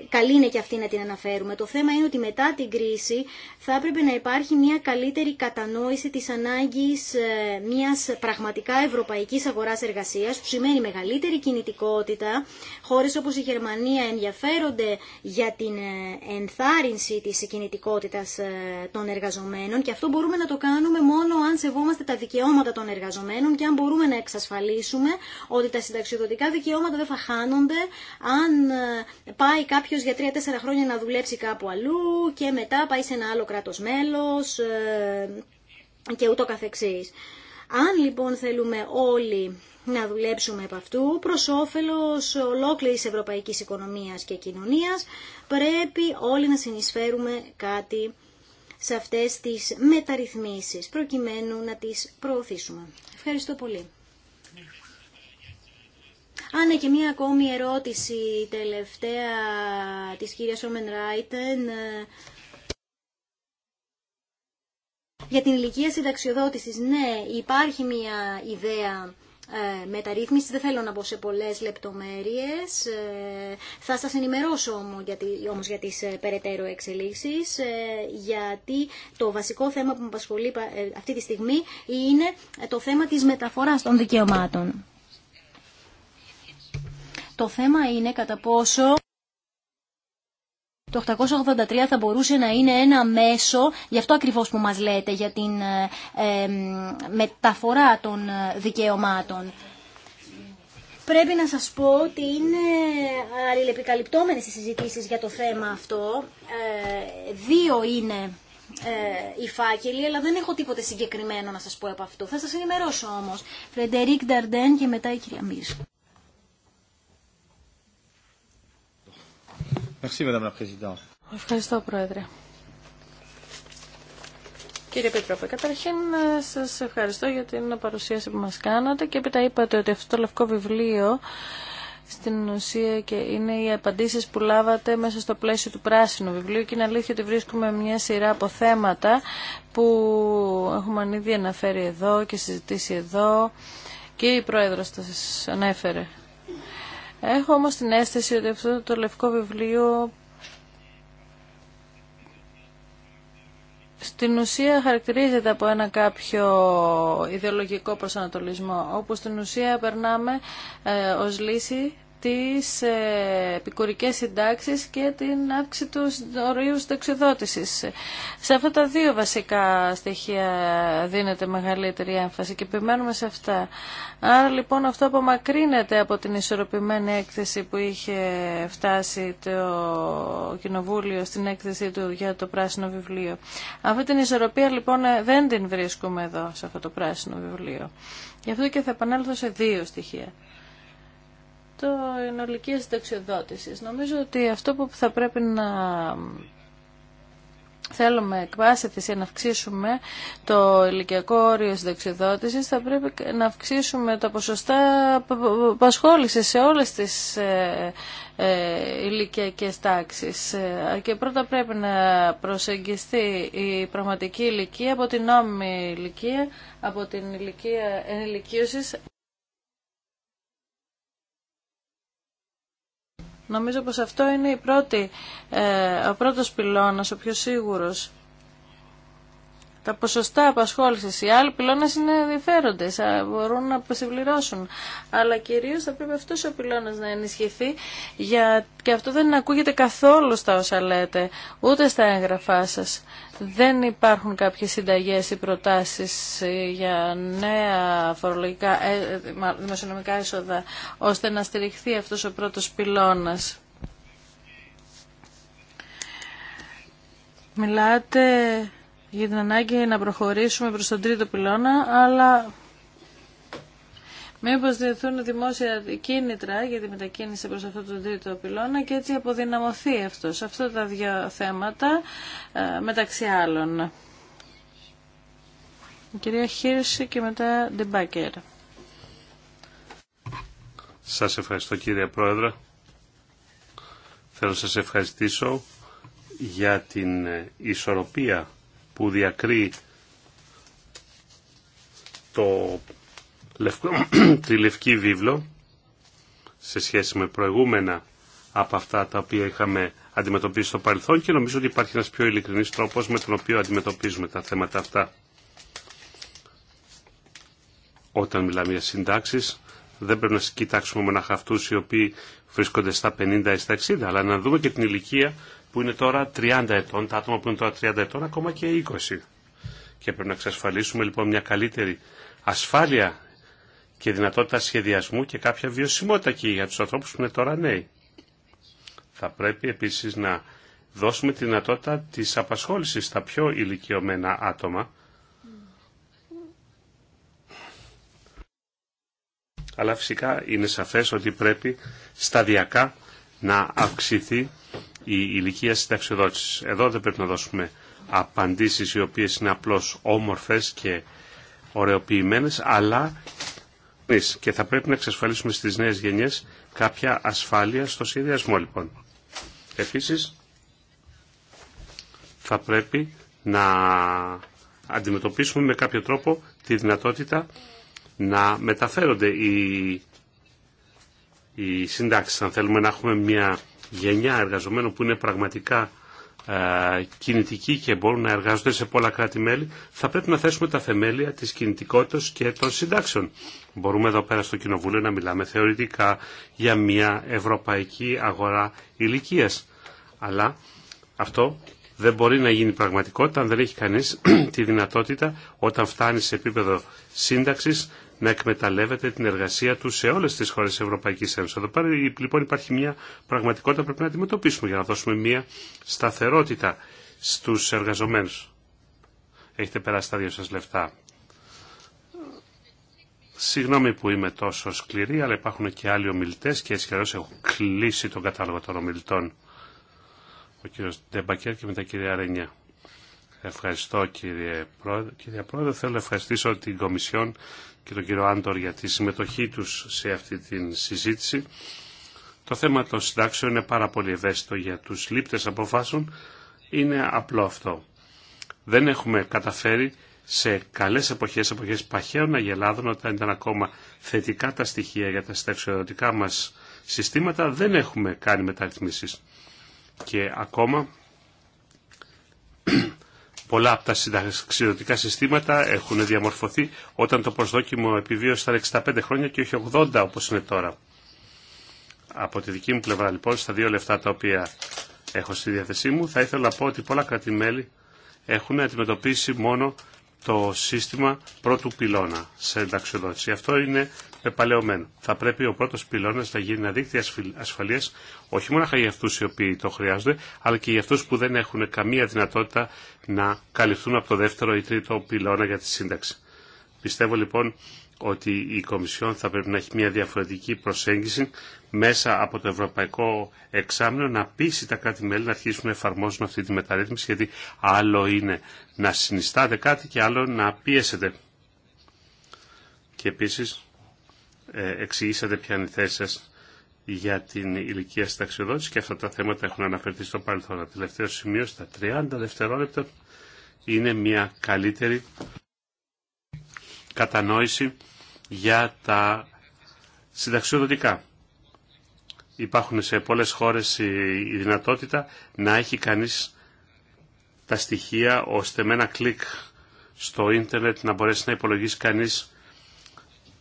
καλή είναι και αυτή να την αναφέρουμε. Το θέμα είναι ότι μετά την κρίση θα έπρεπε να υπάρχει μια καλύτερη κατανόηση της ανάγκης ε, μιας πραγματικά ευρωπαϊκής αγοράς εργασίας, που σημαίνει μεγαλύτερη κινητικότητα. Χώρες όπως η Γερμανία ενδιαφέρονται για την ε, ενθάρρυνση της κινητικότητας ε, των εργαζομένων και αυτό μπορούμε να το κάνουμε μόνο αν σεβόμαστε τα δικαιώματα των εργαζομένων και αν μπορούμε να εξασφαλίσουμε ότι τα συνταξιοδοτικά δικαιώματα δεν θα χάνονται αν πάει κάποιο Ποιο για 3-4 χρόνια να δουλέψει κάπου αλλού και μετά πάει σε ένα άλλο κράτος μέλος ε, και ούτω καθεξής. Αν λοιπόν θέλουμε όλοι να δουλέψουμε από αυτού προ όφελο ολόκληρη ευρωπαϊκής οικονομίας και κοινωνίας, πρέπει όλοι να συνεισφέρουμε κάτι σε αυτές τις μεταρρυθμίσεις, προκειμένου να τις προωθήσουμε. Ευχαριστώ πολύ. Άνε ναι, και μία ακόμη ερώτηση τελευταία της κυρίας Όμεν Ράιτεν για την ηλικία συνταξιοδότησης. Ναι, υπάρχει μία ιδέα ε, μεταρρύθμισης. Δεν θέλω να πω σε πολλές λεπτομέρειες. Ε, θα σας ενημερώσω όμως για, όμως για τις ε, περαιτέρω εξελίξεις, γιατί το βασικό θέμα που με απασχολεί αυτή τη στιγμή είναι το θέμα της μεταφοράς των δικαιωμάτων. Το θέμα είναι κατά πόσο το 883 θα μπορούσε να είναι ένα μέσο, γι' αυτό ακριβώς που μας λέτε, για την ε, μεταφορά των ε, δικαιωμάτων. Πρέπει να σας πω ότι είναι αλληλεπικαλυπτόμενες οι συζητήσεις για το θέμα αυτό. Ε, δύο είναι ε, οι φάκελοι, αλλά δεν έχω τίποτε συγκεκριμένο να σας πω από αυτό. Θα σας ενημερώσω όμως. Φρεντερίκ Νταρντέν και μετά η κυρία Μίσκο. Ευχαριστώ, Πρόεδρε. Κύριε Πίτροπε, καταρχήν ε, σας ευχαριστώ για την παρουσίαση που μας κάνατε και έπειτα είπατε ότι αυτό το λευκό βιβλίο στην ουσία και είναι οι απαντήσεις που λάβατε μέσα στο πλαίσιο του πράσινου βιβλίου και είναι αλήθεια ότι βρίσκουμε μια σειρά από θέματα που έχουμε ήδη αναφέρει εδώ και συζητήσει εδώ και η Πρόεδρος σα ανέφερε. Έχω όμως την αίσθηση ότι αυτό το λευκό βιβλίο στην ουσία χαρακτηρίζεται από ένα κάποιο ιδεολογικό προσανατολισμό, όπου στην ουσία περνάμε ε, ως λύση τις ε, επικουρικές συντάξεις και την αύξηση του ορίου συνταξιοδότησης. Σε αυτά τα δύο βασικά στοιχεία δίνεται μεγαλύτερη έμφαση και επιμένουμε σε αυτά. Άρα λοιπόν αυτό απομακρύνεται από την ισορροπημένη έκθεση που είχε φτάσει το Κοινοβούλιο στην έκθεση του για το πράσινο βιβλίο. Αυτή την ισορροπία λοιπόν ε, δεν την βρίσκουμε εδώ σε αυτό το πράσινο βιβλίο. Γι' αυτό και θα επανέλθω σε δύο στοιχεία το ενολική συνταξιοδότηση. Νομίζω ότι αυτό που θα πρέπει να θέλουμε εκ πάση της να αυξήσουμε το ηλικιακό όριο δεξιδότησης θα πρέπει να αυξήσουμε τα ποσοστά απασχόληση σε όλες τις ε, ε, ηλικιακές τάξεις ε, και πρώτα πρέπει να προσεγγιστεί η πραγματική ηλικία από την νόμιμη ηλικία από την ηλικία ενηλικίωσης Νομίζω πως αυτό είναι ε, ο πρώτος πυλώνας, ο πιο σίγουρος. Τα ποσοστά απασχόληση. οι άλλοι πυλώνε είναι ενδιαφέροντε, μπορούν να συμπληρώσουν. Αλλά κυρίως θα πρέπει αυτός ο πυλώνας να ενισχυθεί για... και αυτό δεν ακούγεται καθόλου στα όσα λέτε, ούτε στα έγγραφά σα. Δεν υπάρχουν κάποιες συνταγέ ή προτάσεις ε, για νέα φορολογικά, ε, δημοσιονομικά έσοδα, ώστε να στηριχθεί αυτό ο πρώτο πυλώνας. Μιλάτε για την ανάγκη να προχωρήσουμε προς τον τρίτο πυλώνα, αλλά μήπως διεθούν δημόσια κίνητρα για τη μετακίνηση προς αυτό τον τρίτο πυλώνα και έτσι αποδυναμωθεί σε Αυτά τα δύο θέματα ε, μεταξύ άλλων. Η κυρία Χίρση και μετά Ντεμπάκερ. Σας ευχαριστώ κύριε Πρόεδρε. Θέλω να σας ευχαριστήσω για την ε, ισορροπία που διακρεί το τη Λευκή Βίβλο σε σχέση με προηγούμενα από αυτά τα οποία είχαμε αντιμετωπίσει στο παρελθόν και νομίζω ότι υπάρχει ένας πιο ειλικρινής τρόπος με τον οποίο αντιμετωπίζουμε τα θέματα αυτά. Όταν μιλάμε για συντάξεις δεν πρέπει να κοιτάξουμε μοναχα αυτούς οι οποίοι βρίσκονται στα 50 ή στα 60 αλλά να δούμε και την ηλικία που είναι τώρα 30 ετών, τα άτομα που είναι τώρα 30 ετών, ακόμα και 20. Και πρέπει να εξασφαλίσουμε λοιπόν μια καλύτερη ασφάλεια και δυνατότητα σχεδιασμού και κάποια βιωσιμότητα και για τους ανθρώπους που είναι τώρα νέοι. Θα πρέπει επίσης να δώσουμε τη δυνατότητα της απασχόλησης στα πιο ηλικιωμένα άτομα. Αλλά φυσικά είναι σαφές ότι πρέπει σταδιακά να αυξηθεί η ηλικία συνταξιοδότηση. Εδώ δεν πρέπει να δώσουμε απαντήσεις οι οποίες είναι απλώς όμορφες και ωρεοποιημένες αλλά και θα πρέπει να εξασφαλίσουμε στις νέες γενιές κάποια ασφάλεια στο σχεδιασμό λοιπόν. Επίσης, θα πρέπει να αντιμετωπίσουμε με κάποιο τρόπο τη δυνατότητα να μεταφέρονται οι, οι Αν θέλουμε να έχουμε μια γενιά εργαζομένων που είναι πραγματικά ε, κινητικοί και μπορούν να εργάζονται σε πολλά κράτη-μέλη, θα πρέπει να θέσουμε τα θεμέλια της κινητικότητας και των συντάξεων. Μπορούμε εδώ πέρα στο Κοινοβούλιο να μιλάμε θεωρητικά για μια ευρωπαϊκή αγορά ηλικία. Αλλά αυτό δεν μπορεί να γίνει πραγματικότητα αν δεν έχει κανείς τη δυνατότητα όταν φτάνει σε επίπεδο σύνταξης να εκμεταλλεύεται την εργασία του σε όλες τις χώρες της Ευρωπαϊκής Ένωσης. Εδώ πέρα λοιπόν υπάρχει μια πραγματικότητα που πρέπει να αντιμετωπίσουμε για να δώσουμε μια σταθερότητα στους εργαζομένους. Έχετε περάσει τα δύο σας λεφτά. Συγγνώμη που είμαι τόσο σκληρή, αλλά υπάρχουν και άλλοι ομιλητές και σχεδόν έχω κλείσει τον κατάλογο των ομιλητών. Ο κύριος Ντεμπακέρ και μετά κυρία Ρενιά. Ευχαριστώ κύριε Πρόεδρε. Κύριε Πρόεδρε, θέλω να ευχαριστήσω την Κομισιόν και τον κύριο Άντορ για τη συμμετοχή τους σε αυτή τη συζήτηση. Το θέμα των συντάξεων είναι πάρα πολύ ευαίσθητο για τους λήπτες αποφάσεων. Είναι απλό αυτό. Δεν έχουμε καταφέρει σε καλές εποχές, εποχές παχαίων αγελάδων, όταν ήταν ακόμα θετικά τα στοιχεία για τα συνταξιοδοτικά μας συστήματα, δεν έχουμε κάνει μεταρρυθμίσεις. Και ακόμα Πολλά από τα συνταξιδοτικά συστήματα έχουν διαμορφωθεί όταν το προσδόκιμο επιβίωση ήταν 65 χρόνια και όχι 80 όπως είναι τώρα. Από τη δική μου πλευρά λοιπόν, στα δύο λεφτά τα οποία έχω στη διάθεσή μου, θα ήθελα να πω ότι πολλά κρατημέλη έχουν αντιμετωπίσει μόνο το σύστημα πρώτου πυλώνα σε ενταξιοδότηση. Αυτό είναι Επαλαιωμένο, Θα πρέπει ο πρώτο πυλώνας να γίνει ένα δίκτυο ασφαλεία, όχι μόνο για αυτού οι οποίοι το χρειάζονται, αλλά και για αυτού που δεν έχουν καμία δυνατότητα να καλυφθούν από το δεύτερο ή τρίτο πυλώνα για τη σύνταξη. Πιστεύω λοιπόν ότι η Κομισιόν θα πρέπει να έχει μια διαφορετική προσέγγιση μέσα από το Ευρωπαϊκό Εξάμεινο να πείσει τα κράτη-μέλη να αρχίσουν να εφαρμόζουν αυτή τη μεταρρύθμιση γιατί άλλο είναι να συνιστάτε κάτι και άλλο να πίεσετε. Και επίσης ε, εξηγήσατε ποια είναι η θέση σας για την ηλικία συνταξιοδότηση και αυτά τα θέματα έχουν αναφερθεί στο παρελθόν. τελευταίο σημείο στα 30 δευτερόλεπτα είναι μια καλύτερη κατανόηση για τα συνταξιοδοτικά. Υπάρχουν σε πολλές χώρες η δυνατότητα να έχει κανείς τα στοιχεία ώστε με ένα κλικ στο ίντερνετ να μπορέσει να υπολογίσει κανείς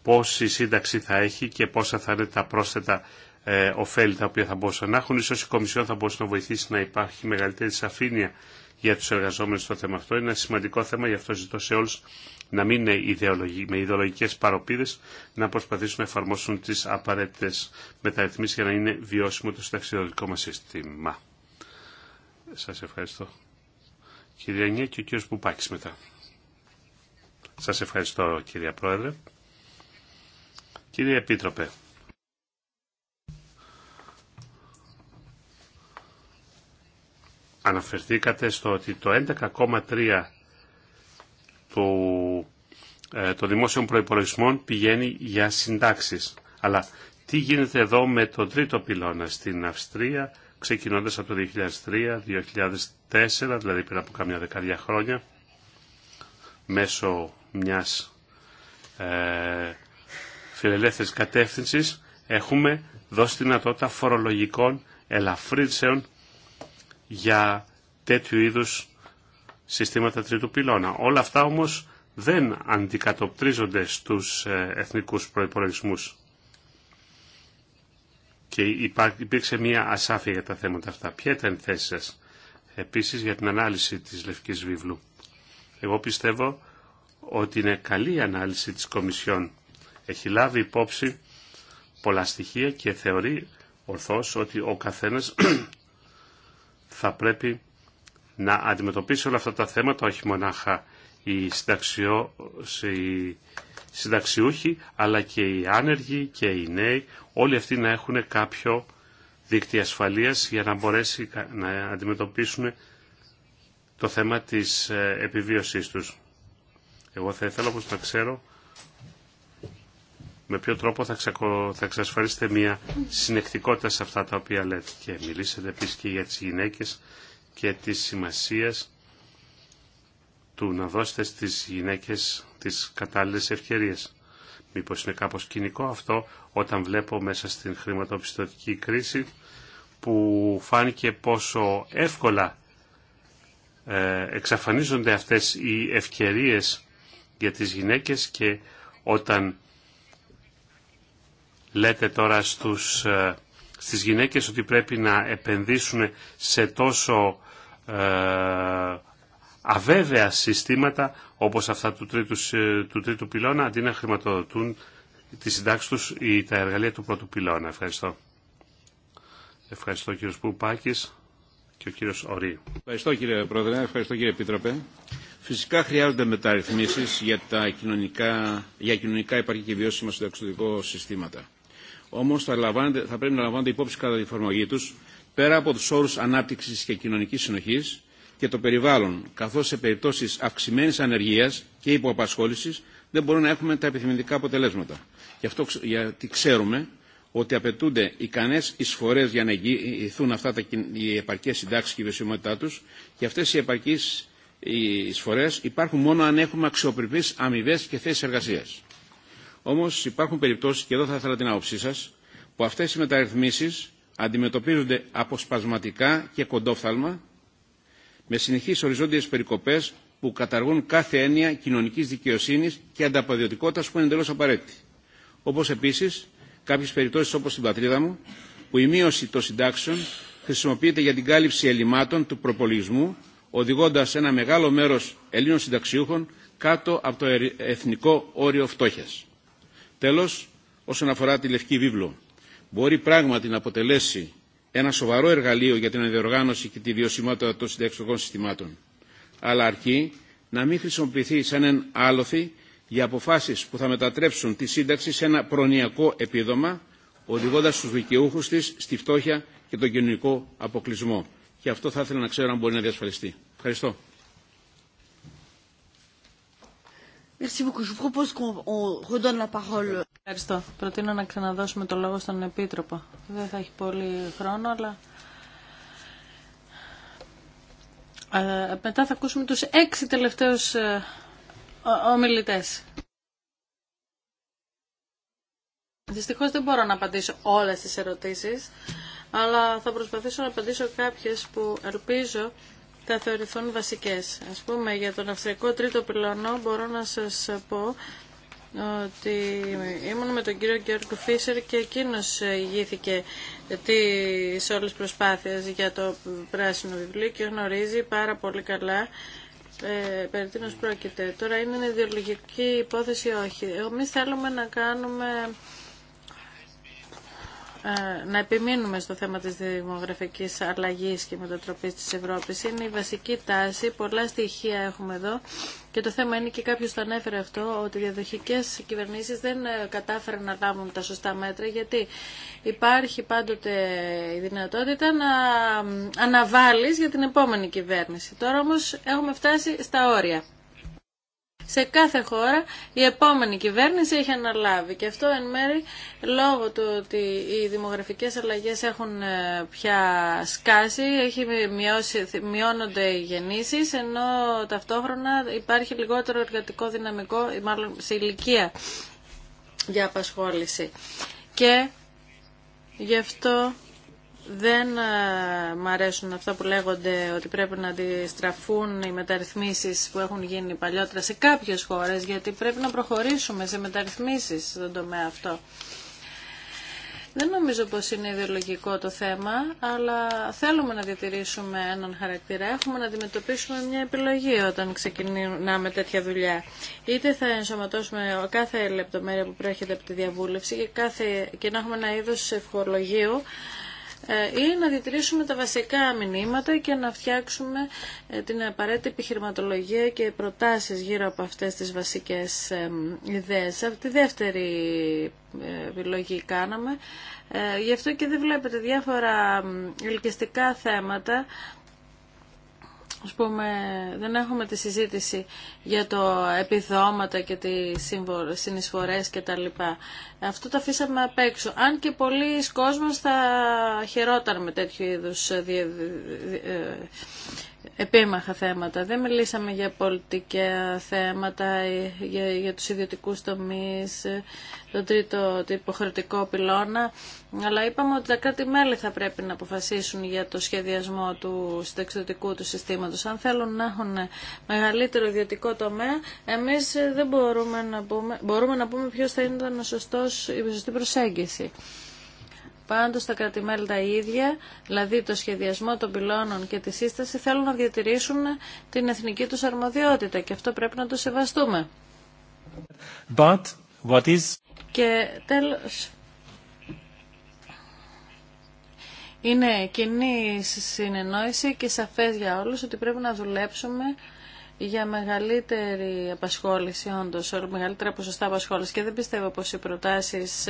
πόση σύνταξη θα έχει και πόσα θα είναι τα πρόσθετα ε, ωφέλη τα οποία θα μπορούσαν να έχουν. Ίσως η Κομισιόν θα μπορούσε να βοηθήσει να υπάρχει μεγαλύτερη σαφήνεια για τους εργαζόμενους στο θέμα αυτό. Είναι ένα σημαντικό θέμα, γι' αυτό ζητώ σε όλους να μην είναι με ιδεολογικές παροπίδες, να προσπαθήσουν να εφαρμόσουν τις απαραίτητες μεταρρυθμίσεις για να είναι βιώσιμο το συνταξιδοτικό μας σύστημα. Σας ευχαριστώ. Κυρία Νιέ και ο κύριος Μπουπάκης μετά. Σας ευχαριστώ κυρία Πρόεδρε. Κύριε Επίτροπε, αναφερθήκατε στο ότι το 11,3 του ε, των δημόσιων προϋπολογισμών πηγαίνει για συντάξεις. Αλλά τι γίνεται εδώ με τον τρίτο πυλώνα στην Αυστρία, ξεκινώντας από το 2003, 2004, δηλαδή πριν από κάμια δεκαετία χρόνια, μέσω μιας ε, φιλελεύθερης κατεύθυνσης έχουμε δώσει δυνατότητα φορολογικών ελαφρύνσεων για τέτοιου είδους συστήματα τρίτου πυλώνα. Όλα αυτά όμως δεν αντικατοπτρίζονται στους ε, εθνικούς προϋπολογισμούς. Και υπήρξε μία ασάφεια για τα θέματα αυτά. Ποια ήταν η θέση σας επίσης για την ανάλυση της Λευκής Βίβλου. Εγώ πιστεύω ότι είναι καλή η ανάλυση της Κομισιόν έχει λάβει υπόψη πολλά στοιχεία και θεωρεί ορθώς ότι ο καθένας θα πρέπει να αντιμετωπίσει όλα αυτά τα θέματα, όχι μονάχα οι, συνταξιό, συνταξιούχοι, αλλά και οι άνεργοι και οι νέοι, όλοι αυτοί να έχουν κάποιο δίκτυο ασφαλείας για να μπορέσει να αντιμετωπίσουν το θέμα της ε, επιβίωσής τους. Εγώ θα ήθελα όπως να ξέρω με ποιο τρόπο θα, εξασφαλίσετε μια συνεκτικότητα σε αυτά τα οποία λέτε. Και μιλήσετε επίσης και για τις γυναίκες και τη σημασία του να δώσετε στις γυναίκες τις κατάλληλες ευκαιρίες. Μήπως είναι κάπως κοινικό αυτό όταν βλέπω μέσα στην χρηματοπιστωτική κρίση που φάνηκε πόσο εύκολα ε, εξαφανίζονται αυτές οι ευκαιρίες για τις γυναίκες και όταν λέτε τώρα στους, ε, στις γυναίκες ότι πρέπει να επενδύσουν σε τόσο ε, αβέβαια συστήματα όπως αυτά του τρίτου, ε, του τρίτου πυλώνα αντί να χρηματοδοτούν τη συντάξη τους ή τα εργαλεία του πρώτου πυλώνα. Ευχαριστώ. Ευχαριστώ κύριο Πουπάκης και ο Ευχαριστώ κύριε Πρόεδρε, ευχαριστώ κύριε Επίτροπε. Φυσικά χρειάζονται μεταρρυθμίσεις για, τα κοινωνικά, για κοινωνικά και βιώσιμα συνταξιδικό συστήματα όμως θα, θα πρέπει να λαμβάνονται υπόψη κατά τη εφαρμογή τους πέρα από τους όρους ανάπτυξης και κοινωνικής συνοχής και το περιβάλλον, καθώς σε περιπτώσεις αυξημένης ανεργίας και υποαπασχόλησης δεν μπορούμε να έχουμε τα επιθυμητικά αποτελέσματα. Γι' αυτό γιατί ξέρουμε ότι απαιτούνται ικανέ εισφορέ για να εγγυηθούν αυτά τα, οι επαρκέ συντάξει και η βιωσιμότητά του και αυτέ οι επαρκεί εισφορέ υπάρχουν μόνο αν έχουμε αξιοπρεπεί αμοιβέ και θέσει εργασία. Όμω, υπάρχουν περιπτώσει, και εδώ θα ήθελα την άποψή σα, που αυτέ οι μεταρρυθμίσει αντιμετωπίζονται αποσπασματικά και κοντόφθαλμα, με συνεχείς οριζόντιε περικοπέ που καταργούν κάθε έννοια κοινωνική δικαιοσύνη και ανταποδιωτικότητα που είναι εντελώ απαραίτητη. Όπω επίση, κάποιε περιπτώσει, όπω στην πατρίδα μου, που η μείωση των συντάξεων χρησιμοποιείται για την κάλυψη ελλημάτων του προπολογισμού, οδηγώντα ένα μεγάλο μέρο Ελλήνων συνταξιούχων κάτω από το εθνικό όριο φτώχεια. Τέλος, όσον αφορά τη Λευκή Βίβλο, μπορεί πράγματι να αποτελέσει ένα σοβαρό εργαλείο για την αδιοργάνωση και τη βιωσιμότητα των συνταξιωτικών συστημάτων. Αλλά αρκεί να μην χρησιμοποιηθεί σαν έναν άλοθη για αποφάσεις που θα μετατρέψουν τη σύνταξη σε ένα προνοιακό επίδομα, οδηγώντας τους δικαιούχους της στη φτώχεια και τον κοινωνικό αποκλεισμό. Και αυτό θα ήθελα να ξέρω αν μπορεί να διασφαλιστεί. Ευχαριστώ. Ευχαριστώ. Προτείνω να ξαναδώσουμε το λόγο στον Επίτροπο. Δεν θα έχει πολύ χρόνο, αλλά... Ε, μετά θα ακούσουμε τους έξι τελευταίους ε, ομιλητές. Δυστυχώς δεν μπορώ να απαντήσω όλες τις ερωτήσεις, αλλά θα προσπαθήσω να απαντήσω κάποιες που ελπίζω θα θεωρηθούν βασικές. Ας πούμε για τον αυστριακό τρίτο πυλωνό μπορώ να σας πω ότι ήμουν με τον κύριο Γιώργο Φίσερ και εκείνος ηγήθηκε τις όλες προσπάθειες για το πράσινο βιβλίο και γνωρίζει πάρα πολύ καλά ε, περί τίνος πρόκειται. Τώρα είναι ιδεολογική υπόθεση όχι. Εμείς θέλουμε να κάνουμε ε, να επιμείνουμε στο θέμα της δημογραφικής αλλαγής και μετατροπής της Ευρώπης. Είναι η βασική τάση, πολλά στοιχεία έχουμε εδώ και το θέμα είναι και κάποιος το ανέφερε αυτό, ότι οι διαδοχικές κυβερνήσεις δεν ε, κατάφεραν να λάβουν τα σωστά μέτρα γιατί υπάρχει πάντοτε η δυνατότητα να αναβάλεις για την επόμενη κυβέρνηση. Τώρα όμως έχουμε φτάσει στα όρια σε κάθε χώρα η επόμενη κυβέρνηση έχει αναλάβει. Και αυτό εν μέρει λόγω του ότι οι δημογραφικές αλλαγές έχουν ε, πια σκάσει, έχει μειώσει, μειώνονται οι γεννήσεις, ενώ ταυτόχρονα υπάρχει λιγότερο εργατικό δυναμικό, μάλλον σε ηλικία για απασχόληση. Και γι' αυτό δεν ε, μ' αρέσουν αυτά που λέγονται ότι πρέπει να αντιστραφούν οι μεταρρυθμίσεις που έχουν γίνει παλιότερα σε κάποιες χώρες, γιατί πρέπει να προχωρήσουμε σε μεταρρυθμίσεις στον τομέα αυτό. Δεν νομίζω πως είναι ιδεολογικό το θέμα, αλλά θέλουμε να διατηρήσουμε έναν χαρακτήρα. Έχουμε να αντιμετωπίσουμε μια επιλογή όταν ξεκινάμε τέτοια δουλειά. Είτε θα ενσωματώσουμε κάθε λεπτομέρεια που προέρχεται από τη διαβούλευση και, κάθε, και να έχουμε ένα είδος ευχολογίου, ε, ή να διατηρήσουμε τα βασικά μηνύματα και να φτιάξουμε ε, την απαραίτητη επιχειρηματολογία και προτάσεις γύρω από αυτές τις βασικές ιδέες. Αυτή τη δεύτερη ε, επιλογή κάναμε. Γι' αυτό και δεν βλέπετε διάφορα ελκυστικά θέματα ας πούμε, δεν έχουμε τη συζήτηση για το επιδόματα και τις συνεισφορές και τα λοιπά. Αυτό το αφήσαμε απ' έξω. Αν και πολλοί κόσμος θα χαιρόταν με τέτοιου είδους ε, ε, επίμαχα θέματα. Δεν μιλήσαμε για πολιτικά θέματα, για, για τους ιδιωτικούς τομείς, τον τρίτο το υποχρεωτικό πυλώνα, αλλά είπαμε ότι τα κράτη-μέλη θα πρέπει να αποφασίσουν για το σχεδιασμό του συνταξιδοτικού του συστήματος. Αν θέλουν να έχουν μεγαλύτερο ιδιωτικό τομέα, εμείς δεν μπορούμε να πούμε, μπορούμε να πούμε ποιος θα ήταν ο σωστός, η σωστή προσέγγιση. Πάντως τα κρατημέλη τα ίδια, δηλαδή το σχεδιασμό των πυλώνων και τη σύσταση, θέλουν να διατηρήσουν την εθνική τους αρμοδιότητα και αυτό πρέπει να το σεβαστούμε. But what is... Και τέλος, είναι κοινή συνεννόηση και σαφές για όλους ότι πρέπει να δουλέψουμε για μεγαλύτερη απασχόληση όντως, μεγαλύτερα ποσοστά απασχόληση και δεν πιστεύω πως οι προτάσεις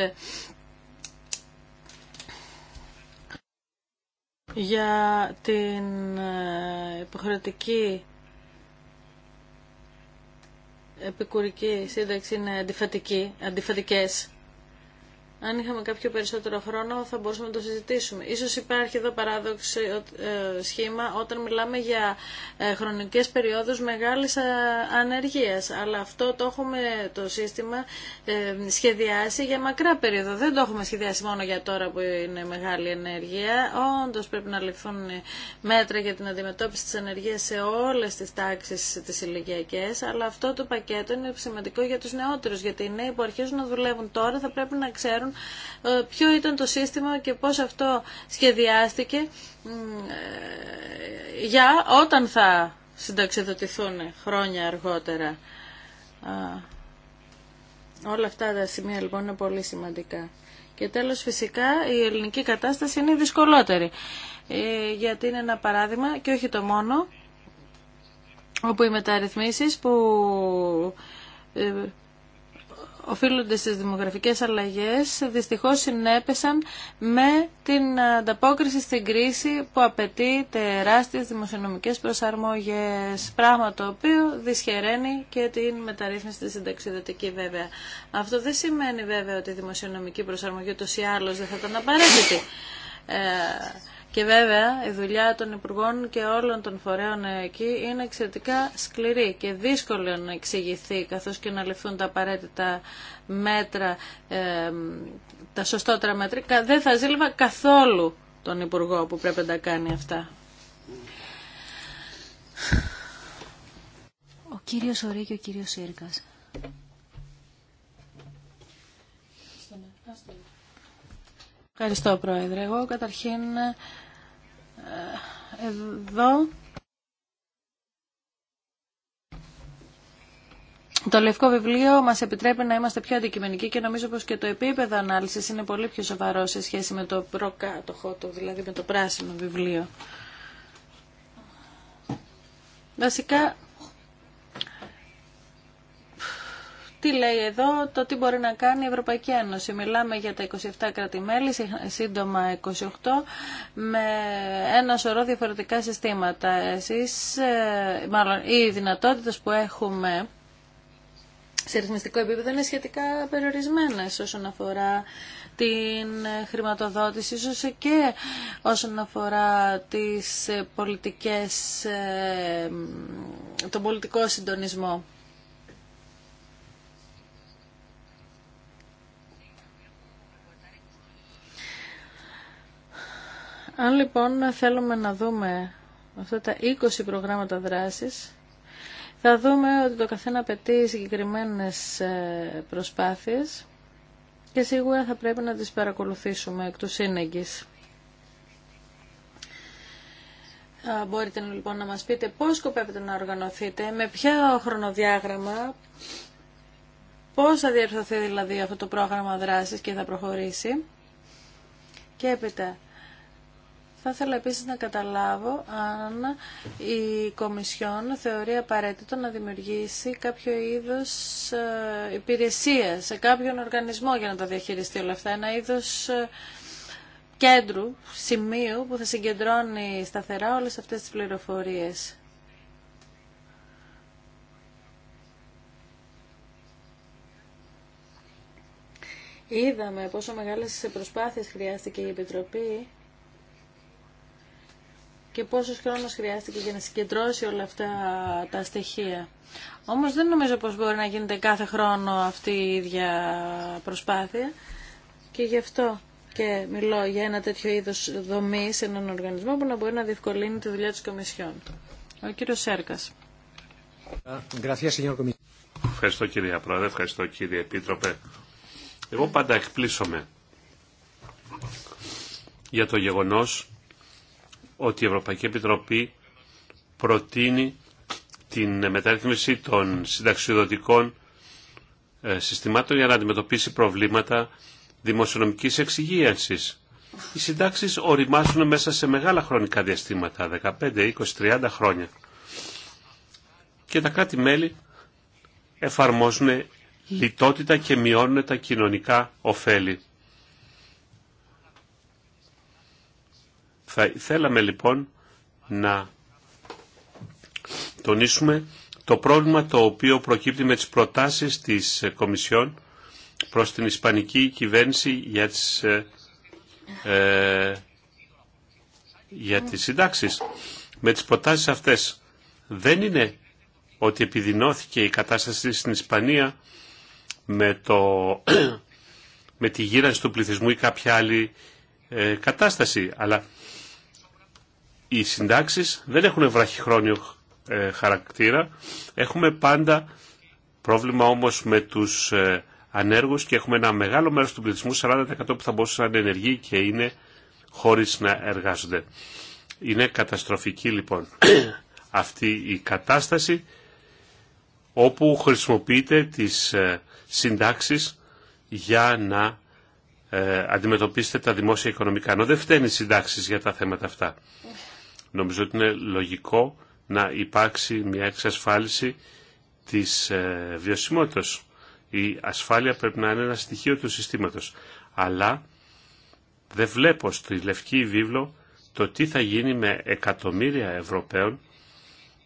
για την ε, υποχρεωτική επικουρική σύνταξη είναι αντιφατική, αντιφατικές αν είχαμε κάποιο περισσότερο χρόνο θα μπορούσαμε να το συζητήσουμε. Ίσως υπάρχει εδώ παράδοξο ε, ε, σχήμα όταν μιλάμε για ε, χρονικές περιόδους μεγάλης ανεργίας. Αλλά αυτό το έχουμε το σύστημα σχεδιάσει για μακρά περίοδο. Δεν το έχουμε σχεδιάσει μόνο για τώρα που είναι μεγάλη ανεργία. Όντως πρέπει να ληφθούν μέτρα για την αντιμετώπιση της ανεργίας σε όλες τις τάξεις τις ηλικιακέ, αλλά αυτό το πακέτο είναι σημαντικό για τους νεότερους, γιατί οι νέοι που αρχίζουν να δουλεύουν τώρα θα πρέπει να ξέρουν ε, ποιο ήταν το σύστημα και πώς αυτό σχεδιάστηκε ε, για όταν θα συνταξιδοτηθούν χρόνια αργότερα. Όλα αυτά τα σημεία λοιπόν είναι πολύ σημαντικά. Και τέλος φυσικά η ελληνική κατάσταση είναι δυσκολότερη. Ε, γιατί είναι ένα παράδειγμα και όχι το μόνο όπου οι μεταρρυθμίσεις που οφείλονται στις δημογραφικές αλλαγές δυστυχώς συνέπεσαν με την ανταπόκριση στην κρίση που απαιτεί τεράστιες δημοσιονομικές προσαρμόγες πράγμα το οποίο δυσχεραίνει και την μεταρρύθμιση της συνταξιδοτική βέβαια. Αυτό δεν σημαίνει βέβαια ότι η δημοσιονομική προσαρμογή ούτως ή άλλως δεν θα ήταν απαραίτητη. Ε, και βέβαια η δουλειά των Υπουργών και όλων των φορέων εκεί είναι εξαιρετικά σκληρή και δύσκολο να εξηγηθεί καθώς και να ληφθούν τα απαραίτητα μέτρα, τα σωστότερα μέτρα. Δεν θα ζήλευα καθόλου τον Υπουργό που πρέπει να τα κάνει αυτά. Ο κύριος κύριος Σύρκας. Ευχαριστώ Πρόεδρε. Εγώ καταρχήν εδώ Το λευκό βιβλίο μα επιτρέπει να είμαστε πιο αντικειμενικοί και νομίζω πω και το επίπεδο ανάλυση είναι πολύ πιο σοβαρό σε σχέση με το προκάτοχο του, δηλαδή με το πράσινο βιβλίο. Βασικά, Τι λέει εδώ το τι μπορεί να κάνει η Ευρωπαϊκή Ένωση. Μιλάμε για τα 27 κράτη-μέλη, σύντομα 28, με ένα σωρό διαφορετικά συστήματα. Εσείς, ε, μάλλον, οι δυνατότητες που έχουμε σε ρυθμιστικό επίπεδο είναι σχετικά περιορισμένες όσον αφορά την χρηματοδότηση, ίσω και όσον αφορά τις ε, τον πολιτικό συντονισμό. Αν λοιπόν θέλουμε να δούμε αυτά τα 20 προγράμματα δράσης, θα δούμε ότι το καθένα απαιτεί συγκεκριμένες ε, προσπάθειες και σίγουρα θα πρέπει να τις παρακολουθήσουμε εκ του σύνεγγης. Μπορείτε λοιπόν να μας πείτε πώς σκοπεύετε να οργανωθείτε, με ποιο χρονοδιάγραμμα, πώς θα διερθωθεί δηλαδή αυτό το πρόγραμμα δράσης και θα προχωρήσει. Και έπειτα, θα ήθελα επίσης να καταλάβω αν η Κομισιόν θεωρεί απαραίτητο να δημιουργήσει κάποιο είδος ε, υπηρεσία σε κάποιον οργανισμό για να τα διαχειριστεί όλα αυτά. Ένα είδος ε, κέντρου, σημείου που θα συγκεντρώνει σταθερά όλες αυτές τις πληροφορίες. Είδαμε πόσο μεγάλες προσπάθειες χρειάστηκε η Επιτροπή και πόσος χρόνος χρειάστηκε για να συγκεντρώσει όλα αυτά τα στοιχεία. Όμως δεν νομίζω πως μπορεί να γίνεται κάθε χρόνο αυτή η ίδια προσπάθεια και γι' αυτό και μιλώ για ένα τέτοιο είδος δομή σε έναν οργανισμό που να μπορεί να διευκολύνει τη δουλειά της Κομισιόν. Ο κύριος Σέρκας. Ευχαριστώ κύριε Πρόεδρε, ευχαριστώ κύριε Επίτροπε. Εγώ πάντα εκπλήσωμαι για το γεγονός ότι η Ευρωπαϊκή Επιτροπή προτείνει την μεταρρύθμιση των συνταξιοδοτικών ε, συστημάτων για να αντιμετωπίσει προβλήματα δημοσιονομικής εξυγίανσης. Οι συντάξεις οριμάζουν μέσα σε μεγάλα χρονικά διαστήματα, 15, 20, 30 χρόνια. Και τα κράτη-μέλη εφαρμόζουν λιτότητα και μειώνουν τα κοινωνικά ωφέλη. Θα θέλαμε λοιπόν να τονίσουμε το πρόβλημα το οποίο προκύπτει με τις προτάσεις της ε, Κομισιόν προς την Ισπανική κυβέρνηση για τις, ε, ε, για τις συντάξεις. Με τις προτάσεις αυτές δεν είναι ότι επιδεινώθηκε η κατάσταση στην Ισπανία με, το, με τη γύρανση του πληθυσμού ή κάποια άλλη ε, κατάσταση. Αλλά οι συντάξεις δεν έχουν βραχυχρόνιο ε, χαρακτήρα. Έχουμε πάντα πρόβλημα όμως με τους ε, ανέργους και έχουμε ένα μεγάλο μέρος του πληθυσμού, 40% που θα μπορούσαν να είναι ενεργοί και είναι χωρίς να εργάζονται. Είναι καταστροφική λοιπόν αυτή η κατάσταση όπου χρησιμοποιείται τις ε, συντάξεις για να αντιμετωπίσετε τα δημόσια οικονομικά. Ενώ δεν φταίνει συντάξει για τα θέματα αυτά. Νομίζω ότι είναι λογικό να υπάρξει μια εξασφάλιση της ε, βιωσιμότητας. Η ασφάλεια πρέπει να είναι ένα στοιχείο του συστήματος. Αλλά δεν βλέπω στη Λευκή Βίβλο το τι θα γίνει με εκατομμύρια Ευρωπαίων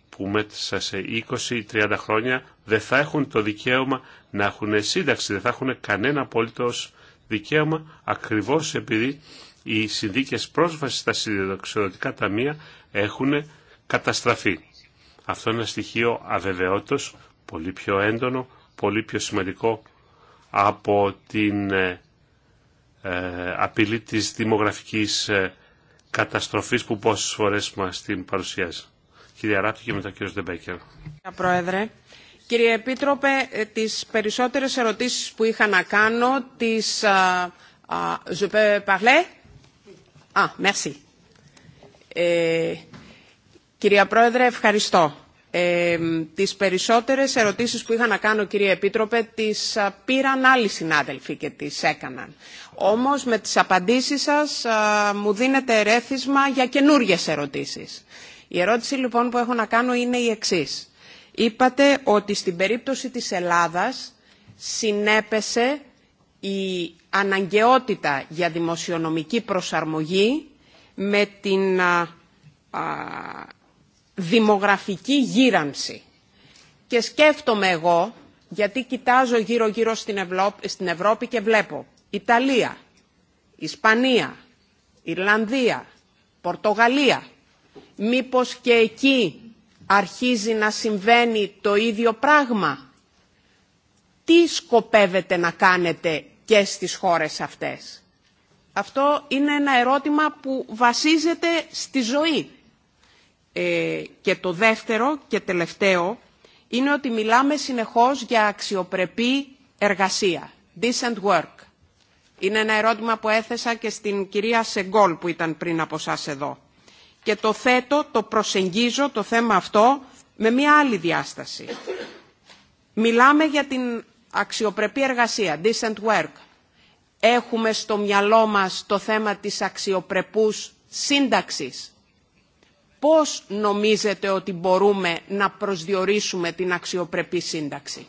που μέσα σε 20 ή 30 χρόνια δεν θα έχουν το δικαίωμα να έχουν σύνταξη, δεν θα έχουν κανένα απόλυτο δικαίωμα ακριβώς επειδή οι συνδίκες πρόσβασης στα συνδεδοξιδοτικά ταμεία έχουν καταστραφεί. Αυτό είναι ένα στοιχείο αβεβαιότητος, πολύ πιο έντονο, πολύ πιο σημαντικό από την ε, ε, απειλή της δημογραφικής ε, καταστροφής που πόσες φορές μας την παρουσιάζει. Κύριε Αράπτη και μετά κύριο Δεμπέκερ. Κύριε Πρόεδρε, κύριε Επίτροπε, τις περισσότερες ερωτήσεις που είχα να κάνω, τις... Uh, uh, je ah, ε, κυρία Πρόεδρε, ευχαριστώ. Ε, τις περισσότερες ερωτήσεις που είχα να κάνω, κυρία Επίτροπε, τις πήραν άλλοι συνάδελφοι και τις έκαναν. Όμως με τις απαντήσεις σας μου δίνετε ερέθισμα για καινούριε ερωτήσεις. Η ερώτηση λοιπόν που έχω να κάνω είναι η εξής. Είπατε ότι στην περίπτωση της Ελλάδας συνέπεσε η αναγκαιότητα για δημοσιονομική προσαρμογή με την δημογραφική γύρανση. Και σκέφτομαι εγώ, γιατί κοιτάζω γύρω-γύρω στην Ευρώπη και βλέπω Ιταλία, Ισπανία, Ιρλανδία, Πορτογαλία. Μήπως και εκεί αρχίζει να συμβαίνει το ίδιο πράγμα. Τι σκοπεύετε να κάνετε και στις χώρες αυτές. Αυτό είναι ένα ερώτημα που βασίζεται στη ζωή. Ε, και το δεύτερο και τελευταίο είναι ότι μιλάμε συνεχώς για αξιοπρεπή εργασία. Decent work. Είναι ένα ερώτημα που έθεσα και στην κυρία Σεγκόλ που ήταν πριν από σας εδώ. Και το θέτω, το προσεγγίζω το θέμα αυτό με μια άλλη διάσταση. Μιλάμε για την αξιοπρεπή εργασία, decent work έχουμε στο μυαλό μας το θέμα της αξιοπρεπούς σύνταξης. Πώς νομίζετε ότι μπορούμε να προσδιορίσουμε την αξιοπρεπή σύνταξη.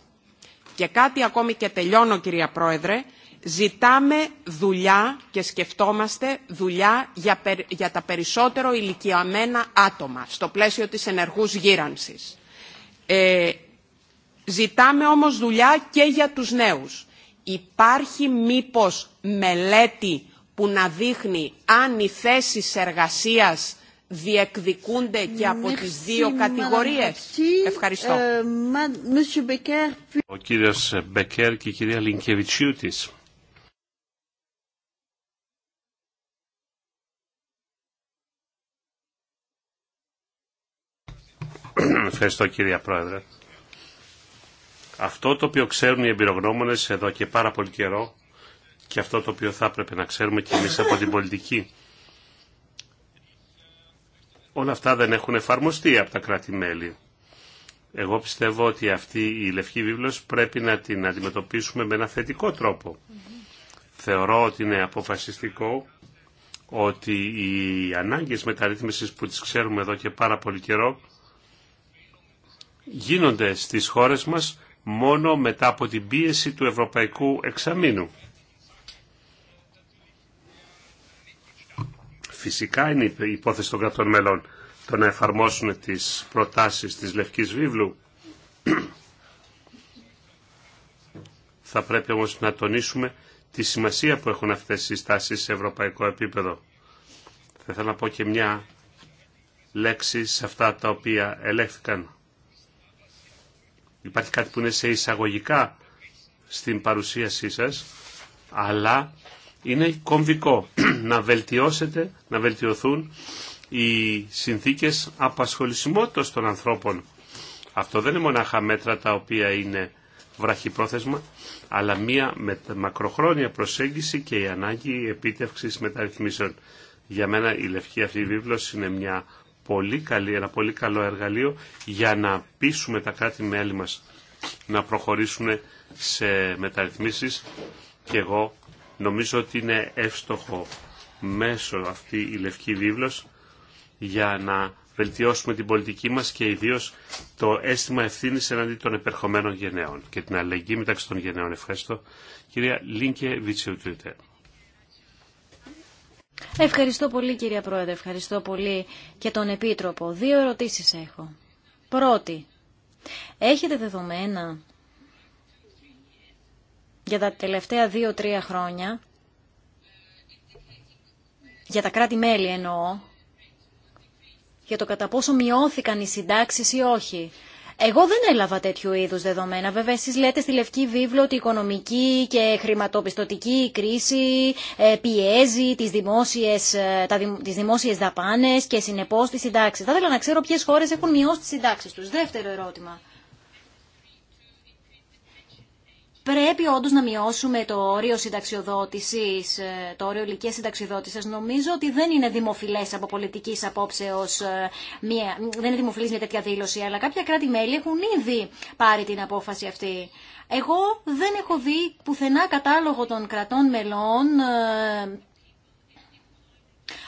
Και κάτι ακόμη και τελειώνω κυρία Πρόεδρε, ζητάμε δουλειά και σκεφτόμαστε δουλειά για, για τα περισσότερο ηλικιαμένα άτομα στο πλαίσιο της ενεργούς γύρανσης. Ε, ζητάμε όμως δουλειά και για τους νέους. Υπάρχει μήπως μελέτη που να δείχνει αν οι θέσεις εργασίας διεκδικούνται και από τις δύο κατηγορίες. Ευχαριστώ. Ε, Ο κύριος Μπεκέρ και η κυρία Λινκεβιτσιού της. Ευχαριστώ κυρία Πρόεδρε. Αυτό το οποίο ξέρουν οι εμπειρογνώμονες εδώ και πάρα πολύ καιρό και αυτό το οποίο θα έπρεπε να ξέρουμε και εμείς από την πολιτική. Όλα αυτά δεν έχουν εφαρμοστεί από τα κράτη-μέλη. Εγώ πιστεύω ότι αυτή η Λευκή Βίβλος πρέπει να την αντιμετωπίσουμε με ένα θετικό τρόπο. Θεωρώ ότι είναι αποφασιστικό ότι οι ανάγκες μεταρρύθμισης που τις ξέρουμε εδώ και πάρα πολύ καιρό γίνονται στις χώρες μας μόνο μετά από την πίεση του Ευρωπαϊκού Εξαμήνου. Φυσικά είναι η υπόθεση των κρατών μελών το να εφαρμόσουν τις προτάσεις της Λευκής Βίβλου. Θα πρέπει όμως να τονίσουμε τη σημασία που έχουν αυτές οι στάσεις σε ευρωπαϊκό επίπεδο. Θα ήθελα να πω και μια λέξη σε αυτά τα οποία ελέγχθηκαν. Υπάρχει κάτι που είναι σε εισαγωγικά στην παρουσίασή σας, αλλά είναι κομβικό να βελτιώσετε, να βελτιωθούν οι συνθήκες απασχολησιμότητας των ανθρώπων. Αυτό δεν είναι μονάχα μέτρα τα οποία είναι βραχυπρόθεσμα, αλλά μία με μακροχρόνια προσέγγιση και η ανάγκη επίτευξης μεταρρυθμίσεων. Για μένα η λευκή αυτή είναι μια πολύ καλή, ένα πολύ καλό εργαλείο για να πείσουμε τα κράτη-μέλη μας να προχωρήσουν σε μεταρρυθμίσεις και εγώ νομίζω ότι είναι εύστοχο μέσω αυτή η Λευκή Βίβλος για να βελτιώσουμε την πολιτική μας και ιδίως το αίσθημα ευθύνης εναντί των επερχομένων γενναίων και την αλληλεγγύη μεταξύ των γενναίων. Ευχαριστώ. Κυρία Λίνκε Ευχαριστώ πολύ κυρία Πρόεδρε, ευχαριστώ πολύ και τον Επίτροπο. Δύο ερωτήσεις έχω. Πρώτη, έχετε δεδομένα για τα τελευταία δύο-τρία χρόνια, για τα κράτη-μέλη εννοώ, για το κατά πόσο μειώθηκαν οι συντάξεις ή όχι. Εγώ δεν έλαβα τέτοιου είδου δεδομένα. Βέβαια, εσεί λέτε στη Λευκή Βίβλο ότι η οικονομική και χρηματοπιστωτική κρίση ε, πιέζει τι δημόσιε τις δημόσιες ε, δαπάνε και συνεπώ τι συντάξει. Θα ήθελα να ξέρω ποιε χώρε έχουν μειώσει τι συντάξει του. Δεύτερο ερώτημα. Πρέπει όντω να μειώσουμε το όριο συνταξιοδότηση, ε, το όριο ηλικία συνταξιοδότηση. Νομίζω ότι δεν είναι δημοφιλέ από πολιτική απόψεω, ε, δεν είναι δημοφιλή μια τέτοια δήλωση, αλλά κάποια κράτη-μέλη έχουν ήδη πάρει την απόφαση αυτή. Εγώ δεν έχω δει πουθενά κατάλογο των κρατών μελών ε,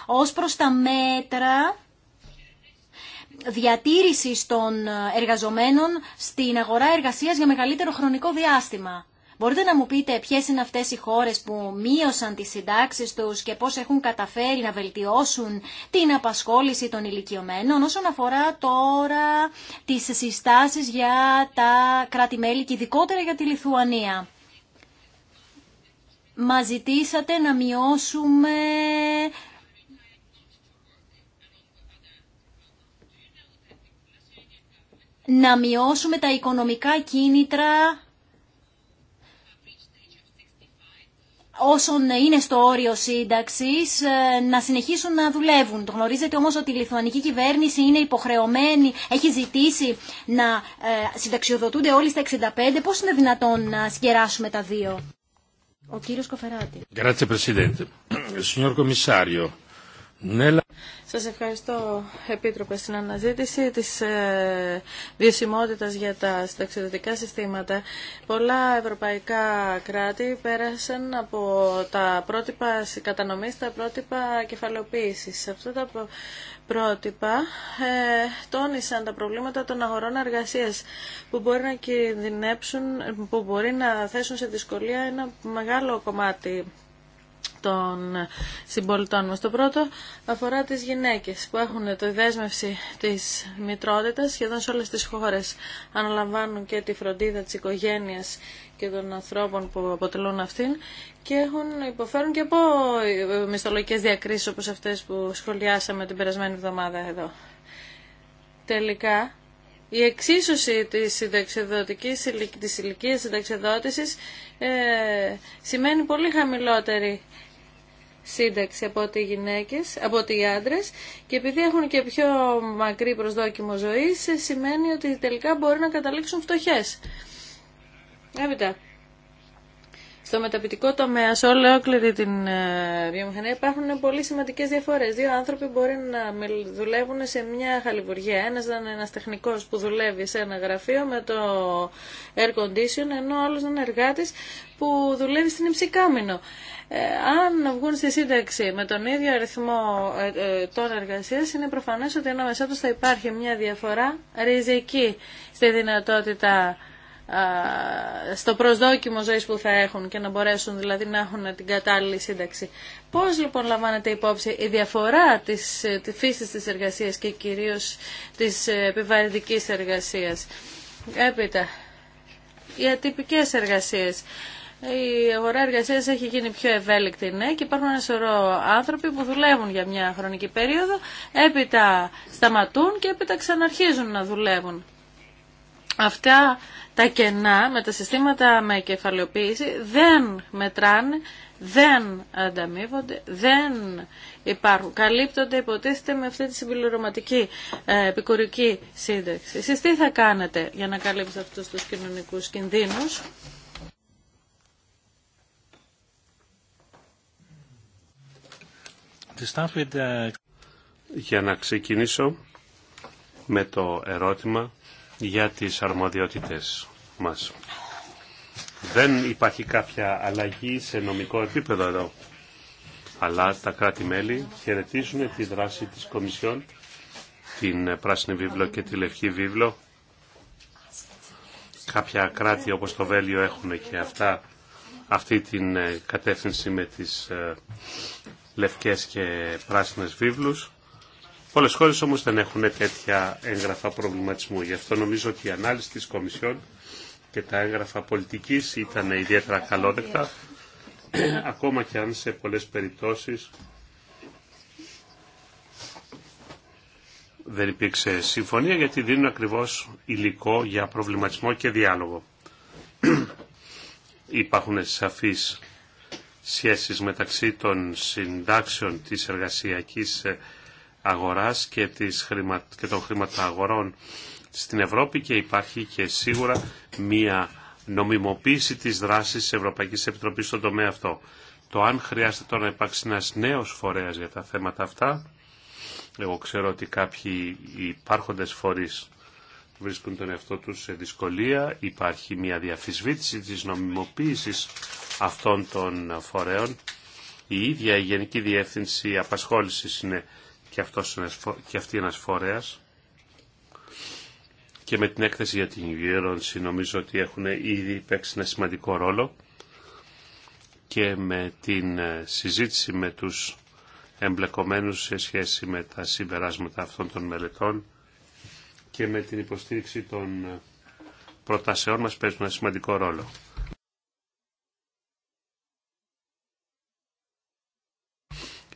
ως προς τα μέτρα διατήρησης των ε, εργαζομένων στην αγορά εργασίας για μεγαλύτερο χρονικό διάστημα. Μπορείτε να μου πείτε ποιες είναι αυτές οι χώρες που μείωσαν τις συντάξεις τους και πώς έχουν καταφέρει να βελτιώσουν την απασχόληση των ηλικιωμένων όσον αφορά τώρα τις συστάσεις για τα κράτη-μέλη και ειδικότερα για τη Λιθουανία. Μα ζητήσατε να μειώσουμε να μειώσουμε τα οικονομικά κίνητρα όσων είναι στο όριο σύνταξη ε, να συνεχίσουν να δουλεύουν. Το γνωρίζετε όμως ότι η λιθουανική κυβέρνηση είναι υποχρεωμένη, έχει ζητήσει να ε, συνταξιοδοτούνται όλοι στα 65. Πώς είναι δυνατόν να συγκεράσουμε τα δύο. Ο κύριος Κοφεράτη. Σας ευχαριστώ, Επίτροπε, στην αναζήτηση της ε, για τα συνταξιδοτικά συστήματα. Πολλά ευρωπαϊκά κράτη πέρασαν από τα πρότυπα κατανομής στα πρότυπα κεφαλοποίησης. Αυτά τα πρότυπα ε, τόνισαν τα προβλήματα των αγορών εργασίας που που μπορεί να θέσουν σε δυσκολία ένα μεγάλο κομμάτι των συμπολιτών μας. Το πρώτο αφορά τις γυναίκες που έχουν τη δέσμευση της μητρότητας σχεδόν σε όλες τις χώρες. Αναλαμβάνουν και τη φροντίδα της οικογένειας και των ανθρώπων που αποτελούν αυτήν και έχουν, υποφέρουν και από ε, μισθολογικές διακρίσεις όπως αυτές που σχολιάσαμε την περασμένη εβδομάδα εδώ. Τελικά, η εξίσωση της συνταξιδοτικής της ηλικίας συνταξιδότησης ε, σημαίνει πολύ χαμηλότερη σύνταξη από ότι οι γυναίκες, από ότι οι άντρες και επειδή έχουν και πιο μακρύ προσδόκιμο ζωής σημαίνει ότι τελικά μπορεί να καταλήξουν φτωχές. Έπειτα, στο μεταπητικό τομέα, σε ολόκληρη την ε, βιομηχανία υπάρχουν πολύ σημαντικές διαφορές. Δύο άνθρωποι μπορεί να δουλεύουν σε μια χαλιβουργία. Ένας είναι ένας τεχνικός που δουλεύει σε ένα γραφείο με το air condition, ενώ άλλος είναι εργάτης που δουλεύει στην υψηκάμινο. Ε, αν βγουν στη σύνταξη με τον ίδιο αριθμό ε, ε, των εργασίας, είναι προφανές ότι μέσα τους θα υπάρχει μια διαφορά ριζική στη δυνατότητα στο προσδόκιμο ζωής που θα έχουν και να μπορέσουν δηλαδή να έχουν την κατάλληλη σύνταξη. Πώς λοιπόν λαμβάνεται υπόψη η διαφορά της, της φύσης της εργασίας και κυρίως της επιβαρυντικής εργασίας. Έπειτα, οι ατυπικές εργασίες η αγορά εργασία έχει γίνει πιο ευέλικτη, ναι, και υπάρχουν ένα σωρό άνθρωποι που δουλεύουν για μια χρονική περίοδο, έπειτα σταματούν και έπειτα ξαναρχίζουν να δουλεύουν. Αυτά τα κενά με τα συστήματα με κεφαλαιοποίηση δεν μετράνε, δεν ανταμείβονται, δεν υπάρχουν. Καλύπτονται, υποτίθεται, με αυτή τη συμπληρωματική ε, επικουρική σύνταξη. Εσείς τι θα κάνετε για να καλύψετε αυτούς τους κοινωνικούς κινδύνους. Για να ξεκινήσω με το ερώτημα για τις αρμοδιότητες μας. Δεν υπάρχει κάποια αλλαγή σε νομικό επίπεδο εδώ, αλλά τα κράτη-μέλη χαιρετίζουν τη δράση της Κομισιόν, την Πράσινη Βίβλο και τη Λευκή Βίβλο. Κάποια κράτη όπως το Βέλιο έχουν και αυτά αυτή την ε, κατεύθυνση με τις ε, λευκές και πράσινες βίβλους. Πολλές χώρες όμως δεν έχουν τέτοια έγγραφα προβληματισμού. Γι' αυτό νομίζω ότι η ανάλυση της Κομισιόν και τα έγγραφα πολιτικής ήταν ιδιαίτερα καλόδεκτα, ακόμα και αν σε πολλές περιπτώσεις δεν υπήρξε συμφωνία γιατί δίνουν ακριβώς υλικό για προβληματισμό και διάλογο. Υπάρχουν σαφείς σχέσεις μεταξύ των συντάξεων της εργασιακής αγοράς και, της χρημα... και των χρηματαγορών στην Ευρώπη και υπάρχει και σίγουρα μία νομιμοποίηση της δράσης της Ευρωπαϊκής Επιτροπής στον τομέα αυτό. Το αν χρειάζεται τώρα να υπάρξει ένας νέος φορέας για τα θέματα αυτά, εγώ ξέρω ότι κάποιοι υπάρχοντες φορείς βρίσκουν τον εαυτό τους σε δυσκολία. Υπάρχει μια διαφυσβήτηση της νομιμοποίησης αυτών των φορέων. Η ίδια η Γενική Διεύθυνση Απασχόλησης είναι και, αυτός και αυτή ένας φορέας. Και με την έκθεση για την γύρωση νομίζω ότι έχουν ήδη παίξει ένα σημαντικό ρόλο και με την ε, συζήτηση με τους εμπλεκομένους σε σχέση με τα συμπεράσματα αυτών των μελετών και με την υποστήριξη των προτάσεών μας παίζουν ένα σημαντικό ρόλο.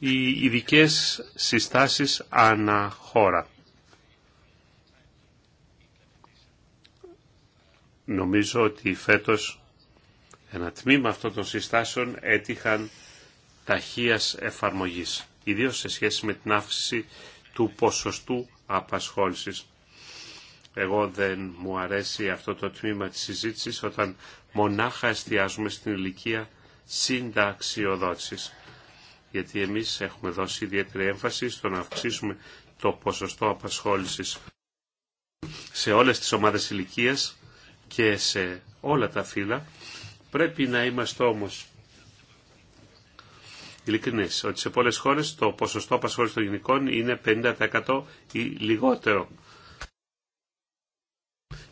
Οι ειδικέ συστάσεις αναχώρα. Νομίζω ότι φέτος ένα τμήμα αυτών των συστάσεων έτυχαν ταχείας εφαρμογής, ιδίως σε σχέση με την αύξηση του ποσοστού απασχόλησης. Εγώ δεν μου αρέσει αυτό το τμήμα της συζήτησης όταν μονάχα εστιάζουμε στην ηλικία συνταξιοδότησης. Γιατί εμείς έχουμε δώσει ιδιαίτερη έμφαση στο να αυξήσουμε το ποσοστό απασχόλησης σε όλες τις ομάδες ηλικία και σε όλα τα φύλλα. Πρέπει να είμαστε όμως ειλικρινείς ότι σε πολλές χώρες το ποσοστό απασχόλησης των γυναικών είναι 50% ή λιγότερο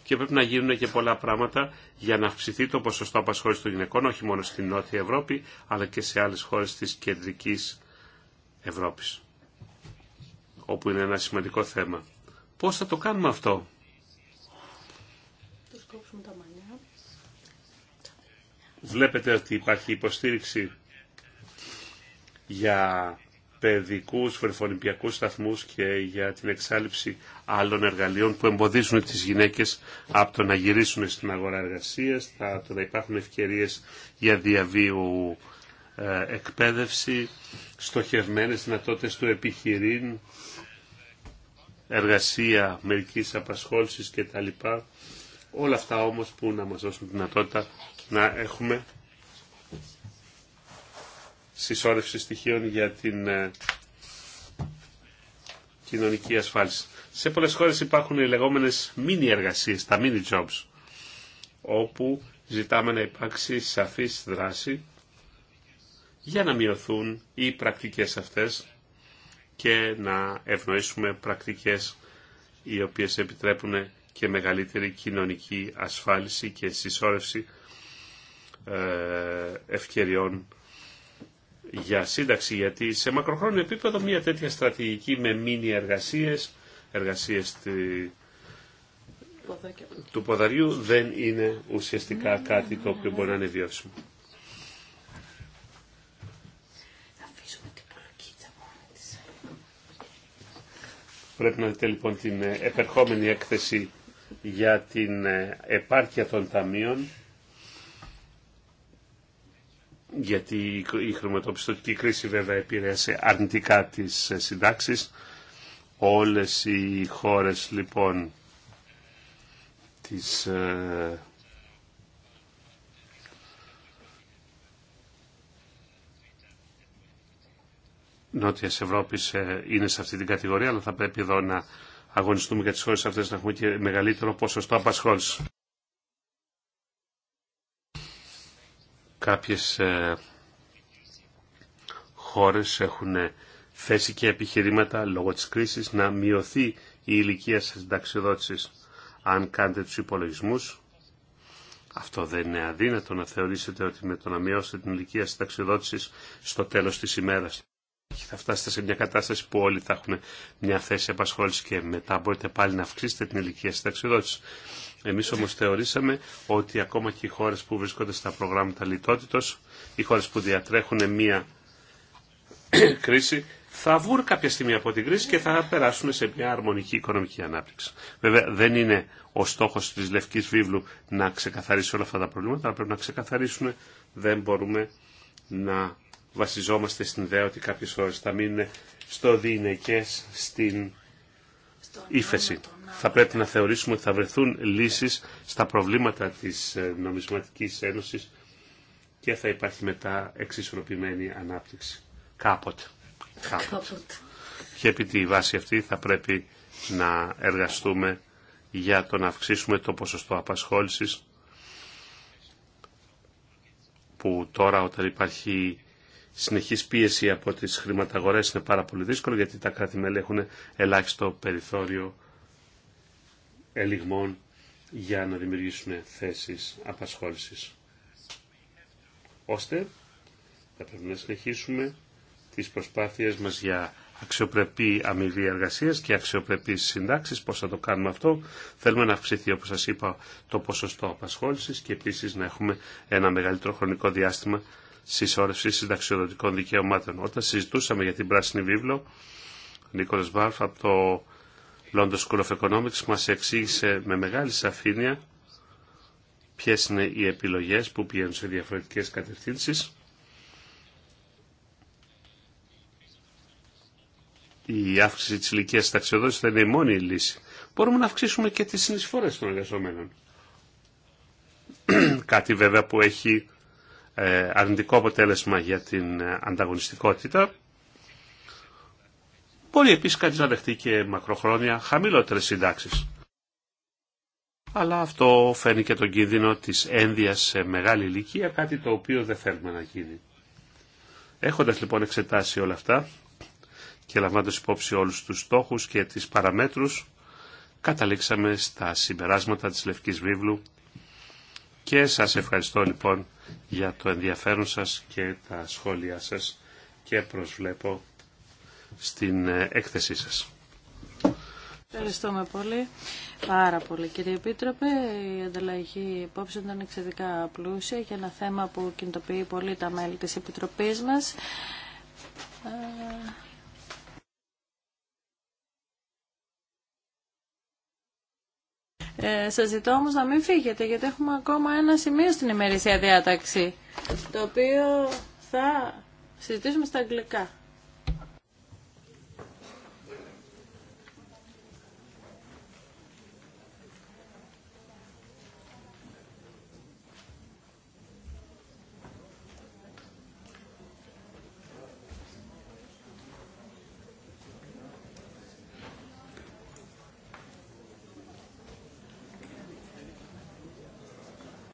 και πρέπει να γίνουν και πολλά πράγματα για να αυξηθεί το ποσοστό απασχόληση των γυναικών όχι μόνο στην Νότια Ευρώπη αλλά και σε άλλες χώρες της Κεντρικής Ευρώπης όπου είναι ένα σημαντικό θέμα. Πώς θα το κάνουμε αυτό. Βλέπετε ότι υπάρχει υποστήριξη για παιδικούς, βρεφονιπιακούς σταθμούς και για την εξάλληψη άλλων εργαλείων που εμποδίζουν τις γυναίκες από το να γυρίσουν στην αγορά εργασίας, θα, το να υπάρχουν ευκαιρίες για διαβίου ε, εκπαίδευση, στοχευμένες δυνατότητες του επιχειρήν, εργασία μερικής απασχόλησης κτλ. Όλα αυτά όμως που να μας δώσουν δυνατότητα να έχουμε συσσόρευση στοιχείων για την ε, κοινωνική ασφάλιση. Σε πολλές χώρες υπάρχουν οι λεγόμενες μίνι εργασίες, τα mini jobs, όπου ζητάμε να υπάρξει σαφής δράση για να μειωθούν οι πρακτικές αυτές και να ευνοήσουμε πρακτικές οι οποίες επιτρέπουν και μεγαλύτερη κοινωνική ασφάλιση και συσσόρευση ε, ευκαιριών για σύνταξη, γιατί σε μακροχρόνιο επίπεδο μια τέτοια στρατηγική με μίνι εργασίες, εργασίες του, του ποδαριού δεν είναι ουσιαστικά ναι, ναι, κάτι ναι, το οποίο μπορεί να είναι βιώσιμο. Πρέπει να δείτε λοιπόν την ε, επερχόμενη έκθεση για την ε, επάρκεια των ταμείων γιατί η χρηματοπιστωτική κρίση βέβαια επηρέασε αρνητικά τις ε, συντάξεις. Όλες οι χώρες λοιπόν της ε, Νότια Ευρώπη ε, είναι σε αυτή την κατηγορία, αλλά θα πρέπει εδώ να αγωνιστούμε για τι χώρε αυτέ να έχουμε και μεγαλύτερο ποσοστό απασχόληση. Κάποιες ε, χώρες έχουν θέσει και επιχειρήματα λόγω της κρίσης να μειωθεί η ηλικία σας συνταξιοδότησης. Αν κάνετε τους υπολογισμούς, αυτό δεν είναι αδύνατο να θεωρήσετε ότι με το να μειώσετε την ηλικία συνταξιοδότησης στο τέλος της ημέρας θα φτάσετε σε μια κατάσταση που όλοι θα έχουν μια θέση απασχόληση και μετά μπορείτε πάλι να αυξήσετε την ηλικία συνταξιοδότηση. Εμείς όμως θεωρήσαμε ότι ακόμα και οι χώρες που βρίσκονται στα προγράμματα λιτότητος, οι χώρες που διατρέχουν μία κρίση, θα βγουν κάποια στιγμή από την κρίση και θα περάσουν σε μια αρμονική οικονομική ανάπτυξη. Βέβαια δεν είναι ο στόχος της Λευκής Βίβλου να ξεκαθαρίσει όλα αυτά τα προβλήματα, αλλά πρέπει να ξεκαθαρίσουν. Δεν μπορούμε να βασιζόμαστε στην ιδέα ότι κάποιες χώρες θα μείνουν στο διηνεκές στην ύφεση θα πρέπει να θεωρήσουμε ότι θα βρεθούν λύσεις στα προβλήματα της ε, νομισματικής ένωσης και θα υπάρχει μετά εξισορροπημένη ανάπτυξη. Κάποτε. Κάποτε. Και επί τη βάση αυτή θα πρέπει να εργαστούμε για το να αυξήσουμε το ποσοστό απασχόλησης που τώρα όταν υπάρχει συνεχής πίεση από τις χρηματαγορές είναι πάρα πολύ δύσκολο γιατί τα κράτη-μέλη έχουν ελάχιστο περιθώριο ελιγμών για να δημιουργήσουν θέσεις απασχόλησης. Ώστε θα πρέπει να συνεχίσουμε τις προσπάθειες μας για αξιοπρεπή αμοιβή εργασία και αξιοπρεπή συντάξει. Πώ θα το κάνουμε αυτό, θέλουμε να αυξηθεί, όπω σα είπα, το ποσοστό απασχόληση και επίση να έχουμε ένα μεγαλύτερο χρονικό διάστημα συσσόρευση συνταξιοδοτικών δικαιωμάτων. Όταν συζητούσαμε για την πράσινη βίβλο, ο Νίκολα Βάρφ από το London School of Economics μας εξήγησε με μεγάλη σαφήνεια ποιες είναι οι επιλογές που πηγαίνουν σε διαφορετικές κατευθύνσεις. Η αύξηση της ηλικία ταξιοδότησης θα είναι η μόνη λύση. Μπορούμε να αυξήσουμε και τις συνεισφορές των εργαζομένων. Κάτι βέβαια που έχει ε, αρνητικό αποτέλεσμα για την ε, ανταγωνιστικότητα Μπορεί επίσης κανείς να δεχτεί και μακροχρόνια χαμηλότερες συντάξεις. Αλλά αυτό φέρνει και τον κίνδυνο της ένδυας σε μεγάλη ηλικία, κάτι το οποίο δεν θέλουμε να γίνει. Έχοντας λοιπόν εξετάσει όλα αυτά και λαμβάνοντας υπόψη όλους τους στόχους και τις παραμέτρους, καταλήξαμε στα συμπεράσματα της Λευκής Βίβλου και σας ευχαριστώ λοιπόν για το ενδιαφέρον σας και τα σχόλιά σας και προσβλέπω στην ε, έκθεσή σας. Ευχαριστούμε πολύ. Πάρα πολύ κύριε Επίτροπε. Η ανταλλαγή υπόψη ήταν εξαιρετικά πλούσια για ένα θέμα που κινητοποιεί πολύ τα μέλη της Επιτροπής μας. Ε, σας ζητώ όμως να μην φύγετε γιατί έχουμε ακόμα ένα σημείο στην ημερήσια διάταξη το οποίο θα συζητήσουμε στα αγγλικά.